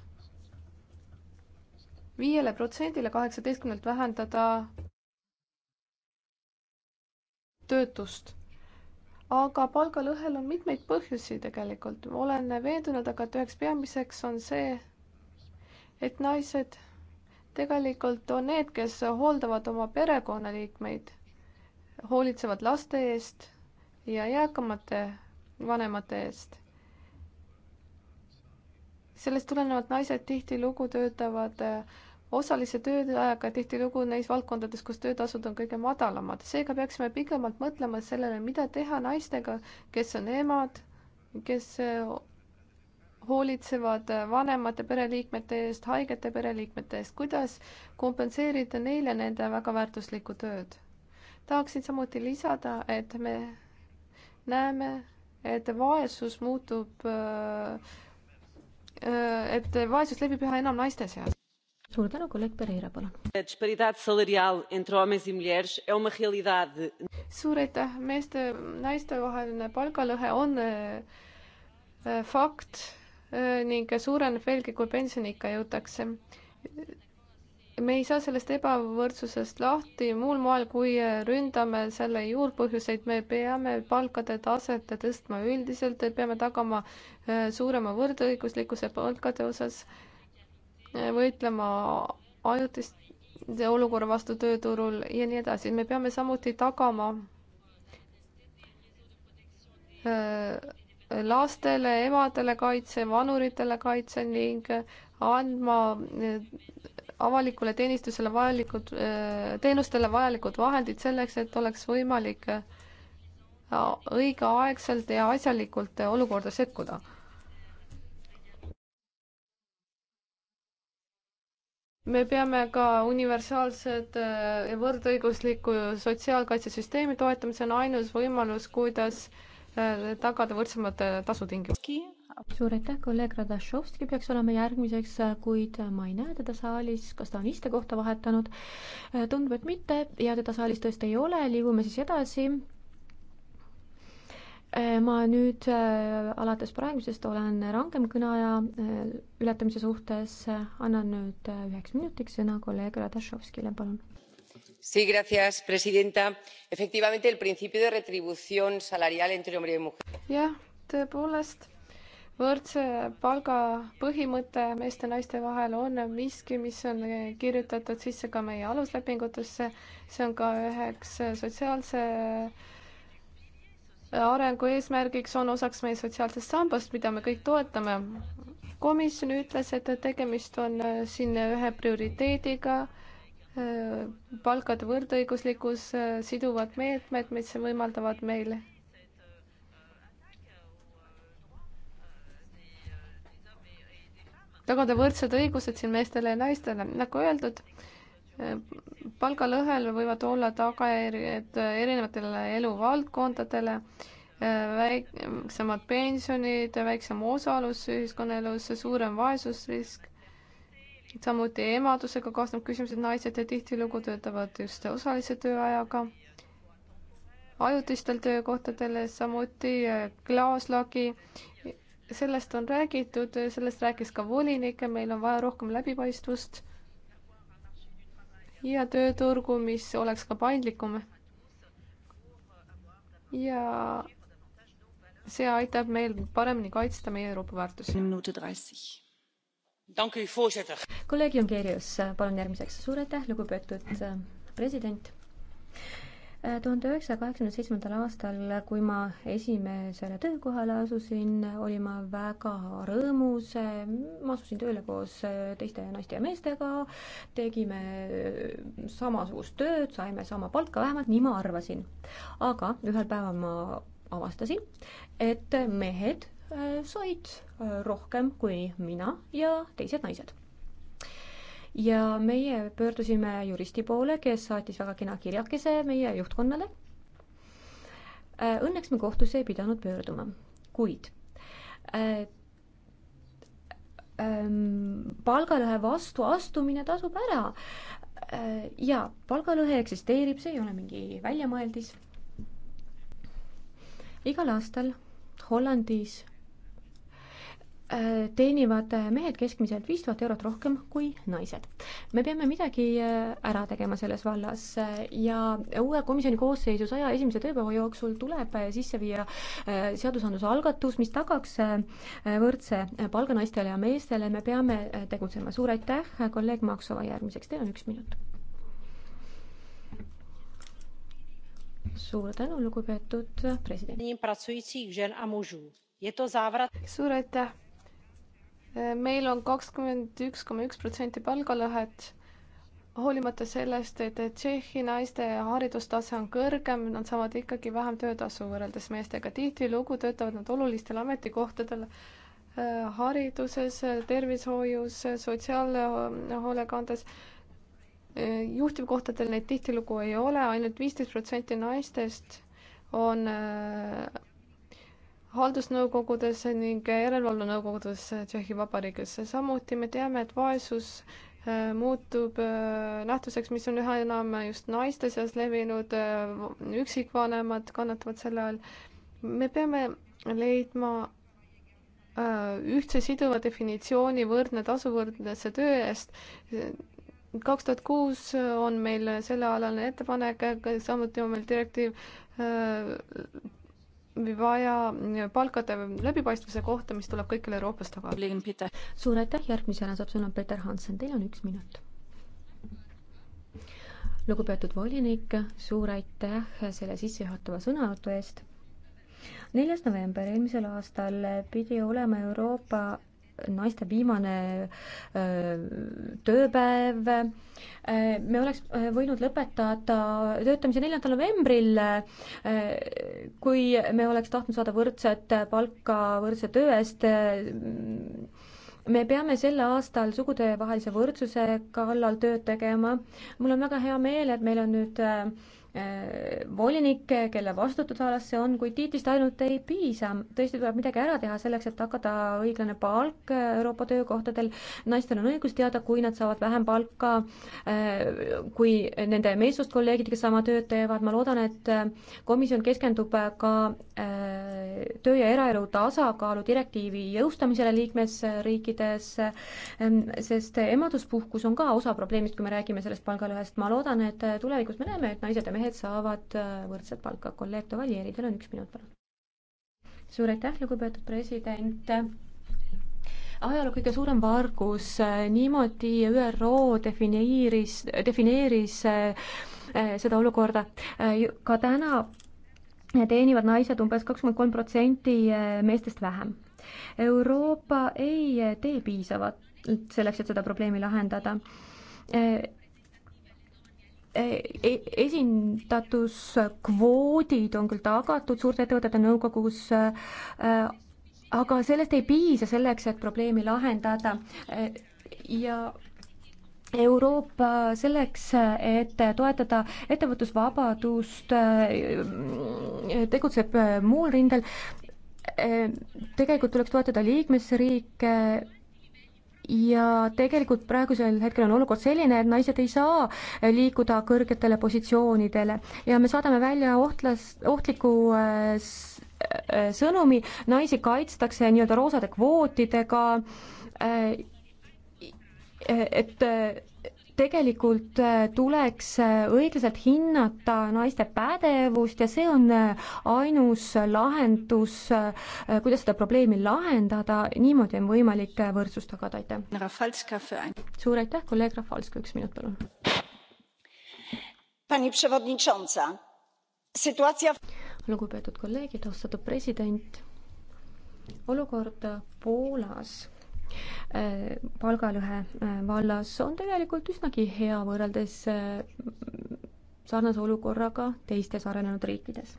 viiele protsendile kaheksateistkümnelt vähendada töötust. aga palgalõhel on mitmeid põhjusi tegelikult. olen veendunud aga, et üheks peamiseks on see, et naised tegelikult on need, kes hooldavad oma perekonnaliikmeid, hoolitsevad laste eest ja jääkamate vanemate eest sellest tulenevalt naised tihtilugu töötavad osalise tööajaga tihtilugu neis valdkondades, kus töötasud on kõige madalamad. seega peaksime pikemalt mõtlema sellele, mida teha naistega, kes on emad, kes eh, hoolitsevad eh, vanemate pereliikmete eest, haigete pereliikmete eest, kuidas kompenseerida neile nende väga väärtuslikku tööd. tahaksin samuti lisada, et me näeme, et vaesus muutub, eh, et vaesus levib üha enam naiste seas suur tänu, kolleeg Pereira, palun. E suur aitäh, meeste, naistevaheline palgalõhe on äh, äh, fakt äh, ning suureneb veelgi, kui pensioniikka jõutakse. me ei saa sellest ebavõrdsusest lahti muul moel, kui ründame selle juurpõhjuseid, me peame palkade taset tõstma üldiselt, peame tagama suurema võrdõiguslikkuse palkade osas võitlema ajutiste olukorra vastu tööturul ja nii edasi. me peame samuti tagama äh, lastele, emadele kaitse, vanuritele kaitse ning andma äh, avalikule teenistusele vajalikud, äh, teenustele vajalikud vahendid selleks, et oleks võimalik õigeaegselt ja asjalikult olukorda sekkuda me peame ka universaalsed äh, võrdõiguslikku sotsiaalkaitsesüsteemi toetama, see on ainus võimalus, kuidas äh, tagada võrdsemad äh, tasutingimused. suur aitäh, kolleeg Radašovski peaks olema järgmiseks, kuid ma ei näe teda saalis, kas ta on istekohta vahetanud? tundub, et mitte ja teda saalis tõesti ei ole, liigume siis edasi Äh, ma nüüd äh, alates praegusest olen rangem kõneaja äh, ületamise suhtes, annan nüüd üheks minutiks sõna kolleeg Radašovskile, palun. señora presidenta efectivamente el principio de retribución salarial entre hombre y mujer. jah, tõepoolest võrdse palga põhimõte meeste ja naiste vahel on miski, mis on kirjutatud sisse ka meie aluslepingutesse. see on ka üheks sotsiaalse äh, arengu eesmärgiks on osaks meie sotsiaalsest sambast, mida me kõik toetame. komisjon ütles, et tegemist on äh, siin ühe prioriteediga, äh, palkade võrdõiguslikkus, äh, siduvad meetmed, mis võimaldavad meil tagada võrdsed õigused siin meestele ja naistele, nagu öeldud palgalõhel võivad olla tagajärjed erinevatele eluvaldkondadele, väiksemad pensionid, väiksem osalus ühiskonnaelus, suurem vaesusrisk, samuti emadusega kaasnevad küsimused, naised tihtilugu töötavad just osalise tööajaga, ajutistel töökohtadel, samuti klaaslagi, sellest on räägitud, sellest rääkis ka volinik ja meil on vaja rohkem läbipaistvust ja tööturgu, mis oleks ka paindlikum. ja see aitab meil paremini kaitsta meie Euroopa väärtusi. kolleeg Jungerius, palun järgmiseks. suur aitäh, lugupeetud äh, president tuhande üheksasaja kaheksakümne seitsmendal aastal, kui ma esimesele töökohale asusin, olin ma väga rõõmus. ma asusin tööle koos teiste naiste ja meestega, tegime samasugust tööd, saime sama palka, vähemalt nii ma arvasin. aga ühel päeval ma avastasin, et mehed said rohkem kui mina ja teised naised ja meie pöördusime juristi poole, kes saatis väga kena kirjakese meie juhtkonnale. Äh, õnneks me kohtusse ei pidanud pöörduma, kuid äh, ähm, palgalõhe vastu astumine tasub ära. Äh, ja palgalõhe eksisteerib, see ei ole mingi väljamõeldis. igal aastal Hollandis Äh, teenivad äh, mehed keskmiselt viis tuhat eurot rohkem kui naised. me peame midagi äh, ära tegema selles vallas ja uue komisjoni koosseisu saja esimese tööpäeva jooksul tuleb sisse viia seadusandluse algatus, mis tagaks võrdse palga naistele ja meestele, me peame tegutsema. suur aitäh, kolleeg Maksova, järgmiseks teil on üks minut. suur tänu, lugupeetud president. suur aitäh meil on kakskümmend üks koma üks protsenti palgalõhet, hoolimata sellest, et Tšehhi naiste haridustase on kõrgem, nad saavad ikkagi vähem töötasu võrreldes meestega. tihtilugu töötavad nad olulistel ametikohtadel äh, hariduses, tervishoius, sotsiaalhoolekandes äh, juhtivkohtadel neid tihtilugu ei ole ainult, ainult viisteist protsenti naistest on äh, haldusnõukogudes ning järelevalvenõukogudes Tšehhi Vabariigis. samuti me teame, et vaesus äh, muutub äh, nähtuseks, mis on üha enam just naiste seas levinud, äh, üksikvanemad kannatavad selle all. me peame leidma ühtse siduva definitsiooni võrdne tasu võrdse töö eest. kaks tuhat kuus on meil sellealane ettepanek, samuti on meil direktiiv vaja äh, palkade läbipaistvuse kohta, mis tuleb kõikjal Euroopas tagada. suur aitäh, järgmisena saab sõna Peter Hansen, teil on üks minut. lugupeetud volinik, suur aitäh selle sissejuhatava sõnavõtu eest neljas november eelmisel aastal pidi olema Euroopa naiste viimane tööpäev. me oleks võinud lõpetada töötamise neljandal novembril, kui me oleks tahtnud saada võrdset palka võrdse töö eest me peame sel aastal sugudevahelise võrdsuse kallal tööd tegema. mul on väga hea meel, et meil on nüüd äh, Äh, volinik, kelle vastutusalas see on, kuid tiitlist ainult ei piisa. tõesti tuleb midagi ära teha selleks, et hakata õiglane palk äh, Euroopa töökohtadel. naistel on õigus teada, kui nad saavad vähem palka äh, kui nende meessoost kolleegid, kes sama tööd teevad. ma loodan, et komisjon keskendub ka töö ja eraelu tasakaalu direktiivi jõustamisele liikmesriikides, sest emaduspuhkus on ka osa probleemist, kui me räägime sellest palgalõhest. ma loodan, et tulevikus me näeme, et naised ja mehed mehed saavad äh, võrdset palka. kolleeg Tovalieri, teil on üks minut, palun. suur aitäh, lugupeetud president ajaloo kõige suurem vargus, äh, niimoodi ÜRO defineeris, defineeris äh, seda olukorda. ka täna teenivad naised umbes kakskümmend kolm protsenti meestest vähem. Euroopa ei tee piisavalt selleks, et seda probleemi lahendada E, e, esindatuskvoodid on küll tagatud suurte ettevõtete nõukogus, e, aga sellest ei piisa selleks, et probleemi lahendada ja Euroopa selleks, et toetada ettevõtlusvabadust, tegutseb muul rindel. tegelikult tuleks toetada liikmesriike ja tegelikult praegusel hetkel on olukord selline, et naised ei saa liikuda kõrgetele positsioonidele ja me saadame välja ohtlas, ohtliku äh, äh, sõnumi, naisi kaitstakse nii-öelda roosade kvootidega, äh, et tegelikult äh, tuleks äh, õiglaselt hinnata naiste pädevust ja see on äh, ainus lahendus, kuidas seda probleemi lahendada, niimoodi on võimalik võrdsus tagada, aitäh. suur aitäh, kolleeg Rafalska, üks minut, palun. Pani przewodnicząca, sytuacja. lugupeetud kolleegid, austatud president, olukord Poolas Äh, palgalõhe äh, vallas on tegelikult üsnagi hea võrreldes äh, sarnase olukorraga teistes arenenud riikides.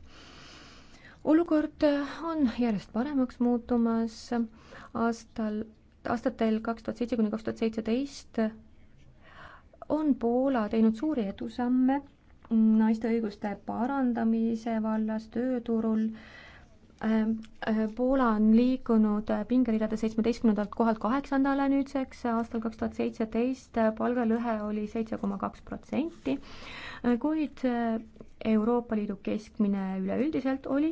olukord on järjest paremaks muutumas, aastal, aastatel kaks tuhat seitse kuni kaks tuhat seitseteist on Poola teinud suuri edusamme naiste õiguste parandamise vallas, tööturul äh,, Ehm, eh, Poola on liikunud eh, pingeridade seitsmeteistkümnendalt kohalt kaheksandale nüüdseks, eh, aastal kaks tuhat seitseteist palgalõhe oli seitse koma kaks protsenti, kuid Euroopa Liidu keskmine üleüldiselt oli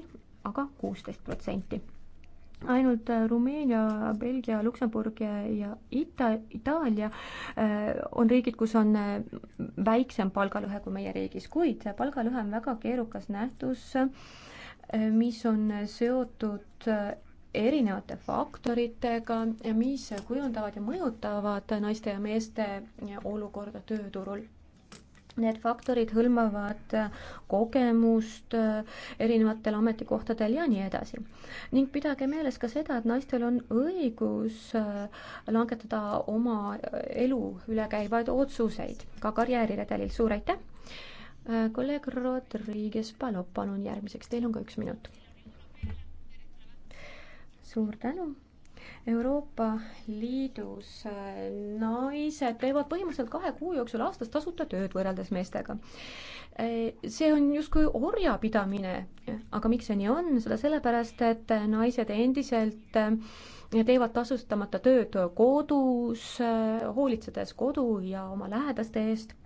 aga kuusteist protsenti ainult Rumeenia, Belgia, Luksemburg ja Ita-, Itaalia on riigid, kus on väiksem palgalõhe kui meie riigis, kuid palgalõhe on väga keerukas nähtus mis on seotud äh, erinevate faktoritega, mis kujundavad ja mõjutavad naiste ja meeste äh, olukorda tööturul. Need faktorid hõlmavad äh, kogemust erinevatel ametikohtadel ja nii edasi. ning pidage meeles ka seda, et naistel on õigus langetada oma elu üle käivaid otsuseid ka karjääriredelil. suur aitäh! Äh, kolleeg Rodriguez Palop, palun järgmiseks, teil on ka üks minut. suur tänu Euroopa Liidus äh, naised teevad põhimõtteliselt kahe kuu jooksul aastas tasuta tööd võrreldes meestega. Äh, see on justkui orjapidamine, aga miks see nii on, seda sellepärast, et naised endiselt teevad tasustamata tööd kodus, hoolitsedes kodu ja oma lähedaste eest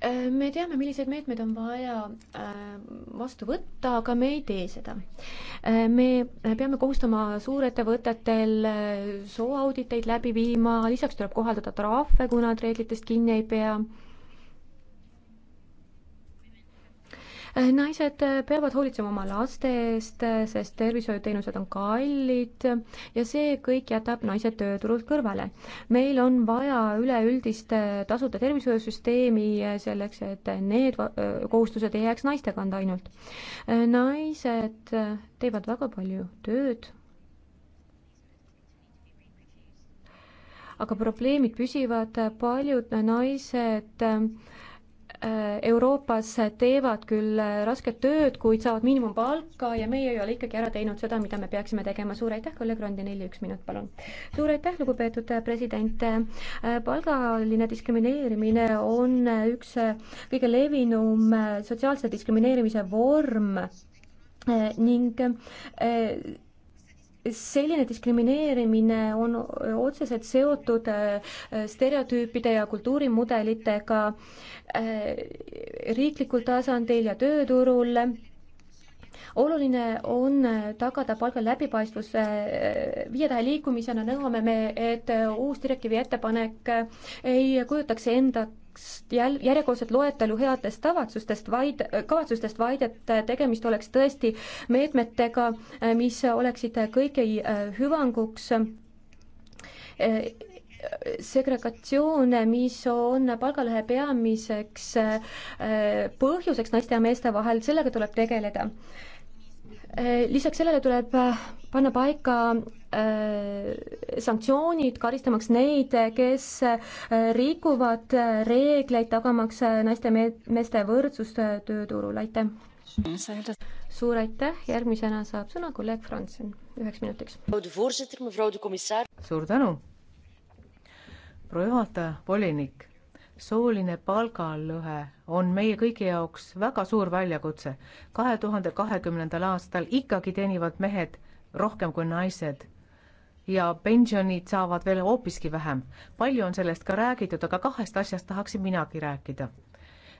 Äh, me teame, milliseid meetmeid on vaja äh, vastu võtta, aga me ei tee seda. Äh, me peame kohustama suurettevõtetel sooauditeid läbi viima, lisaks tuleb kohaldada trahve, kui nad reeglitest kinni ei pea Eh, naised eh, peavad hoolitsema oma laste eest, eh, sest tervishoiuteenused on kallid ja see kõik jätab naised tööturult kõrvale. meil on vaja üleüldist tasuta tervishoiusüsteemi selleks, et need kohustused ei jääks naiste kanda ainult. naised teevad väga palju tööd aga probleemid püsivad, paljud naised Äh, Euroopas teevad küll äh, rasket tööd, kuid saavad miinimumpalka ja meie ei ole ikkagi ära teinud seda, mida me peaksime tegema. suur aitäh, kolleeg Randinelli, üks minut, palun. suur aitäh, lugupeetud äh, president. palgaline diskrimineerimine on üks kõige levinum sotsiaalse diskrimineerimise vorm ning selline diskrimineerimine on otseselt seotud äh, stereotüüpide ja kultuurimudelitega äh, riiklikul tasandil ja tööturul. oluline on tagada palgal läbipaistvus. Äh, viie tähe liikumisena nõuame me, et uus direktiivi ettepanek ei kujutaks enda oleks jäl-, järjekordset loetelu headest tavatsustest, vaid, kavatsustest, vaid et tegemist oleks tõesti meetmetega, mis oleksid kõigi äh, hüvanguks äh, segregatsioon, mis on palgalõhe peamiseks äh, põhjuseks naiste ja meeste vahel, sellega tuleb tegeleda Äh, lisaks sellele tuleb äh, panna paika äh, sanktsioonid, karistamaks neid, kes rikuvad reegleid, tagamaks naiste me-, meeste võrdsust tööturul, aitäh! suur aitäh, järgmisena saab sõna kolleeg Franzen, üheks minutiks. suur tänu! proua juhataja, volinik, sooline palgalõhe on meie kõigi jaoks väga suur väljakutse. kahe tuhande kahekümnendal aastal ikkagi teenivad mehed rohkem kui naised ja pensionid saavad veel hoopiski vähem. palju on sellest ka räägitud, aga kahest asjast tahaksin minagi rääkida.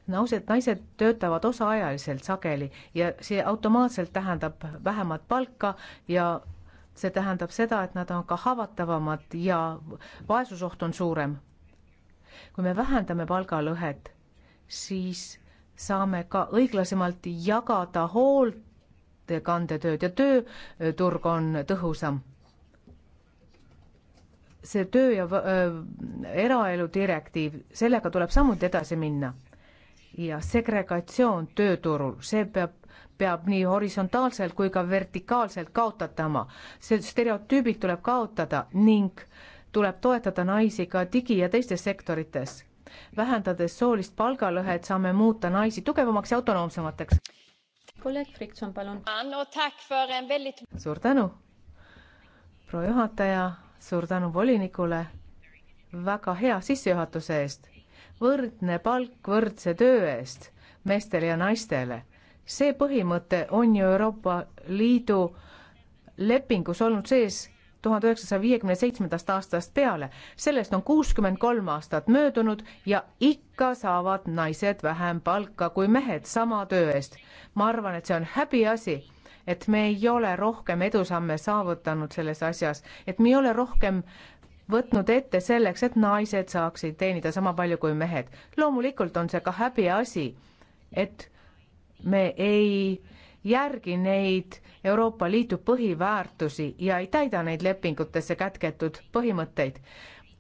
naised, naised töötavad osaajaliselt sageli ja see automaatselt tähendab vähemat palka ja see tähendab seda, et nad on ka haavatavamad ja vaesusoht on suurem kui me vähendame palgalõhet, siis saame ka õiglasemalt jagada hooldekandetööd ja tööturg on tõhusam. see töö ja äh, eraelu direktiiv, sellega tuleb samuti edasi minna. ja segregatsioon tööturul, see peab peab nii horisontaalselt kui ka vertikaalselt kaotatama. see stereotüübid tuleb kaotada ning äh, tuleb toetada naisi ka digi- ja teistes sektorites. vähendades soolist palgalõhet, saame muuta naisi tugevamaks ja autonoomsemateks. kolleeg Frikson, palun. suur tänu, proua juhataja, suur tänu volinikule väga hea sissejuhatuse eest. võrdne palk võrdse töö eest meestele ja naistele. see põhimõte on ju Euroopa Liidu lepingus olnud sees tuhande üheksasaja viiekümne seitsmendast aastast peale. sellest on kuuskümmend kolm aastat möödunud ja ikka saavad naised vähem palka kui mehed sama töö eest. ma arvan, et see on häbiasi, et me ei ole rohkem edusamme saavutanud selles asjas, et me ei ole rohkem võtnud ette selleks, et naised saaksid teenida sama palju kui mehed. loomulikult on see ka häbiasi, et me ei äh, järgi neid Euroopa Liidu põhiväärtusi ja ei täida neid lepingutesse kätketud põhimõtteid.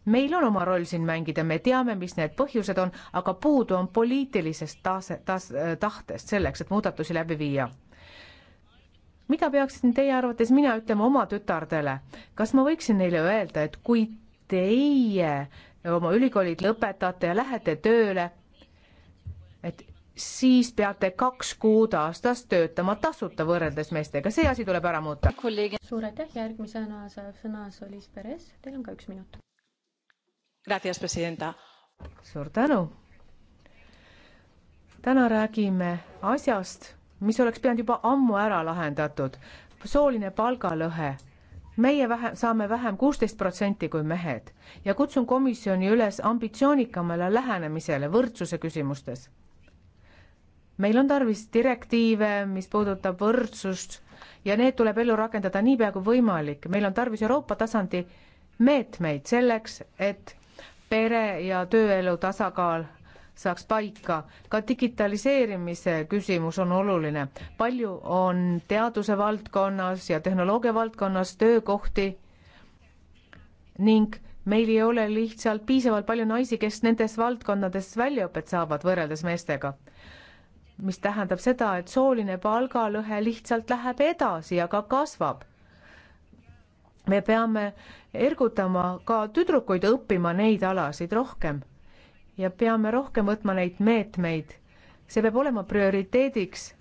meil on oma roll siin mängida, me teame, mis need põhjused on, aga puudu on poliitilisest tase, tas-, äh, tahtest selleks, et muudatusi läbi viia mida peaksin teie arvates mina ütlema oma tütardele, kas ma võiksin neile öelda, et kui teie oma ülikoolid lõpetate ja lähete tööle, et siis peate kaks kuud aastas töötama tasuta võrreldes meestega, see asi tuleb ära muuta. suur aitäh, järgmisena saab sõna Solis Perez, teil on ka üks minut. suur tänu. täna räägime asjast, mis oleks pidanud juba ammu ära lahendatud, sooline palgalõhe meie vähe, saame vähem kuusteist protsenti kui mehed ja kutsun komisjoni üles ambitsioonikamale lähenemisele võrdsuse küsimustes meil on tarvis direktiive, mis puudutab võrdsust ja need tuleb ellu rakendada niipea kui võimalik. meil on tarvis Euroopa tasandi meetmeid selleks, et pere ja tööelu tasakaal saaks paika. ka digitaliseerimise küsimus on oluline. palju on teaduse valdkonnas ja tehnoloogia valdkonnas töökohti ning meil ei ole lihtsalt piisavalt palju naisi, kes nendes valdkondades väljaõpet saavad võrreldes meestega mis tähendab seda, et sooline palgalõhe lihtsalt läheb edasi ja ka kasvab. me peame ergutama ka tüdrukuid õppima neid alasid rohkem ja peame rohkem võtma neid meetmeid. see peab olema prioriteediks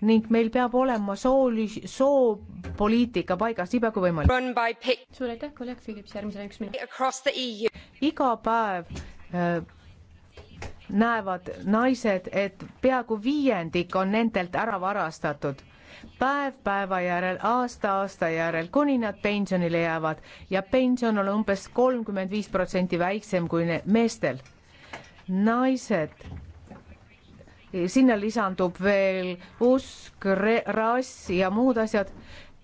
ning meil peab olema sooli-, soopoliitika paigas nii pea kui võimalik. suur aitäh, kolleeg Philips, järgmisele üks minut. E iga päev äh, näevad naised, et peaaegu viiendik on nendelt ära varastatud päev päeva järel, aasta aasta järel, kuni nad pensionile jäävad ja pension on umbes kolmkümmend viis protsenti väiksem kui meestel. naised, sinna lisandub veel usk, rass ja muud asjad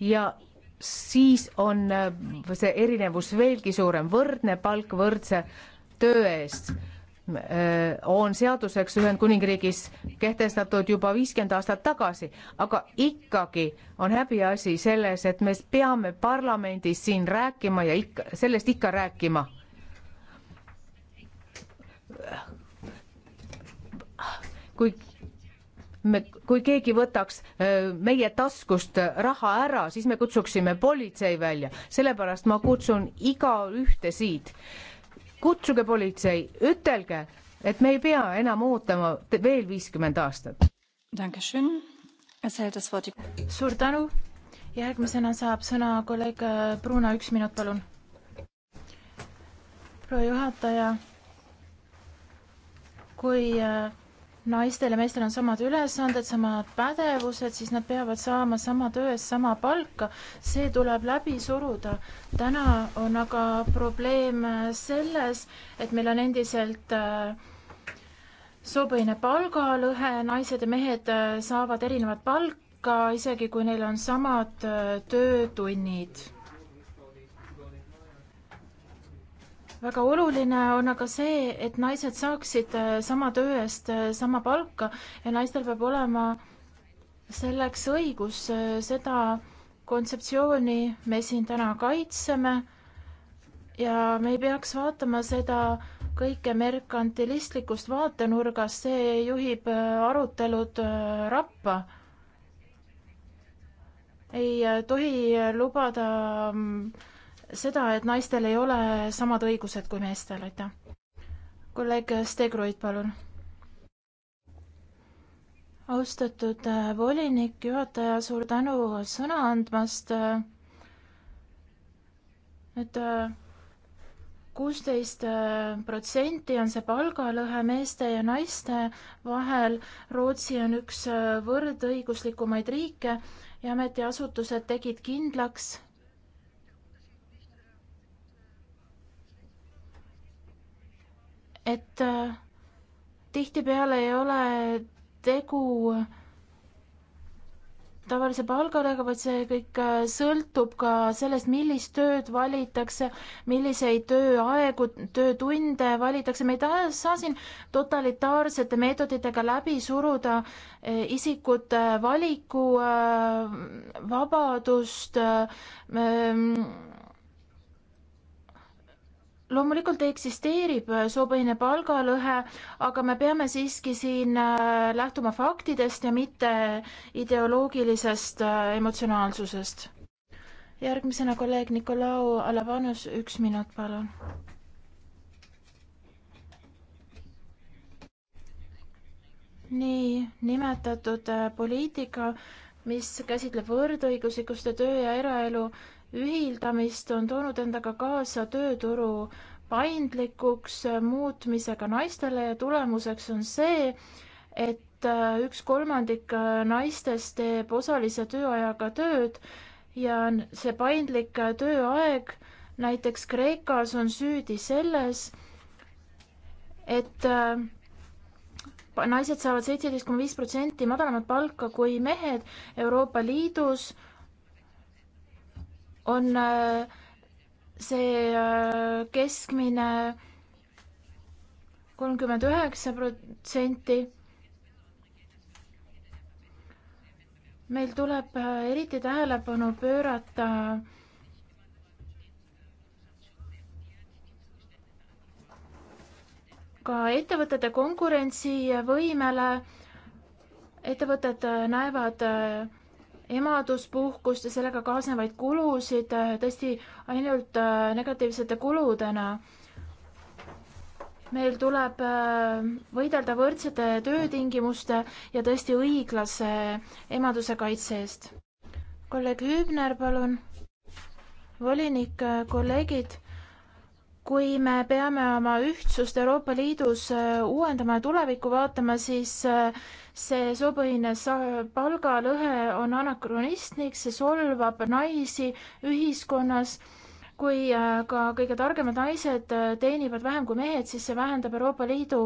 ja siis on äh, see erinevus veelgi suurem, võrdne palk võrdse töö eest Äh, on seaduseks Ühendkuningriigis kehtestatud juba viiskümmend aastat tagasi, aga ikkagi on häbiasi selles, et me peame parlamendis siin rääkima ja ikka, sellest ikka rääkima. kui me, kui keegi võtaks äh, meie taskust raha ära, siis me kutsuksime politsei välja, sellepärast ma kutsun igaühte siit kutsuge politsei, ütelge, et me ei pea enam ootama veel viiskümmend aastat. suur tänu. järgmisena saab sõna kolleeg äh, Bruno, üks minut, palun. proua juhataja, kui äh, naistel ja meestel on samad ülesanded, samad pädevused, siis nad peavad saama sama töö eest sama palka. see tuleb läbi suruda. täna on aga probleem selles, et meil on endiselt äh, soopõhine palgalõhe, naised ja mehed äh, saavad erinevat palka, isegi kui neil on samad äh, töötunnid väga oluline on aga see, et naised saaksid äh, sama töö eest äh, sama palka ja naistel peab olema selleks õigus, äh, seda kontseptsiooni me siin täna kaitseme ja me ei peaks vaatama seda kõike merkantilistlikust vaatenurgast, see juhib arutelud rappa. ei tohi lubada mm, seda, et naistel ei ole samad õigused kui meestel, aitäh. kolleeg Stegroid, palun. austatud äh, volinik, juhataja, suur tänu sõna andmast. et äh, kuusteist äh, protsenti on see palgalõhe meeste ja naiste vahel. Rootsi on üks võrdõiguslikumaid riike ja ametiasutused tegid kindlaks, et äh, tihtipeale ei ole tegu tavalise palgaga, vaid see kõik äh, sõltub ka sellest, millist tööd valitakse, milliseid tööaegu, töötunde valitakse, me ei saa siin totalitaarsete meetoditega läbi suruda äh, isikute valikuvabadust äh, loomulikult eksisteerib äh, soopõhine palgalõhe, aga me peame siiski siin äh, lähtuma faktidest ja mitte ideoloogilisest äh, emotsionaalsusest. järgmisena kolleeg Nikolau Alavanus, üks minut, palun. nii, nimetatud poliitika, mis käsitleb võrdõiguslikkust ja töö ja eraelu ühildamist on toonud endaga kaasa tööturu paindlikuks muutmisega naistele ja tulemuseks on see, et äh, üks kolmandik äh, naistest teeb osalise tööajaga tööd ja see paindlik äh, tööaeg näiteks Kreekas on süüdi selles, et naised saavad seitseteist koma viis protsenti madalamat palka kui mehed Euroopa Liidus on äh, see äh, keskmine kolmkümmend üheksa protsenti. meil tuleb äh, eriti tähelepanu pöörata ka ettevõtete konkurentsivõimele. ettevõtted näevad emaduspuhkust ja sellega kaasnevaid kulusid tõesti ainult äh, negatiivsete kuludena. meil tuleb äh, võidelda võrdsete töötingimuste ja tõesti õiglase emaduse kaitse eest. kolleeg Hübner, palun. volinik, äh, kolleegid kui me peame oma ühtsust Euroopa Liidus äh, uuendama ja tulevikku vaatama, siis äh, see soopõhine palgalõhe on anakronistlik, see solvab naisi ühiskonnas kui äh, ka kõige targemad naised äh, teenivad vähem kui mehed, siis see vähendab Euroopa Liidu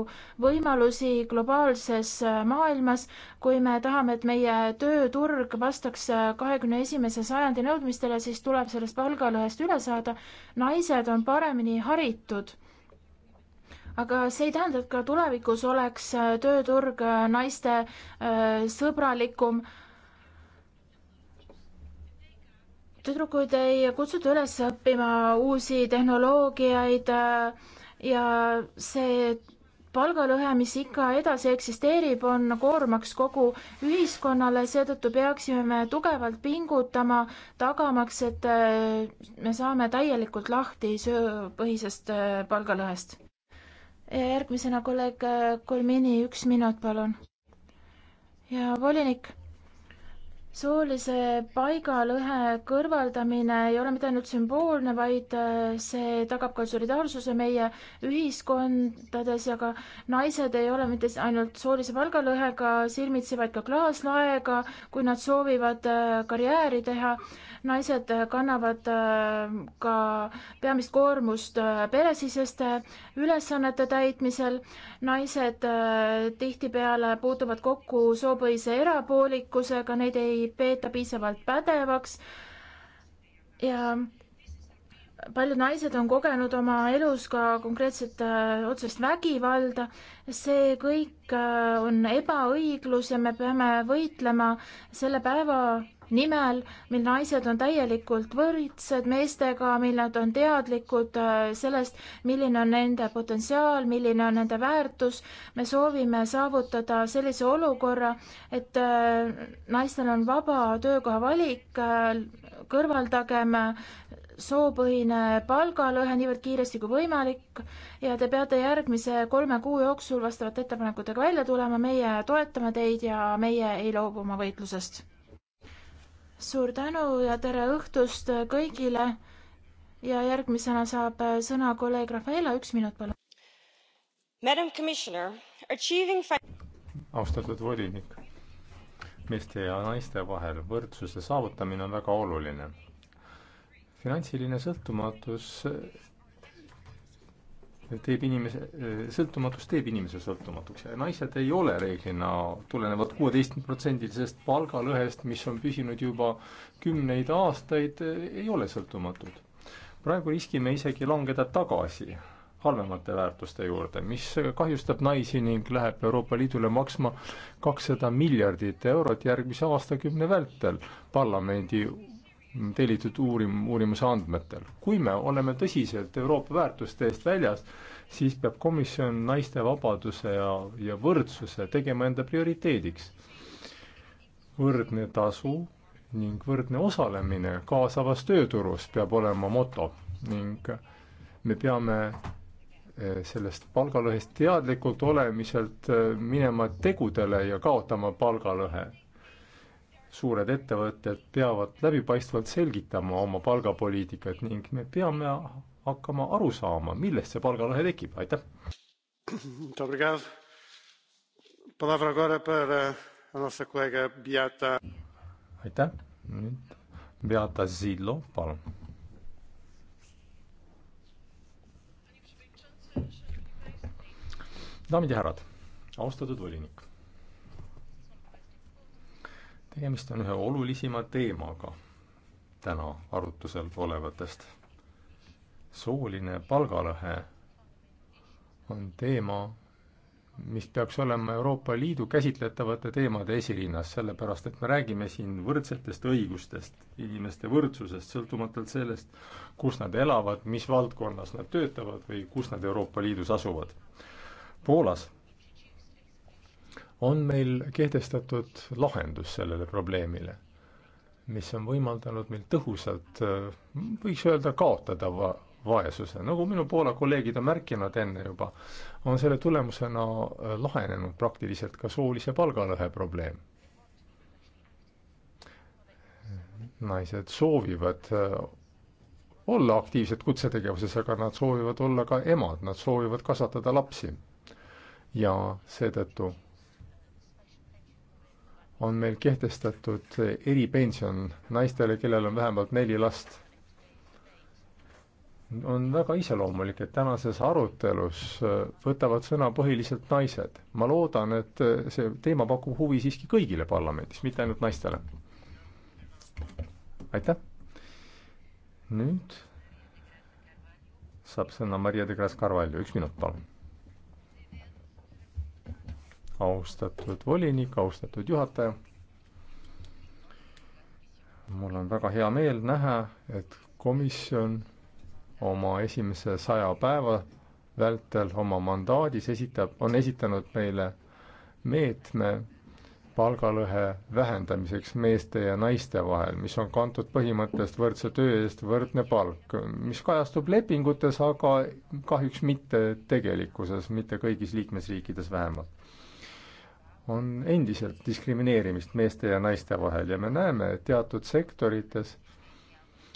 võimalusi globaalses äh, maailmas. kui me tahame, et meie tööturg vastaks kahekümne esimese sajandi nõudmistele, siis tuleb sellest palgalõhest üle saada. naised on paremini haritud aga see ei tähenda, et ka tulevikus oleks tööturg naiste sõbralikum tüdrukuid ei kutsuta üles õppima uusi tehnoloogiaid äh, ja see palgalõhe, mis ikka edasi eksisteerib, on koormaks kogu ühiskonnale, seetõttu peaksime me tugevalt pingutama, tagamaks, et äh, me saame täielikult lahti sööpõhisest äh, palgalõhest. järgmisena kolleeg Kolmini, üks minut, palun. ja volinik soolise paigalõhe kõrvaldamine ei ole mitte ainult sümboolne, vaid äh, see tagab ka solidaarsuse meie ühiskondades ja ka naised ei ole mitte ainult soolise palgalõhega silmitsi, vaid ka klaaslaega, kui nad soovivad äh, karjääri teha. naised äh, kannavad ka peamist koormust peresiseste ülesannete täitmisel. naised tihtipeale puutuvad kokku soopõhise erapoolikusega, neid ei ei peeta piisavalt pädevaks ja paljud naised on kogenud oma elus ka konkreetset äh, otsest vägivalda. see kõik äh, on ebaõiglus ja me peame võitlema selle päeva nimel, mil naised on täielikult võrdsed meestega, mil nad on teadlikud äh, sellest, milline on nende potentsiaal, milline on nende väärtus. me soovime saavutada sellise olukorra, et äh, naistel on vaba töökoha valik, äh, kõrvaldagem soopõhine palgalõhe niivõrd kiiresti kui võimalik ja te peate järgmise kolme kuu jooksul vastavate ettepanekutega välja tulema, meie toetame teid ja meie ei loobu oma võitlusest suur tänu ja tere õhtust kõigile. ja järgmisena saab sõna kolleeg Rafaela, üks minut, palun. Achieving... austatud volinik, meeste ja naiste vahel võrdsuse saavutamine on väga oluline. finantsiline sõltumatus teeb inimese, eh, sõltumatus teeb inimese sõltumatuks ja naised ei ole reeglina tulenevalt kuueteistprotsendilisest palgalõhest, mis on püsinud juba kümneid aastaid, eh, ei ole sõltumatud. praegu riskime isegi langeda tagasi halvemate väärtuste juurde, mis kahjustab naisi ning läheb Euroopa Liidule maksma kakssada miljardit eurot järgmise aastakümne vältel parlamendi tellitud uurim-, uurimusandmetel. kui me oleme tõsiselt Euroopa väärtuste eest väljas, siis peab komisjon naiste vabaduse ja, ja võrdsuse tegema enda prioriteediks. võrdne tasu ning võrdne osalemine kaasavas tööturus peab olema moto ning me peame eh, sellest palgalõhest teadlikult olemiselt eh, minema tegudele ja kaotama palgalõhe suured ettevõtted peavad läbipaistvalt selgitama oma palgapoliitikat ning me peame hakkama aru saama, millest see palgalõhe tekib, aitäh. aitäh, nüüd Beata Zillo, palun. daamid ja härrad, austatud volinik tegemist on ühe olulisima teemaga täna arutusel olevatest. sooline palgalõhe on teema, mis peaks olema Euroopa Liidu käsitletavate teemade esirinnas, sellepärast et me räägime siin võrdsetest õigustest, inimeste võrdsusest, sõltumatult sellest, kus nad elavad, mis valdkonnas nad töötavad või kus nad Euroopa Liidus asuvad. Poolas on meil kehtestatud lahendus sellele probleemile, mis on võimaldanud meil tõhusalt, võiks öelda, kaotada va-, vaesuse, nagu minu Poola kolleegid on märkinud enne juba, on selle tulemusena äh, lahenenud praktiliselt ka soolise palgalõhe probleem. naised soovivad äh, olla aktiivsed kutsetegevuses, aga nad soovivad olla ka emad, nad soovivad kasvatada lapsi. ja seetõttu on meil kehtestatud eripension naistele, kellel on vähemalt neli last. on väga iseloomulik, et tänases arutelus võtavad sõna põhiliselt naised. ma loodan, et see teema pakub huvi siiski kõigile parlamendis, mitte ainult naistele. aitäh! nüüd saab sõna Maria de Gras-Carvalho, üks minut, palun austatud volinik, austatud juhataja. mul on väga hea meel näha, et komisjon oma esimese saja päeva vältel oma mandaadis esitab, on esitanud meile meetme palgalõhe vähendamiseks meeste ja naiste vahel, mis on kantud põhimõttest võrdse töö eest võrdne palk, mis kajastub lepingutes, aga kahjuks mitte tegelikkuses, mitte kõigis liikmesriikides vähemalt on endiselt diskrimineerimist meeste ja naiste vahel ja me näeme, et teatud sektorites,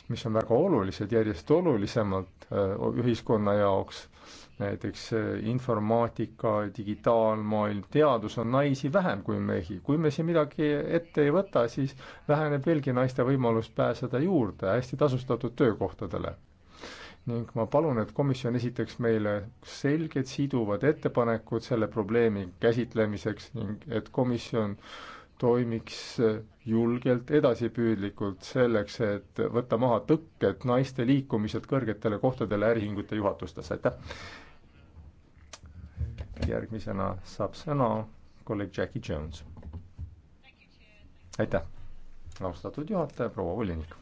mis on väga olulised, järjest olulisemalt äh, ühiskonna jaoks, näiteks äh, informaatika, digitaalmaailm, teadus on naisi vähem kui mehi. kui me siin midagi ette ei võta, siis väheneb veelgi naiste võimalus pääseda juurde hästi tasustatud töökohtadele ning ma palun, et komisjon esitaks meile selged siduvad ettepanekud selle probleemi käsitlemiseks ning et komisjon toimiks julgelt edasipüüdlikult selleks, et võtta maha tõkked naiste liikumiselt kõrgetele kohtadele äriühingute juhatustes, aitäh! järgmisena saab sõna kolleeg Jackie Jones. aitäh, austatud juhataja, proua volinik!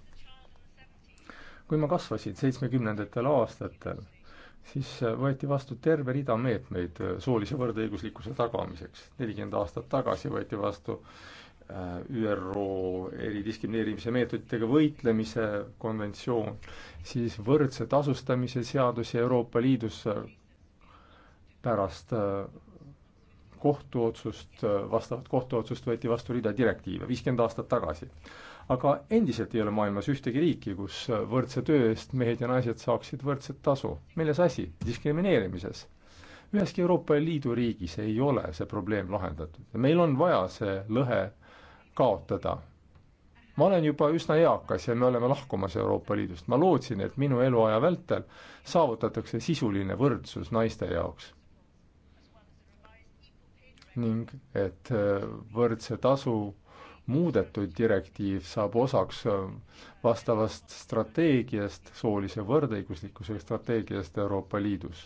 kui ma kasvasin seitsmekümnendatel aastatel, siis võeti vastu terve rida meetmeid äh, soolise võrdõiguslikkuse tagamiseks. nelikümmend aastat tagasi võeti vastu äh, ÜRO eridiskrimineerimise meetoditega võitlemise konventsioon, siis võrdse tasustamise seadus Euroopa Liidus äh, pärast kohtuotsust, vastavat kohtuotsust võeti vastu rida direktiive viiskümmend aastat tagasi aga endiselt ei ole maailmas ühtegi riiki, kus võrdse töö eest mehed ja naised saaksid võrdset tasu. milles asi? diskrimineerimises. üheski Euroopa Liidu riigis ei ole see probleem lahendatud ja meil on vaja see lõhe kaotada. ma olen juba üsna eakas ja me oleme lahkumas Euroopa Liidust, ma lootsin, et minu eluaja vältel saavutatakse sisuline võrdsus naiste jaoks ning et võrdse tasu muudetud direktiiv saab osaks äh, vastavast strateegiast, soolise võrdõiguslikkuse strateegiast Euroopa Liidus.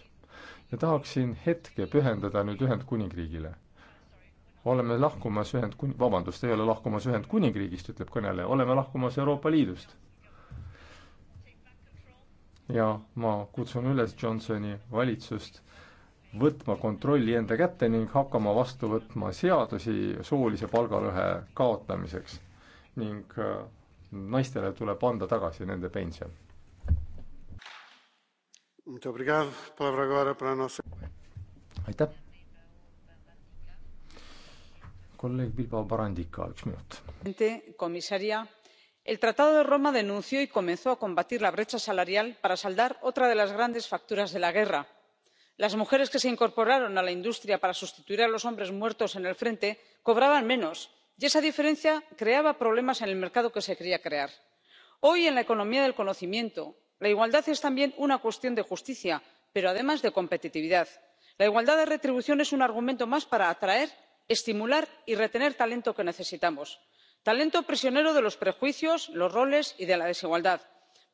ja tahaksin hetke pühendada nüüd Ühendkuningriigile. oleme lahkumas Ühendkun-, vabandust, ei ole lahkumas Ühendkuningriigist, ütleb kõneleja, oleme lahkumas Euroopa Liidust. ja ma kutsun üles Johnsoni valitsust võtma kontrolli enda kätte ning hakkama vastu võtma seadusi soolise palgalõhe kaotamiseks ning äh, naistele tuleb anda tagasi nende pension. aitäh. kolleeg Bilbao Barandika, üks minut el tratado de roma denunció y comenzó a combatir la brecha salarial para saldar otra de las grandes facturas de la guerra las mujeres que se incorporaron a la industria para sustituir a los hombres muertos en el frente cobraban menos y esa diferencia creaba problemas en el mercado que se quería crear. hoy en la economía del conocimiento la igualdad es también una cuestión de justicia pero además de competitividad. la igualdad de retribución es un argumento más para atraer estimular y retener talento que necesitamos talento prisionero de los prejuicios los roles y de la desigualdad.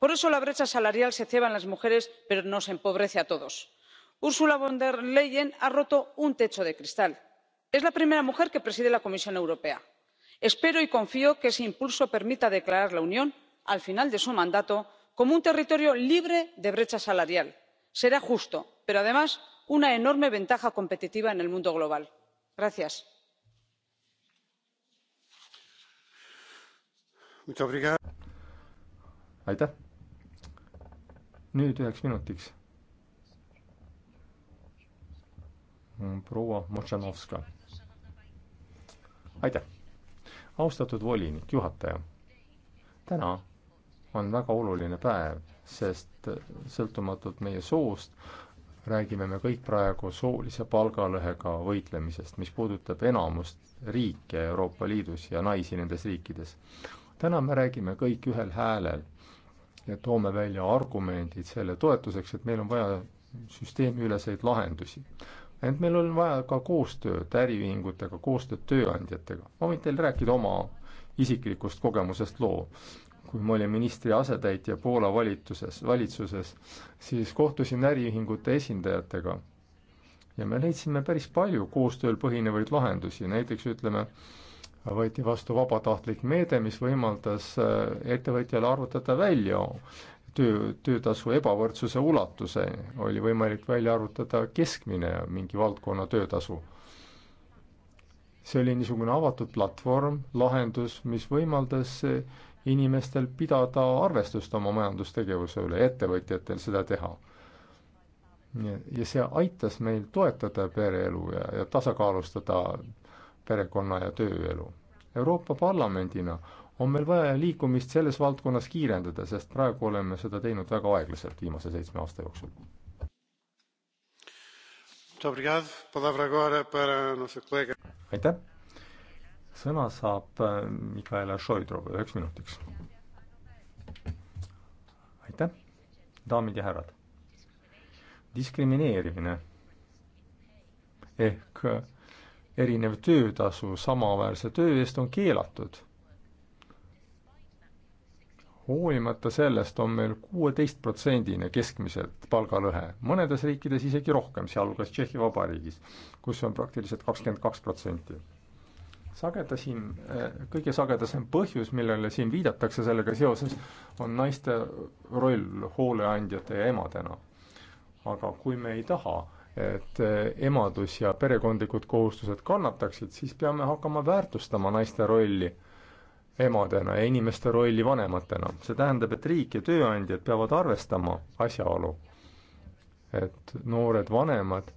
por eso la brecha salarial se ceba en las mujeres pero nos empobrece a todos ursula von der leyen ha roto un techo de cristal. es la primera mujer que preside la comisión europea. espero y confío en que ese impulso permita declarar a la unión al final de su mandato como un territorio libre de brecha salarial. será justo pero además una enorme ventaja competitiva en el mundo global. gracias. aitäh! nüüd üheks minutiks Mm, proua Motšanovska. aitäh! austatud volinik, juhataja, täna on väga oluline päev, sest sõltumatult meie soost räägime me kõik praegu soolise palgalõhega võitlemisest, mis puudutab enamust riike Euroopa Liidus ja naisi nendes riikides. täna me räägime kõik ühel häälel ja toome välja argumendid selle toetuseks, et meil on vaja süsteemiüleseid lahendusi ent meil on vaja ka koostööd äriühingutega, koostööd tööandjatega. ma võin teile rääkida oma isiklikust kogemusest loo. kui ma olin ministri asetäitja Poola valituses, valitsuses, siis kohtusin äriühingute esindajatega ja me leidsime päris palju koostööl põhinevaid lahendusi, näiteks ütleme, võeti vastu vabatahtlik meede, mis võimaldas äh, ettevõtjale arvutada välja töö, töötasu ebavõrdsuse ulatuse, oli võimalik välja arvutada keskmine mingi valdkonna töötasu. see oli niisugune avatud platvorm, lahendus, mis võimaldas inimestel pidada arvestust oma majandustegevuse üle, ettevõtjatel seda teha. ja see aitas meil toetada pereelu ja, ja tasakaalustada perekonna ja tööelu. Euroopa Parlamendina on meil vaja liikumist selles valdkonnas kiirendada, sest praegu oleme seda teinud väga aeglaselt viimase seitsme aasta jooksul. aitäh! sõna saab äh, Mikaela Šoidrova üheks minutiks. aitäh, daamid ja härrad! diskrimineerimine ehk erinev töötasu samaväärse töö eest on keelatud hoolimata sellest on meil kuueteistprotsendine keskmiselt palgalõhe, mõnedes riikides isegi rohkem, sealhulgas Tšehhi Vabariigis, kus on praktiliselt kakskümmend kaks protsenti. sagedasim, eh, kõige sagedasem põhjus, millele siin viidatakse sellega seoses, on naiste roll hooleandjate ja emadena. aga kui me ei taha, et eh, emadus ja perekondlikud kohustused kannataksid, siis peame hakkama väärtustama naiste rolli emadena ja inimeste rolli vanematena. see tähendab, et riik ja tööandjad peavad arvestama asjaolu, et noored vanemad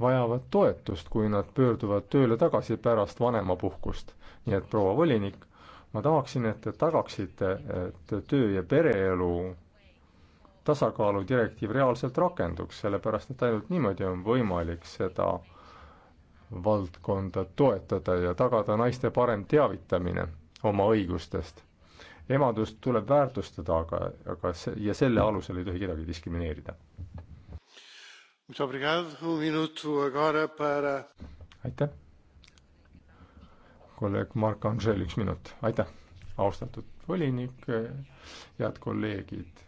vajavad toetust, kui nad pöörduvad tööle tagasi pärast vanemapuhkust. nii et proua volinik, ma tahaksin, et te tagaksite, et töö- ja pereelu tasakaalu direktiiv reaalselt rakenduks, sellepärast et ainult niimoodi on võimalik seda valdkonda toetada ja tagada naiste parem teavitamine oma õigustest. emadust tuleb väärtustada, aga, aga see, ja selle alusel ei tohi kedagi diskrimineerida. Um aitäh. kolleeg Mark Andrel, üks minut, aitäh. austatud volinik, head kolleegid,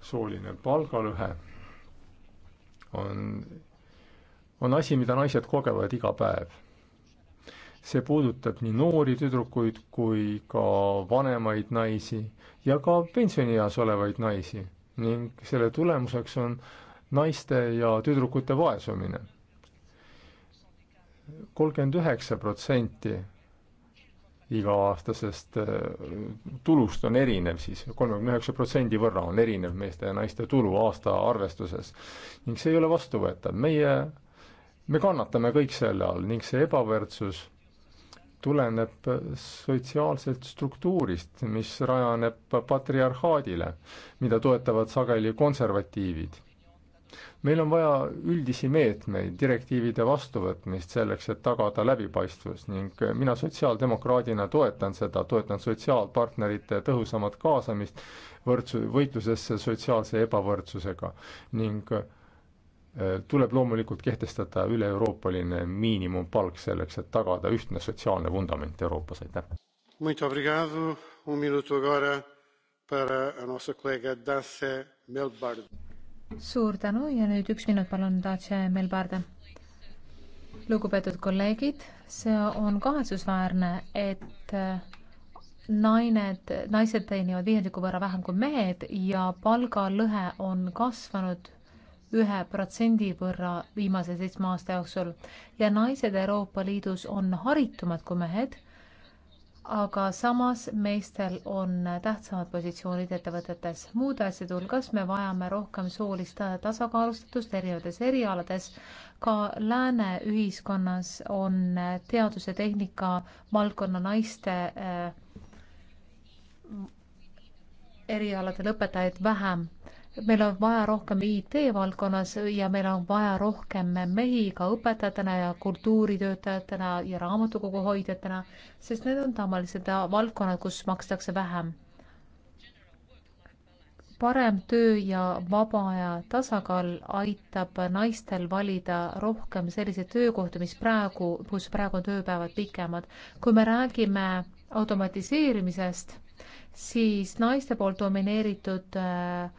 sooline palgalõhe on on asi, mida naised kogevad iga päev. see puudutab nii noori tüdrukuid kui ka vanemaid naisi ja ka pensionieas olevaid naisi ning selle tulemuseks on naiste ja tüdrukute vaesumine. kolmkümmend üheksa protsenti iga-aastasest äh, tulust on erinev siis, kolmekümne üheksa protsendi võrra on erinev meeste ja naiste tulu aasta arvestuses. ning see ei ole vastuvõetav, meie me kannatame kõik selle all ning see ebavõrdsus tuleneb sotsiaalsest struktuurist, mis rajaneb patriarhaadile, mida toetavad sageli konservatiivid. meil on vaja üldisi meetmeid, direktiivide vastuvõtmist selleks, et tagada läbipaistvus ning mina sotsiaaldemokraadina toetan seda, toetan sotsiaalpartnerite tõhusamat kaasamist võrdsu-, võitlusesse sotsiaalse ebavõrdsusega ning äh, Äh, tuleb loomulikult kehtestada üle-euroopaline miinimumpalk selleks, et tagada ühtne sotsiaalne vundament Euroopas, aitäh. Um suur tänu ja nüüd üks minut, palun, Dacia Melbarda. lugupeetud kolleegid, see on kahetsusväärne, et äh, nained, naised teenivad viiendiku võrra vähem kui mehed ja palgalõhe on kasvanud ühe protsendi võrra viimase seitsme aasta jooksul ja naised Euroopa Liidus on haritumad kui mehed, aga samas meestel on tähtsamad positsioonid ettevõtetes. muude asjade hulgas me vajame rohkem soolist tasakaalustatust erinevates erialades. ka lääne ühiskonnas on teaduse tehnika valdkonna naiste äh, erialadel õpetajaid vähem meil on vaja rohkem IT valdkonnas ja meil on vaja rohkem mehi ka õpetajatena ja kultuuritöötajatena ja raamatukoguhoidjatena, sest need on tavaliselt valdkonnad, kus makstakse vähem. parem töö ja vaba aja tasakaal aitab naistel valida rohkem selliseid töökohti, mis praegu, kus praegu on tööpäevad pikemad. kui me räägime automatiseerimisest, siis naiste poolt domineeritud äh,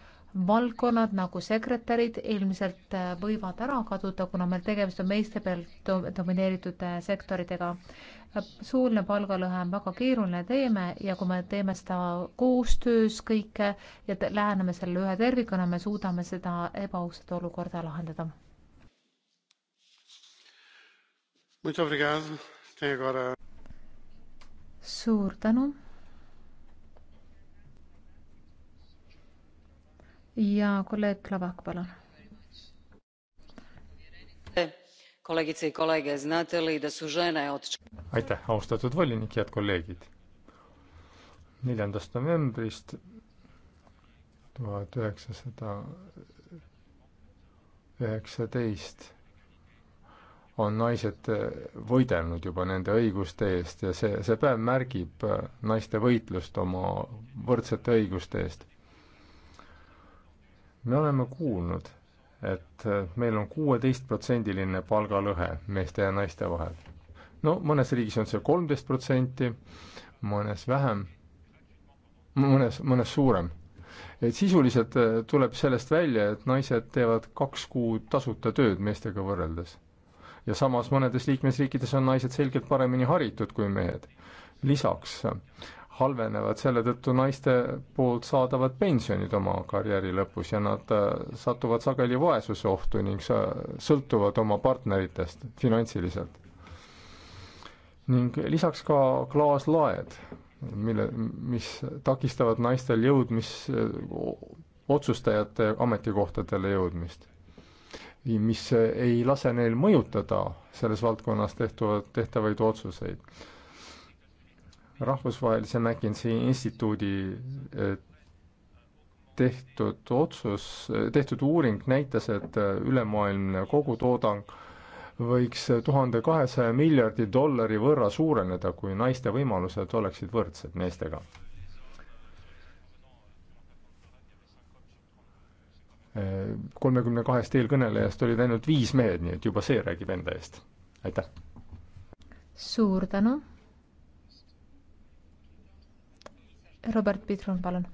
valdkonnad nagu sekretärid ilmselt äh, võivad ära kaduda, kuna meil tegemist on meeste pealt domineeritud äh, sektoritega. suuline palgalõhe on väga keeruline teeme ja kui me teeme seda koostöös kõike ja läheneme selle ühe tervikuna, me suudame seda ebaausat olukorda lahendada. suur tänu ja kolleeg Klavak, palun. aitäh, austatud volinik, head kolleegid. neljandast novembrist tuhat üheksasada üheksateist on naised eh, võidelnud juba nende õiguste eest ja see, see päev märgib eh, naiste võitlust oma võrdsete õiguste eest me oleme kuulnud, et äh, meil on kuueteistprotsendiline palgalõhe meeste ja naiste vahel. no mõnes riigis on see kolmteist protsenti, mõnes vähem, mõnes, mõnes suurem. et sisuliselt äh, tuleb sellest välja, et naised teevad kaks kuud tasuta tööd meestega võrreldes. ja samas mõnedes liikmesriikides on naised selgelt paremini haritud kui mehed. lisaks halvenevad selle tõttu naiste poolt saadavad pensionid oma karjääri lõpus ja nad äh, satuvad sageli vaesuse ohtu ning sõltuvad oma partneritest finantsiliselt. ning lisaks ka klaaslaed, mille, mis takistavad naistel jõudmis, otsustajate ametikohtadele jõudmist mis ei lase neil mõjutada selles valdkonnas tehtuvad, tehtavaid otsuseid rahvusvahelise McKinsey instituudi eh, tehtud otsus, eh, tehtud uuring näitas, et eh, ülemaailmne kogutoodang võiks tuhande kahesaja miljardi dollari võrra suureneda, kui naiste võimalused oleksid võrdsed meestega. kolmekümne kahest eelkõnelejast olid ainult viis mehed, nii et juba see räägib enda eest. aitäh! suur tänu! Robert Pitron, palun.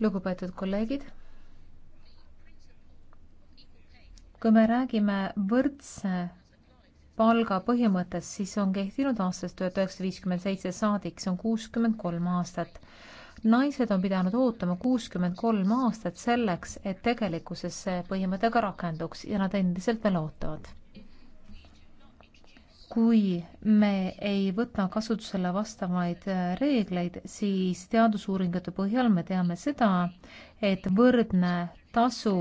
lugupeetud kolleegid. kui me räägime võrdse palga põhimõttest, siis on kehtinud aastast tuhat üheksasada viiskümmend seitse saadik, see on kuuskümmend kolm aastat. naised on pidanud ootama kuuskümmend kolm aastat selleks, et tegelikkuses see põhimõte ka rakenduks ja nad endiselt veel ootavad kui me ei võta kasutusele vastavaid äh, reegleid, siis teadusuuringute põhjal me teame seda, et võrdne tasu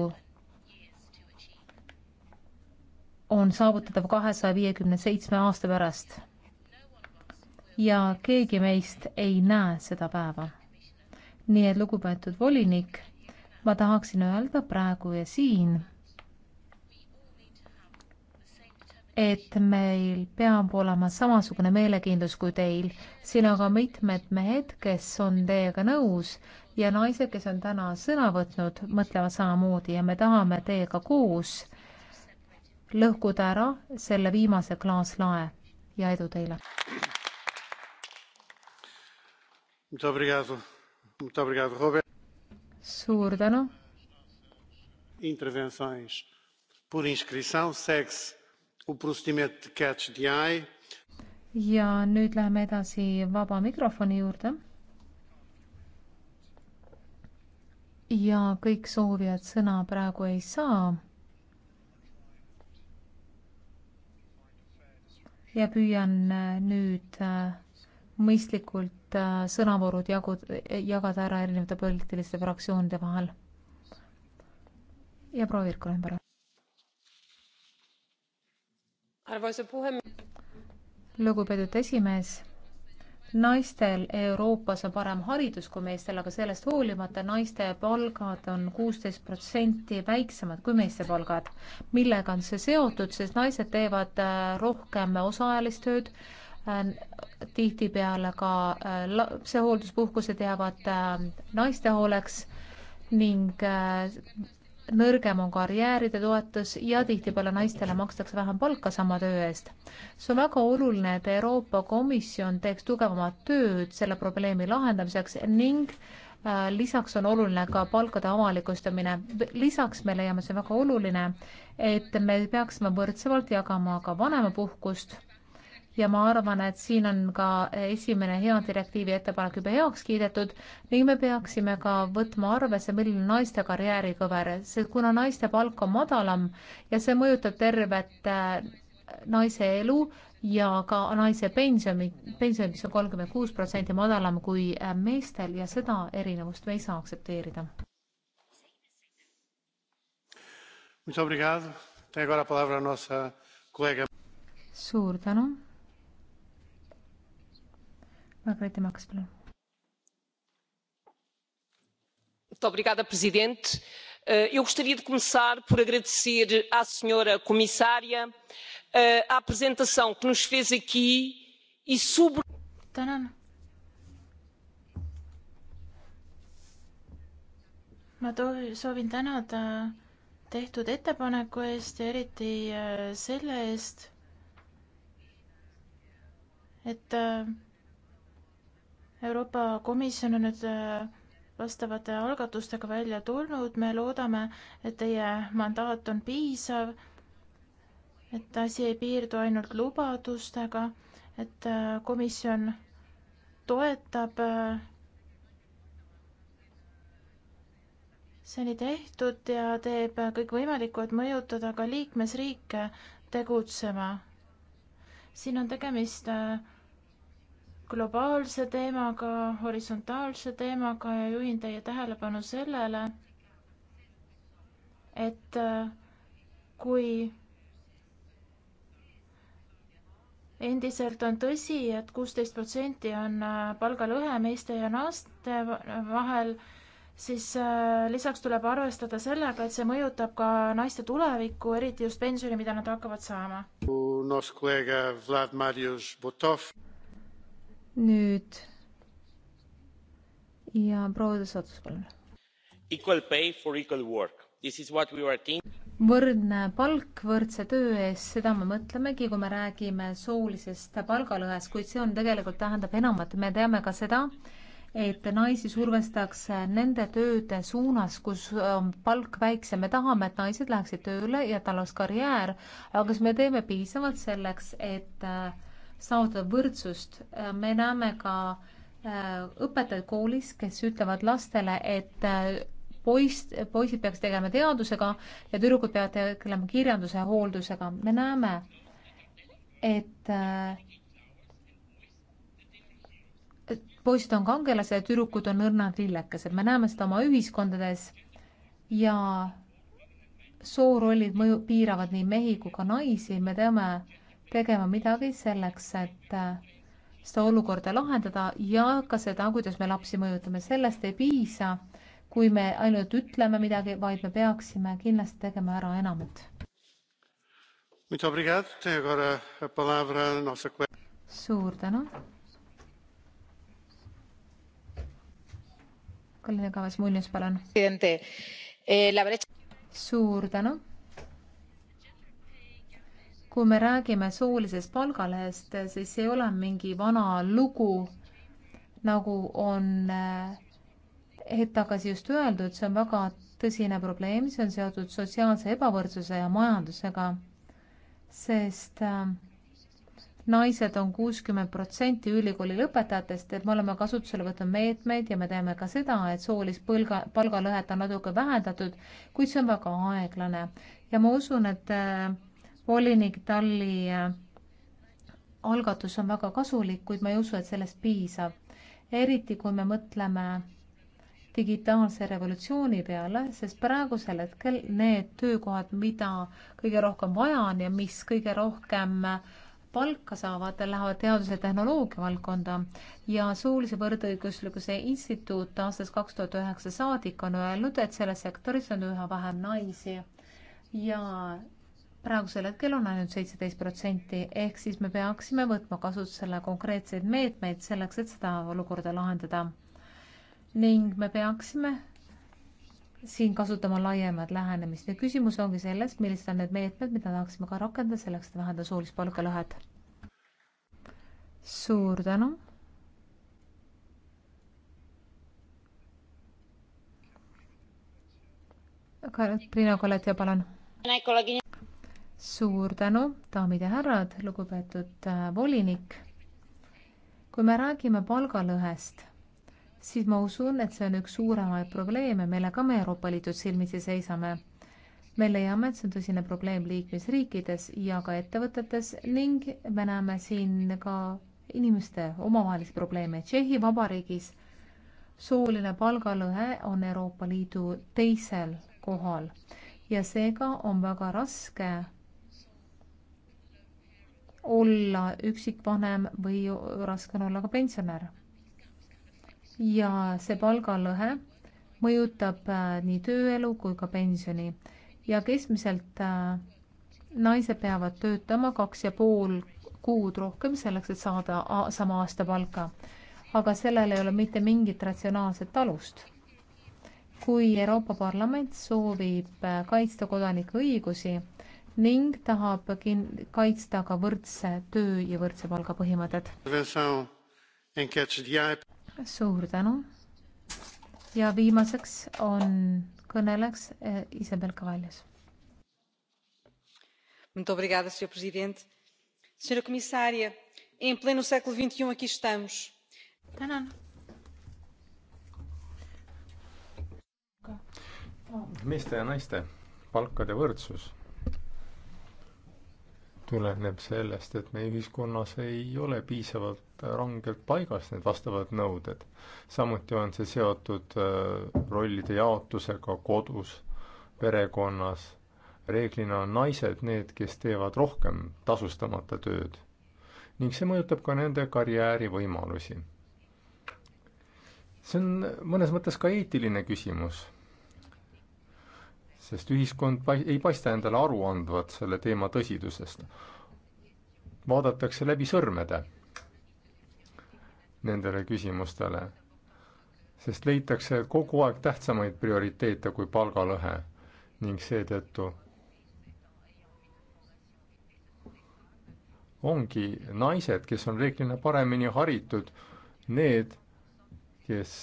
on saavutatav kahesaja viiekümne seitsme aasta pärast. ja keegi meist ei näe seda päeva. nii et lugupeetud volinik, ma tahaksin öelda praegu ja siin et meil peab olema samasugune meelekindlus kui teil. siin on ka mitmed mehed, kes on teiega nõus ja naised, kes on täna sõna võtnud, mõtlevad samamoodi ja me tahame teiega koos lõhkuda ära selle viimase klaaslae ja edu teile. suur tänu. intervenções por inscrição segue-se ja nüüd läheme edasi vaba mikrofoni juurde. ja kõik soovijad sõna praegu ei saa. ja püüan äh, nüüd äh, mõistlikult äh, sõnavoorud jagu, jagada ära erinevate poliitiliste fraktsioonide vahel. ja proua Virkonen, palun lugupeetud esimees naistel Euroopas on parem haridus kui meestel, aga sellest hoolimata naiste palgad on kuusteist protsenti väiksemad kui meeste palgad. millega on see seotud, sest naised teevad äh, rohkem osaajalist tööd, äh, tihtipeale ka äh, lapsehoolduspuhkused jäävad naiste hooleks ning nõrgem on karjääride toetus ja tihtipeale naistele makstakse vähem palka sama töö eest. see on väga oluline, et Euroopa Komisjon teeks tugevamat tööd selle probleemi lahendamiseks ning äh, lisaks on oluline ka palkade avalikustamine. lisaks me leiame, see on väga oluline, et me peaksime võrdsemalt jagama ka vanemapuhkust ja ma arvan, et siin on ka esimene hea direktiivi ettepanek juba heaks kiidetud ning me peaksime ka võtma arvesse, milline on naiste karjäärikõver, sest kuna naiste palk on madalam ja see mõjutab tervet äh, naise elu ja ka naise pensioni, pension, mis on kolmkümmend kuus protsenti madalam kui äh, meestel ja seda erinevust me ei saa aktsepteerida. suur tänu Margarete Maks, palun. Obrigada, president. Eh, eu gostaria de começar por agradecer à senhora comissária eh, a apresentação que nos fez aqui e sobre. tänan. ma soovin tänada tehtud ettepaneku eest ja eriti eh, selle eest, et Euroopa Komisjon on nüüd äh, vastavate algatustega välja tulnud, me loodame, et teie mandaat on piisav, et asi ei piirdu ainult lubadustega, et äh, komisjon toetab äh, seni tehtud ja teeb kõik võimalikku, et mõjutada ka liikmesriike tegutsema. siin on tegemist äh, globaalse teemaga, horisontaalse teemaga ja juhin teie tähelepanu sellele, et äh, kui endiselt on tõsi et, et kuusteist protsenti on äh, palgalõhe meeste ja naiste vahel, siis äh, lisaks tuleb arvestada sellega, et see mõjutab ka naiste tulevikku, eriti just pensioni, mida nad hakkavad saama nüüd ja proua de Sotus, palun. Equal pay for equal work, this is what we were thinking võrdne palk võrdse töö eest, seda me mõtlemegi, kui me räägime soolisest palgalõhest, kuid see on tegelikult tähendab enamat, me teame ka seda, et naisi survestatakse nende tööde suunas, kus on palk väiksem. me tahame, et naised läheksid tööle ja tal oleks karjäär, aga kas me teeme piisavalt selleks, et äh, saavutada võrdsust. Äh, me näeme ka äh, õpetajaid koolis, kes ütlevad lastele, et äh, poiss, poisid peaks tegelema teadusega ja tüdrukud peavad tegelema kirjanduse ja hooldusega. me näeme, et poisid on kangelased ja tüdrukud on õrnad lillekesed. me näeme seda oma ühiskondades ja soorollid mõju, piiravad nii mehi kui ka naisi, me teame, tegema midagi selleks, et äh, seda olukorda lahendada ja ka seda, kuidas me lapsi mõjutame, sellest ei piisa, kui me ainult ütleme midagi, vaid me peaksime kindlasti tegema ära enamat. suur tänu. Kalline Kavas-Munjus, palun. Eh, suur tänu kui me räägime soolisest palgalehest, siis see ei ole mingi vana lugu, nagu on eh, hetk tagasi just öeldud, see on väga tõsine probleem, see on seotud sotsiaalse ebavõrdsuse ja majandusega, sest eh, naised on kuuskümmend protsenti ülikooli lõpetajatest, et me oleme kasutusele võtnud meetmeid ja me teeme ka seda, et soolist põlga, palgalõhet on natuke vähendatud, kuid see on väga aeglane ja ma usun, et äh, volinik Talli äh, algatus on väga kasulik, kuid ma ei usu, et sellest piisab. eriti kui me mõtleme digitaalse revolutsiooni peale, sest praegusel hetkel need töökohad, mida kõige rohkem vaja on ja mis kõige rohkem äh, palka saavad, lähevad teaduse ja tehnoloogia valdkonda ja soolise võrdõiguslikkuse instituut aastast kaks tuhat üheksa saadik on öelnud, et selles sektoris on üha vähem naisi ja praegusel hetkel on ainult seitseteist protsenti, ehk siis me peaksime võtma kasutusele konkreetseid meetmeid selleks, et seda olukorda lahendada. ning me peaksime siin kasutama laiemat lähenemist ja küsimus ongi selles, millised on need meetmed, mida tahaksime ka rakendada selleks, et vähendada soolist palgalõhet. suur tänu. Priina Koletja, palun suur tänu, daamid ja härrad, lugupeetud äh, volinik. kui me räägime palgalõhest, siis ma usun, et see on üks suuremaid probleeme, millega me Euroopa Liidus silmitsi seisame. me leiame, et see on tõsine probleem liikmesriikides ja ka ettevõtetes ning me näeme siin ka inimeste omavahelisi probleeme. Tšehhi Vabariigis sooline palgalõhe on Euroopa Liidu teisel kohal ja seega on väga raske olla üksikvanem või raske on olla ka pensionär. ja see palgalõhe mõjutab äh, nii tööelu kui ka pensioni ja keskmiselt äh, naised peavad töötama kaks ja pool kuud rohkem selleks, et saada sama aasta palka. aga sellel ei ole mitte mingit ratsionaalset alust. kui Euroopa Parlament soovib äh, kaitsta kodanike õigusi, ning tahab kin-, kaitsta ka võrdse töö ja võrdse palga põhimõtet. E suur tänu. ja viimaseks on kõneleks eh, Isabel Cavalles. Muito obrigada, senhor presidente. Senhora comissária, em pleno século XXI e um aqui estamos. tänan. meeste ja naiste palkade võrdsus tuleneb sellest, et meie ühiskonnas ei ole piisavalt rangelt paigas need vastavad nõuded. samuti on see seotud äh, rollide jaotusega kodus, perekonnas, reeglina on naised need, kes teevad rohkem tasustamata tööd. ning see mõjutab ka nende karjäärivõimalusi. see on mõnes mõttes ka eetiline küsimus sest ühiskond pa-, ei paista endale aru andvat selle teema tõsidusest. vaadatakse läbi sõrmede nendele küsimustele, sest leitakse kogu aeg tähtsamaid prioriteete kui palgalõhe ning seetõttu ongi naised, kes on reeglina paremini haritud, need, kes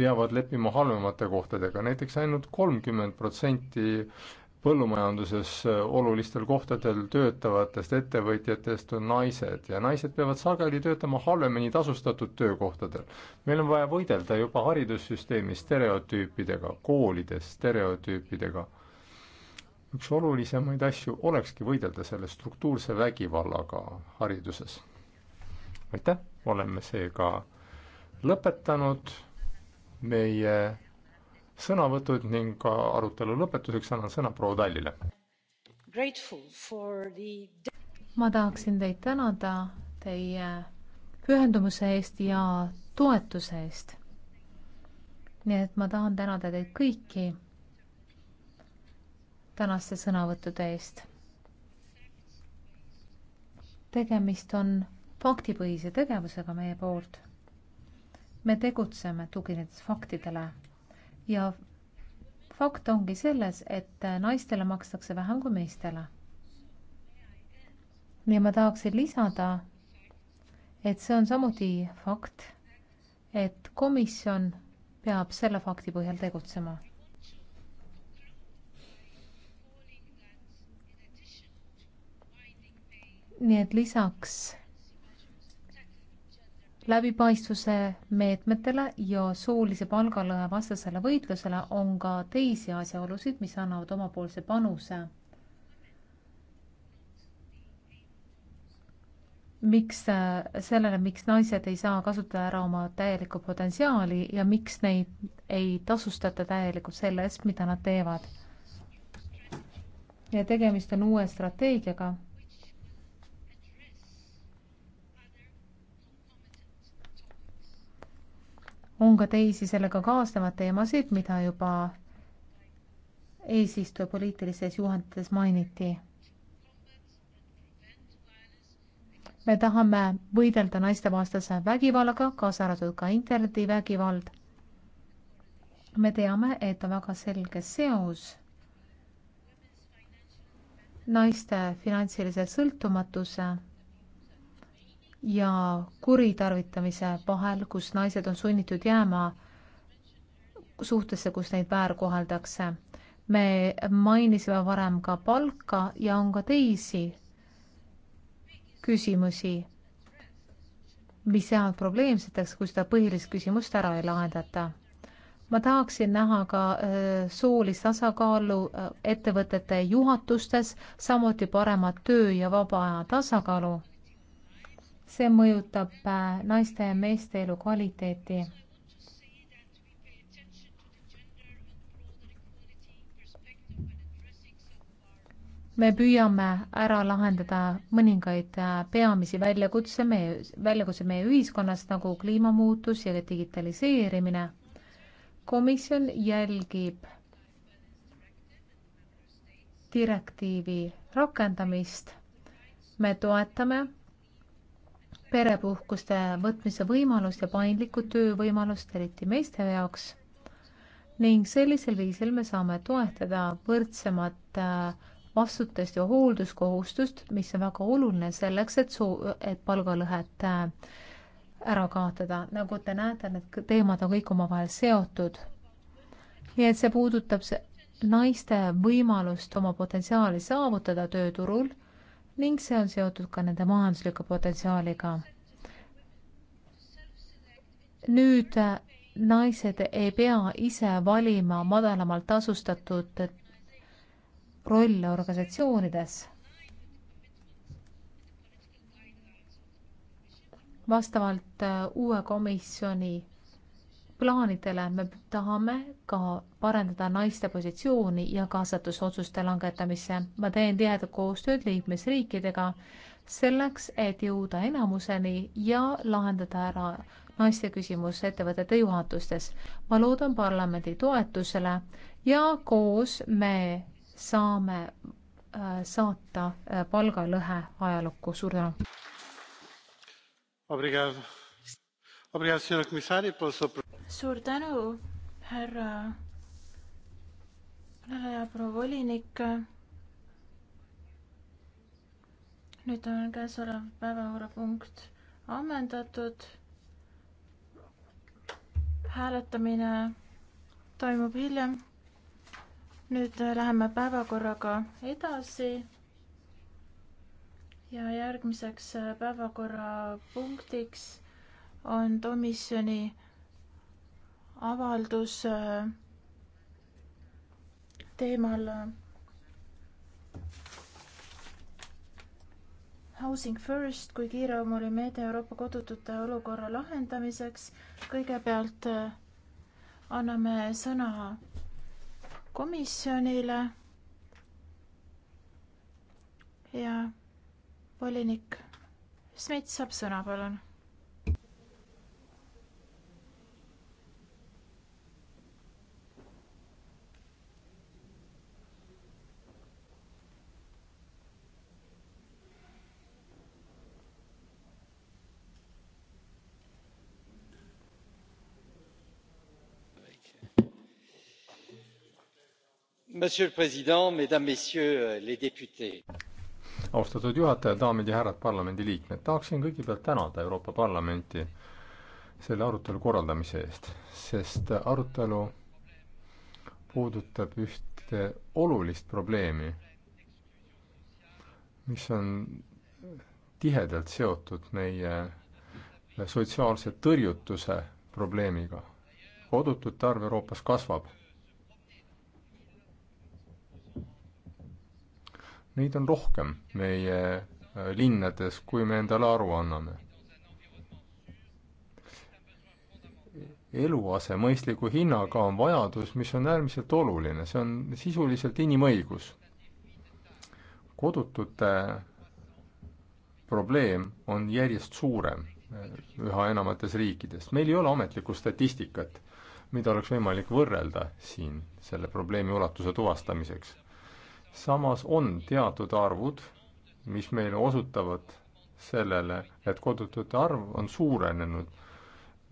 peavad leppima halvemate kohtadega, näiteks ainult kolmkümmend protsenti põllumajanduses äh, olulistel kohtadel töötavatest ettevõtjatest on naised ja naised peavad sageli töötama halvemini tasustatud töökohtadel. meil on vaja võidelda juba haridussüsteemis stereotüüpidega, koolides stereotüüpidega. üks olulisemaid asju olekski võidelda selle struktuurse vägivallaga hariduses. aitäh, oleme seega lõpetanud meie sõnavõtud ning arutelu lõpetuseks annan sõna proua Tallile. ma tahaksin teid tänada teie pühendumuse eest ja toetuse eest. nii et ma tahan tänada teid kõiki tänaste sõnavõttude eest. tegemist on faktipõhise tegevusega meie poolt me tegutseme tuginedes faktidele ja fakt ongi selles, et naistele makstakse vähem kui meestele. ja ma tahaksin lisada, et see on samuti fakt, et komisjon peab selle fakti põhjal tegutsema. nii et lisaks läbipaistvuse meetmetele ja soolise palgalõhe vastasele võitlusele on ka teisi asjaolusid, mis annavad omapoolse panuse. miks äh, sellele, miks naised ei saa kasutada ära oma täielikku potentsiaali ja miks neid ei tasustata täielikult selle eest, mida nad teevad. ja tegemist on uue strateegiaga on ka teisi sellega kaasnevaid teemasid, mida juba eesistuja poliitilistes juhendites mainiti. me tahame võidelda naistevastase vägivallaga, kaasa arvatud ka internetivägivald. me teame, et on väga selge seos naiste finantsilise sõltumatuse ja kuritarvitamise vahel, kus naised on sunnitud jääma suhtesse, kus neid väärkoheldakse. me mainisime varem ka palka ja on ka teisi küsimusi, mis jäävad probleemseteks, kui seda põhilist küsimust ära ei lahendata. ma tahaksin näha ka äh, soolist tasakaalu äh, ettevõtete juhatustes, samuti paremat töö ja vaba aja tasakaalu see mõjutab äh, naiste ja meeste elu kvaliteeti. me püüame ära lahendada mõningaid äh, peamisi väljakutse meie, väljakutse meie ühiskonnas nagu kliimamuutus ja digitaliseerimine. komisjon jälgib direktiivi rakendamist. me toetame perepuhkuste võtmise võimalust ja paindlikku töövõimalust, eriti meeste jaoks. ning sellisel viisil me saame toetada võrdsemat äh, vastutust ja hoolduskohustust, mis on väga oluline selleks, et soo-, et palgalõhet äh, ära kaotada. nagu te näete, need teemad on kõik omavahel seotud. nii et see puudutab naiste võimalust oma potentsiaali saavutada tööturul ning see on seotud ka nende majandusliku potentsiaaliga. nüüd äh, naised ei pea ise valima madalamalt tasustatud äh, rolle organisatsioonides. vastavalt äh, uue komisjoni plaanidele me tahame ka parendada naiste positsiooni ja kaasatusotsuste langetamisse. ma teen tihedat koostööd liikmesriikidega selleks, et jõuda enamuseni ja lahendada ära naiste küsimus ettevõtete juhatustes. ma loodan parlamendi toetusele ja koos me saame äh, saata äh, palgalõhe ajalukku. suur tänu! suur tänu, härra kõneleja, proua volinik. nüüd on käesolev päevakorrapunkt ammendatud. hääletamine toimub hiljem. nüüd läheme päevakorraga edasi. ja järgmiseks päevakorrapunktiks on komisjoni avaldus äh, teemal äh, Housing First kui kiireloomuline meede Euroopa kodutute olukorra lahendamiseks. kõigepealt äh, anname sõna komisjonile. ja volinik Smits saab sõna, palun Euh, austatud juhataja, daamid ja härrad parlamendiliikmed, tahaksin kõigepealt tänada Euroopa Parlamenti selle arutelu korraldamise eest, sest arutelu puudutab ühte olulist probleemi, mis on tihedalt seotud meie sotsiaalse tõrjutuse probleemiga. kodutute arv Euroopas kasvab Neid on rohkem meie äh, linnades, kui me endale aru anname. eluase mõistliku hinnaga on vajadus, mis on äärmiselt oluline, see on sisuliselt inimõigus. kodutute probleem on järjest suurem äh, üha enamates riikides. meil ei ole ametlikku statistikat, mida oleks võimalik võrrelda siin selle probleemi ulatuse tuvastamiseks samas on teatud arvud, mis meile osutavad sellele, et kodutute arv on suurenenud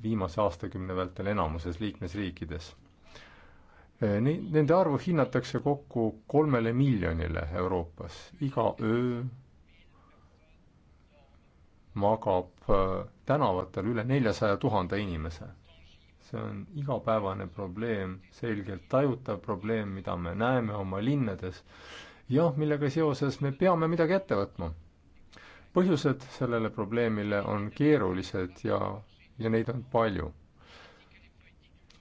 viimase aastakümne vältel enamuses liikmesriikides. Eh, nende arvu hinnatakse kokku kolmele miljonile Euroopas. iga öö magab eh, tänavatel üle neljasaja tuhande inimese see on igapäevane probleem, selgelt tajutav probleem, mida me näeme oma linnades ja millega seoses me peame midagi ette võtma. põhjused sellele probleemile on keerulised ja, ja neid on palju.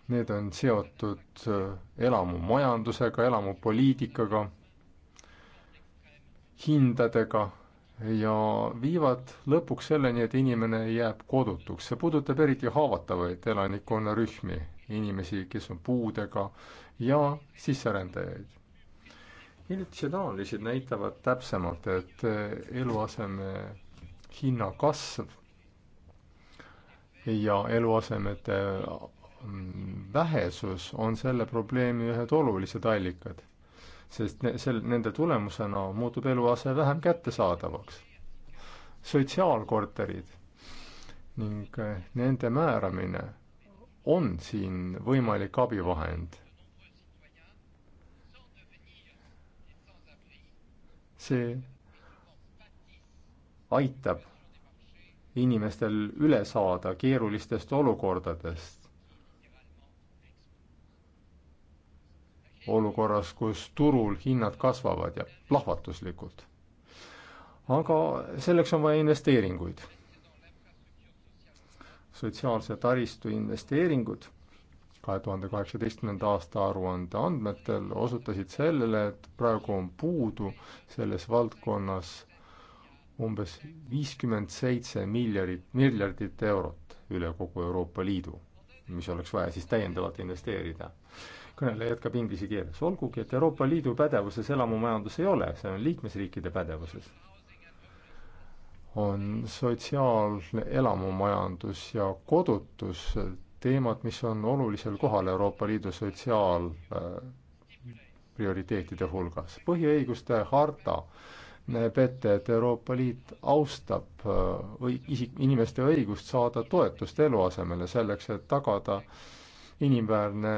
Need on seotud äh, elamumajandusega, elamupoliitikaga, hindadega ja viivad lõpuks selleni, et inimene jääb kodutuks. see puudutab eriti haavatavaid elanikkonnarühmi, inimesi, kes on puudega ja sisserändajaid. hiljutised analüüsid näitavad täpsemalt, et eluaseme hinna kasv ja eluasemete vähesus on selle probleemi ühed olulised allikad sest ne-, sel-, nende tulemusena muutub eluase vähem kättesaadavaks. sotsiaalkorterid ning eh, nende määramine on siin võimalik abivahend. see aitab inimestel üle saada keerulistest olukordadest olukorras, kus turul hinnad kasvavad ja plahvatuslikult. aga selleks on vaja investeeringuid. sotsiaalse taristu investeeringud kahe tuhande kaheksateistkümnenda aasta aruande andmetel osutasid sellele, et praegu on puudu selles valdkonnas umbes viiskümmend seitse miljardit, miljardit eurot üle kogu Euroopa Liidu, mis oleks vaja siis täiendavalt investeerida kõneleja jätkab inglise keeles, olgugi et Euroopa Liidu pädevuses elamumajandus ei ole, see on liikmesriikide pädevuses, on sotsiaalne elamumajandus ja kodutus teemad, mis on olulisel kohal Euroopa Liidu sotsiaalprioriteetide äh, hulgas. põhiõiguste harta näeb ette, et Euroopa Liit austab või äh, isik, inimeste õigust saada toetust eluasemele selleks, et tagada inimväärne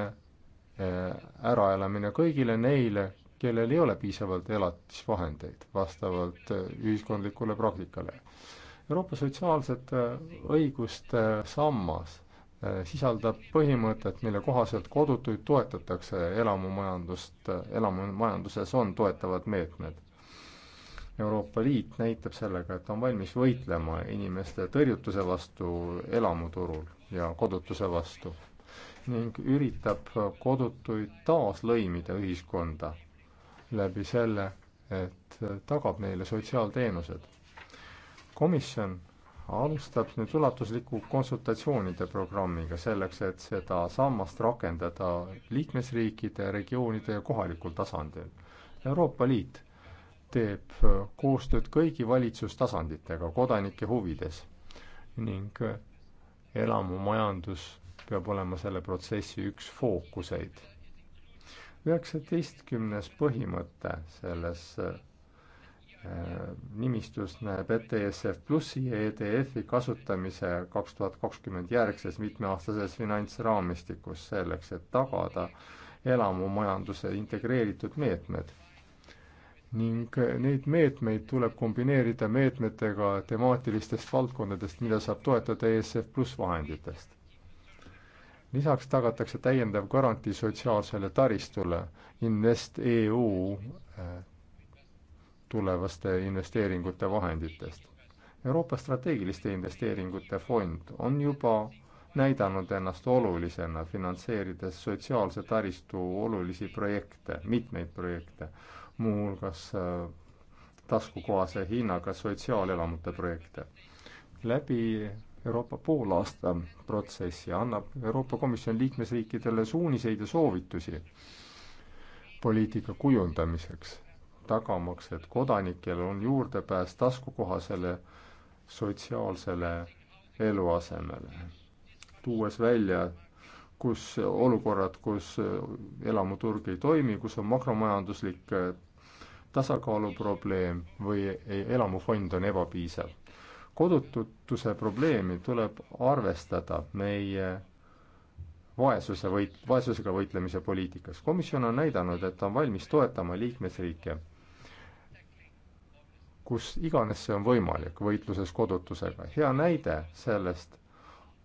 Äh, äraelamine kõigile neile, kellel ei ole piisavalt elatisvahendeid vastavalt äh, ühiskondlikule praktikale. Euroopa sotsiaalsete äh, õiguste sammas sisaldab põhimõtet, mille kohaselt kodutuid toetatakse elamumajandust, elamumajanduses on toetavad meetmed. Euroopa Liit näitab sellega, et on valmis võitlema inimeste tõrjutuse vastu elamuturul ja kodutuse vastu ning üritab kodutuid taas lõimida ühiskonda läbi selle, et tagab neile sotsiaalteenused. komisjon alustab nüüd ulatusliku konsultatsioonide programmiga selleks, et seda sammast rakendada liikmesriikide, regioonide ja kohalikul tasandil. Euroopa Liit teeb koostööd kõigi valitsustasanditega kodanike huvides ning elamumajandus peab olema selle protsessi üks fookuseid. üheksateistkümnes põhimõte selles äh, nimistus näeb ette ESF Plussi ja EDF-i kasutamise kaks tuhat kakskümmend järgses mitmeaastases finantsraamistikus selleks, et tagada elamumajanduse integreeritud meetmed ning neid meetmeid tuleb kombineerida meetmetega temaatilistest valdkondadest, mida saab toetada ESF pluss vahenditest lisaks tagatakse täiendav garantii sotsiaalsele taristule InvestEU eh, tulevaste investeeringute vahenditest. Euroopa strateegiliste investeeringute fond on juba näidanud ennast olulisena, finantseerides sotsiaalse taristu olulisi projekte, mitmeid projekte, muuhulgas eh, taskukohase hinnaga sotsiaalelamute projekte. läbi Euroopa poolaasta protsessi, annab Euroopa Komisjon liikmesriikidele suuniseid ja soovitusi poliitika kujundamiseks, tagamaks, et kodanikel on juurdepääs taskukohasele sotsiaalsele eluasemele, tuues välja, kus olukorrad, kus elamuturg ei toimi, kus on makromajanduslik eh, tasakaalu probleem või elamufond on ebapiisav kodututuse probleemi tuleb arvestada meie vaesuse võit, vaesusega võitlemise poliitikas. komisjon on näidanud, et ta on valmis toetama liikmesriike, kus iganes see on võimalik, võitluses kodutusega. hea näide sellest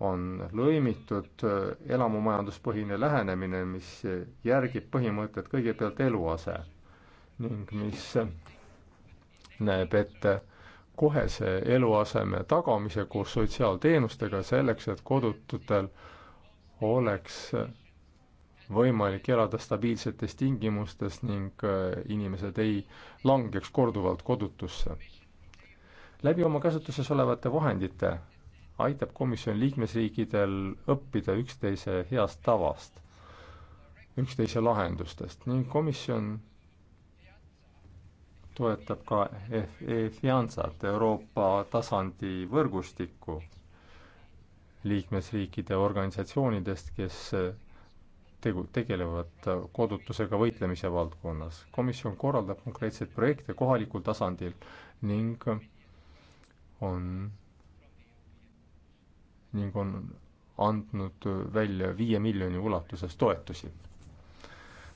on lõimitud äh, elamumajanduspõhine lähenemine, mis järgib põhimõtet kõigepealt eluase ning mis näeb ette kohese eluaseme tagamise koos sotsiaalteenustega selleks, et kodututel oleks võimalik elada stabiilsetes tingimustes ning äh, inimesed ei langeks korduvalt kodutusse. läbi oma käsutuses olevate vahendite aitab komisjon liikmesriikidel õppida üksteise heast tavast, üksteise lahendustest ning komisjon toetab ka EFIANSat, Euroopa tasandi võrgustikku liikmesriikide organisatsioonidest, kes tegu, tegelevad kodutusega võitlemise valdkonnas. komisjon korraldab konkreetseid projekte kohalikul tasandil ning on, ning on andnud välja viie miljoni ulatuses toetusi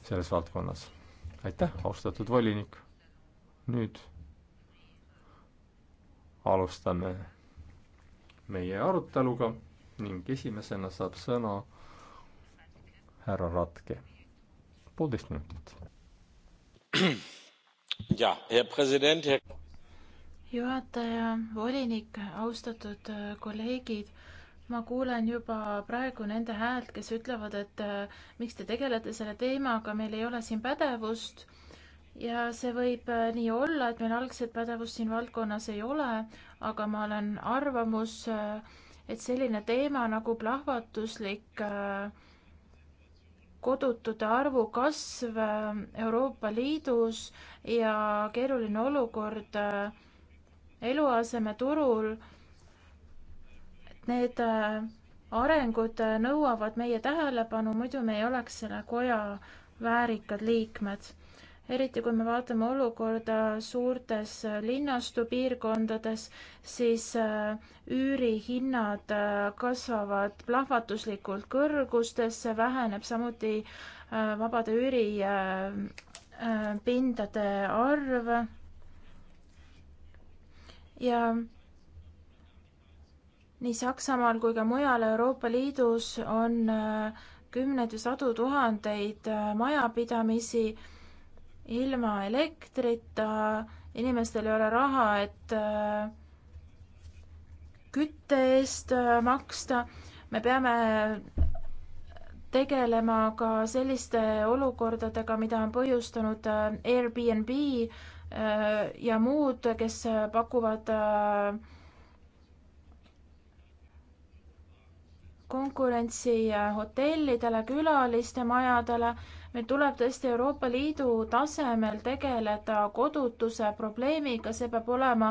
selles valdkonnas. aitäh, austatud volinik! nüüd alustame meie aruteluga ning esimesena saab sõna härra Ratke. poolteist minutit. jah, hea president her.... juhataja, volinik, austatud äh, kolleegid ma kuulen juba praegu nende häält, kes ütlevad, et äh, miks te tegelete selle teemaga, meil ei ole siin pädevust ja see võib äh, nii olla, et meil algset pädevust siin valdkonnas ei ole, aga ma olen arvamus, äh, et selline teema nagu plahvatuslik äh, kodutute arvu kasv Euroopa Liidus ja keeruline olukord eluasemeturul, et need arengud nõuavad meie tähelepanu, muidu me ei oleks selle koja väärikad liikmed eriti kui me vaatame olukorda suurtes linnastupiirkondades, siis äh, üürihinnad äh, kasvavad plahvatuslikult kõrgustesse, väheneb samuti äh, vabade üüripindade arv. ja nii Saksamaal kui ka mujal Euroopa Liidus on kümneid ja sadu tuhandeid majapidamisi ilma elektrita, inimestel ei ole raha, et äh, kütte eest äh, maksta. me peame tegelema ka selliste olukordadega, mida on põhjustanud äh, Airbnb ja muud, kes pakuvad konkurentsi hotellidele, külalistemajadele meil tuleb tõesti Euroopa Liidu tasemel tegeleda kodutuse probleemiga, see peab olema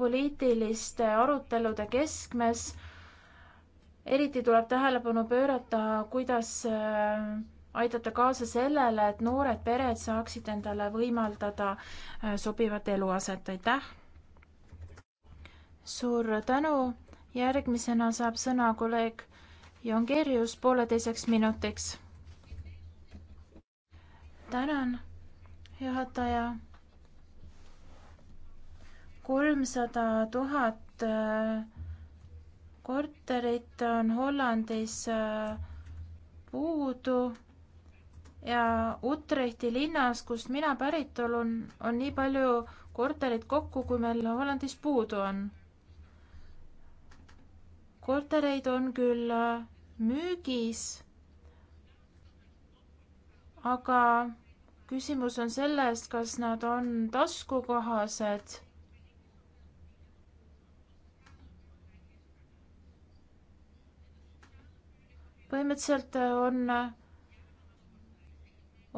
poliitiliste arutelude keskmes. eriti tuleb tähelepanu pöörata, kuidas äh, aidata kaasa sellele, et noored pered saaksid endale võimaldada äh, sobivat eluaset, aitäh! suur tänu, järgmisena saab sõna kolleeg Jongerius pooleteiseks minutiks tänan, juhataja. kolmsada tuhat äh, korterit on Hollandis äh, puudu ja Utrechti linnas, kust mina pärit olen, on nii palju korterid kokku, kui meil Hollandis puudu on. kortereid on küll äh, müügis aga küsimus on selles, kas nad on taskukohased põhimõtteliselt on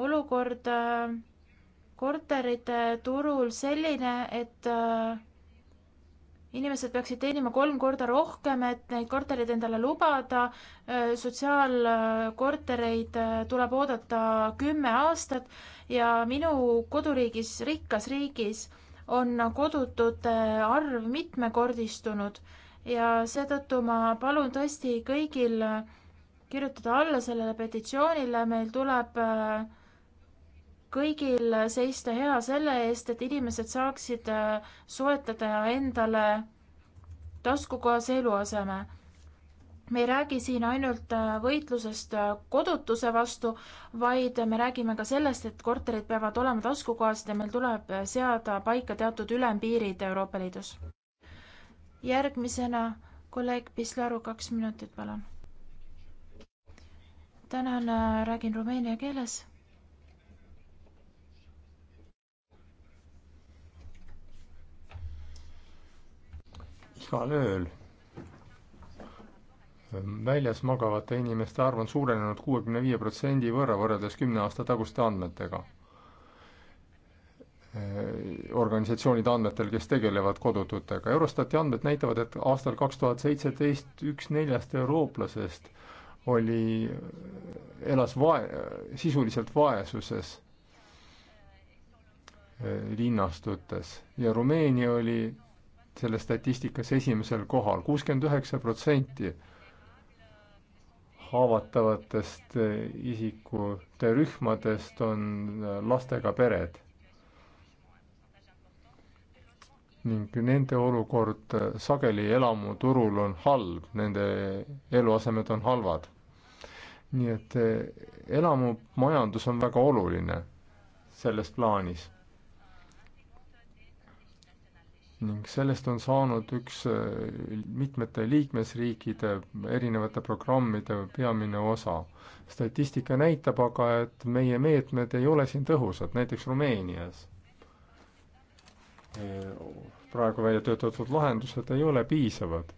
olukord korterite turul selline, et äh, inimesed peaksid teenima kolm korda rohkem, et neid kortereid endale lubada. Äh, sotsiaalkortereid äh, tuleb oodata kümme aastat ja minu koduriigis, rikkas riigis, on kodutute arv mitmekordistunud ja seetõttu ma palun tõesti kõigil kirjutada alla sellele petitsioonile, meil tuleb äh, kõigil seista hea selle eest, et inimesed saaksid äh, soetada endale taskukohase eluaseme. me ei räägi siin ainult äh, võitlusest äh, kodutuse vastu, vaid me räägime ka sellest, et korterid peavad olema taskukohased ja meil tuleb seada paika teatud ülempiirid Euroopa Liidus. järgmisena kolleeg Pislaru, kaks minutit, palun. tänan, räägin rumeenia keeles igal ööl väljas magavate inimeste arv on suurenenud kuuekümne viie protsendi võrra võrreldes kümne aasta taguste andmetega. organisatsioonide andmetel, kes tegelevad kodututega. Eurostati andmed näitavad, et aastal kaks tuhat seitseteist üks neljast eurooplasest oli, elas vae-, sisuliselt vaesuses linnastutes ja Rumeenia oli selles statistikas esimesel kohal, kuuskümmend üheksa protsenti haavatavatest isikute rühmadest on lastega pered. ning nende olukord sageli elamuturul on halb, nende eluasemed on halvad. nii et elamumajandus on väga oluline selles plaanis ning sellest on saanud üks äh, mitmete liikmesriikide erinevate programmide peamine osa. statistika näitab aga, et meie meetmed ei ole siin tõhusad, näiteks Rumeenias äh, praegu välja töötatud lahendused ei ole piisavad.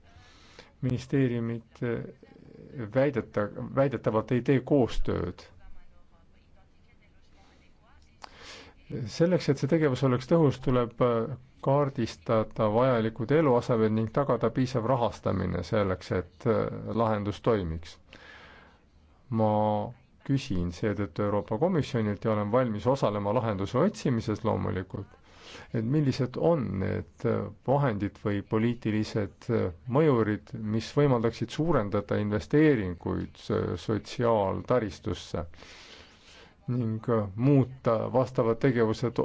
ministeeriumid äh, väideta, väidetavalt ei tee koostööd selleks, et see tegevus oleks tõhus, tuleb kaardistada vajalikud eluasemed ning tagada piisav rahastamine selleks, et äh, lahendus toimiks. ma küsin seetõttu Euroopa Komisjonilt ja olen valmis osalema lahenduse otsimises loomulikult, et millised on need äh, vahendid või poliitilised äh, mõjurid, mis võimaldaksid suurendada investeeringuid sotsiaaltaristusse ning muuta vastavad tegevused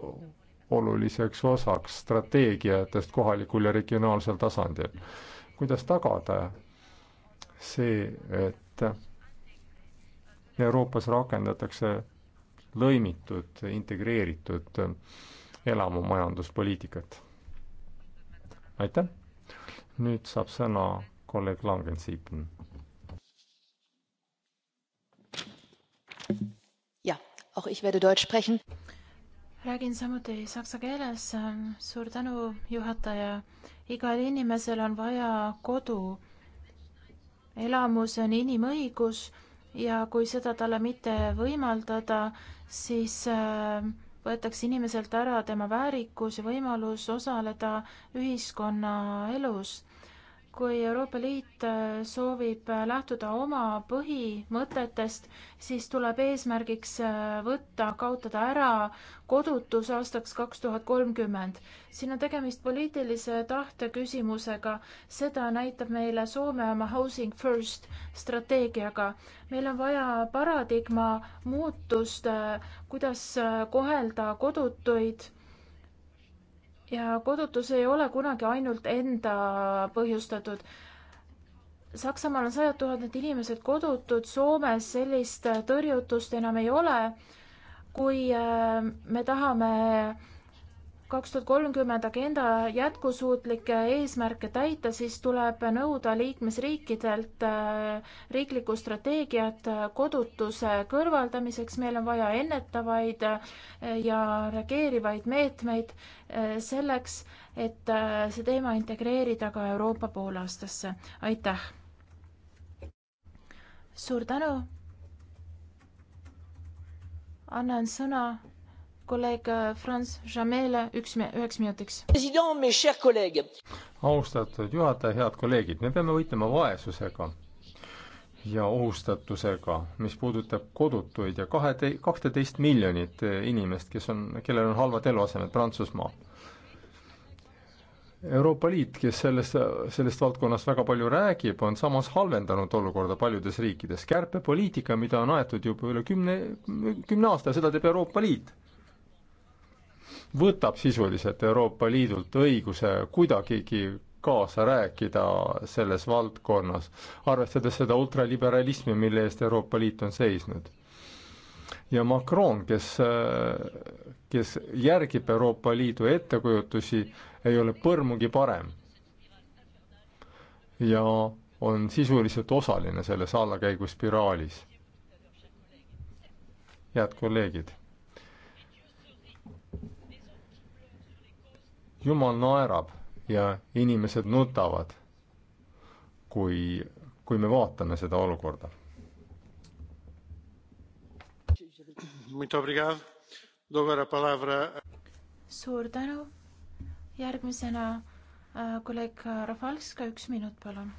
oluliseks osaks strateegiatest kohalikul ja regionaalsel tasandil. kuidas tagada see, et Euroopas rakendatakse lõimitud, integreeritud elamumajanduspoliitikat? aitäh! nüüd saab sõna kolleeg Langensiipen. jah, auch ich werde deutsch sprechen räägin samuti saksa keeles. suur tänu, juhataja. igal inimesel on vaja kodu. elamus on inimõigus ja kui seda talle mitte võimaldada, siis äh, võetakse inimeselt ära tema väärikus ja võimalus osaleda ühiskonnaelus kui Euroopa Liit äh, soovib äh, lähtuda oma põhimõtetest, siis tuleb eesmärgiks äh, võtta, kaotada ära kodutus aastaks kaks tuhat kolmkümmend. siin on tegemist poliitilise tahte küsimusega, seda näitab meile Soome oma Housing First strateegiaga. meil on vaja paradigma muutust, kuidas kohelda kodutuid ja kodutus ei ole kunagi ainult enda põhjustatud. Saksamaal on sajad tuhanded inimesed kodutud, Soomes sellist tõrjutust enam ei ole. kui äh, me tahame kaks tuhat kolmkümmend agenda jätkusuutlikke eesmärke täita, siis tuleb nõuda liikmesriikidelt äh, riiklikku strateegiat äh, kodutuse kõrvaldamiseks. meil on vaja ennetavaid äh, ja reageerivaid meetmeid selleks, et see teema integreerida ka Euroopa poolaastasse. aitäh! suur tänu! annan sõna kolleeg äh, Franz Jamele üks, üheks minutiks. austatud juhataja, head kolleegid, me peame võitlema vaesusega ja ohustatusega, mis puudutab kodutuid ja kahe, kahteteist miljonit äh, inimest, kes on, kellel on halvad eluasemed Prantsusmaal. Euroopa Liit, kes selles, sellest valdkonnast väga palju räägib, on samas halvendanud olukorda paljudes riikides. kärpepoliitika, mida on aetud juba üle kümne, kümne aasta, seda teeb Euroopa Liit võtab sisuliselt Euroopa Liidult õiguse kuidagigi kaasa rääkida selles valdkonnas, arvestades seda ultraliberalismi, mille eest Euroopa Liit on seisnud. ja Macron, kes, kes järgib Euroopa Liidu ettekujutusi, ei ole põrmugi parem. ja on sisuliselt osaline selles allakäiguspiraalis. head kolleegid Jumal naerab ja inimesed nutavad, kui, kui me vaatame seda olukorda. suur tänu. järgmisena äh, kolleeg Rafalska, üks minut, palun.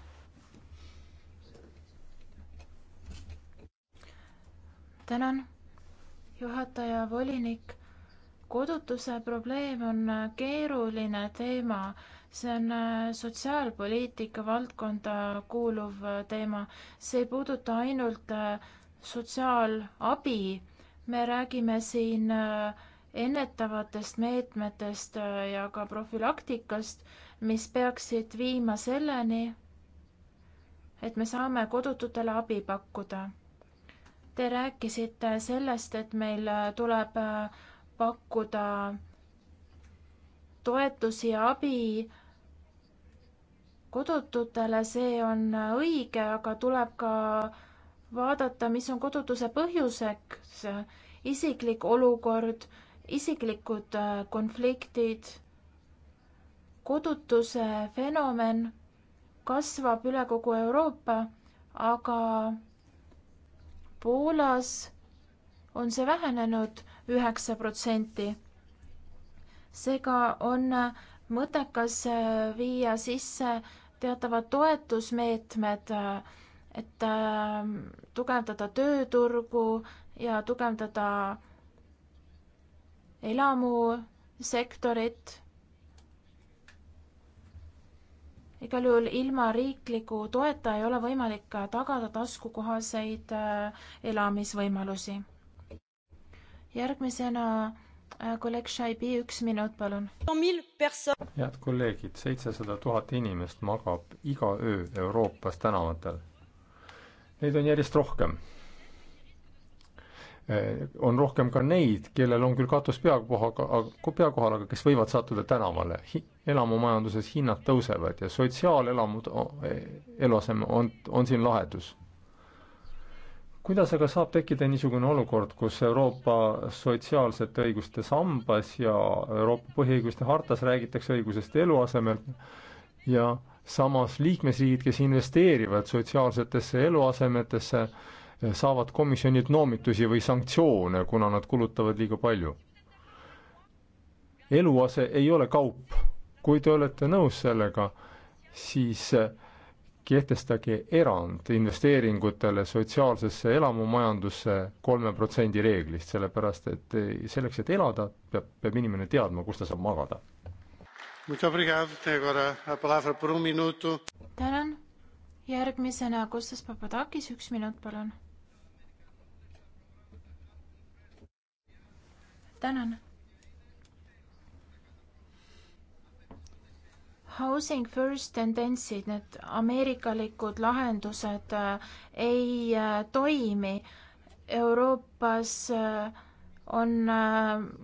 tänan, juhataja, volinik kodutuse probleem on keeruline teema, see on äh, sotsiaalpoliitika valdkonda kuuluv äh, teema, see ei puuduta ainult äh, sotsiaalabi, me räägime siin ennetavatest meetmetest ja ka profülaktikast, mis peaksid viima selleni, et me saame kodututele abi pakkuda. Te rääkisite sellest, et meil tuleb pakkuda toetusi ja abi kodututele, see on õige, aga tuleb ka vaadata, mis on kodutuse põhjuseks, isiklik olukord, isiklikud äh, konfliktid. kodutuse fenomen kasvab üle kogu Euroopa, aga Poolas on see vähenenud üheksa protsenti. seega on mõttekas äh, viia sisse teatavad toetusmeetmed, äh, et ähm, tugevdada tööturgu ja tugevdada elamusektorit. igal juhul ilma riikliku toeta ei ole võimalik tagada taskukohaseid äh, elamisvõimalusi järgmisena äh, kolleeg Šaibi, üks minut, palun. head kolleegid, seitsesada tuhat inimest magab iga öö Euroopas tänavatel. Neid on järjest rohkem. Äh, on rohkem ka neid, kellel on küll katus pea kohal, pea kohal, aga kes võivad sattuda tänavale. elamumajanduses hinnad tõusevad ja sotsiaalelamud, eluaseme on, on siin lahendus kuidas aga saab tekkida niisugune olukord, kus Euroopa sotsiaalsete õiguste sambas ja Euroopa põhiõiguste hartas räägitakse õigusest eluasemel ja samas liikmesriigid, kes investeerivad sotsiaalsetesse eluasemetesse, saavad komisjonilt noomitusi või sanktsioone, kuna nad kulutavad liiga palju. eluase ei ole kaup. kui te olete nõus sellega, siis kehtestage erand investeeringutele sotsiaalsesse elamumajandusse kolme protsendi reeglist, sellepärast et eh, selleks, et elada, peab, peab inimene teadma, kus ta saab magada. Um tänan, järgmisena Kostas Papadakis, üks minut, palun. tänan Housing first tendentsid, need ameerikalikud lahendused äh, ei äh, toimi. Euroopas äh, on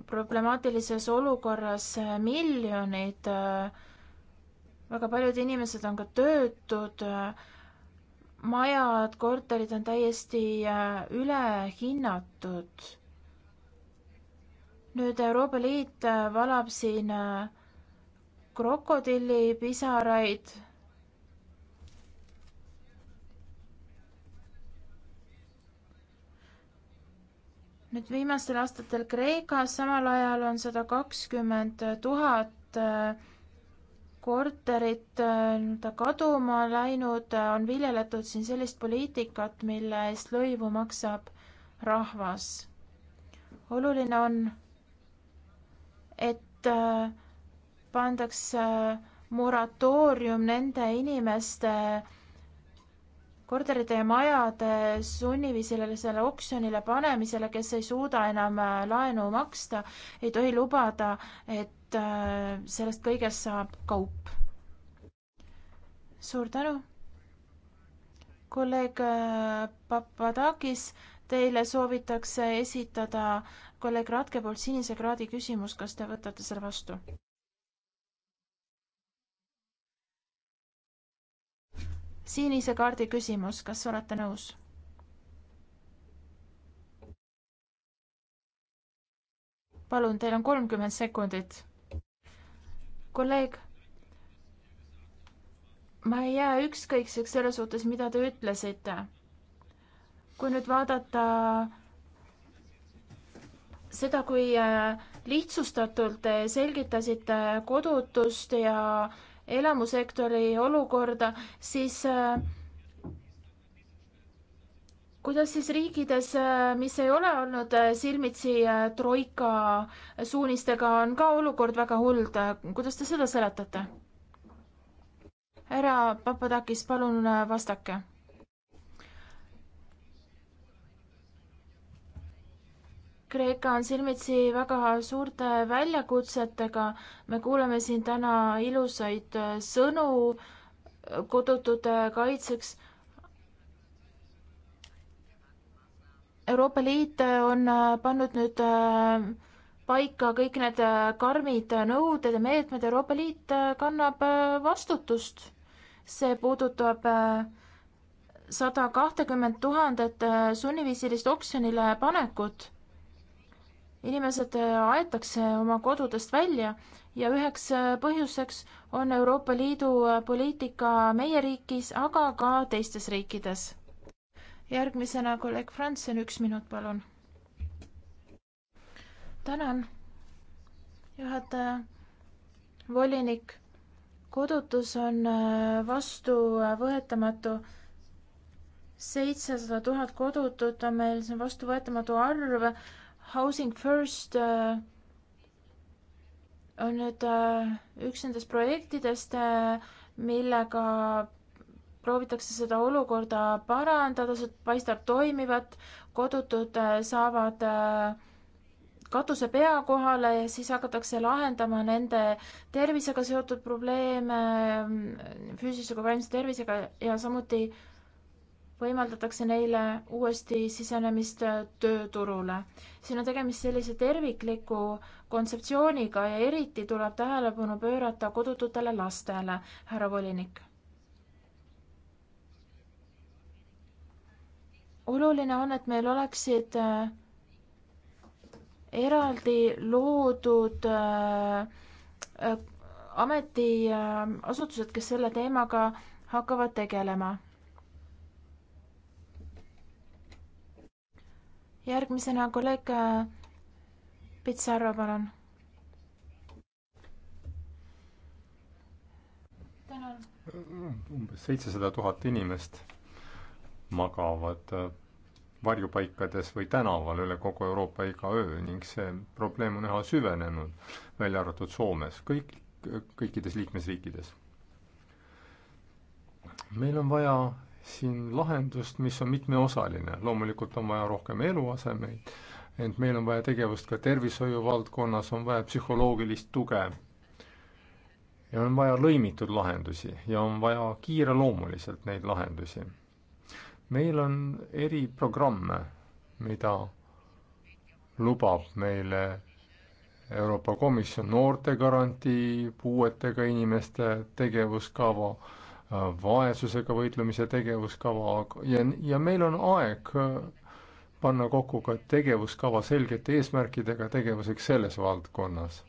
problemaatilises olukorras miljonid, väga paljud inimesed on ka töötud, majad, korterid on täiesti ülehinnatud. nüüd Euroopa Liit valab siin äh, krokodillipisaraid. nüüd viimastel aastatel Kreekas, samal ajal on sada kakskümmend tuhat äh, korterit nii-öelda äh, kaduma läinud, äh, on viljeletud siin sellist poliitikat, mille eest lõivu maksab rahvas. oluline on, et äh, pandakse äh, moratoorium nende inimeste korterite ja majade sunniviisilisele oksjonile panemisele, kes ei suuda enam äh, laenu maksta, ei tohi lubada, et äh, sellest kõigest saab kaup. suur tänu. kolleeg Papadakis, teile soovitakse esitada kolleeg Ratke poolt sinise kraadi küsimus, kas te võtate selle vastu? sinise kaardi küsimus, kas olete nõus? palun, teil on kolmkümmend sekundit. kolleeg, ma ei jää ükskõikseks selle suhtes, mida te ütlesite. kui nüüd vaadata seda, kui äh, lihtsustatult te selgitasite kodutust ja elamusektori olukorda, siis äh, kuidas siis riikides, äh, mis ei ole olnud äh, silmitsi troika suunistega, on ka olukord väga hull, kuidas te seda seletate? härra Papadakis, palun vastake Kreeka on silmitsi väga suurte väljakutsetega. me kuuleme siin täna ilusaid äh, sõnu äh, kodutute äh, kaitseks. Euroopa Liit on pannud nüüd paika kõik need karmid nõuded ja meetmed. Euroopa Liit kannab vastutust. see puudutab sada kahtekümmet tuhandet sunniviisilist oksjonile panekut inimesed äh, aetakse oma kodudest välja ja üheks äh, põhjuseks on Euroopa Liidu äh, poliitika meie riigis, aga ka teistes riikides. järgmisena kolleeg Franzen, üks minut, palun. tänan, juhataja, volinik. kodutus on vastuvõetamatu seitsesada tuhat kodutut on meil, see on vastuvõetamatu arv Housing First äh, on nüüd äh, üks nendest projektidest, äh, millega proovitakse seda olukorda parandada, see paistab toimivat, kodutud saavad katuse pea kohale ja siis hakatakse lahendama nende tervisega seotud probleeme, füüsilise kui vaimse tervisega ja samuti võimaldatakse neile uuesti sisenemist tööturule. siin on tegemist sellise tervikliku kontseptsiooniga ja eriti tuleb tähelepanu pöörata kodututele lastele, härra volinik. oluline on, et meil oleksid äh, eraldi loodud äh, äh, ametiasutused, kes selle teemaga hakkavad tegelema järgmisena kolleeg äh, Pitsarro, palun. umbes seitsesada tuhat inimest magavad äh, varjupaikades või tänaval üle kogu Euroopa iga öö ning see probleem on üha süvenenud, välja arvatud Soomes, kõik, kõikides liikmesriikides. meil on vaja siin lahendust, mis on mitmeosaline, loomulikult on vaja rohkem eluasemeid, ent meil on vaja tegevust ka tervishoiu valdkonnas, on vaja psühholoogilist tuge ja on vaja lõimitud lahendusi ja on vaja kiireloomuliselt neid lahendusi. meil on eriprogramme, mida lubab meile Euroopa Komisjon noortegarantii, puuetega inimeste tegevuskava, vaesusega võitlemise tegevuskava ja, ja meil on aeg panna kokku ka tegevuskava selgete eesmärkidega tegevuseks selles valdkonnas.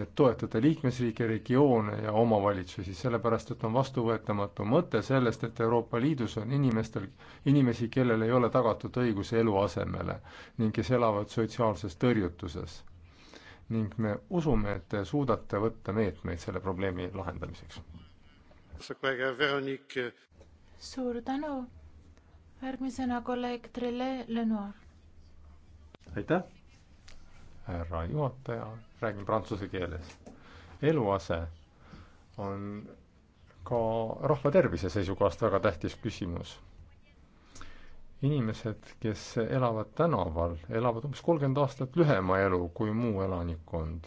et toetada liikmesriike, regioone ja omavalitsusi, sellepärast et on vastuvõetamatu mõte sellest, et Euroopa Liidus on inimestel, inimesi, kellel ei ole tagatud õigus eluasemele ning kes elavad sotsiaalses tõrjutuses ning me usume, et te suudate võtta meetmeid selle probleemi lahendamiseks. Äh, suur tänu, järgmisena kolleeg Trille Lenoir. aitäh, härra juhataja, räägin prantsuse keeles. eluase on ka rahva tervise seisukohast väga tähtis küsimus inimesed, kes elavad tänaval, elavad umbes kolmkümmend aastat lühema elu kui muu elanikkond.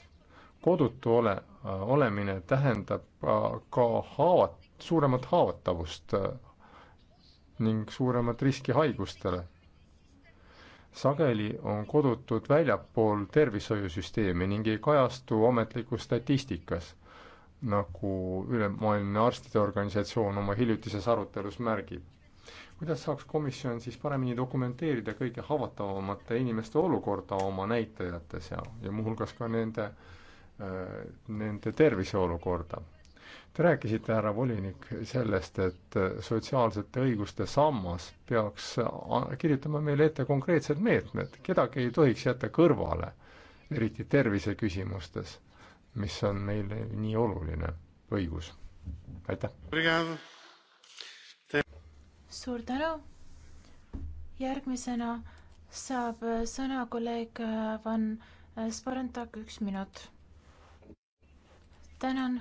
kodutu ole, olemine tähendab äh, ka haavat, suuremat haavatavust äh, ning suuremat riski haigustele. sageli on kodutud väljapool tervishoiusüsteemi ning ei kajastu ametlikus statistikas, nagu ülemaailmne arstide organisatsioon oma hiljutises arutelus märgib kuidas saaks komisjon siis paremini dokumenteerida kõige haavatavamate inimeste olukorda oma näitajates ja, ja muuhulgas ka nende, äh, nende tervise olukorda? Te rääkisite, härra volinik, sellest, et sotsiaalsete õiguste sammas peaks äh, kirjutama meile ette konkreetsed meetmed, kedagi ei tohiks jätta kõrvale, eriti terviseküsimustes, mis on meile nii oluline õigus. aitäh! suur tänu. järgmisena saab sõna kolleeg Van Sparantak, üks minut. tänan.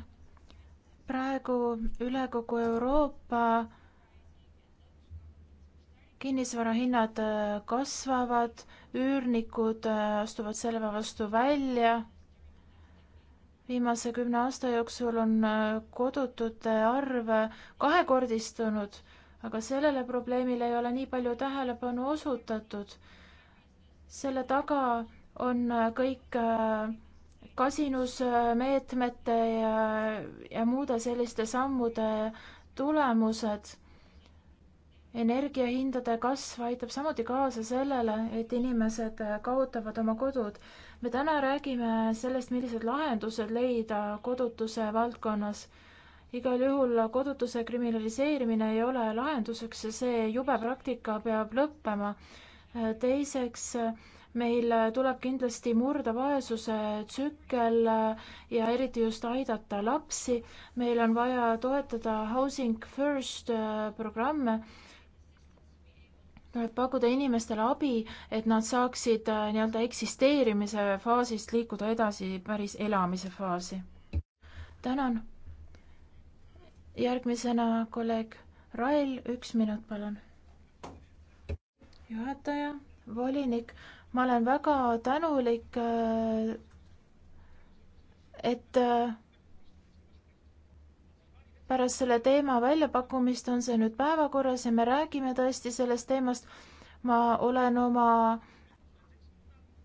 praegu üle kogu Euroopa kinnisvarahinnad kasvavad, üürnikud astuvad selle vastu välja viimase kümne aasta jooksul on kodutute arv kahekordistunud aga sellele probleemile ei ole nii palju tähelepanu osutatud. selle taga on äh, kõik äh, kasinusmeetmete ja, ja muude selliste sammude tulemused. energiahindade kasv aitab samuti kaasa sellele, et inimesed äh, kaotavad oma kodud. me täna räägime sellest, millised lahendused leida kodutuse valdkonnas igal juhul kodutuse kriminaliseerimine ei ole lahenduseks ja see jube praktika peab lõppema. teiseks, meil tuleb kindlasti murda vaesuse tsükkel ja eriti just aidata lapsi. meil on vaja toetada Housing First programme tuleb pakkuda inimestele abi, et nad saaksid äh, nii-öelda eksisteerimise faasist liikuda edasi päris elamise faasi. tänan järgmisena kolleeg Rail, üks minut, palun. juhataja, volinik, ma olen väga tänulik, äh, et äh, pärast selle teema väljapakkumist on see nüüd päevakorras ja me räägime tõesti sellest teemast. ma olen oma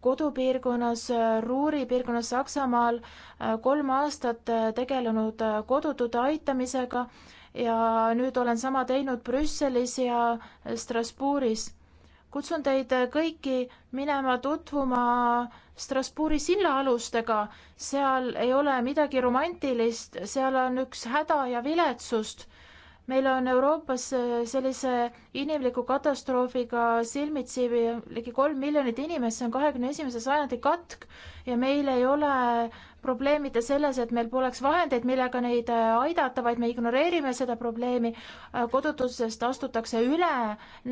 kodupiirkonnas, Ruuri piirkonnas Saksamaal äh, kolm aastat äh, tegelenud äh, kodutute aitamisega ja nüüd olen sama teinud Brüsselis ja Strasbourgis. kutsun teid kõiki minema tutvuma Strasbourgi silla alustega, seal ei ole midagi romantilist, seal on üks häda ja viletsust meil on Euroopas äh, sellise inimliku katastroofiga silmitsi ligi kolm miljonit inimest, see on kahekümne esimese sajandi katk ja meil ei ole probleemi mitte selles, et meil poleks vahendeid, millega neid äh, aidata, vaid me ignoreerime seda probleemi, äh, kodutusest astutakse üle,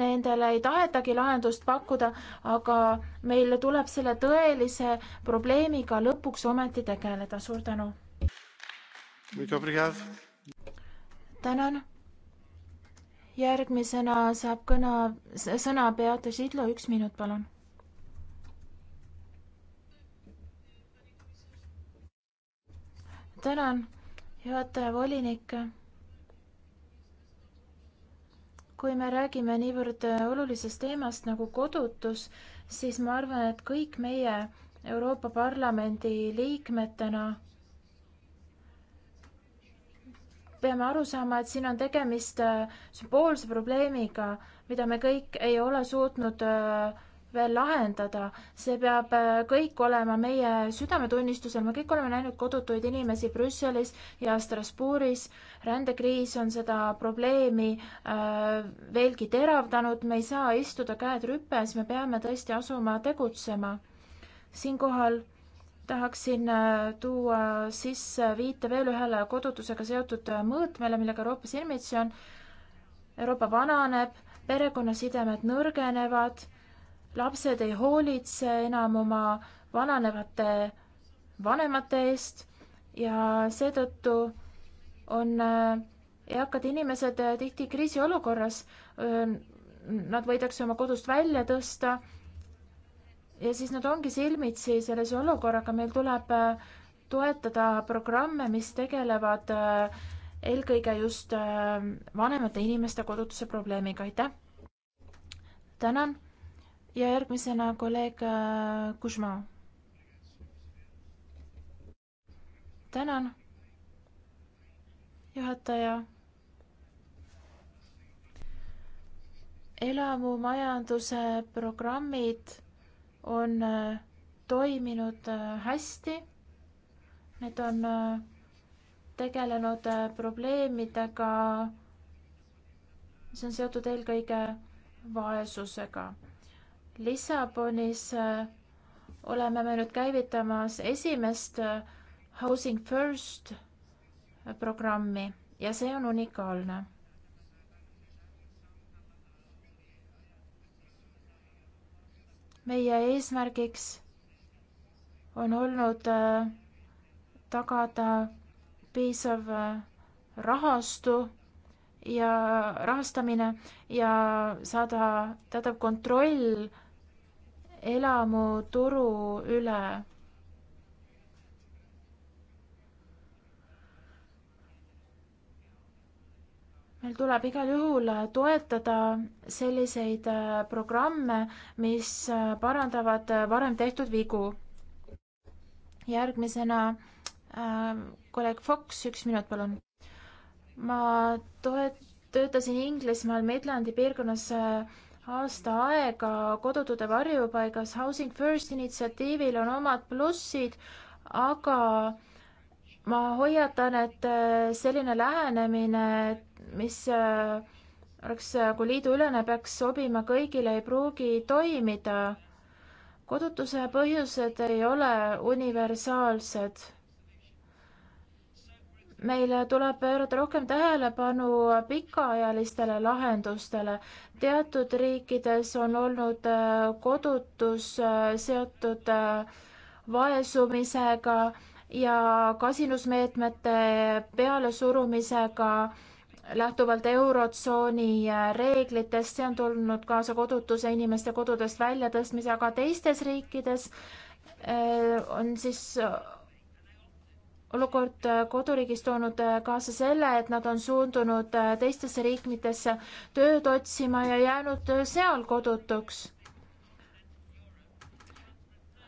nendele ei tahetagi lahendust pakkuda, aga meil tuleb selle tõelise probleemiga lõpuks ometi tegeleda, suur tänu! tänan! järgmisena saab kõna, sõna Beate Sidlo, üks minut, palun. tänan, juhataja, volinik. kui me räägime niivõrd olulisest teemast nagu kodutus, siis ma arvan, et kõik meie Euroopa Parlamendi liikmetena peame aru saama, et siin on tegemist äh, sümboolse probleemiga, mida me kõik ei ole suutnud äh, veel lahendada, see peab äh, kõik olema meie südametunnistusel, me kõik oleme näinud kodutuid inimesi Brüsselis ja Strasbourgis. rändekriis on seda probleemi äh, veelgi teravdanud, me ei saa istuda käed rüpes, me peame tõesti asuma tegutsema. siinkohal tahaksin äh, tuua sisse viite veel ühele kodutusega seotud äh, mõõtmele, millega Euroopa silmitsi on. Euroopa vananeb, perekonnasidemed nõrgenevad, lapsed ei hoolitse enam oma vananevate vanemate eest ja seetõttu on äh, eakad inimesed tihti kriisiolukorras. Nad võidakse oma kodust välja tõsta ja siis nad ongi silmitsi selles olukorraga, meil tuleb äh, toetada programme, mis tegelevad äh, eelkõige just äh, vanemate inimeste kodutuse probleemiga, aitäh! tänan ja järgmisena kolleeg Kusma. tänan, juhataja. elamumajanduse programmid on äh, toiminud äh, hästi. Need on äh, tegelenud probleemidega, mis on seotud eelkõige vaesusega. Lissabonis oleme me nüüd käivitamas esimest Housing First programmi ja see on unikaalne meie eesmärgiks on olnud äh, tagada piisav äh, rahastu ja rahastamine ja saada teatav kontroll elamuturu üle meil tuleb igal juhul toetada selliseid äh, programme, mis äh, parandavad äh, varem tehtud vigu. järgmisena äh, kolleeg Fox, üks minut, palun. ma toet-, töötasin Inglismaal Midlandi piirkonnas äh, aasta aega kodutude varjupaigas Housing First initsiatiivil on omad plussid, aga ma hoiatan, et selline lähenemine mis äh, oleks, äh, kui liiduülene peaks sobima kõigile, ei pruugi toimida. kodutuse põhjused ei ole universaalsed. meil tuleb pöörata rohkem tähelepanu pikaajalistele lahendustele. teatud riikides on olnud äh, kodutus seotud vaesumisega ja kasinusmeetmete pealesurumisega lähtuvalt Eurotsooni äh, reeglitest, see on tulnud kaasa kodutuse inimeste kodudest väljatõstmise, aga teistes riikides äh, on siis äh, olukord koduriigis toonud kaasa selle, et nad on suundunud teistesse riikidesse tööd otsima ja jäänud seal kodutuks.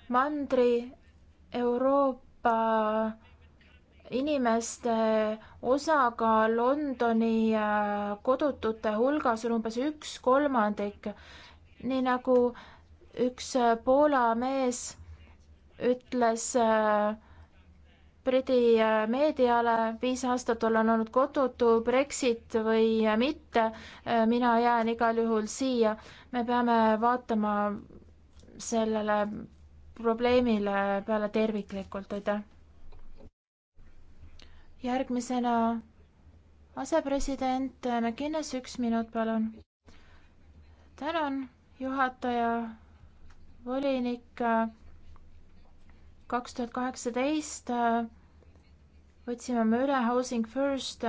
mandri Euroopa inimeste osakaal Londoni äh, kodutute hulgas on umbes üks kolmandik. nii nagu üks äh, Poola mees ütles äh, Briti meediale, viis aastat olen olnud kodutu, Brexit või mitte, mina jään igal juhul siia. me peame vaatama sellele probleemile peale terviklikult, aitäh! järgmisena asepresident McInnes, üks minut, palun. tänan, juhataja, volinik. kaks tuhat kaheksateist võtsime me üle Housing First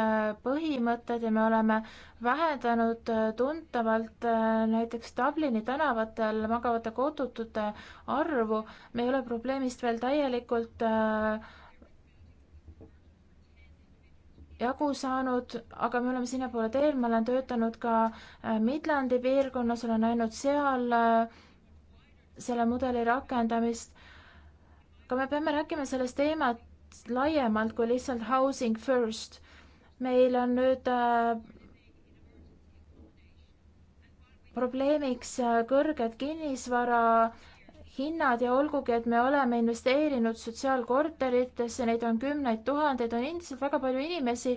põhimõtted ja me oleme vähendanud tuntavalt näiteks Dublini tänavatel magavate kodutute arvu. me ei ole probleemist veel täielikult äh, jagu saanud, aga me oleme sinnapoole teel, ma olen töötanud ka äh, Midlandi piirkonnas, olen näinud seal äh, selle mudeli rakendamist. aga me peame rääkima sellest teemat laiemalt kui lihtsalt housing first. meil on nüüd äh, probleemiks kõrged kinnisvara hinnad ja olgugi, et me oleme investeerinud sotsiaalkorteritesse, neid on kümneid tuhandeid, on endiselt väga palju inimesi,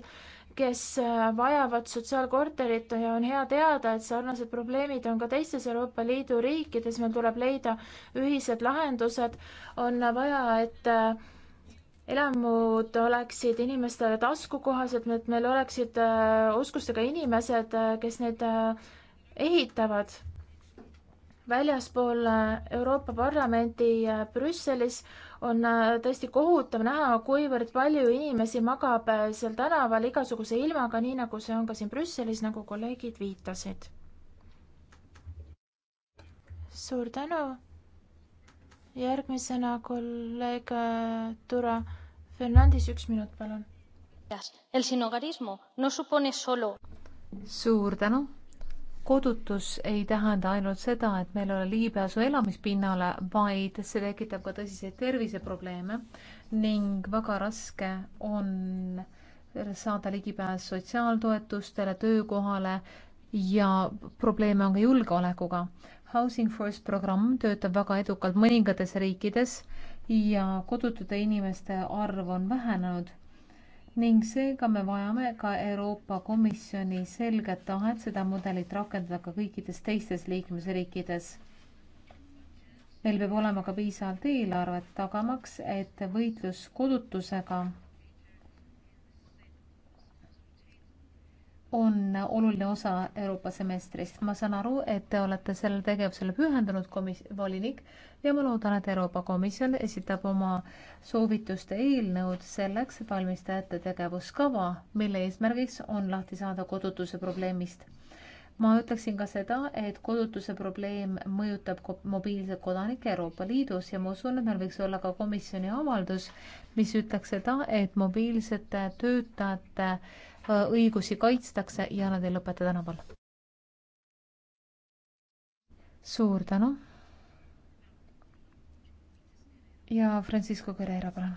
kes äh, vajavad sotsiaalkorterit ja on hea teada, et sarnased probleemid on ka teistes Euroopa Liidu riikides, meil tuleb leida ühised lahendused, on vaja, et äh, elamud oleksid inimestele taskukohased, et meil oleksid äh, oskustega inimesed, kes neid ehitavad väljaspool äh, Euroopa Parlamenti äh, Brüsselis on äh, tõesti kohutav näha, kuivõrd palju inimesi magab seal tänaval igasuguse ilmaga, nii nagu see on ka siin Brüsselis, nagu kolleegid viitasid. suur tänu. järgmisena kolleeg Tura Fernandis, üks minut, palun. suur tänu kodutus ei tähenda ainult seda, et meil ei ole ligipääsu elamispinnale, vaid see tekitab ka tõsiseid terviseprobleeme ning väga raske on saada ligipääs sotsiaaltoetustele, töökohale ja probleeme on ka julgeolekuga. Housing First programm töötab väga edukalt mõningates riikides ja kodutute inimeste arv on vähenenud ning seega me vajame ka Euroopa Komisjoni selget tahet seda mudelit rakendada ka kõikides teistes liikmesriikides. meil peab olema ka piisavalt eelarvet tagamaks, et võitlus kodutusega on oluline osa Euroopa semestrist. ma saan aru, et te olete sellele tegevusele pühendunud komis-, volinik ja ma loodan, et Euroopa Komisjon esitab oma soovituste eelnõud selleks, et valmistada ette tegevuskava, mille eesmärgiks on lahti saada kodutuse probleemist. ma ütleksin ka seda, et kodutuse probleem mõjutab ko mobiilseid kodanikke Euroopa Liidus ja ma usun, et meil võiks olla ka komisjoni avaldus, mis ütleks seda, et mobiilsete töötajate äh, Äh, õigusi kaitstakse ja nad ei lõpeta tänaval. suur tänu. ja Francisco Guerrero, palun.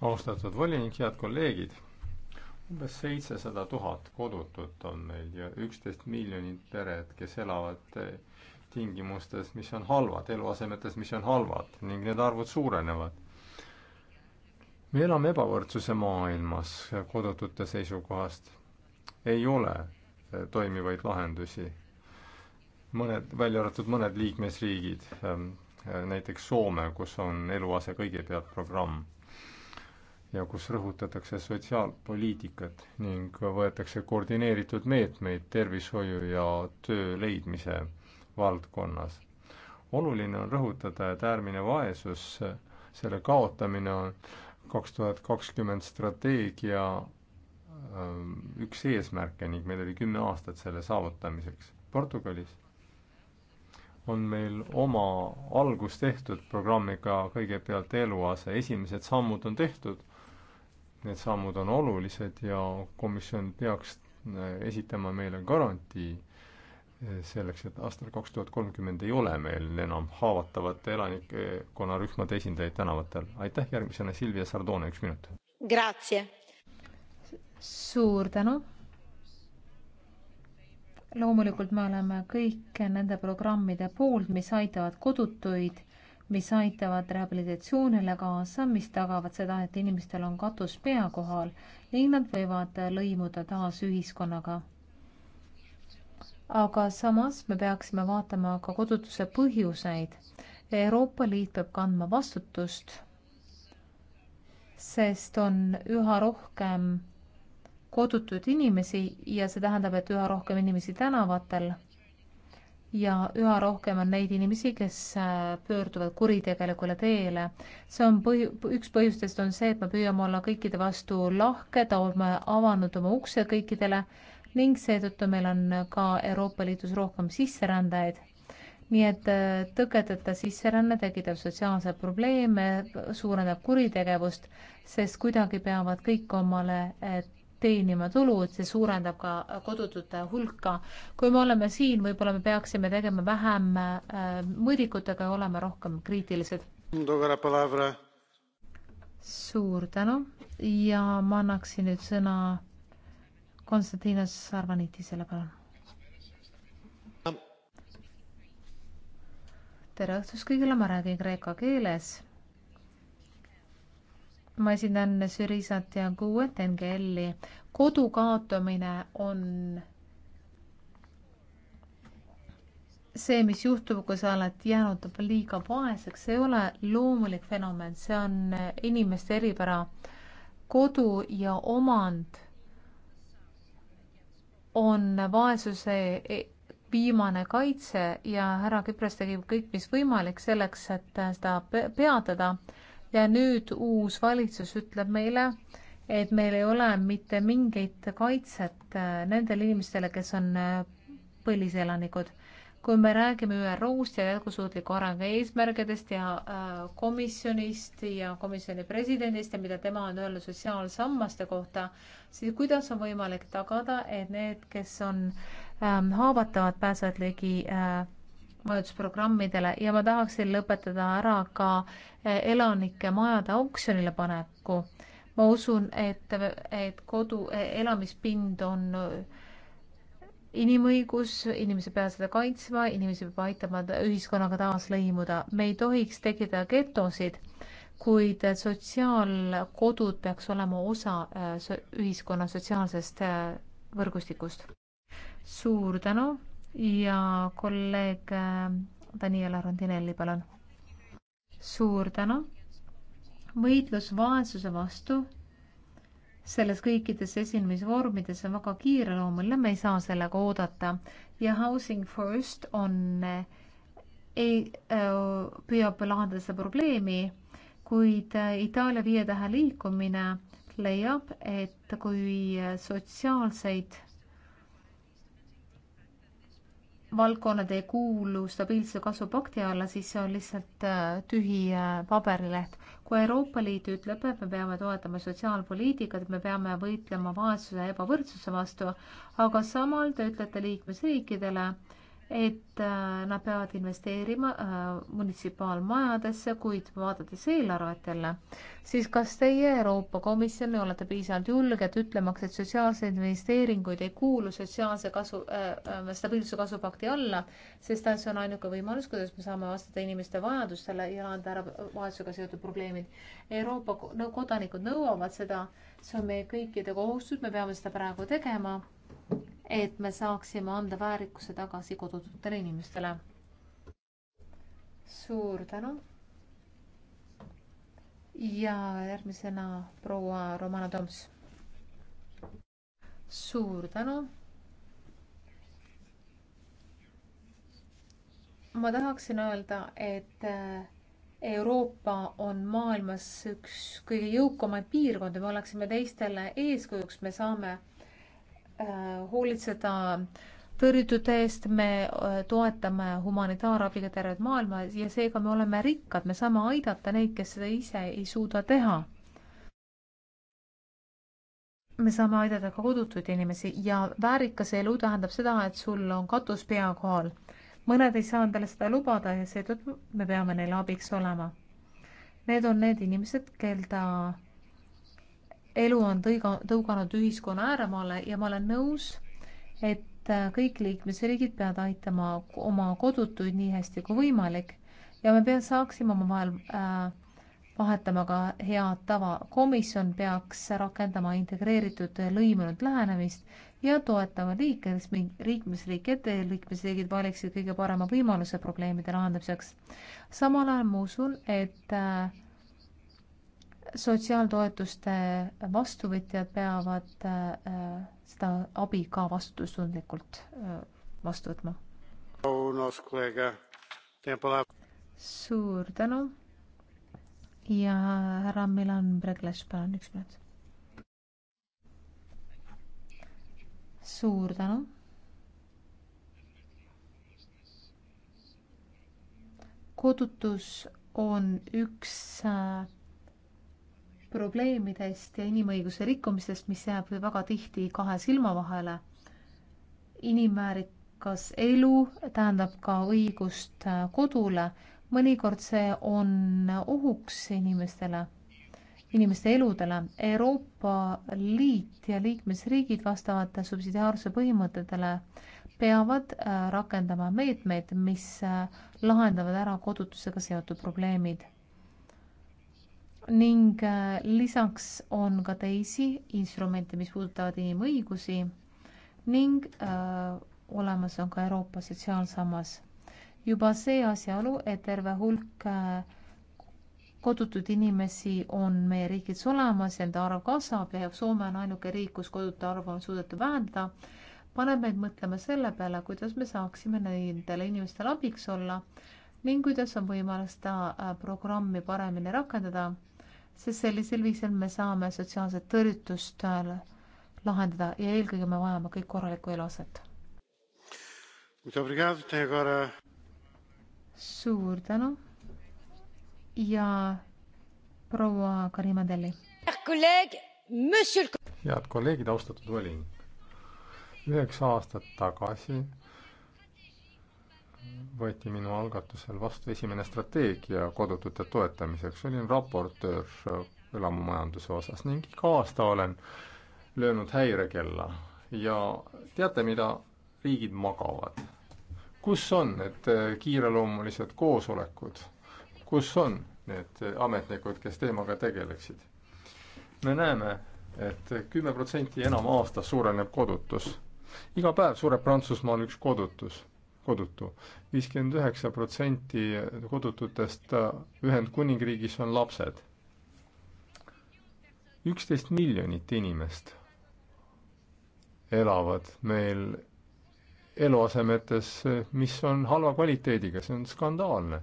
austatud volinik, head kolleegid umbes seitsesada tuhat kodutut on meil ja üksteist miljonit peret, kes elavad tingimustes, mis on halvad, eluasemetes, mis on halvad ning need arvud suurenevad me elame ebavõrdsuse maailmas kodutute seisukohast. ei ole eh, toimivaid lahendusi. mõned, välja arvatud mõned liikmesriigid, ehm, eh, näiteks Soome, kus on eluase kõigepealt programm ja kus rõhutatakse sotsiaalpoliitikat ning võetakse koordineeritud meetmeid tervishoiu ja töö leidmise valdkonnas. oluline on rõhutada, et äärmine vaesus, selle kaotamine on äh, kaks tuhat kakskümmend strateegia ähm, üks eesmärke ning meil oli kümme aastat selle saavutamiseks. Portugalis on meil oma algus tehtud programmiga kõigepealt eluase, esimesed sammud on tehtud, need sammud on olulised ja komisjon peaks äh, esitama meile garantii selleks, et aastal kaks tuhat kolmkümmend ei ole meil enam haavatavate elanikkonnarühmade esindajaid tänavatel. aitäh, järgmisena Silvia Sardone, üks minut. suur tänu. loomulikult me oleme kõik nende programmide poolt, mis aitavad kodutuid, mis aitavad rehabilitatsioonile kaasa, mis tagavad seda, et inimestel on katus pea kohal ning nad võivad lõimuda taas ühiskonnaga aga samas me peaksime vaatama ka kodutuse põhjuseid. Euroopa Liit peab kandma vastutust, sest on üha rohkem kodutuid inimesi ja see tähendab, et üha rohkem inimesi tänavatel ja üha rohkem on neid inimesi, kes äh, pöörduvad kuritegelikule teele. see on põhi, üks põhjustest on see, et me püüame olla kõikide vastu lahked, oleme avanud oma ukse kõikidele ning seetõttu meil on ka Euroopa Liidus rohkem sisserändajaid. nii et äh, tõketeta sisseränne tekitab sotsiaalseid probleeme, suurendab kuritegevust, sest kuidagi peavad kõik omale äh, teenima tulu, et see suurendab ka kodutute hulka. kui me oleme siin, võib-olla me peaksime tegema vähem äh, mõõdikutega ja olema rohkem kriitilised. suur tänu ja ma annaksin nüüd sõna Konstantinos Arvanitisele, palun. tere õhtust kõigile, ma räägin kreeka keeles. ma esindan Sürisat ja Kuuet NGL-i. kodu kaotamine on see, mis juhtub, kui sa oled jäänud liiga vaeseks, ei ole loomulik fenomen, see on inimeste eripära. kodu ja omand on vaesuse e-, viimane kaitse ja härra Küpros tegi kõik, mis võimalik selleks, et seda peatada. ja nüüd uus valitsus ütleb meile, et meil ei ole mitte mingit kaitset äh, nendele inimestele, kes on äh, põliselanikud kui me räägime ÜRO-st ja jätkusuutliku arengu eesmärgidest ja äh, komisjonist ja komisjoni presidendist ja mida tema on öelnud sotsiaalsammaste kohta, siis kuidas on võimalik tagada, et need, kes on ähm, haavatavad, pääsevad ligi äh, majutusprogrammidele ja ma tahaksin lõpetada ära ka äh, elanike majade auksjonile paneku. ma usun, et, et kodu äh,, elamispind on äh, inimõigus, inimesi peab seda kaitsma, inimesi peab aitama ühiskonnaga taas lõimuda. me ei tohiks tekitada getosid, kuid sotsiaalkodud peaks olema osa äh, ühiskonna sotsiaalsest äh, võrgustikust. suur tänu ja kolleeg äh, Daniela Rondinelli, palun. suur tänu. võitlus vaesuse vastu selles kõikides esinemisvormides on väga kiireloomuline, me ei saa sellega oodata ja Housing First on, eh, ei, eh, püüab lahendada seda probleemi, kuid eh, Itaalia viie tähe liikumine leiab, et kui sotsiaalseid valdkonnad ei kuulu stabiilse kasvu pakti alla, siis see on lihtsalt tühi paberileht kui Euroopa Liit ütleb, et me peame toetama sotsiaalpoliitikat, me peame võitlema vaesuse ja ebavõrdsuse vastu, aga samal te ütlete liikmesriikidele, et äh, nad peavad investeerima äh, munitsipaalmajadesse, kuid vaadates eelarvet jälle, siis kas teie Euroopa Komisjoni olete piisavalt julged ütlemaks, et sotsiaalseid investeeringuid ei kuulu sotsiaalse kasu äh,, äh stabiilsuse kasvupakti alla, sest see on ainuke võimalus, kuidas me saame vastata inimeste vajadustele ja anda ära vaesusega seotud probleemid. Euroopa no, kodanikud nõuavad seda, see on meie kõikide kohustus, me peame seda praegu tegema et me saaksime anda väärikuse tagasi kodututele inimestele. suur tänu. ja järgmisena proua Romana Toms. suur tänu. ma tahaksin öelda, et äh, Euroopa on maailmas üks kõige jõukamaid piirkondi, me oleksime teistele eeskujuks, me saame Äh, hoolitseda tõrjutute eest, me äh, toetame humanitaarabiga tervet maailma ja seega me oleme rikkad, me saame aidata neid, kes seda ise ei suuda teha. me saame aidata ka kodutuid inimesi ja väärikas elu tähendab seda, et sul on katus pea kohal. mõned ei saa endale seda lubada ja seetõttu me peame neile abiks olema. Need on need inimesed, kel ta elu on tõiga, tõuganud ühiskonna ääremaale ja ma olen nõus, et äh, kõik liikmesriigid peavad aitama oma kodutuid nii hästi kui võimalik ja me pea, saaksime omavahel äh, vahetama ka head tava. komisjon peaks rakendama integreeritud lõimunud lähenemist ja toetama riike, kes liikmesriike ette ja liikmesriigid valiksid kõige parema võimaluse probleemide lahendamiseks. samal ajal ma usun, et äh, sotsiaaltoetuste vastuvõtjad peavad äh, seda abi ka vastutustundlikult äh, vastu võtma. suur tänu ja härra Milan Bregles, palun üks minut. suur tänu. kodutus on üks äh, probleemidest ja inimõiguse rikkumistest, mis jääb väga tihti kahe silma vahele. inimväärikas elu tähendab ka õigust äh, kodule, mõnikord see on ohuks inimestele, inimeste eludele. Euroopa Liit ja liikmesriigid vastavate subsidiaarsuse põhimõtetele peavad äh, rakendama meetmeid, mis äh, lahendavad ära kodutusega seotud probleemid ning äh, lisaks on ka teisi instrumente, mis puudutavad inimõigusi ning öö, äh, olemas on ka Euroopa sotsiaalsammas. juba see asjaolu, et terve hulk äh, kodutud inimesi on meie riigis olemas ja nende arv kasvab ja Soome on ainuke riik, kus kodute arvu on suudetud vähendada, paneb meid mõtlema selle peale, kuidas me saaksime nendele inimestele abiks olla ning kuidas on võimalik seda programmi paremini rakendada sest sellisel viisil me saame sotsiaalset tõrjutust äh, lahendada ja eelkõige me vajame kõik korralikku eluaset. suur tänu ja proua Karima Telli. head kolleegid, austatud volinik. üheksa aastat tagasi võeti minu algatusel vastu esimene strateegia kodutute toetamiseks, olin raportöör äh, elamumajanduse osas ning iga aasta olen löönud häirekella ja teate, mida riigid magavad? kus on need äh, kiireloomulised koosolekud, kus on need äh, ametnikud, kes teemaga tegeleksid? me näeme et, et kümme protsenti enam aastas suureneb kodutus. iga päev sureb Prantsusmaal üks kodutus kodutu. viiskümmend üheksa protsenti kodututest Ühendkuningriigis on lapsed. üksteist miljonit inimest elavad meil eluasemetes, mis on halva kvaliteediga, see on skandaalne.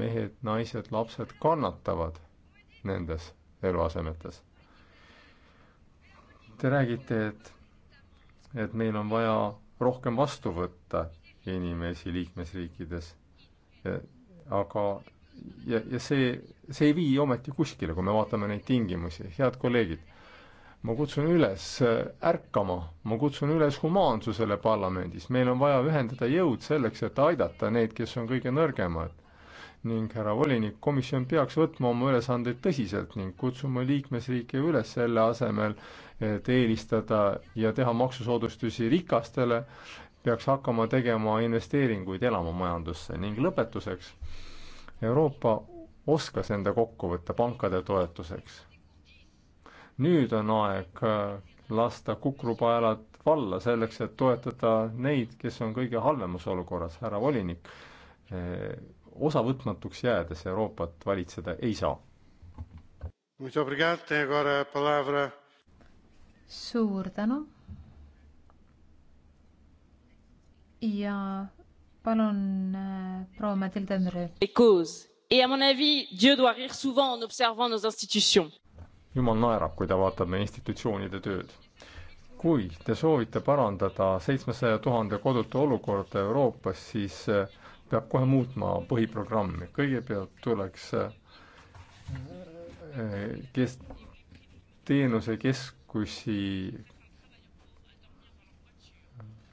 mehed, naised, lapsed kannatavad nendes eluasemetes. Te räägite, et, et meil on vaja rohkem vastu võtta inimesi liikmesriikides. aga, ja, ja see, see ei vii ometi kuskile, kui me vaatame neid tingimusi, head kolleegid, ma kutsun üles äh, ärkama, ma kutsun üles humaansusele parlamendis, meil on vaja ühendada jõud selleks, et aidata neid, kes on kõige nõrgemad. ning härra volinik, komisjon peaks võtma oma ülesandeid tõsiselt ning kutsuma liikmesriike üles selle asemel, et eelistada ja teha maksusoodustusi rikastele peaks hakkama tegema investeeringuid elamumajandusse ning lõpetuseks, Euroopa oskas enda kokku võtta pankade toetuseks. nüüd on aeg äh, lasta kukrupaelad valla selleks, et toetada neid, kes on kõige halvemas olukorras, härra volinik, äh, osavõtmatuks jäädes Euroopat valitseda ei saa. suur tänu ja palun äh, proua Matilda Müri. Et à mon avis, Dieu doit rire souvent en observant nos institutions. jumal naerab, kui ta vaatab meie institutsioonide tööd. kui te soovite parandada seitsmesaja tuhande kodutu olukorda Euroopas, siis äh, peab kohe muutma põhiprogrammi. kõigepealt tuleks äh, kes-, teenusekeskusi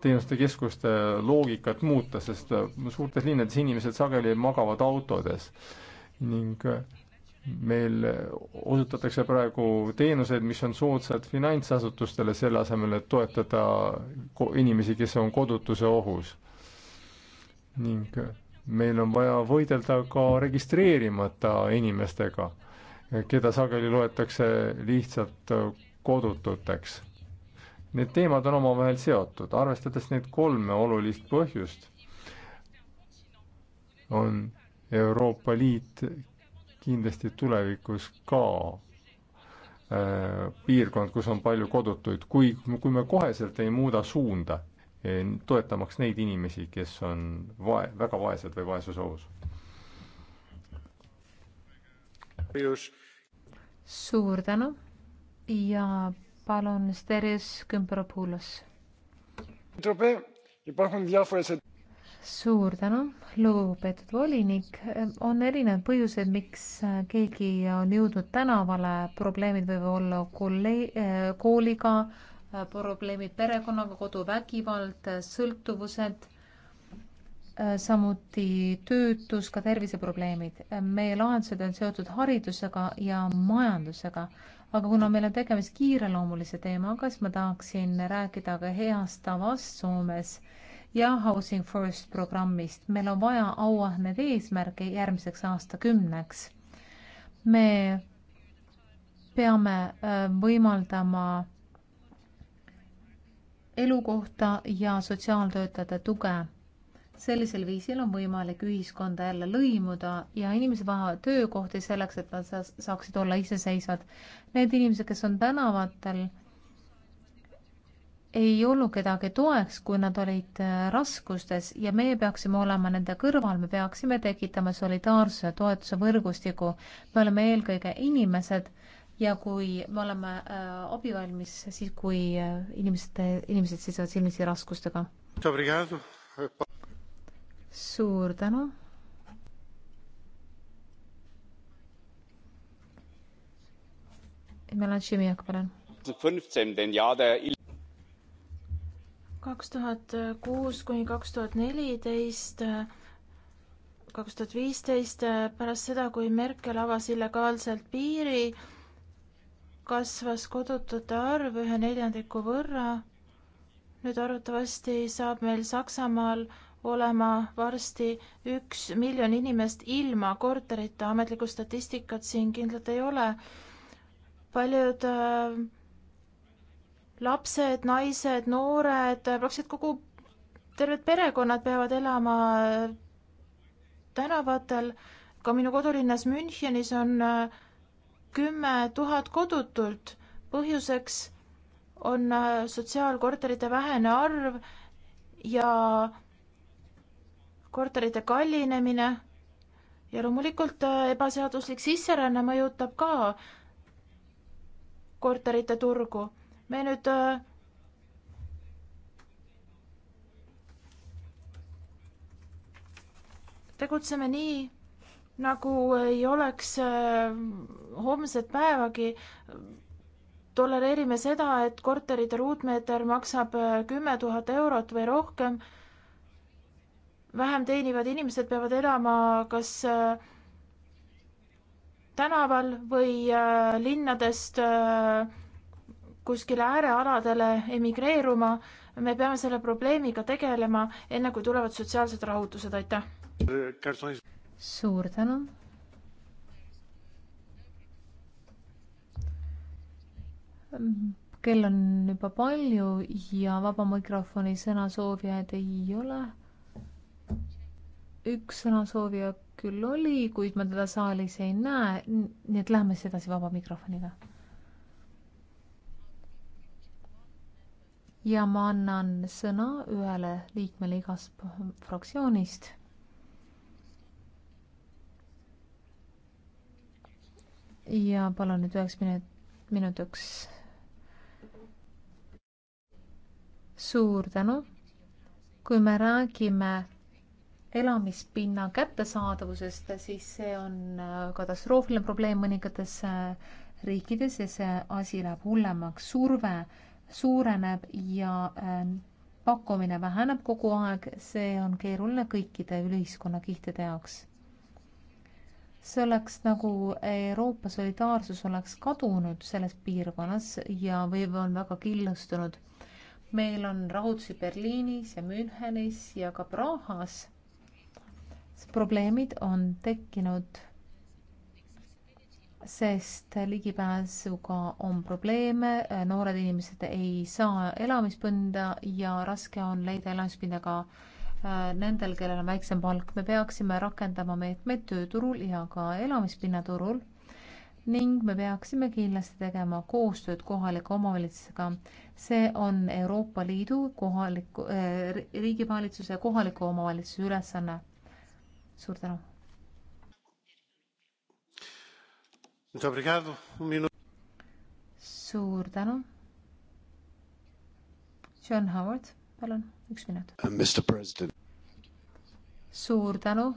teenuste keskuste loogikat muuta, sest äh, suurtes linnades inimesed sageli magavad autodes ning äh, meil osutatakse praegu teenuseid, mis on soodsad finantsasutustele, selle asemel, et toetada inimesi, kes on kodutuse ohus. ning äh, meil on vaja võidelda ka registreerimata inimestega, keda sageli loetakse lihtsalt kodututeks Need teemad on omavahel seotud, arvestades neid kolme olulist põhjust, on Euroopa Liit kindlasti tulevikus ka äh, piirkond, kus on palju kodutuid, kui, kui me koheselt ei muuda suunda, e, toetamaks neid inimesi, kes on vae-, väga vaesed või vaesusohus. suur tänu ja palun, Steris Kümperopoulos. suur tänu, lugupeetud volinik. on erinevad põhjused, miks keegi on jõudnud tänavale, probleemid võivad olla kolle-, kooliga, probleemid perekonnaga, koduvägivald, sõltuvused samuti töötus, ka terviseprobleemid. meie lahendused on seotud haridusega ja majandusega aga kuna meil on tegemist kiireloomulise teemaga, siis ma tahaksin rääkida ka heast tavast Soomes ja Housing First programmist. meil on vaja auahned eesmärke järgmiseks aastakümneks. me peame äh, võimaldama elukohta ja sotsiaaltöötajate tuge sellisel viisil on võimalik ühiskonda jälle lõimuda ja inimesed vajavad töökohti selleks, et nad saaksid olla iseseisvad. Need inimesed, kes on tänavatel, ei olnud kedagi toeks, kui nad olid äh, raskustes ja meie peaksime olema nende kõrval, me peaksime tekitama solidaarsuse toetuse võrgustiku. me oleme eelkõige inimesed ja kui me oleme äh, abivalmis, siis kui äh, inimeste, inimesed seisavad silmitsi raskustega suur tänu. Melan Šimjak, palun. kaks tuhat kuus kuni kaks tuhat neliteist, kaks tuhat viisteist, pärast seda, kui Merkel avas illegaalselt piiri, kasvas kodutute arv ühe neljandiku võrra. nüüd arvatavasti saab meil Saksamaal olema varsti üks miljon inimest ilma korterita, ametlikku statistikat siin kindlalt ei ole. paljud äh, lapsed, naised, noored, praktiliselt kogu, terved perekonnad peavad elama äh, tänavatel. ka minu kodulinnas Münchenis on äh, kümme tuhat kodutult. põhjuseks on äh, sotsiaalkorterite vähene arv ja korterite kallinemine ja loomulikult äh, ebaseaduslik sisseränne mõjutab ka korterite turgu. me nüüd äh, tegutseme nii, nagu ei oleks äh, homset päevagi. tolereerime seda, et korterite ruutmeeter maksab kümme tuhat eurot või rohkem vähem teenivad inimesed peavad elama kas äh, tänaval või äh, linnadest äh, kuskile äärealadele emigreeruma. me peame selle probleemiga tegelema, enne kui tulevad sotsiaalsed rahutused, aitäh. suur tänu. kell on juba palju ja vaba mikrofoni sõnasoovijaid ei ole üks sõnasoovija küll oli, kuid ma teda saalis ei näe, nii et lähme siis edasi vaba mikrofoniga. ja ma annan sõna ühele liikmele igast fraktsioonist. ja palun nüüd üheks minut-, minutiks. suur tänu. kui me räägime elamispinna kättesaadavusest, siis see on äh, katastroofiline probleem mõningates äh, riikides ja see asi läheb hullemaks, surve suureneb ja äh, pakkumine väheneb kogu aeg, see on keeruline kõikide ühiskonnakihtide jaoks. see oleks nagu Euroopa solidaarsus oleks kadunud selles piirkonnas ja või on väga killustunud. meil on rahutusi Berliinis ja Münchenis ja ka Prahas probleemid on tekkinud, sest ligipääsuga on probleeme, noored inimesed ei saa elamispinda ja raske on leida elamispinda ka äh, nendel, kellel on väiksem palk. me peaksime rakendama meetmeid tööturul ja ka elamispinnaturul ning me peaksime kindlasti tegema koostööd kohalike omavalitsustega. see on Euroopa Liidu kohaliku eh,, riigivalitsuse ja kohaliku omavalitsuse ülesanne suur tänu. Um suur tänu. John Howard, palun, üks minut. Uh, suur tänu.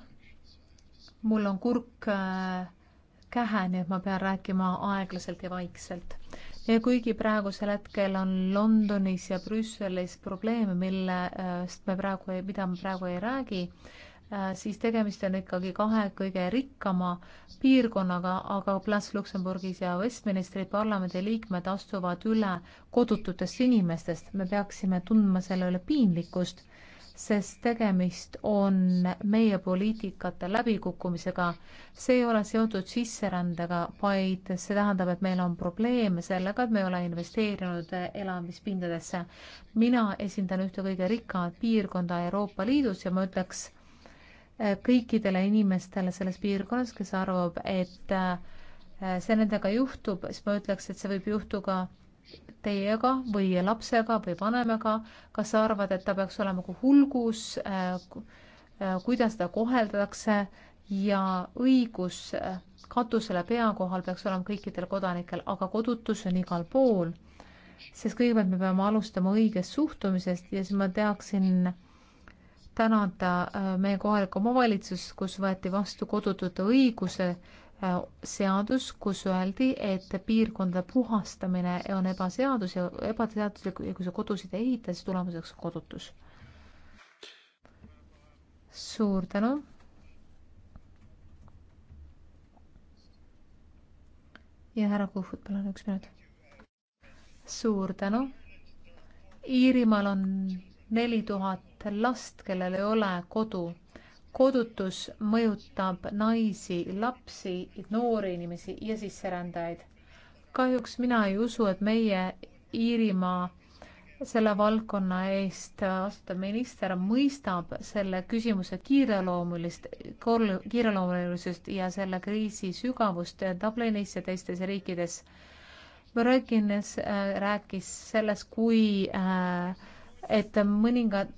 mul on kurk äh, kähe, nii et ma pean rääkima aeglaselt ja vaikselt. ja kuigi praegusel hetkel on Londonis ja Brüsselis probleeme, millest äh, me praegu ei, mida me praegu ei räägi äh,, Äh, siis tegemist on ikkagi kahe kõige rikkama piirkonnaga, aga Plas-Luksemburgis ja Westministri parlamendi liikmed astuvad üle kodututest inimestest. me peaksime tundma selle üle piinlikkust, sest tegemist on meie poliitikate läbikukkumisega. see ei ole seotud sisserändega, vaid see tähendab, et meil on probleeme sellega, et me ei ole investeerinud elamispindadesse. mina esindan ühte kõige rikkamat piirkonda Euroopa Liidus ja ma ütleks, Eh, kõikidele inimestele selles piirkonnas, kes arvab, et eh, see nendega juhtub, siis ma ütleks, et see võib juhtuda teiega või lapsega või vanemaga, kas sa arvad, et ta peaks olema nagu hulgus, eh, kuidas teda koheldakse ja õigus katusele pea kohal peaks olema kõikidel kodanikel, aga kodutus on igal pool. sest kõigepealt me peame alustama õigest suhtumisest ja siis ma teaksin äh, tänada äh, meie kohalikku omavalitsust, kus võeti vastu kodutute õiguse äh, seadus, kus öeldi, et piirkondade puhastamine on ebaseadus ja ebaseaduslik ja kui sa kodusid ei ehita, siis tulemuseks kodutus. suur tänu. ja härra Kuhvut, palun üks minut. suur tänu. Iirimaal on neli tuhat tuhat last, kellel ei ole kodu. kodutus mõjutab naisi, lapsi, noori inimesi ja sisserändajaid. kahjuks mina ei usu, et meie Iirimaa selle valdkonna eest vastutav minister mõistab selle küsimuse kiireloomulist, kiireloomulisust ja selle kriisi sügavust Dublinis ja teistes riikides. Brekinis äh, rääkis sellest, kui äh, et mõningad,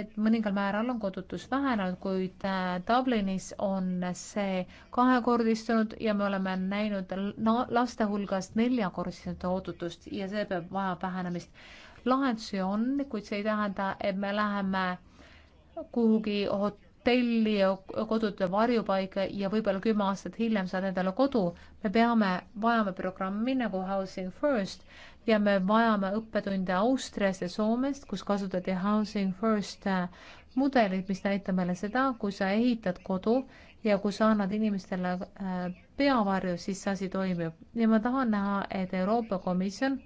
et mõningal määral on kodutus vähenenud, kuid äh, Dublinis on see kahekordistunud ja me oleme näinud no, laste hulgas neljakordset kodutust ja see peab vajab vähenemist. lahendusi on, kuid see ei tähenda, et me läheme kuhugi hotelli ja kodude varjupaika ja võib-olla kümme aastat hiljem saad endale kodu. me peame, vajame programmi nagu Housing First ja me vajame õppetunde Austriast ja Soomest, kus kasutati housing first äh, mudelit, mis näitab meile seda, kui sa ehitad kodu ja kui sa annad inimestele äh, peavarju, siis see asi toimib. ja ma tahan näha, et Euroopa Komisjon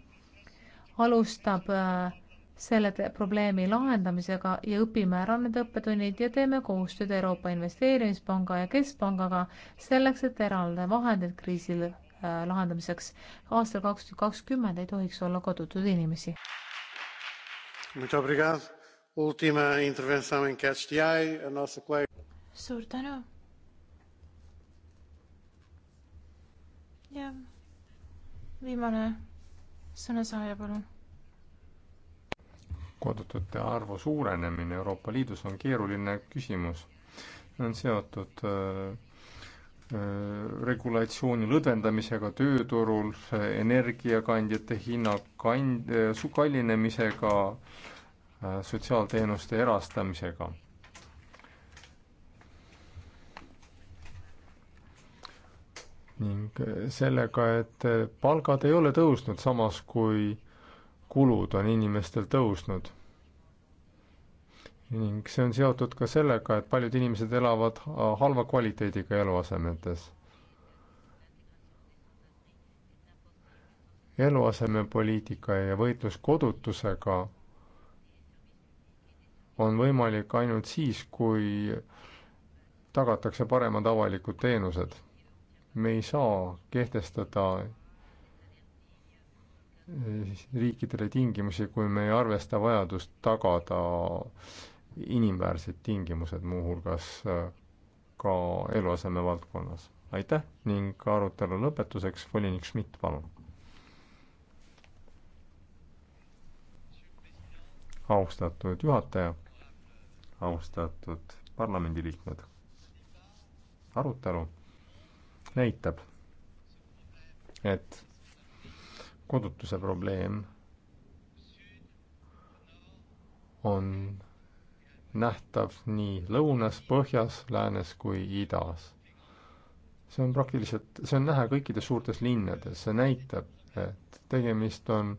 alustab äh, selle probleemi lahendamisega ja õpime ära need õppetunnid ja teeme koostööd Euroopa Investeerimispanga ja Keskpangaga selleks, et eraldada vahendid kriisile Äh, lahendamiseks. aastal kaks tuhat kakskümmend ei tohiks olla kodutuid inimesi. suur tänu. ja viimane sõnasaaja, palun kodutute arvu suurenemine Euroopa Liidus on keeruline küsimus. on seotud äh, Äh, regulatsiooni lõdvendamisega tööturul, äh, energiakandjate hinna kand-, äh, kallinemisega, sotsiaalteenuste erastamisega. ning sellega, et palgad ei ole tõusnud, samas kui kulud on inimestel tõusnud ning see on seotud ka sellega, et paljud inimesed elavad äh, halva kvaliteediga eluasemetes. eluasemepoliitika ja võitlus kodutusega on võimalik ainult siis, kui tagatakse paremad avalikud teenused. me ei saa kehtestada äh, riikidele tingimusi, kui me ei arvesta vajadust tagada äh, inimväärsed tingimused, muuhulgas äh, ka eluaseme valdkonnas. aitäh ning arutelu lõpetuseks volinik Schmidt, palun. austatud juhataja, austatud parlamendiliikmed, arutelu näitab, et kodutuse probleem on nähtav nii lõunas, põhjas, läänes kui idas. see on praktiliselt, see on näha kõikides suurtes linnades, see näitab, et tegemist on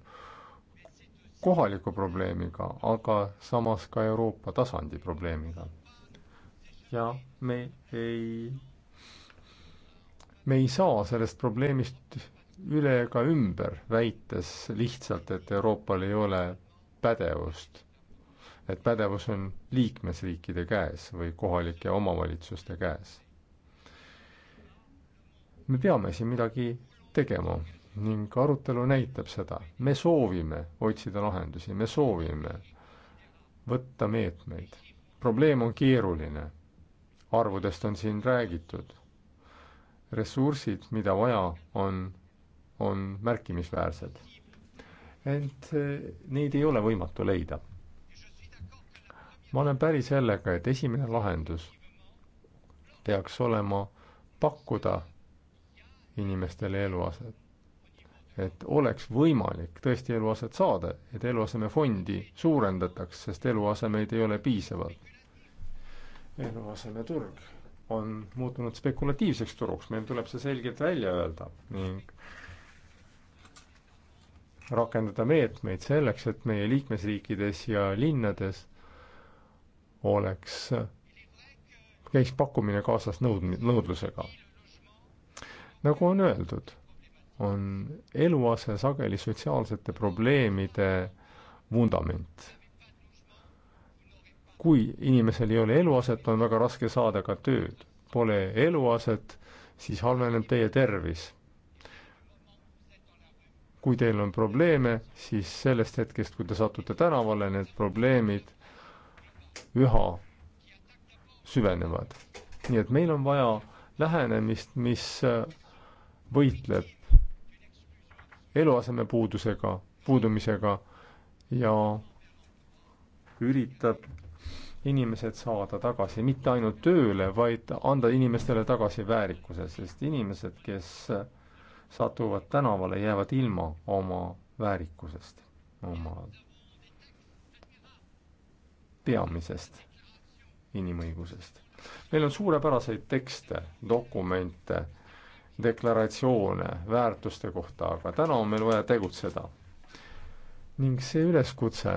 kohaliku probleemiga, aga samas ka Euroopa tasandi probleemiga. ja me ei, me ei saa sellest probleemist üle ega ümber, väites lihtsalt, et Euroopal ei ole pädevust et pädevus on liikmesriikide käes või kohalike omavalitsuste käes. me peame siin midagi tegema ning arutelu näitab seda. me soovime otsida lahendusi, me soovime võtta meetmeid. probleem on keeruline. arvudest on siin räägitud. ressursid, mida vaja, on, on märkimisväärsed. ent eh, neid ei ole võimatu leida ma olen päri sellega, et esimene lahendus peaks olema pakkuda inimestele eluaset. et oleks võimalik tõesti eluaset saada, et eluasemefondi suurendataks, sest eluasemeid ei ole piisavalt. eluasemeturg on muutunud spekulatiivseks turuks, meil tuleb see selgelt välja öelda ning rakendada meetmeid selleks, et meie liikmesriikides ja linnades oleks, käiks pakkumine kaasas nõud-, nõudlusega. nagu on öeldud, on eluase sageli sotsiaalsete probleemide vundament. kui inimesel ei ole eluaset, on väga raske saada ka tööd. Pole eluaset, siis halveneb teie tervis. kui teil on probleeme, siis sellest hetkest, kui te satute tänavale, need probleemid üha süvenevad. nii et meil on vaja lähenemist, mis äh, võitleb eluasemepuudusega, puudumisega ja üritab inimesed saada tagasi mitte ainult tööle, vaid anda inimestele tagasi väärikuse, sest inimesed, kes satuvad tänavale, jäävad ilma oma väärikusest, oma peamisest inimõigusest. meil on suurepäraseid tekste, dokumente, deklaratsioone väärtuste kohta, aga täna on meil vaja tegutseda. ning see üleskutse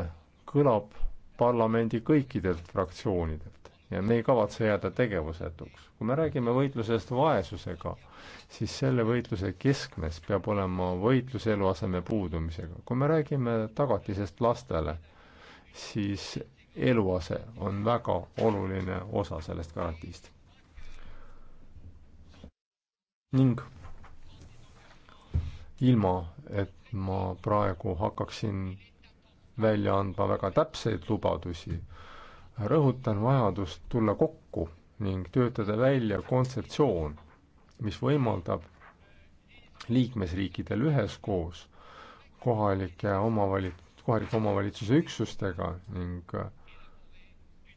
kõlab parlamendi kõikidelt fraktsioonidelt ja me ei kavatse jääda tegevusetuks. kui me räägime võitlusest vaesusega, siis selle võitluse keskmes peab olema võitlus eluaseme puudumisega. kui me räägime tagatisest lastele, siis eluase on väga oluline osa sellest garantiist. ning ilma, et ma praegu hakkaksin välja andma väga täpseid lubadusi, rõhutan vajadust tulla kokku ning töötada välja kontseptsioon, mis võimaldab liikmesriikidel üheskoos kohalike omavalit-, kohalike omavalitsuse üksustega ning äh,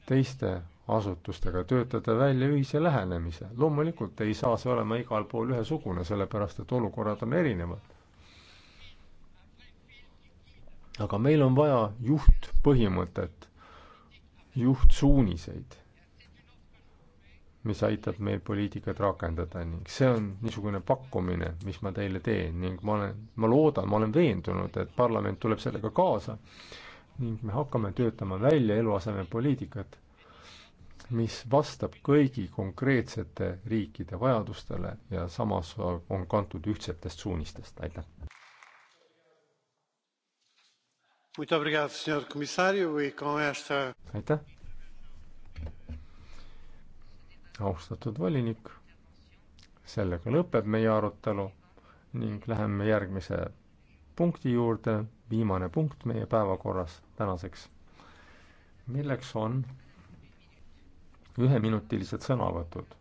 teiste asutustega, töötada välja ühise lähenemise. loomulikult ei saa see olema igal pool ühesugune, sellepärast et olukorrad on erinevad. aga meil on vaja juhtpõhimõtet, juhtsuuniseid, mis aitab meil poliitikat rakendada ning see on niisugune pakkumine, mis ma teile teen ning ma olen, ma loodan, ma olen veendunud, et parlament tuleb sellega kaasa ning me hakkame töötama välja eluasemepoliitikat, mis vastab kõigi konkreetsete riikide vajadustele ja samas on kantud ühtsetest suunistest, aitäh. E aitäh. austatud volinik, sellega lõpeb meie arutelu ning läheme järgmise punkti juurde viimane punkt meie päevakorras tänaseks, milleks on üheminutilised sõnavõtud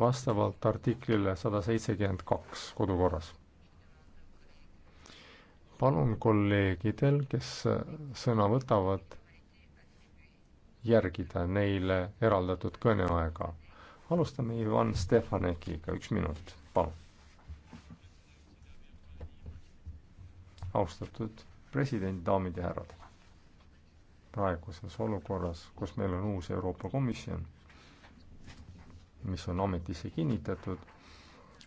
vastavalt artiklile sada seitsekümmend kaks kodukorras. palun kolleegidel, kes sõna võtavad, järgida neile eraldatud kõneaega. alustame Ivan Stefanekiga, üks minut, palun. austatud president, daamid ja härrad! praeguses olukorras, kus meil on uus Euroopa Komisjon, mis on ametisse kinnitatud,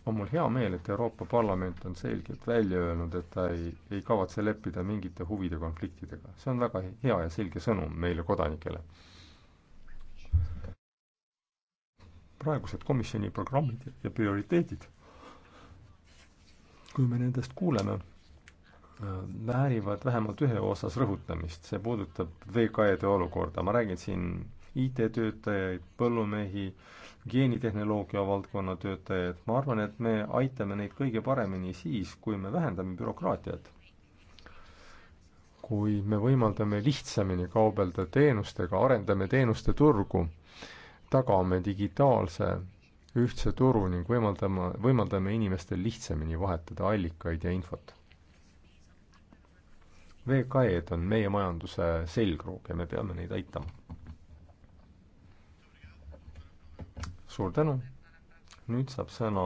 on mul hea meel, et Euroopa Parlament on selgelt välja öelnud, et ta ei, ei kavatse leppida mingite huvide konfliktidega. see on väga hea ja selge sõnum meile, kodanikele. praegused komisjoni programmid ja prioriteedid, kui me nendest kuuleme väärivad vähemalt ühe osas rõhutamist, see puudutab VKE-de olukorda, ma räägin siin IT-töötajaid, põllumehi, geenitehnoloogia valdkonna töötajaid, ma arvan, et me aitame neid kõige paremini siis, kui me vähendame bürokraatiat. kui me võimaldame lihtsamini kaubelda teenustega, arendame teenuste turgu, tagame digitaalse ühtse turu ning võimaldama, võimaldame inimestel lihtsamini vahetada allikaid ja infot VKE-d on meie majanduse selgroog ja me peame neid aitama. suur tänu. nüüd saab sõna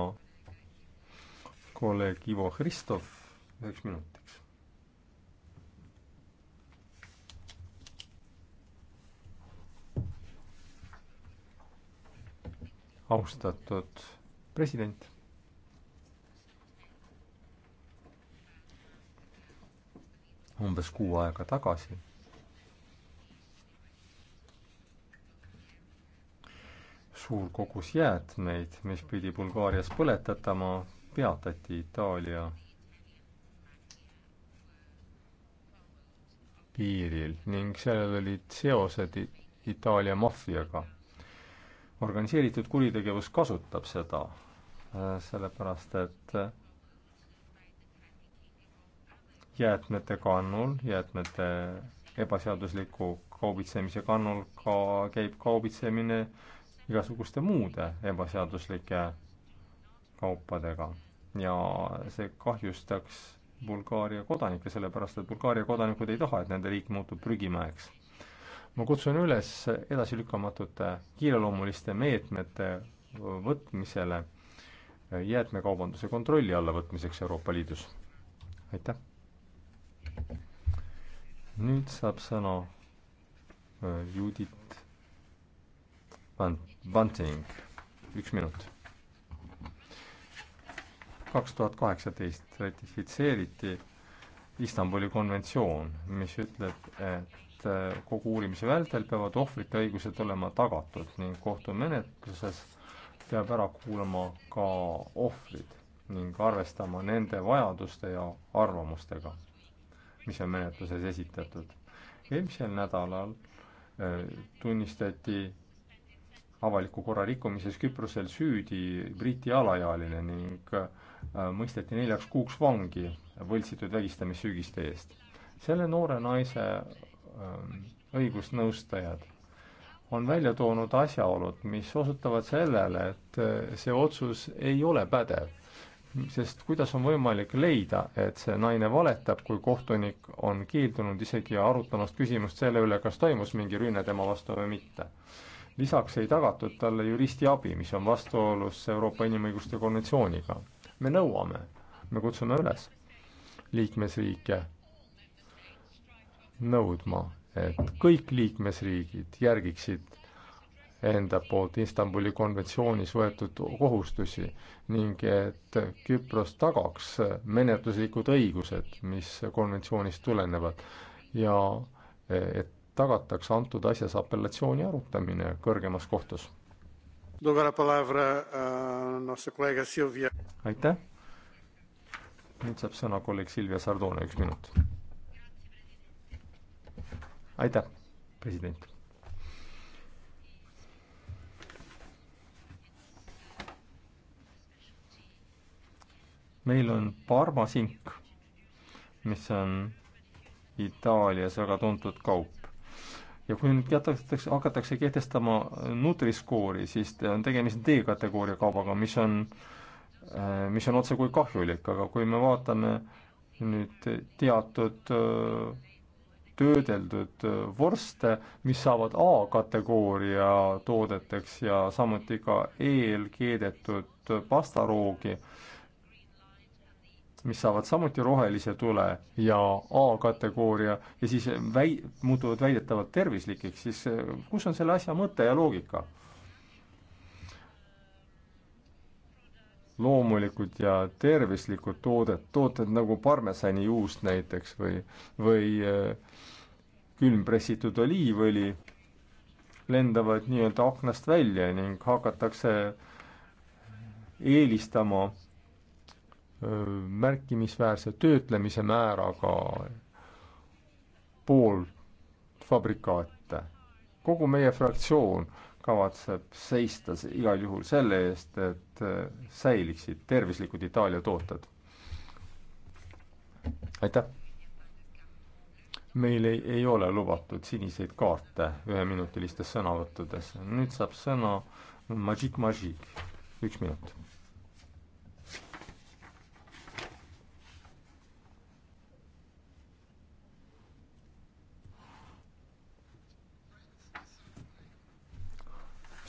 kolleeg Ivo Hristov üheks minutiks. austatud president umbes kuu aega tagasi. suur kogus jäätmeid, mis pidi Bulgaarias põletatama, peatati Itaalia piiril ning sellel olid seosed Itaalia maffiaga. organiseeritud kuritegevus kasutab seda, äh, sellepärast et jäätmete kannul, jäätmete ebaseadusliku kaubitsemise kannul ka käib kaubitsemine igasuguste muude ebaseaduslike kaupadega ja see kahjustaks Bulgaaria kodanikke, sellepärast et Bulgaaria kodanikud ei taha, et nende riik muutub prügimäeks. ma kutsun üles edasilükkamatute kiireloomuliste meetmete võtmisele jäätmekaubanduse kontrolli alla võtmiseks Euroopa Liidus. aitäh! nüüd saab sõna äh, Judith Van-, Vanting, üks minut. kaks tuhat kaheksateist ratifitseeriti Istanbuli konventsioon, mis ütleb, et äh, kogu uurimise vältel peavad ohvrite õigused olema tagatud ning kohtumenetluses peab ära kuulama ka ohvrid ning arvestama nende vajaduste ja arvamustega mis on menetluses esitatud. eelmisel nädalal äh, tunnistati avaliku korra rikkumises Küprosel süüdi Briti alaealine ning äh, mõisteti neljaks kuuks vangi võltsitud vägistamissüügiste eest. selle noore naise äh, õigusnõustajad on välja toonud asjaolud, mis osutavad sellele, et see otsus ei ole pädev sest kuidas on võimalik leida, et see naine valetab, kui kohtunik on keeldunud isegi arutamast küsimust selle üle, kas toimus mingi rünne tema vastu või mitte. lisaks ei tagatud talle juristi abi, mis on vastuolus Euroopa Inimõiguste konventsiooniga. me nõuame, me kutsume üles liikmesriike nõudma, et kõik liikmesriigid järgiksid enda poolt Istanbuli konventsioonis võetud kohustusi ning et Küpros tagaks menetluslikud õigused, mis konventsioonist tulenevad ja et tagatakse antud asjas apellatsiooni arutamine kõrgemas kohtus. aitäh! nüüd saab sõna kolleeg Silvia Sardone, üks minut. aitäh, president! meil on parmasink, mis on Itaalias väga tuntud kaup. ja kui nüüd jätatakse, hakatakse kehtestama Nutri-Score'i, siis on tegemist D-kategooria kaubaga, mis on, äh, mis on otsekui kahjulik, aga kui me vaatame nüüd teatud äh, töödeldud äh, vorste, mis saavad A-kategooria toodeteks ja samuti ka eelkeedetud pastaroogi, mis saavad samuti rohelise tule ja A-kategooria ja siis väi-, muutuvad väidetavalt tervislikiks, siis kus on selle asja mõte ja loogika? loomulikud ja tervislikud toodet, tooted nagu parmesanijuust näiteks või, või äh, külmpressitud oliivõli lendavad nii-öelda aknast välja ning hakatakse eelistama märkimisväärse töötlemise määraga poolfabrikaate. kogu meie fraktsioon kavatseb seista igal juhul selle eest, et säiliksid tervislikud Itaalia tooted. aitäh! meil ei, ei ole lubatud siniseid kaarte üheminutilistes sõnavõttudes. nüüd saab sõna Magic Magic, üks minut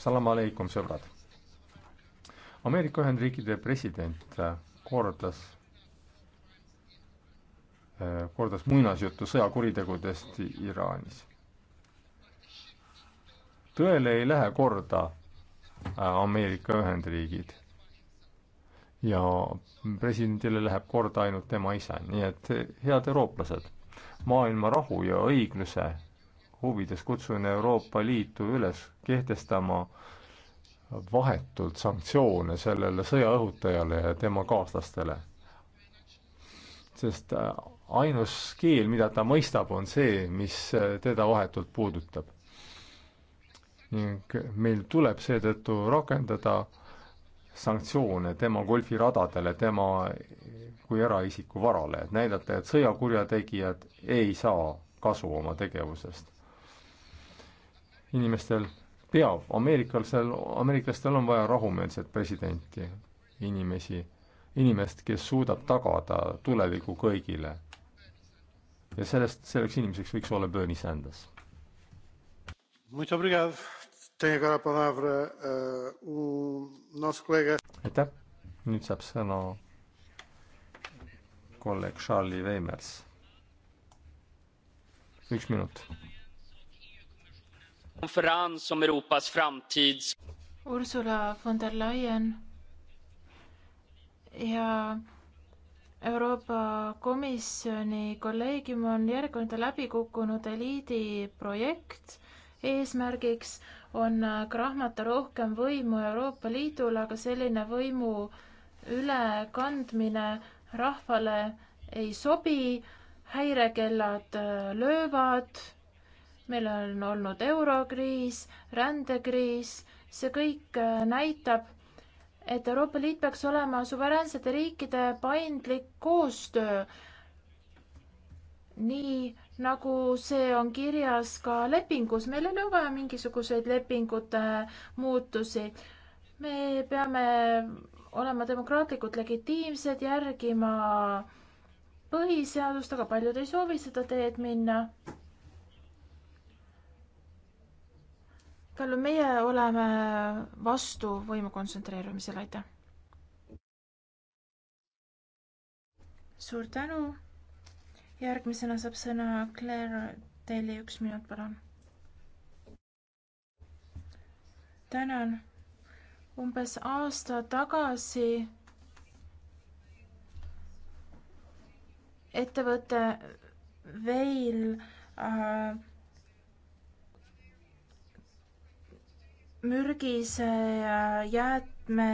salam aleikum, sõbrad. Ameerika Ühendriikide president äh, kordas, äh, kordas muinasjuttu sõjakuritegudest Iraanis. tõele ei lähe korda äh, Ameerika Ühendriigid ja presidendile läheb korda ainult tema ise, nii et head eurooplased, maailma rahu ja õigluse huvides kutsun Euroopa Liitu üles kehtestama vahetult sanktsioone sellele sõja õhutajale ja tema kaaslastele. sest äh, ainus keel, mida ta mõistab, on see, mis äh, teda vahetult puudutab. ning meil tuleb seetõttu rakendada sanktsioone tema golfiradadele, tema kui eraisiku varale, et näidata, et sõjakurjategijad ei saa kasu oma tegevusest inimestel peab, ameeriklasel, ameeriklastel on vaja rahumeelset presidenti, inimesi, inimest, kes suudab tagada tuleviku kõigile. ja sellest, selleks inimeseks võiks olla Bernie Sanders. Eh, aitäh, nüüd saab sõna kolleeg Charlie Veimers. üks minut konferens om Europas framtid. Ursula von der Leyen ja Euroopa Komisjoni kolleegium on järgmine läbi kukkunud eliidi projekt. eesmärgiks on krahmata rohkem võimu Euroopa Liidule, aga selline võimu ülekandmine rahvale ei sobi. häirekellad löövad meil on olnud eurokriis, rändekriis, see kõik äh, näitab, et Euroopa Liit peaks olema suveräänsete riikide paindlik koostöö, nii nagu see on kirjas ka lepingus, meil ei ole vaja mingisuguseid lepingute muutusi. me peame olema demokraatlikult legitiimsed, järgima põhiseadust, aga paljud ei soovi seda teed minna Kallu, meie oleme vastu võimu kontsentreerumisele, aitäh. suur tänu. järgmisena saab sõna Claire Daly, üks minut, palun. tänan. umbes aasta tagasi ettevõte Veil äh, mürgise jäätme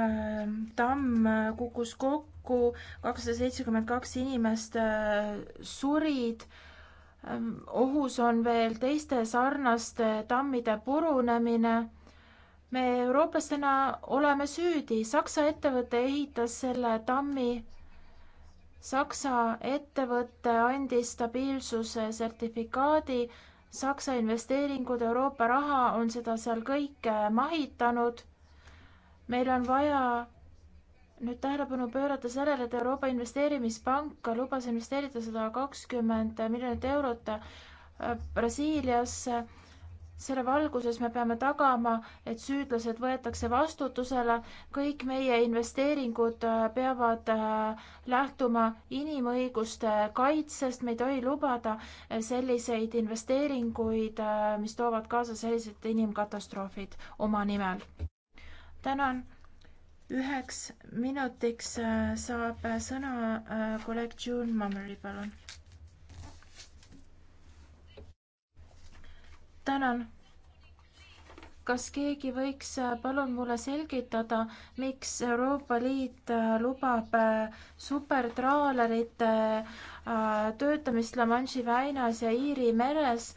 ähm, tamm kukkus kokku, kakssada seitsekümmend kaks inimest äh, surid. Ähm, ohus on veel teiste sarnaste tammide purunemine. me eurooplastena oleme süüdi, Saksa ettevõte ehitas selle tammi. Saksa ettevõte andis stabiilsuse sertifikaadi Saksa investeeringud, Euroopa raha on seda seal kõike äh, mahitanud. meil on vaja nüüd tähelepanu pöörata sellele, et Euroopa Investeerimispank lubas investeerida sada kakskümmend miljonit eurot äh, Brasiiliasse selle valguses me peame tagama, et süüdlased võetakse vastutusele, kõik meie investeeringud äh, peavad äh, lähtuma inimõiguste kaitsest, me ei tohi lubada äh, selliseid investeeringuid, mis toovad kaasa sellised inimkatastroofid oma nimel. tänan, üheks minutiks saab sõna kolleeg June Mammeri, palun tänan. kas keegi võiks äh, palun mulle selgitada, miks Euroopa Liit äh, lubab äh, supertraalerite töötamist La Manche'i väinas ja Iiri meres?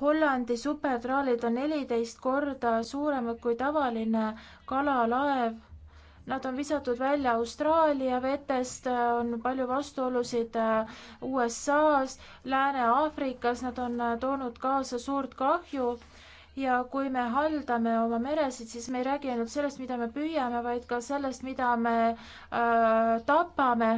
Hollandi supertraalid on neliteist korda suuremad kui tavaline kalalaev Nad on visatud välja Austraalia vetest, on palju vastuolusid äh, USA-s, Lääne-Aafrikas, nad on äh, toonud kaasa suurt kahju ja kui me haldame oma meresid, siis me ei räägi ainult sellest, mida me püüame, vaid ka sellest, mida me äh, tapame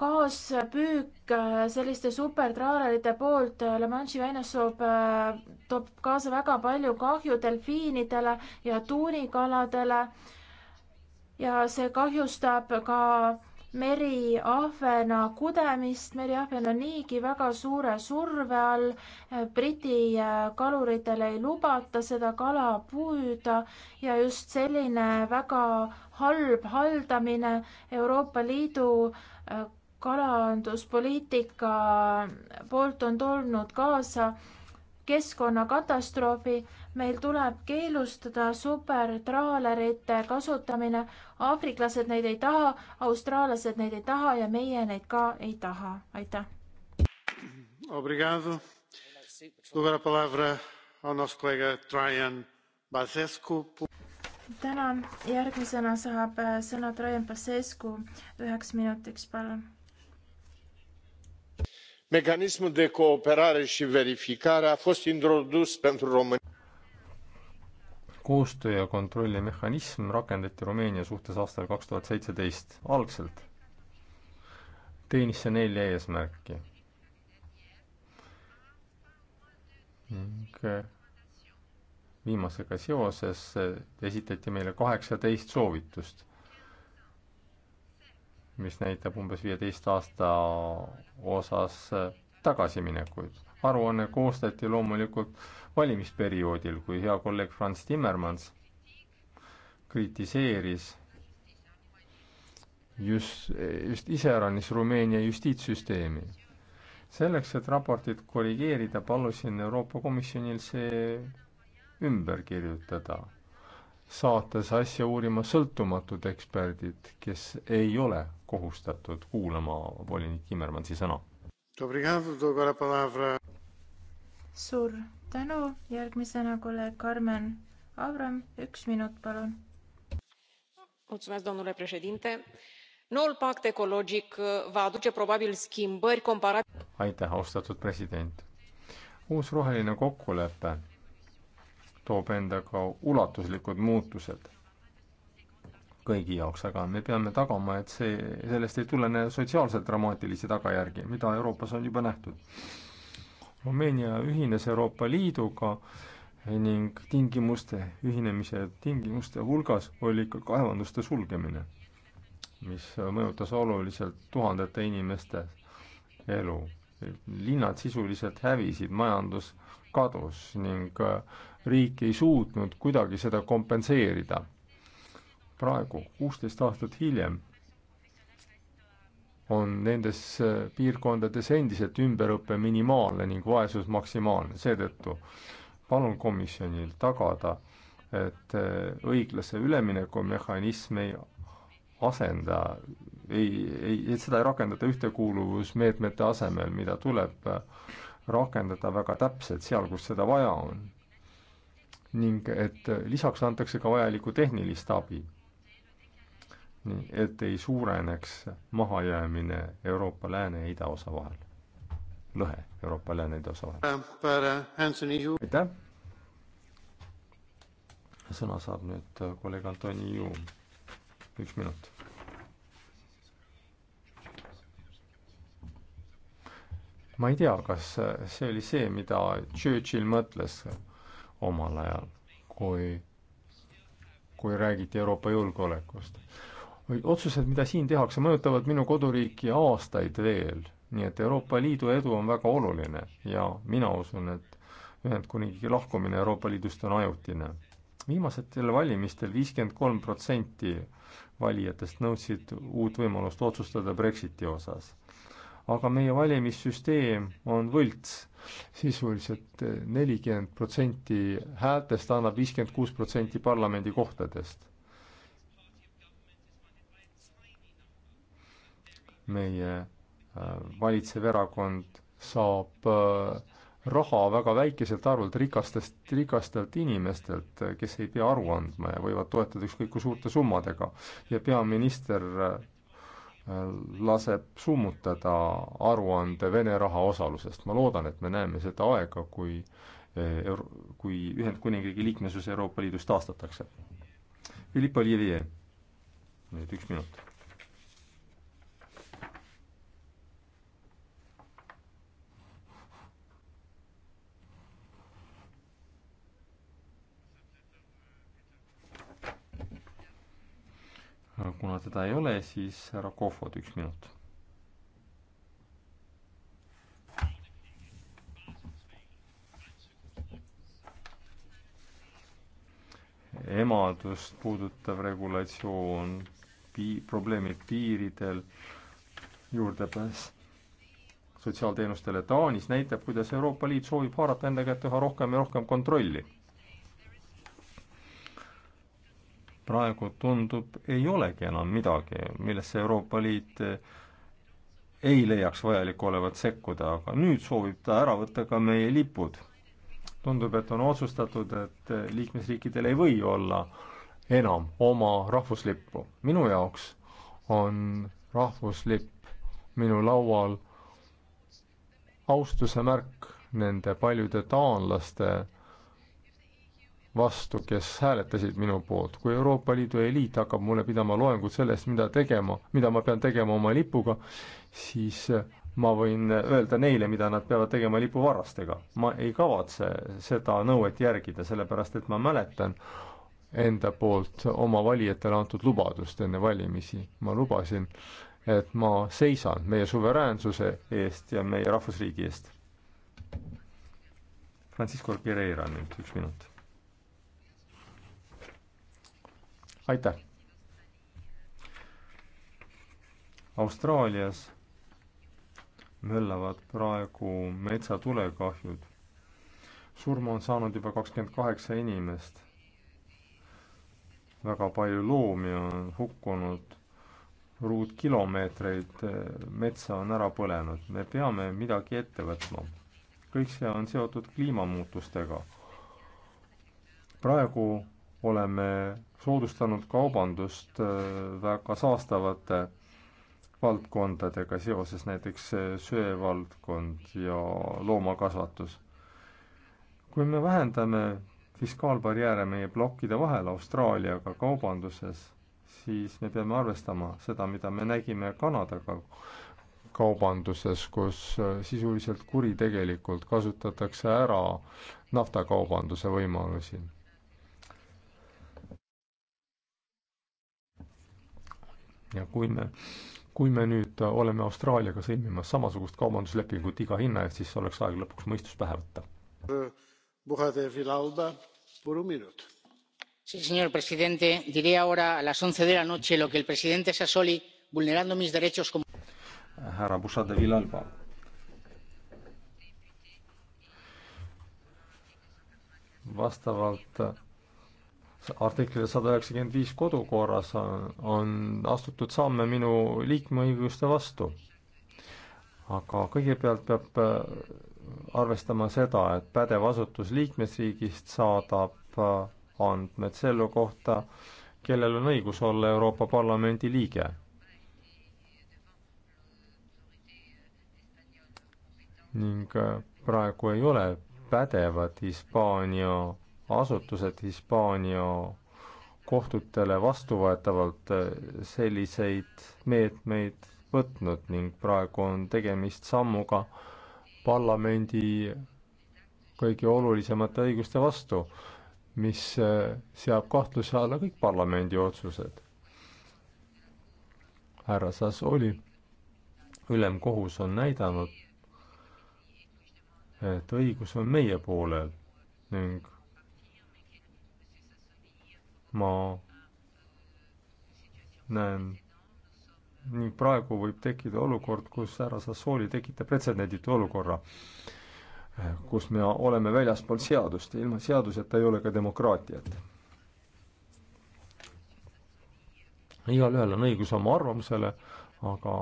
kaaspüük äh, selliste supertraalerite poolt äh, La Manche'i väinas toob, äh, toob kaasa väga palju kahju delfiinidele ja tuunikaladele. ja see kahjustab ka meriahvena kudemist, meriahven on niigi väga suure surve all, Briti kaluritel ei lubata seda kala püüda ja just selline väga halb haldamine Euroopa Liidu kalanduspoliitika poolt on tulnud kaasa keskkonnakatastroofi. meil tuleb keelustada supertraalerite kasutamine. aafriklased neid ei taha, austraallased neid ei taha ja meie neid ka ei taha. aitäh. Obrigado. Agora a palavra ao nosso colega Traian Basescu. Tänan. Järgmisena saab eh, sõna Traian Basescu üheks minutiks, palun mecanismul de cooperare și verificare a fost introdus pentru românia koostöö ja kontrolli mehhanism rakendati Rumeenia suhtes aastal kaks tuhat seitseteist. algselt teenis see nelja eesmärki. ning viimasega seoses esitati meile kaheksateist soovitust mis näitab umbes viieteist aasta osas tagasiminekuid. aruanne koostati loomulikult valimisperioodil, kui hea kolleeg Franz Timmermans kritiseeris just, just iseäranis Rumeenia justiitssüsteemi. selleks, et raportit korrigeerida, palusin Euroopa Komisjonil see ümber kirjutada saates asja uurima sõltumatud eksperdid, kes ei ole kohustatud kuulama volinik Timmermansi sõna. suur tänu, järgmisena kolleeg Carmen Avram, üks minut, palun. domnule președinte, noul pact ecologic uh, va aduce probabil schimbări comparat. aitäh, austatud president. uus roheline kokkulepe toob endaga ulatuslikud muutused kõigi jaoks, aga me peame tagama, et see, sellest ei tulene sotsiaalselt dramaatilisi tagajärgi, mida Euroopas on juba nähtud. Rumeenia ühines Euroopa Liiduga ning tingimuste, ühinemise tingimuste hulgas oli ka kaevanduste sulgemine, mis mõjutas oluliselt tuhandete inimeste elu. linnad sisuliselt hävisid, majandus kadus ning äh, riik ei suutnud kuidagi seda kompenseerida. praegu, kuusteist aastat hiljem, on nendes äh, piirkondades endiselt ümberõpe minimaalne ning vaesus maksimaalne, seetõttu palun komisjonil tagada, et äh, õiglase ülemineku mehhanism ei asenda, ei, ei, et seda ei rakendata ühtekuuluvusmeetmete asemel, mida tuleb äh, rakendada väga täpselt seal, kus seda vaja on ning et lisaks antakse ka vajalikku tehnilist abi. nii, et ei suureneks mahajäämine Euroopa lääne ja idaosa vahel, lõhe Euroopa lääne ja idaosa vahel. Äh, aitäh! sõna saab nüüd äh, kolleeg Antoni Ju, üks minut. ma ei tea, kas äh, see oli see, mida Churchill mõtles omal ajal, kui, kui räägiti Euroopa julgeolekust. otsused, mida siin tehakse, mõjutavad minu koduriiki aastaid veel, nii et Euroopa Liidu edu on väga oluline ja mina usun, et Ühendkuningriigi lahkumine Euroopa Liidust on ajutine. viimastel valimistel viiskümmend kolm protsenti valijatest nõudsid uut võimalust otsustada Brexiti osas aga meie valimissüsteem on võlts. sisuliselt eh, nelikümmend protsenti häältest annab viiskümmend kuus protsenti parlamendikohtadest. meie eh, valitsev erakond saab eh, raha väga väikeselt arvult rikastest, rikastelt inimestelt, kes ei pea aru andma ja võivad toetada ükskõik kui suurte summadega. ja peaminister laseb summutada aruande Vene raha osalusest. ma loodan, et me näeme seda aega, kui eh, euro-, kui Ühendkuningriigi liikmesus Euroopa Liidus taastatakse. Philippe Olivier, nüüd üks minut kuna teda ei ole, siis härra Kohvod, üks minut. emadust puudutav regulatsioon, pii-, probleemid piiridel, juurdepääs sotsiaalteenustele Taanis näitab, kuidas Euroopa Liit soovib haarata enda kätte üha rohkem ja rohkem kontrolli praegu tundub, ei olegi enam midagi, millesse Euroopa Liit eh, ei leiaks vajalik olevat sekkuda, aga nüüd soovib ta ära võtta ka meie lipud. tundub, et on otsustatud, et eh, liikmesriikidel ei või olla enam oma rahvuslippu. minu jaoks on rahvuslipp minu laual austuse märk nende paljude taanlaste vastu, kes hääletasid minu poolt. kui Euroopa Liidu eliit hakkab mulle pidama loengut sellest, mida tegema, mida ma pean tegema oma lipuga, siis ma võin öelda neile, mida nad peavad tegema lipuvarrastega. ma ei kavatse seda nõuet järgida, sellepärast et ma mäletan enda poolt oma valijatele antud lubadust enne valimisi. ma lubasin, et ma seisan meie suveräänsuse eest ja meie rahvusriigi eest. Francisco Pereira nüüd, üks minut aitäh! Austraalias möllavad praegu metsatulekahjud. surma on saanud juba kakskümmend kaheksa inimest. väga palju loomi on hukkunud, ruutkilomeetreid eh, metsa on ära põlenud, me peame midagi ette võtma. kõik see on seotud kliimamuutustega. praegu oleme soodustanud kaubandust äh, väga saastavate valdkondadega seoses, näiteks äh, söevaldkond ja loomakasvatus. kui me vähendame fiskaalbarjääre meie plokkide vahel Austraaliaga kaubanduses, siis me peame arvestama seda, mida me nägime Kanadaga kaubanduses, kus äh, sisuliselt kuritegelikult kasutatakse ära naftakaubanduse võimalusi ja kui me, kui me nüüd oleme Austraaliaga sõlmimas samasugust kaubanduslepingut iga hinna eest, siis oleks aeg lõpuks mõistus pähe võtta. señor presidente diré ahora a las once de la noche lo que el presidente sassoli vulnerando mis derechos como. härra Bushade Vilalba. vastavalt artikli sada üheksakümmend viis kodukorras on, on astutud samme minu liikmeõiguste vastu. aga kõigepealt peab äh, arvestama seda, et pädev asutus liikmesriigist saadab äh, andmed selle kohta, kellel on õigus olla Euroopa Parlamendi liige ning äh, praegu ei ole pädevad Hispaania asutused Hispaania kohtutele vastuvõetavalt eh, selliseid meetmeid võtnud ning praegu on tegemist sammuga parlamendi kõige olulisemate õiguste vastu, mis eh, seab kahtluse alla kõik parlamendi otsused. härra Sassoli ülemkohus on näidanud, et õigus on meie poolel ning ma näen ning praegu võib tekkida olukord, kus härra Sassooli tekitab pretsedenditu olukorra, kus me oleme väljaspool seadust ja ilma seaduseta ei ole ka demokraatiat. igalühel on õigus oma arvamusele, aga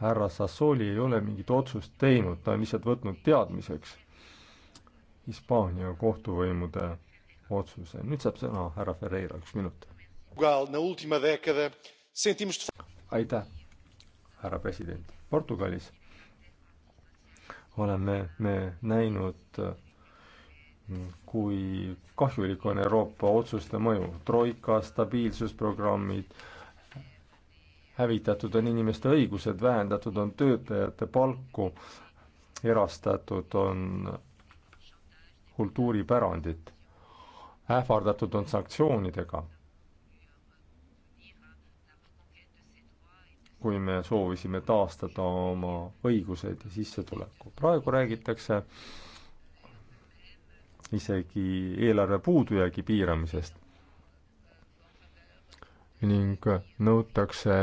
härra Sassooli ei ole mingit otsust teinud, ta on lihtsalt võtnud teadmiseks Hispaania kohtuvõimude otsuse. nüüd saab sõna härra Ferreira, üks minut. aitäh, härra president. Portugalis oleme me näinud, mm, kui kahjulik on Euroopa otsuste mõju. troika, stabiilsusprogrammid, hävitatud on inimeste õigused, vähendatud on töötajate palku, erastatud on kultuuripärandit ähvardatud on sanktsioonidega. kui me soovisime taastada oma õigused ja sissetuleku. praegu räägitakse isegi eelarve puudujäägi piiramisest ning nõutakse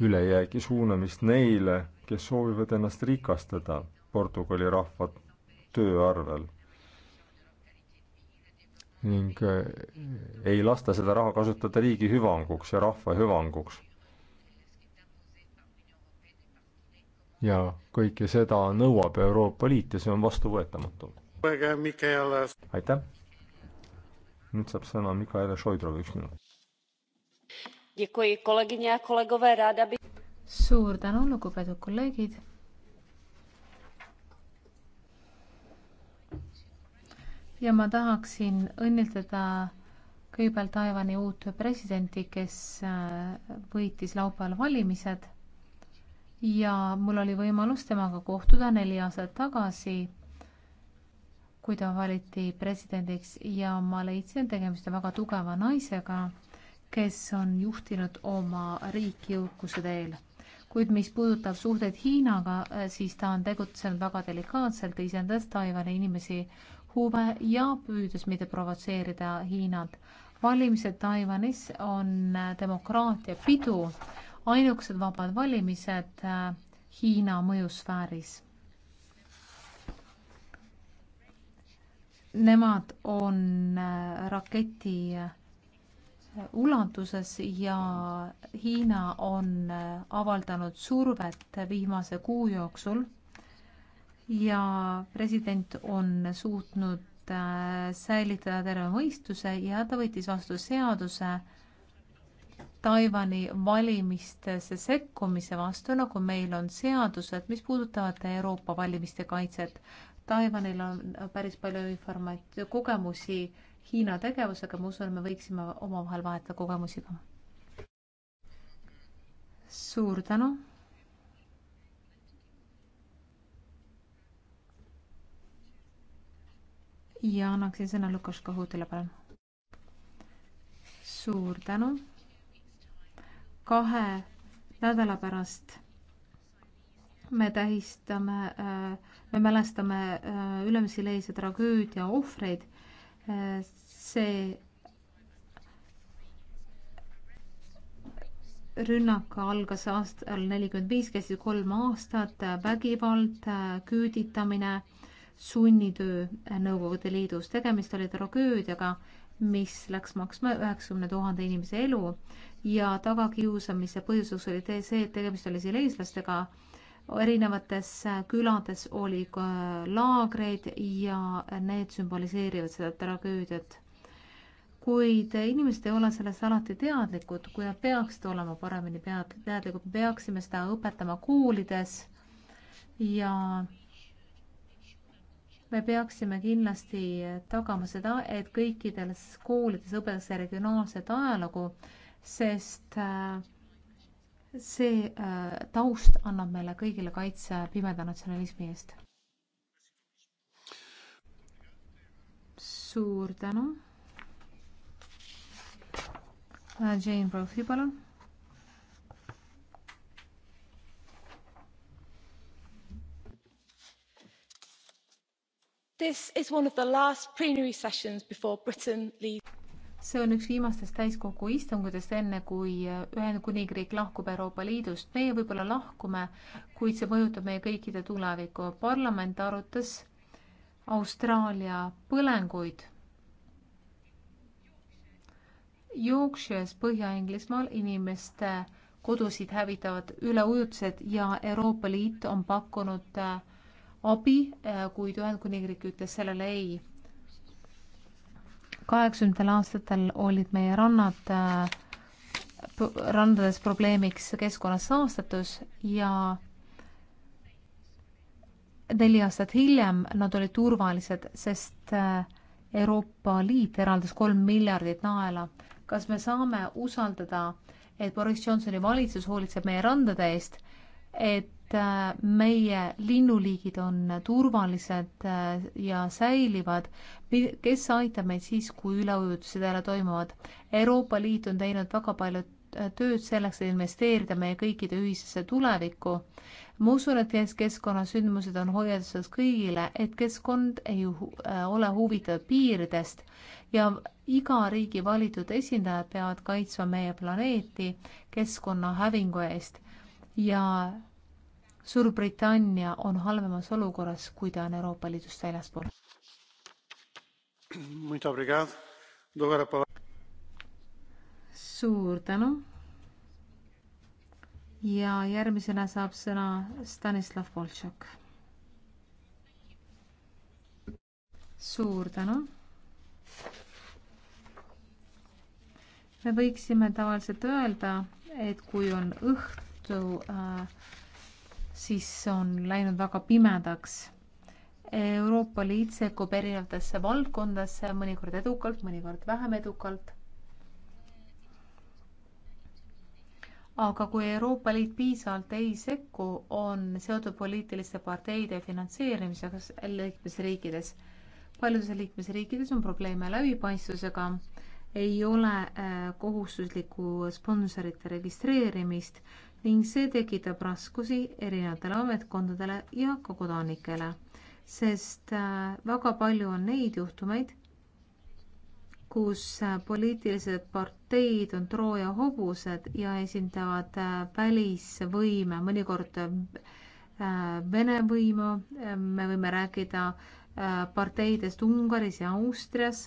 ülejäägi suunamist neile, kes soovivad ennast rikastada Portugali rahva töö arvel ning äh, ei lasta seda raha kasutada riigi hüvanguks ja rahva hüvanguks. ja kõike seda nõuab Euroopa Liit ja see on vastuvõetamatu. aitäh! nüüd saab sõna Mikaela Šoidrov, üks minut. suur tänu, lugupeetud kolleegid ja ma tahaksin õnnitleda kõigepealt Taiwan'i uut presidenti, kes äh, võitis laupäeval valimised ja mul oli võimalus temaga kohtuda neli aastat tagasi, kui ta valiti presidendiks ja ma leidsin, et tegemist on väga tugeva naisega, kes on juhtinud oma riiki jõukuse teel. kuid mis puudutab suhteid Hiinaga, äh, siis ta on tegutsenud väga delikaatselt, iseendast Taiwan'i inimesi huve ja püüdis mitte provotseerida Hiinat. valimised Taiwanis on äh, demokraatia pidu, ainukesed vabad valimised äh, Hiina mõjusfääris. Nemad on äh, raketi ulatuses ja Hiina on avaldanud survet viimase kuu jooksul ja president on suutnud äh, säilitada terve mõistuse ja ta võttis vastu seaduse Taiwan'i valimistesse sekkumise vastu, nagu meil on seadused, mis puudutavad Euroopa valimiste kaitset. Taiwan'il on päris palju informat-, kogemusi Hiina tegevusega, ma usun, me võiksime omavahel vahetada kogemusi ka. suur tänu ja annaksin sõna Lukas Kohutile, palun. suur tänu. kahe nädala pärast me tähistame, äh, me mälestame äh, Ülemsileise tragöödia ohvreid. Äh, see rünnak algas aastal nelikümmend viis, kestis kolm aastat, vägivald, küüditamine sunnitöö Nõukogude Liidus. tegemist oli tragöödiaga, mis läks maksma üheksakümne tuhande inimese elu ja tagakiusamise põhjuseks oli see, et tegemist oli seal eestlastega. erinevates külades oli ka laagreid ja need sümboliseerivad seda tragöödiat. kuid inimesed ei ole sellest alati teadlikud, kui nad peaksid olema paremini pead-, teadlikud, me peaksime seda õpetama koolides ja me peaksime kindlasti tagama seda, et kõikides koolides õpetatakse regionaalset ajalugu, sest äh, see äh, taust annab meile kõigile kaitse pimeda natsionalismi eest. suur tänu. Äh, Jane Brophy, palun see on üks viimastest täiskogu istungitest, enne kui äh, Ühendkuningriik lahkub Euroopa Liidust. meie võib-olla lahkume, kuid see mõjutab meie kõikide tulevikku. parlament arutas Austraalia põlenguid Yorkshire's Põhja-Inglismaal inimeste kodusid hävitavad üleujutused ja Euroopa Liit on pakkunud äh, abi, äh, kuid Ühendkuningriik ütles sellele ei. kaheksakümnendatel aastatel olid meie rannad, äh, randades probleemiks keskkonnas saastatus ja neli aastat hiljem nad olid turvalised, sest äh, Euroopa Liit eraldas kolm miljardit naela. kas me saame usaldada, et Boris Johnsoni valitsus hoolitseb meie randade eest, et Äh, meie linnuliigid on turvalised äh, ja säilivad, kes aitab meid siis, kui üleujutused jälle toimuvad. Euroopa Liit on teinud väga palju äh, tööd selleks, et investeerida meie kõikide ühisesse tulevikku. ma usun, et kes keskkonnasündmused on hoiatuseks kõigile, et keskkond ei ole huvitatud piiridest ja iga riigi valitud esindajad peavad kaitsma meie planeeti keskkonna hävingu eest ja Suurbritannia on halvemas olukorras, kui ta on Euroopa Liidust väljaspool. suur tänu. ja järgmisena saab sõna Stanislav Boltšak. suur tänu. me võiksime tavaliselt öelda, et kui on õhtu äh, siis on läinud väga pimedaks. Euroopa Liit sekkub erinevatesse valdkondadesse, mõnikord edukalt, mõnikord vähem edukalt. aga kui Euroopa Liit piisavalt ei sekku, on seotud poliitiliste parteide finantseerimiseks liikmesriikides. paljudes liikmesriikides on probleeme läbipaistvusega, ei ole äh, kohustuslikku sponsorite registreerimist ning see tekitab raskusi erinevatele ametkondadele ja ka kodanikele, sest äh, väga palju on neid juhtumeid, kus äh, poliitilised parteid on Trooja hobused ja esindavad äh, välisvõime, mõnikord Vene võimu, me võime rääkida parteidest Ungaris ja Austrias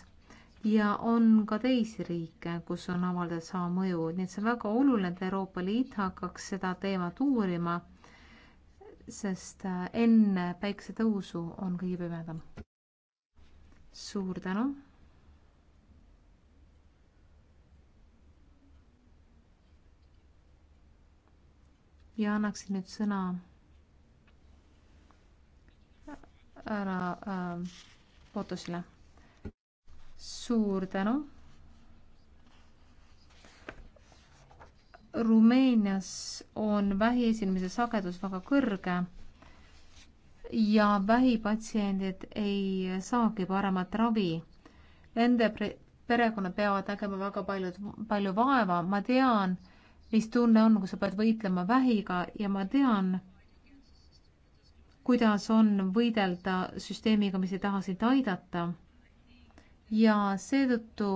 ja on ka teisi riike, kus on avaldatud sama mõju, nii et see on väga oluline, et Euroopa Liit hakkaks seda teemat uurima, sest äh, enne päiksetõusu on kõige pimedam. suur tänu. ja annaksin nüüd sõna härra äh, Potosile suur tänu. Rumeenias on vähi esinemise sagedus väga kõrge ja vähipatsiendid ei saagi paremat ravi. Nende perekonnad peavad nägema väga paljud, palju vaeva, ma tean, mis tunne on, kui sa pead võitlema vähiga ja ma tean, kuidas on võidelda süsteemiga, mis ei taha sind aidata ja seetõttu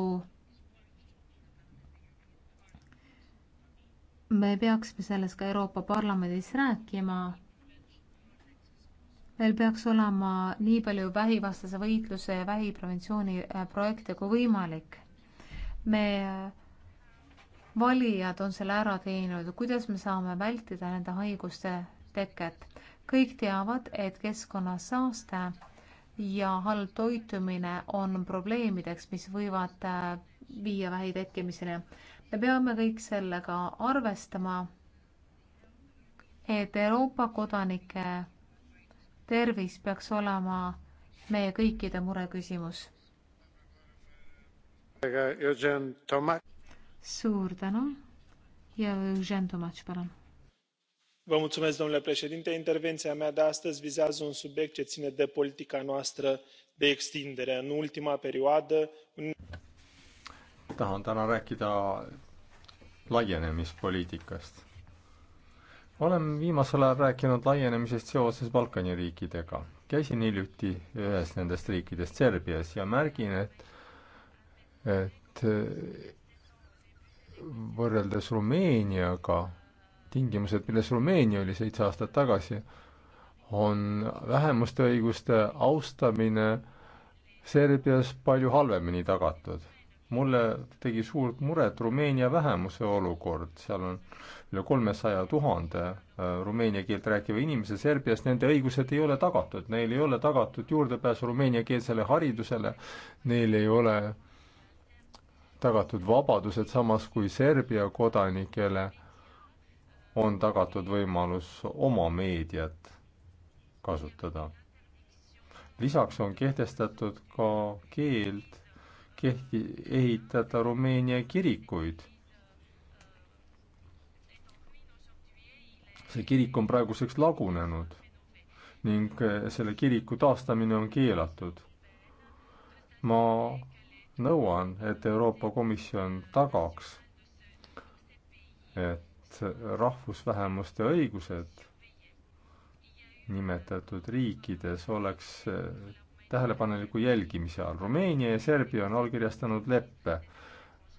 me peaksime sellest ka Euroopa Parlamendis rääkima. meil peaks olema nii palju vähivastase võitluse ja vähipreventsiooni äh, projekte kui võimalik. me äh, valijad on selle ära teinud, kuidas me saame vältida nende haiguste teket. kõik teavad, et keskkonnasaaste ja halb toitumine on probleemideks, mis võivad äh, viia vähi tekkimiseni. me peame kõik sellega arvestama, et Euroopa kodanike tervis peaks olema meie kõikide mureküsimus. suur tänu ja Eugen Tomatš, palun domnule președinte intervenția mea de astăzi vizează un subiect ce ține de politica noastră de extindere. în ultima perioadă. tahan täna rääkida laienemispoliitikast. olen viimasel ajal rääkinud laienemisest seoses Balkani riikidega. käisin hiljuti ühes nendest riikidest Serbias ja märgin, et, et võrreldes Rumeeniaga tingimused, milles Rumeenia oli seitse aastat tagasi, on vähemuste õiguste austamine Serbias palju halvemini tagatud. mulle tegi suurt muret Rumeenia vähemuse olukord, seal on üle kolmesaja tuhande äh, rumeenia keelt rääkiva inimese Serbias, nende õigused ei ole tagatud, neil ei ole tagatud juurdepääsu rumeeniakeelsele haridusele, neil ei ole tagatud vabadused, samas kui Serbia kodanikele äh, on tagatud võimalus oma meediat kasutada. lisaks on kehtestatud ka keeld kehti-, ehitada Rumeenia kirikuid. see kirik on praeguseks lagunenud ning selle kiriku taastamine on keelatud. ma nõuan, et Euroopa Komisjon tagaks, et rahvusvähemuste õigused nimetatud riikides oleks tähelepaneliku jälgimise all. Rumeenia ja Serbia on allkirjastanud leppe,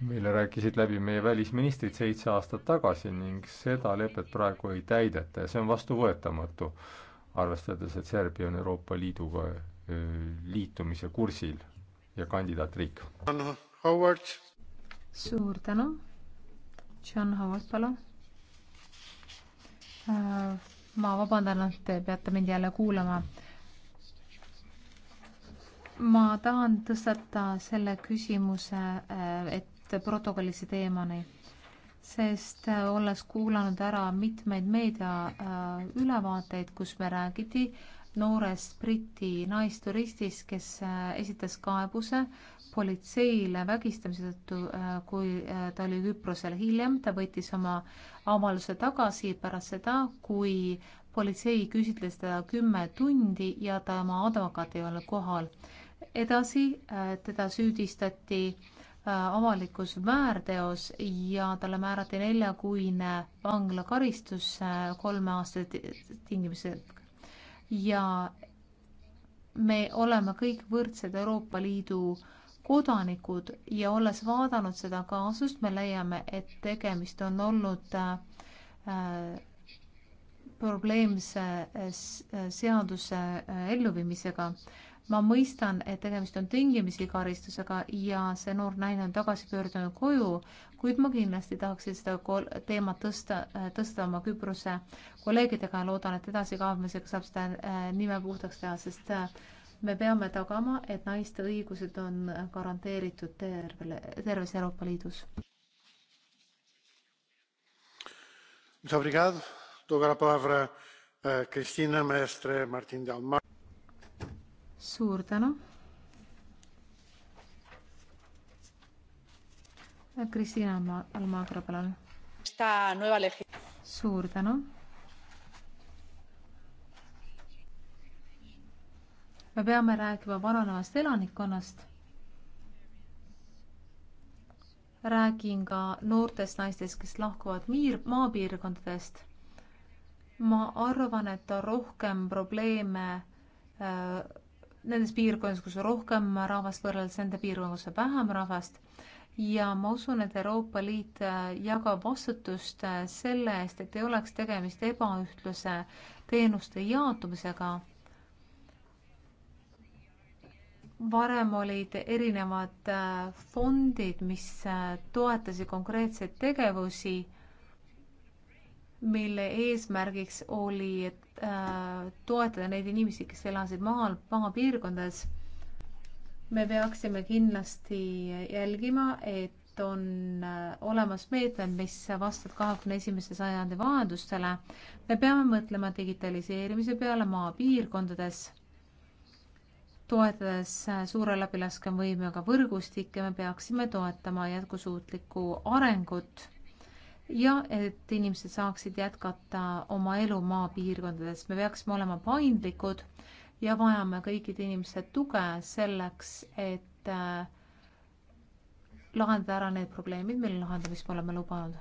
mille rääkisid läbi meie välisministrid seitse aastat tagasi ning seda lepet praegu ei täideta ja see on vastuvõetamatu, arvestades, et Serbia on Euroopa Liiduga liitumise kursil ja kandidaatriik. suur tänu, John Howard, palun Äh, ma vabandan, et te peate mind jälle kuulama. ma tahan tõstata selle küsimuse, äh, et protokolli see teemani sest äh, olles kuulanud ära mitmeid meediaülevaateid, kus me räägiti noorest Briti naisturistist, kes esitas kaebuse politseile vägistamise tõttu, äh, kui äh, ta oli Küprosel hiljem, ta võttis oma avalduse tagasi pärast seda, kui politsei küsitles teda kümme tundi ja tema advokaat ei olnud kohal. edasi äh, teda süüdistati avalikus väärteos ja talle määrati neljakuine vanglakaristus kolme aasta tingimused ja me oleme kõik võrdsed Euroopa Liidu äh, kodanikud ja olles vaadanud seda kaasust, me leiame, et tegemist on olnud äh, äh probleemse seaduse äh, elluviimisega. ma mõistan, et tegemist on tingimisi karistusega ja see noor naine on tagasi pöördunud koju, kuid ma kindlasti tahaksin seda teemat tõsta, äh, tõsta oma Küprose kolleegidega ja loodan, et edasikaevamisega saab seda nime puhtaks teha, sest me peame tagama, et naiste õigused on garanteeritud tervele, terves Euroopa Liidus. Eh, suur tänu. Cristina Almagra, palun. suur tänu me peame rääkima vananevast elanikkonnast. räägin ka noortest naistest, kes lahkuvad miir-, maapiirkondadest. ma arvan, et on rohkem probleeme äh, nendes piirkondades, kus on rohkem rahvast võrreldes nende piirkondades, kus on vähem rahvast ja ma usun, et Euroopa Liit äh, jagab vastutust äh, selle eest, et ei oleks tegemist ebaühtluse teenuste jaotumisega varem olid erinevad äh, fondid, mis äh, toetasid konkreetseid tegevusi, mille eesmärgiks oli äh, toetada neid inimesi, kes elasid maal, maapiirkondades. me peaksime kindlasti jälgima, et on olemas meetmed, mis vastavad kahekümne esimese sajandi vajadustele. me peame mõtlema digitaliseerimise peale maapiirkondades toetades suure läbilaskevõimega võrgustikke, me peaksime toetama jätkusuutlikku arengut ja et inimesed saaksid jätkata oma elu maapiirkondades. me peaksime olema paindlikud ja vajame kõikide inimeste tuge selleks, et äh, lahendada ära need probleemid, mille lahendamist me oleme lubanud.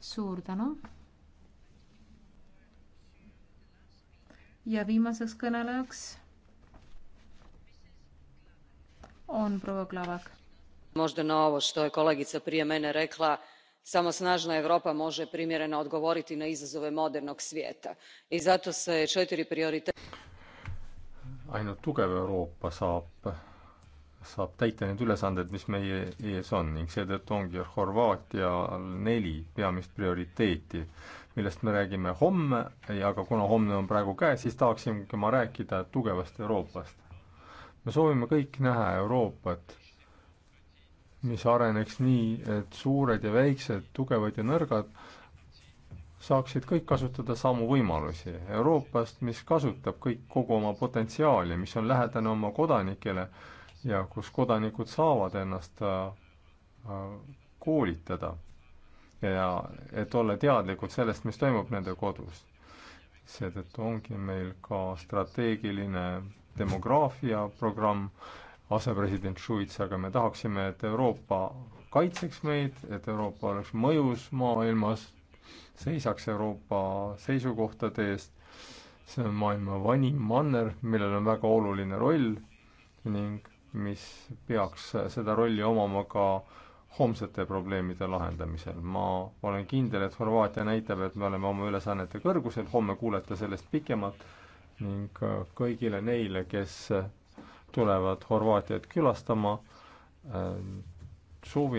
suur tänu. ja viimaseks kõnelejaks on proua Klavak. možda na ovo što je kolegica prije mene rekla samo snažna europa može primjereno odgovoriti na izazove modernog svijeta i zato se četiri prioriteta. ainult tugev Euroopa saab, saab täita need ülesanded, mis meie ees on ning seetõttu ongi Horvaatial neli peamist prioriteeti, millest me räägime homme ja ka kuna homne on praegu käes, siis tahaksingi ma rääkida tugevast Euroopast me soovime kõik näha Euroopat, mis areneks nii, et suured ja väiksed, tugevad ja nõrgad saaksid kõik kasutada samu võimalusi Euroopast, mis kasutab kõik kogu oma potentsiaali, mis on lähedane oma kodanikele ja kus kodanikud saavad ennast äh, äh, koolitada ja et olla teadlikud sellest, mis toimub nende kodus. seetõttu ongi meil ka strateegiline demograafiaprogramm, asepresident Schulz, aga me tahaksime, et Euroopa kaitseks meid, et Euroopa oleks mõjus maailmas, seisaks Euroopa seisukohtade eest, see on maailma vanim manner, millel on väga oluline roll ning mis peaks seda rolli omama ka homsete probleemide lahendamisel. ma olen kindel, et Horvaatia näitab, et me oleme oma ülesannete kõrgusel, homme kuulete sellest pikemalt ning äh, kõigile neile, kes tulevad Horvaatiat külastama, äh, soovin